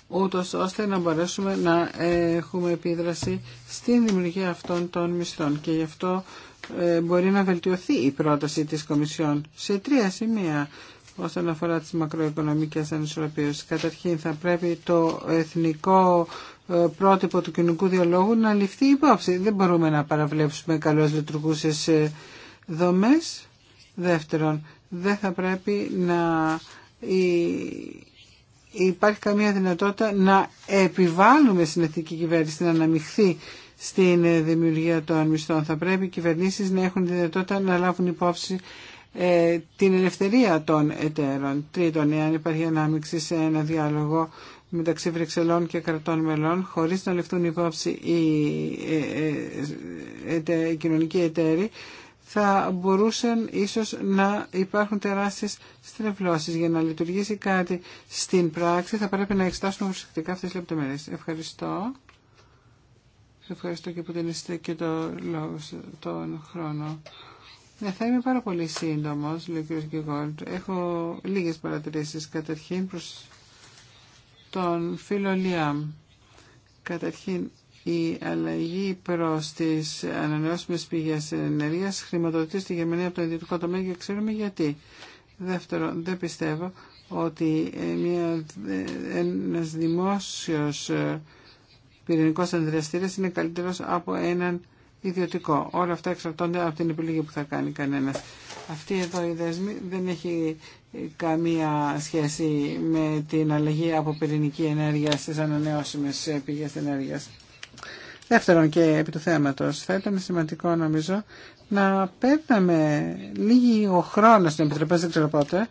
ούτως ώστε να μπορέσουμε να έχουμε επίδραση στην δημιουργία αυτών των μισθών και γι' αυτό ε, μπορεί να βελτιωθεί η πρόταση της Κομισιόν σε τρία σημεία όσον αφορά τις μακροοικονομικές ανισορροπίες. Καταρχήν θα πρέπει το εθνικό ε, πρότυπο του κοινωνικού διαλόγου να ληφθεί υπόψη. Δεν μπορούμε να παραβλέψουμε καλώς λειτουργούσες ε, δομές. Δεύτερον, δεν θα πρέπει να υπάρχει καμία δυνατότητα να επιβάλλουμε στην εθνική κυβέρνηση να αναμειχθεί στην ε, δημιουργία των μισθών. Θα πρέπει οι κυβερνήσεις να έχουν δυνατότητα να λάβουν υπόψη ε, την ελευθερία των εταίρων. Τρίτον, εάν υπάρχει ανάμειξη σε ένα διάλογο μεταξύ Βρυξελών και κρατών μελών, χωρίς να ληφθούν υπόψη ε, ε, οι κοινωνικοί εταίροι, θα μπορούσαν ίσως να υπάρχουν τεράστιες στρεβλώσεις. Για να λειτουργήσει κάτι στην πράξη θα πρέπει να εξετάσουμε προσεκτικά αυτές τις λεπτομέρειες. Ευχαριστώ. Ευχαριστώ και που είστε και το λόγο, στον χρόνο. Ναι, θα είμαι πάρα πολύ σύντομο, λέει ο κ. Έχω λίγες παρατηρήσεις. Καταρχήν προς τον φίλο Λιάμ. Καταρχήν, η αλλαγή προς τις ανανεώσιμες πηγές ενέργειας χρηματοδοτεί στη Γερμανία από το ιδιωτικό τομέα και ξέρουμε γιατί. Δεύτερον, δεν πιστεύω ότι ε, μια, ε, ένας δημόσιος ε, πυρηνικός είναι καλύτερος από έναν ιδιωτικό. Όλα αυτά εξαρτώνται από την επιλογή που θα κάνει κανένας. Αυτή εδώ η δέσμη δεν έχει καμία σχέση με την αλλαγή από πυρηνική ενέργεια στι ανανεώσιμες πηγέ ενέργεια. Δεύτερον και επί του θέματος, θα ήταν σημαντικό νομίζω να παίρναμε λίγο χρόνο στην Επιτροπή, δεν ξέρω πότε,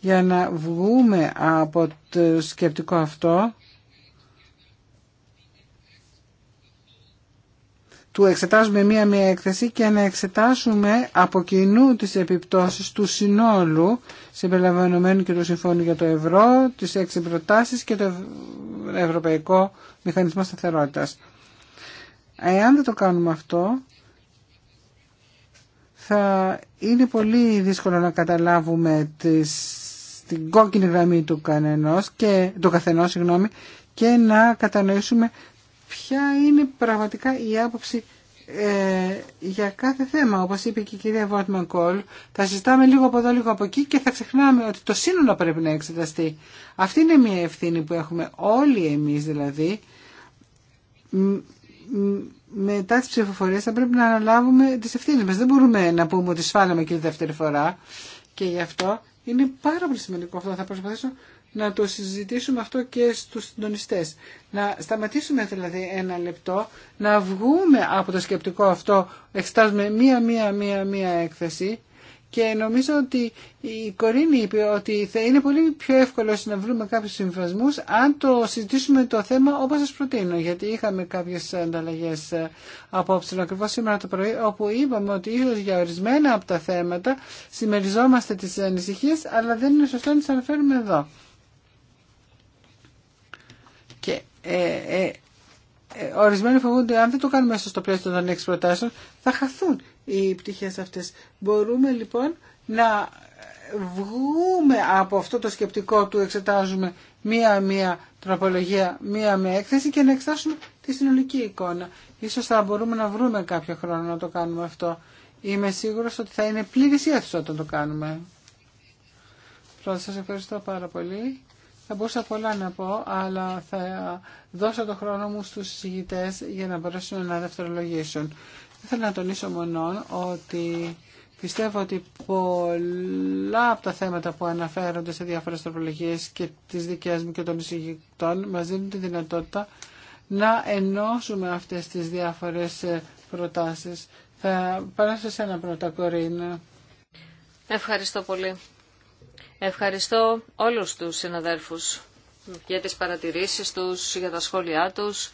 για να βγούμε από το σκεπτικό αυτό του εξετάζουμε μία-μία έκθεση και να εξετάσουμε από κοινού τις επιπτώσεις του συνόλου συμπεριλαμβανομένου και του Συμφώνου για το Ευρώ, τις έξι προτάσεις και το Ευρωπαϊκό Μηχανισμό Σταθερότητας. Εάν δεν το κάνουμε αυτό, θα είναι πολύ δύσκολο να καταλάβουμε τις, την κόκκινη γραμμή του, κανενός και, του καθενός συγγνώμη, και να κατανοήσουμε ποια είναι πραγματικά η άποψη ε, για κάθε θέμα. Όπως είπε και η κυρία Βόρτμαν Κόλ, θα συζητάμε λίγο από εδώ, λίγο από εκεί και θα ξεχνάμε ότι το σύνολο πρέπει να εξεταστεί. Αυτή είναι μια ευθύνη που έχουμε όλοι εμείς δηλαδή. Μετά τις ψηφοφορίες θα πρέπει να αναλάβουμε τις ευθύνες μας. Δεν μπορούμε να πούμε ότι σφάλαμε και τη δεύτερη φορά. Και γι' αυτό είναι πάρα πολύ σημαντικό αυτό. Θα προσπαθήσω να το συζητήσουμε αυτό και στους συντονιστές. Να σταματήσουμε δηλαδή ένα λεπτό, να βγούμε από το σκεπτικό αυτό, εξετάζουμε μία-μία-μία-μία έκθεση και νομίζω ότι η Κορίνη είπε ότι θα είναι πολύ πιο εύκολο να βρούμε κάποιους συμβασμούς αν το συζητήσουμε το θέμα όπως σας προτείνω. Γιατί είχαμε κάποιες ανταλλαγές απόψε ακριβώς σήμερα το πρωί όπου είπαμε ότι ίσως για ορισμένα από τα θέματα συμμεριζόμαστε τις ανησυχίες αλλά δεν είναι σωστό να τις αναφέρουμε εδώ. Ε, ε, ε, ορισμένοι φοβούνται αν δεν το κάνουμε στο πλαίσιο των έξι προτάσεων θα χαθούν οι πτυχές αυτές. Μπορούμε λοιπόν να βγούμε από αυτό το σκεπτικό του εξετάζουμε μία-μία τροπολογία, μία-μία έκθεση και να εξετάσουμε τη συνολική εικόνα. Ίσως θα μπορούμε να βρούμε κάποιο χρόνο να το κάνουμε αυτό. Είμαι σίγουρος ότι θα είναι πλήρης αίθουσα όταν το κάνουμε. Πρώτα σας ευχαριστώ πάρα πολύ. Θα μπορούσα πολλά να πω, αλλά θα δώσω το χρόνο μου στους συζητητές για να μπορέσουν να δευτερολογήσουν. Θέλω να τονίσω μόνο ότι πιστεύω ότι πολλά από τα θέματα που αναφέρονται σε διάφορες τροπολογίες και τις δικές μου και των συζητητών μας δίνουν τη δυνατότητα να ενώσουμε αυτές τις διάφορες προτάσεις. Θα παράσω σε ένα πρώτα, Κορίνα. Ευχαριστώ πολύ. Ευχαριστώ όλους τους συναδέρφους για τις παρατηρήσεις τους, για τα σχόλιά τους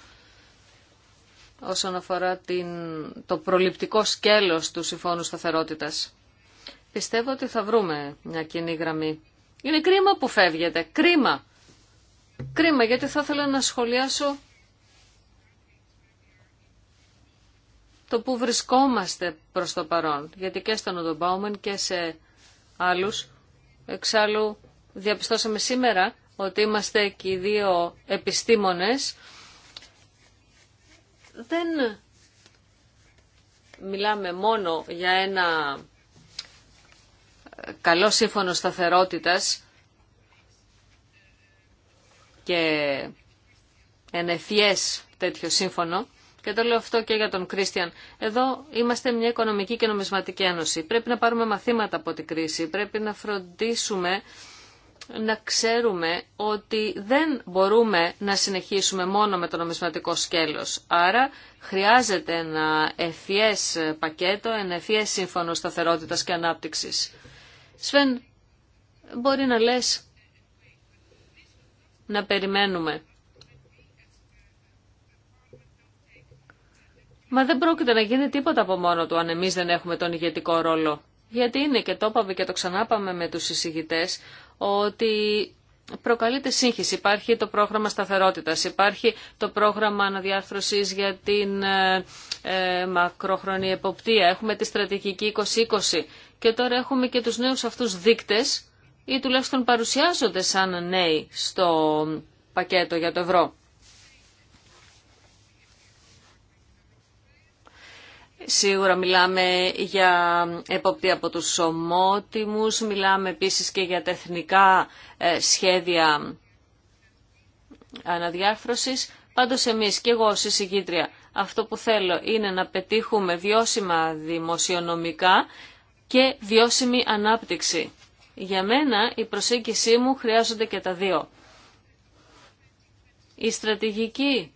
όσον αφορά την, το προληπτικό σκέλος του Συμφώνου σταθερότητα. Πιστεύω ότι θα βρούμε μια κοινή γραμμή. Είναι κρίμα που φεύγετε. Κρίμα. Κρίμα γιατί θα ήθελα να σχολιάσω το που βρισκόμαστε προς το παρόν. Γιατί και στον Οδομπάουμεν και σε άλλους Εξάλλου διαπιστώσαμε σήμερα ότι είμαστε και οι δύο επιστήμονες. Δεν μιλάμε μόνο για ένα ε, καλό σύμφωνο σταθερότητας και ένα τέτοιο σύμφωνο, και το λέω αυτό και για τον Κρίστιαν. Εδώ είμαστε μια οικονομική και νομισματική ένωση. Πρέπει να πάρουμε μαθήματα από την κρίση. Πρέπει να φροντίσουμε να ξέρουμε ότι δεν μπορούμε να συνεχίσουμε μόνο με το νομισματικό σκέλος. Άρα χρειάζεται ένα ευφιές πακέτο, ένα ευφιές σύμφωνο σταθερότητας και ανάπτυξης. Σφεν, μπορεί να λες να περιμένουμε. Μα δεν πρόκειται να γίνει τίποτα από μόνο του αν εμείς δεν έχουμε τον ηγετικό ρόλο. Γιατί είναι και το είπαμε και το ξανάπαμε με τους εισηγητές ότι προκαλείται σύγχυση. Υπάρχει το πρόγραμμα σταθερότητας, υπάρχει το πρόγραμμα αναδιάρθρωσης για την ε, ε μακροχρονή εποπτεία, έχουμε τη στρατηγική 2020 και τώρα έχουμε και τους νέους αυτούς δείκτες ή τουλάχιστον παρουσιάζονται σαν νέοι στο πακέτο για το ευρώ. Σίγουρα μιλάμε για εποπτεία από τους ομότιμους, μιλάμε επίσης και για τεχνικά ε, σχέδια αναδιάρθρωσης. Πάντως εμείς και εγώ ως εισηγήτρια αυτό που θέλω είναι να πετύχουμε βιώσιμα δημοσιονομικά και βιώσιμη ανάπτυξη. Για μένα η προσέγγιση μου χρειάζονται και τα δύο. Η στρατηγική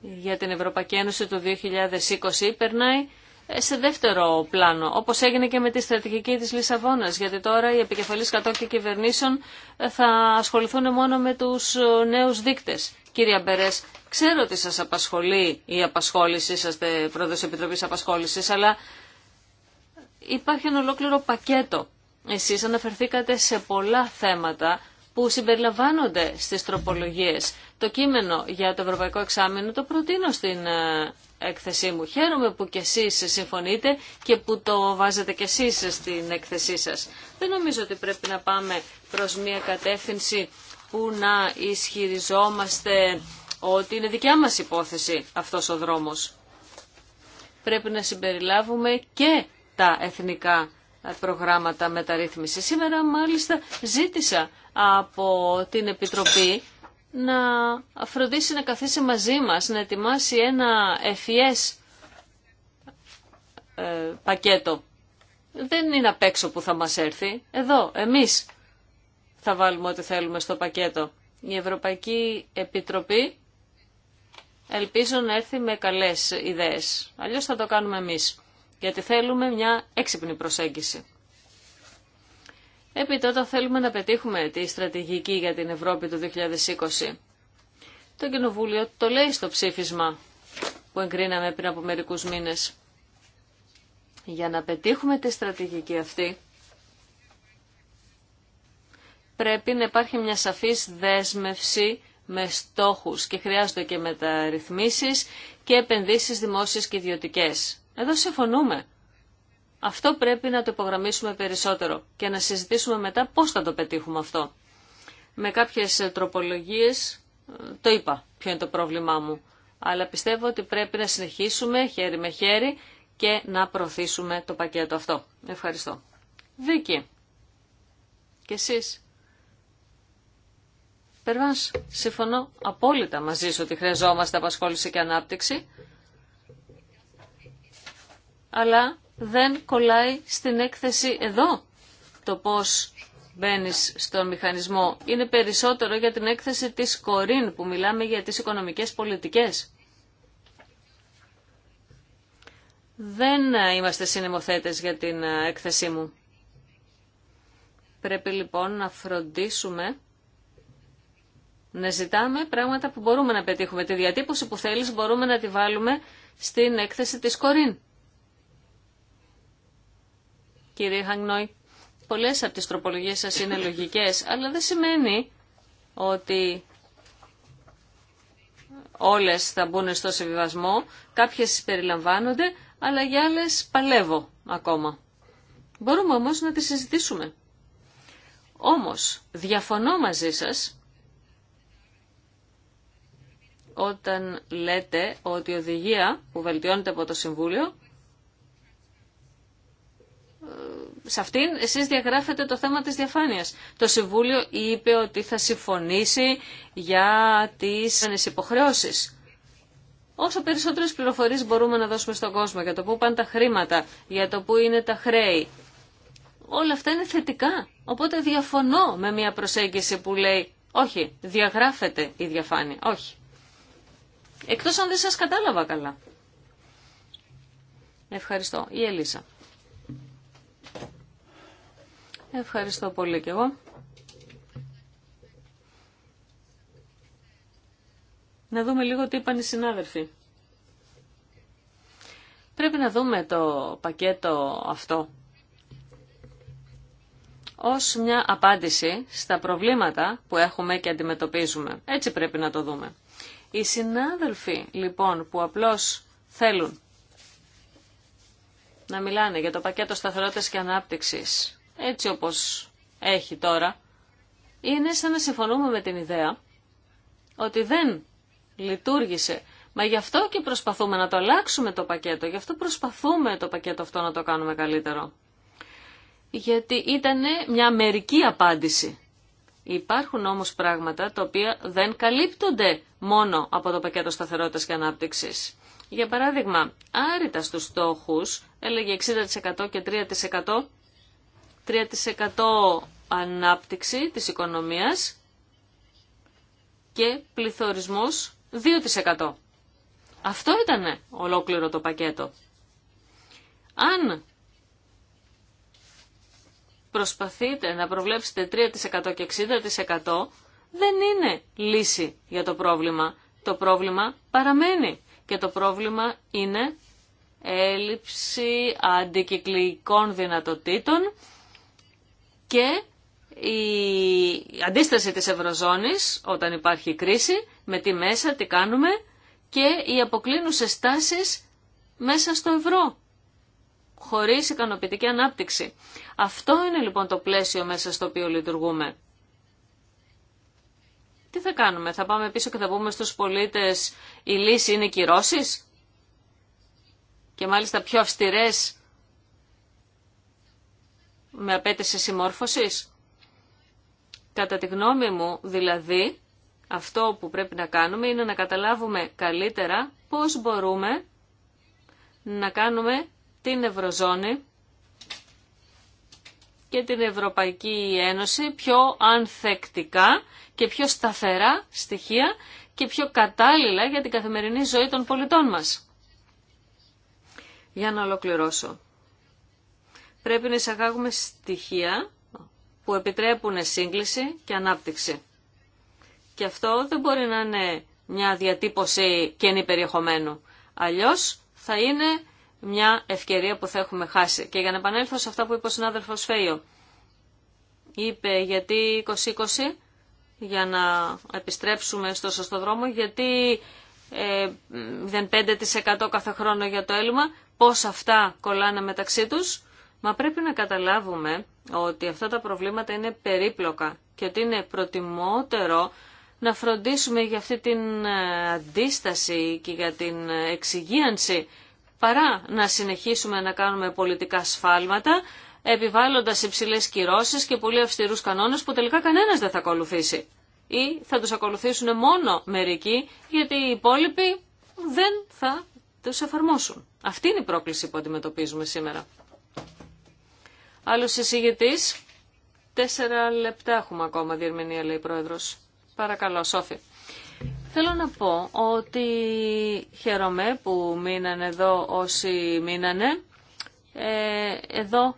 για την Ευρωπαϊκή Ένωση του 2020 περνάει ε, σε δεύτερο πλάνο, όπως έγινε και με τη στρατηγική της Λισαβόνας, γιατί τώρα οι επικεφαλής κατόχοι κυβερνήσεων ε, θα ασχοληθούν μόνο με τους ε, νέους δείκτες. Κύριε Μπερές, ξέρω ότι σας απασχολεί η απασχόληση, είσαστε πρόεδρος Επιτροπής Απασχόλησης, αλλά υπάρχει ένα ολόκληρο πακέτο. Εσείς αναφερθήκατε σε πολλά θέματα που συμπεριλαμβάνονται στις τροπολογίες το κείμενο για το Ευρωπαϊκό Εξάμεινο το προτείνω στην ε, έκθεσή μου. Χαίρομαι που κι εσείς συμφωνείτε και που το βάζετε κι εσείς στην έκθεσή σας. Δεν νομίζω ότι πρέπει να πάμε προς μια κατεύθυνση που να ισχυριζόμαστε ότι είναι δικιά μας υπόθεση αυτός ο δρόμος. Πρέπει να συμπεριλάβουμε και τα εθνικά προγράμματα μεταρρύθμισης. Σήμερα μάλιστα ζήτησα από την Επιτροπή να φροντίσει να καθίσει μαζί μας, να ετοιμάσει ένα ε, πακέτο. Δεν είναι απ' έξω που θα μας έρθει. Εδώ, εμείς θα βάλουμε ό,τι θέλουμε στο πακέτο. Η Ευρωπαϊκή Επιτροπή ελπίζω να έρθει με καλές ιδέες. Αλλιώς θα το κάνουμε εμείς, γιατί θέλουμε μια έξυπνη προσέγγιση. Επί τότε θέλουμε να πετύχουμε τη στρατηγική για την Ευρώπη του 2020. Το Κοινοβούλιο το λέει στο ψήφισμα που εγκρίναμε πριν από μερικούς μήνες. Για να πετύχουμε τη στρατηγική αυτή, πρέπει να υπάρχει μια σαφής δέσμευση με στόχους και χρειάζονται και μεταρρυθμίσεις και επενδύσεις δημόσιες και ιδιωτικές. Εδώ συμφωνούμε. Αυτό πρέπει να το υπογραμμίσουμε περισσότερο και να συζητήσουμε μετά πώς θα το πετύχουμε αυτό. Με κάποιες τροπολογίες ε, το είπα ποιο είναι το πρόβλημά μου, αλλά πιστεύω ότι πρέπει να συνεχίσουμε χέρι με χέρι και να προωθήσουμε το πακέτο αυτό. Ευχαριστώ. Δίκη. και εσείς. Περβάς, συμφωνώ απόλυτα μαζί σου ότι χρειαζόμαστε απασχόληση και ανάπτυξη, αλλά δεν κολλάει στην έκθεση εδώ το πώς μπαίνει στον μηχανισμό. Είναι περισσότερο για την έκθεση της Κορίν που μιλάμε για τις οικονομικές πολιτικές. Δεν είμαστε συνεμοθέτες για την έκθεσή μου. Πρέπει λοιπόν να φροντίσουμε να ζητάμε πράγματα που μπορούμε να πετύχουμε. Τη διατύπωση που θέλεις μπορούμε να τη βάλουμε στην έκθεση της Κορίν κύριε Χαγνόη. Πολλές από τις τροπολογίες σας είναι λογικές, αλλά δεν σημαίνει ότι όλες θα μπουν στο συμβιβασμό. Κάποιες περιλαμβάνονται, αλλά για άλλες παλεύω ακόμα. Μπορούμε όμως να τις συζητήσουμε. Όμως, διαφωνώ μαζί σας όταν λέτε ότι η οδηγία που βελτιώνεται από το Συμβούλιο σε αυτήν εσείς διαγράφετε το θέμα της διαφάνειας. Το Συμβούλιο είπε ότι θα συμφωνήσει για τις υποχρεώσεις. Όσο περισσότερες πληροφορίες μπορούμε να δώσουμε στον κόσμο για το πού πάνε τα χρήματα, για το πού είναι τα χρέη, όλα αυτά είναι θετικά. Οπότε διαφωνώ με μια προσέγγιση που λέει όχι, διαγράφεται η διαφάνεια. Όχι. Εκτός αν δεν σας κατάλαβα καλά. Ευχαριστώ. Η Ελίσσα. Ευχαριστώ πολύ και εγώ. Να δούμε λίγο τι είπαν οι συνάδελφοι. Πρέπει να δούμε το πακέτο αυτό ως μια απάντηση στα προβλήματα που έχουμε και αντιμετωπίζουμε. Έτσι πρέπει να το δούμε. Οι συνάδελφοι λοιπόν που απλώς θέλουν να μιλάνε για το πακέτο σταθερότητας και ανάπτυξης έτσι όπως έχει τώρα, είναι σαν να συμφωνούμε με την ιδέα ότι δεν λειτουργήσε. Μα γι' αυτό και προσπαθούμε να το αλλάξουμε το πακέτο, γι' αυτό προσπαθούμε το πακέτο αυτό να το κάνουμε καλύτερο. Γιατί ήταν μια μερική απάντηση. Υπάρχουν όμως πράγματα τα οποία δεν καλύπτονται μόνο από το πακέτο σταθερότητας και ανάπτυξης. Για παράδειγμα, άρρητα στους στόχους, έλεγε 60% και 3% 3% ανάπτυξη της οικονομίας και πληθωρισμός 2%. Αυτό ήταν ολόκληρο το πακέτο. Αν προσπαθείτε να προβλέψετε 3% και 60% δεν είναι λύση για το πρόβλημα. Το πρόβλημα παραμένει και το πρόβλημα είναι έλλειψη αντικυκλικών δυνατοτήτων και η αντίσταση της Ευρωζώνης όταν υπάρχει κρίση, με τι μέσα, τι κάνουμε και οι αποκλίνουσες τάσεις μέσα στο ευρώ, χωρίς ικανοποιητική ανάπτυξη. Αυτό είναι λοιπόν το πλαίσιο μέσα στο οποίο λειτουργούμε. Τι θα κάνουμε, θα πάμε πίσω και θα πούμε στους πολίτες η λύση είναι κυρώσεις και μάλιστα πιο αυστηρές με απέτηση συμμόρφωσης. Κατά τη γνώμη μου, δηλαδή, αυτό που πρέπει να κάνουμε είναι να καταλάβουμε καλύτερα πώς μπορούμε να κάνουμε την Ευρωζώνη και την Ευρωπαϊκή Ένωση πιο ανθεκτικά και πιο σταθερά στοιχεία και πιο κατάλληλα για την καθημερινή ζωή των πολιτών μας. Για να ολοκληρώσω πρέπει να εισαγάγουμε στοιχεία που επιτρέπουν σύγκληση και ανάπτυξη. Και αυτό δεν μπορεί να είναι μια διατύπωση καινή περιεχομένου. Αλλιώς θα είναι μια ευκαιρία που θα έχουμε χάσει. Και για να επανέλθω σε αυτά που είπε ο συνάδελφος Φέιο. Είπε γιατί 2020 για να επιστρέψουμε στο σωστό δρόμο, γιατί 0,5% ε, κάθε χρόνο για το έλλειμμα, πώς αυτά κολλάνε μεταξύ τους Μα πρέπει να καταλάβουμε ότι αυτά τα προβλήματα είναι περίπλοκα και ότι είναι προτιμότερο να φροντίσουμε για αυτή την ε, αντίσταση και για την ε, εξυγίανση παρά να συνεχίσουμε να κάνουμε πολιτικά σφάλματα επιβάλλοντας υψηλές κυρώσεις και πολύ αυστηρούς κανόνες που τελικά κανένας δεν θα ακολουθήσει. Ή θα τους ακολουθήσουν μόνο μερικοί γιατί οι υπόλοιποι δεν θα τους εφαρμόσουν. Αυτή είναι η πρόκληση που αντιμετωπίζουμε σήμερα. Άλλος εισηγητής. Τέσσερα λεπτά έχουμε ακόμα διερμηνία, λέει η Πρόεδρος. Παρακαλώ, Σόφη. Θέλω να πω ότι χαίρομαι που μείνανε εδώ όσοι μείνανε. Ε, εδώ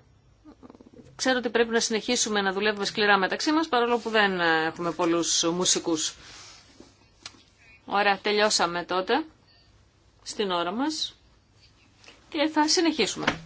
ξέρω ότι πρέπει να συνεχίσουμε να δουλεύουμε σκληρά μεταξύ μας, παρόλο που δεν έχουμε πολλούς μουσικούς. Ωραία, τελειώσαμε τότε στην ώρα μας και θα συνεχίσουμε.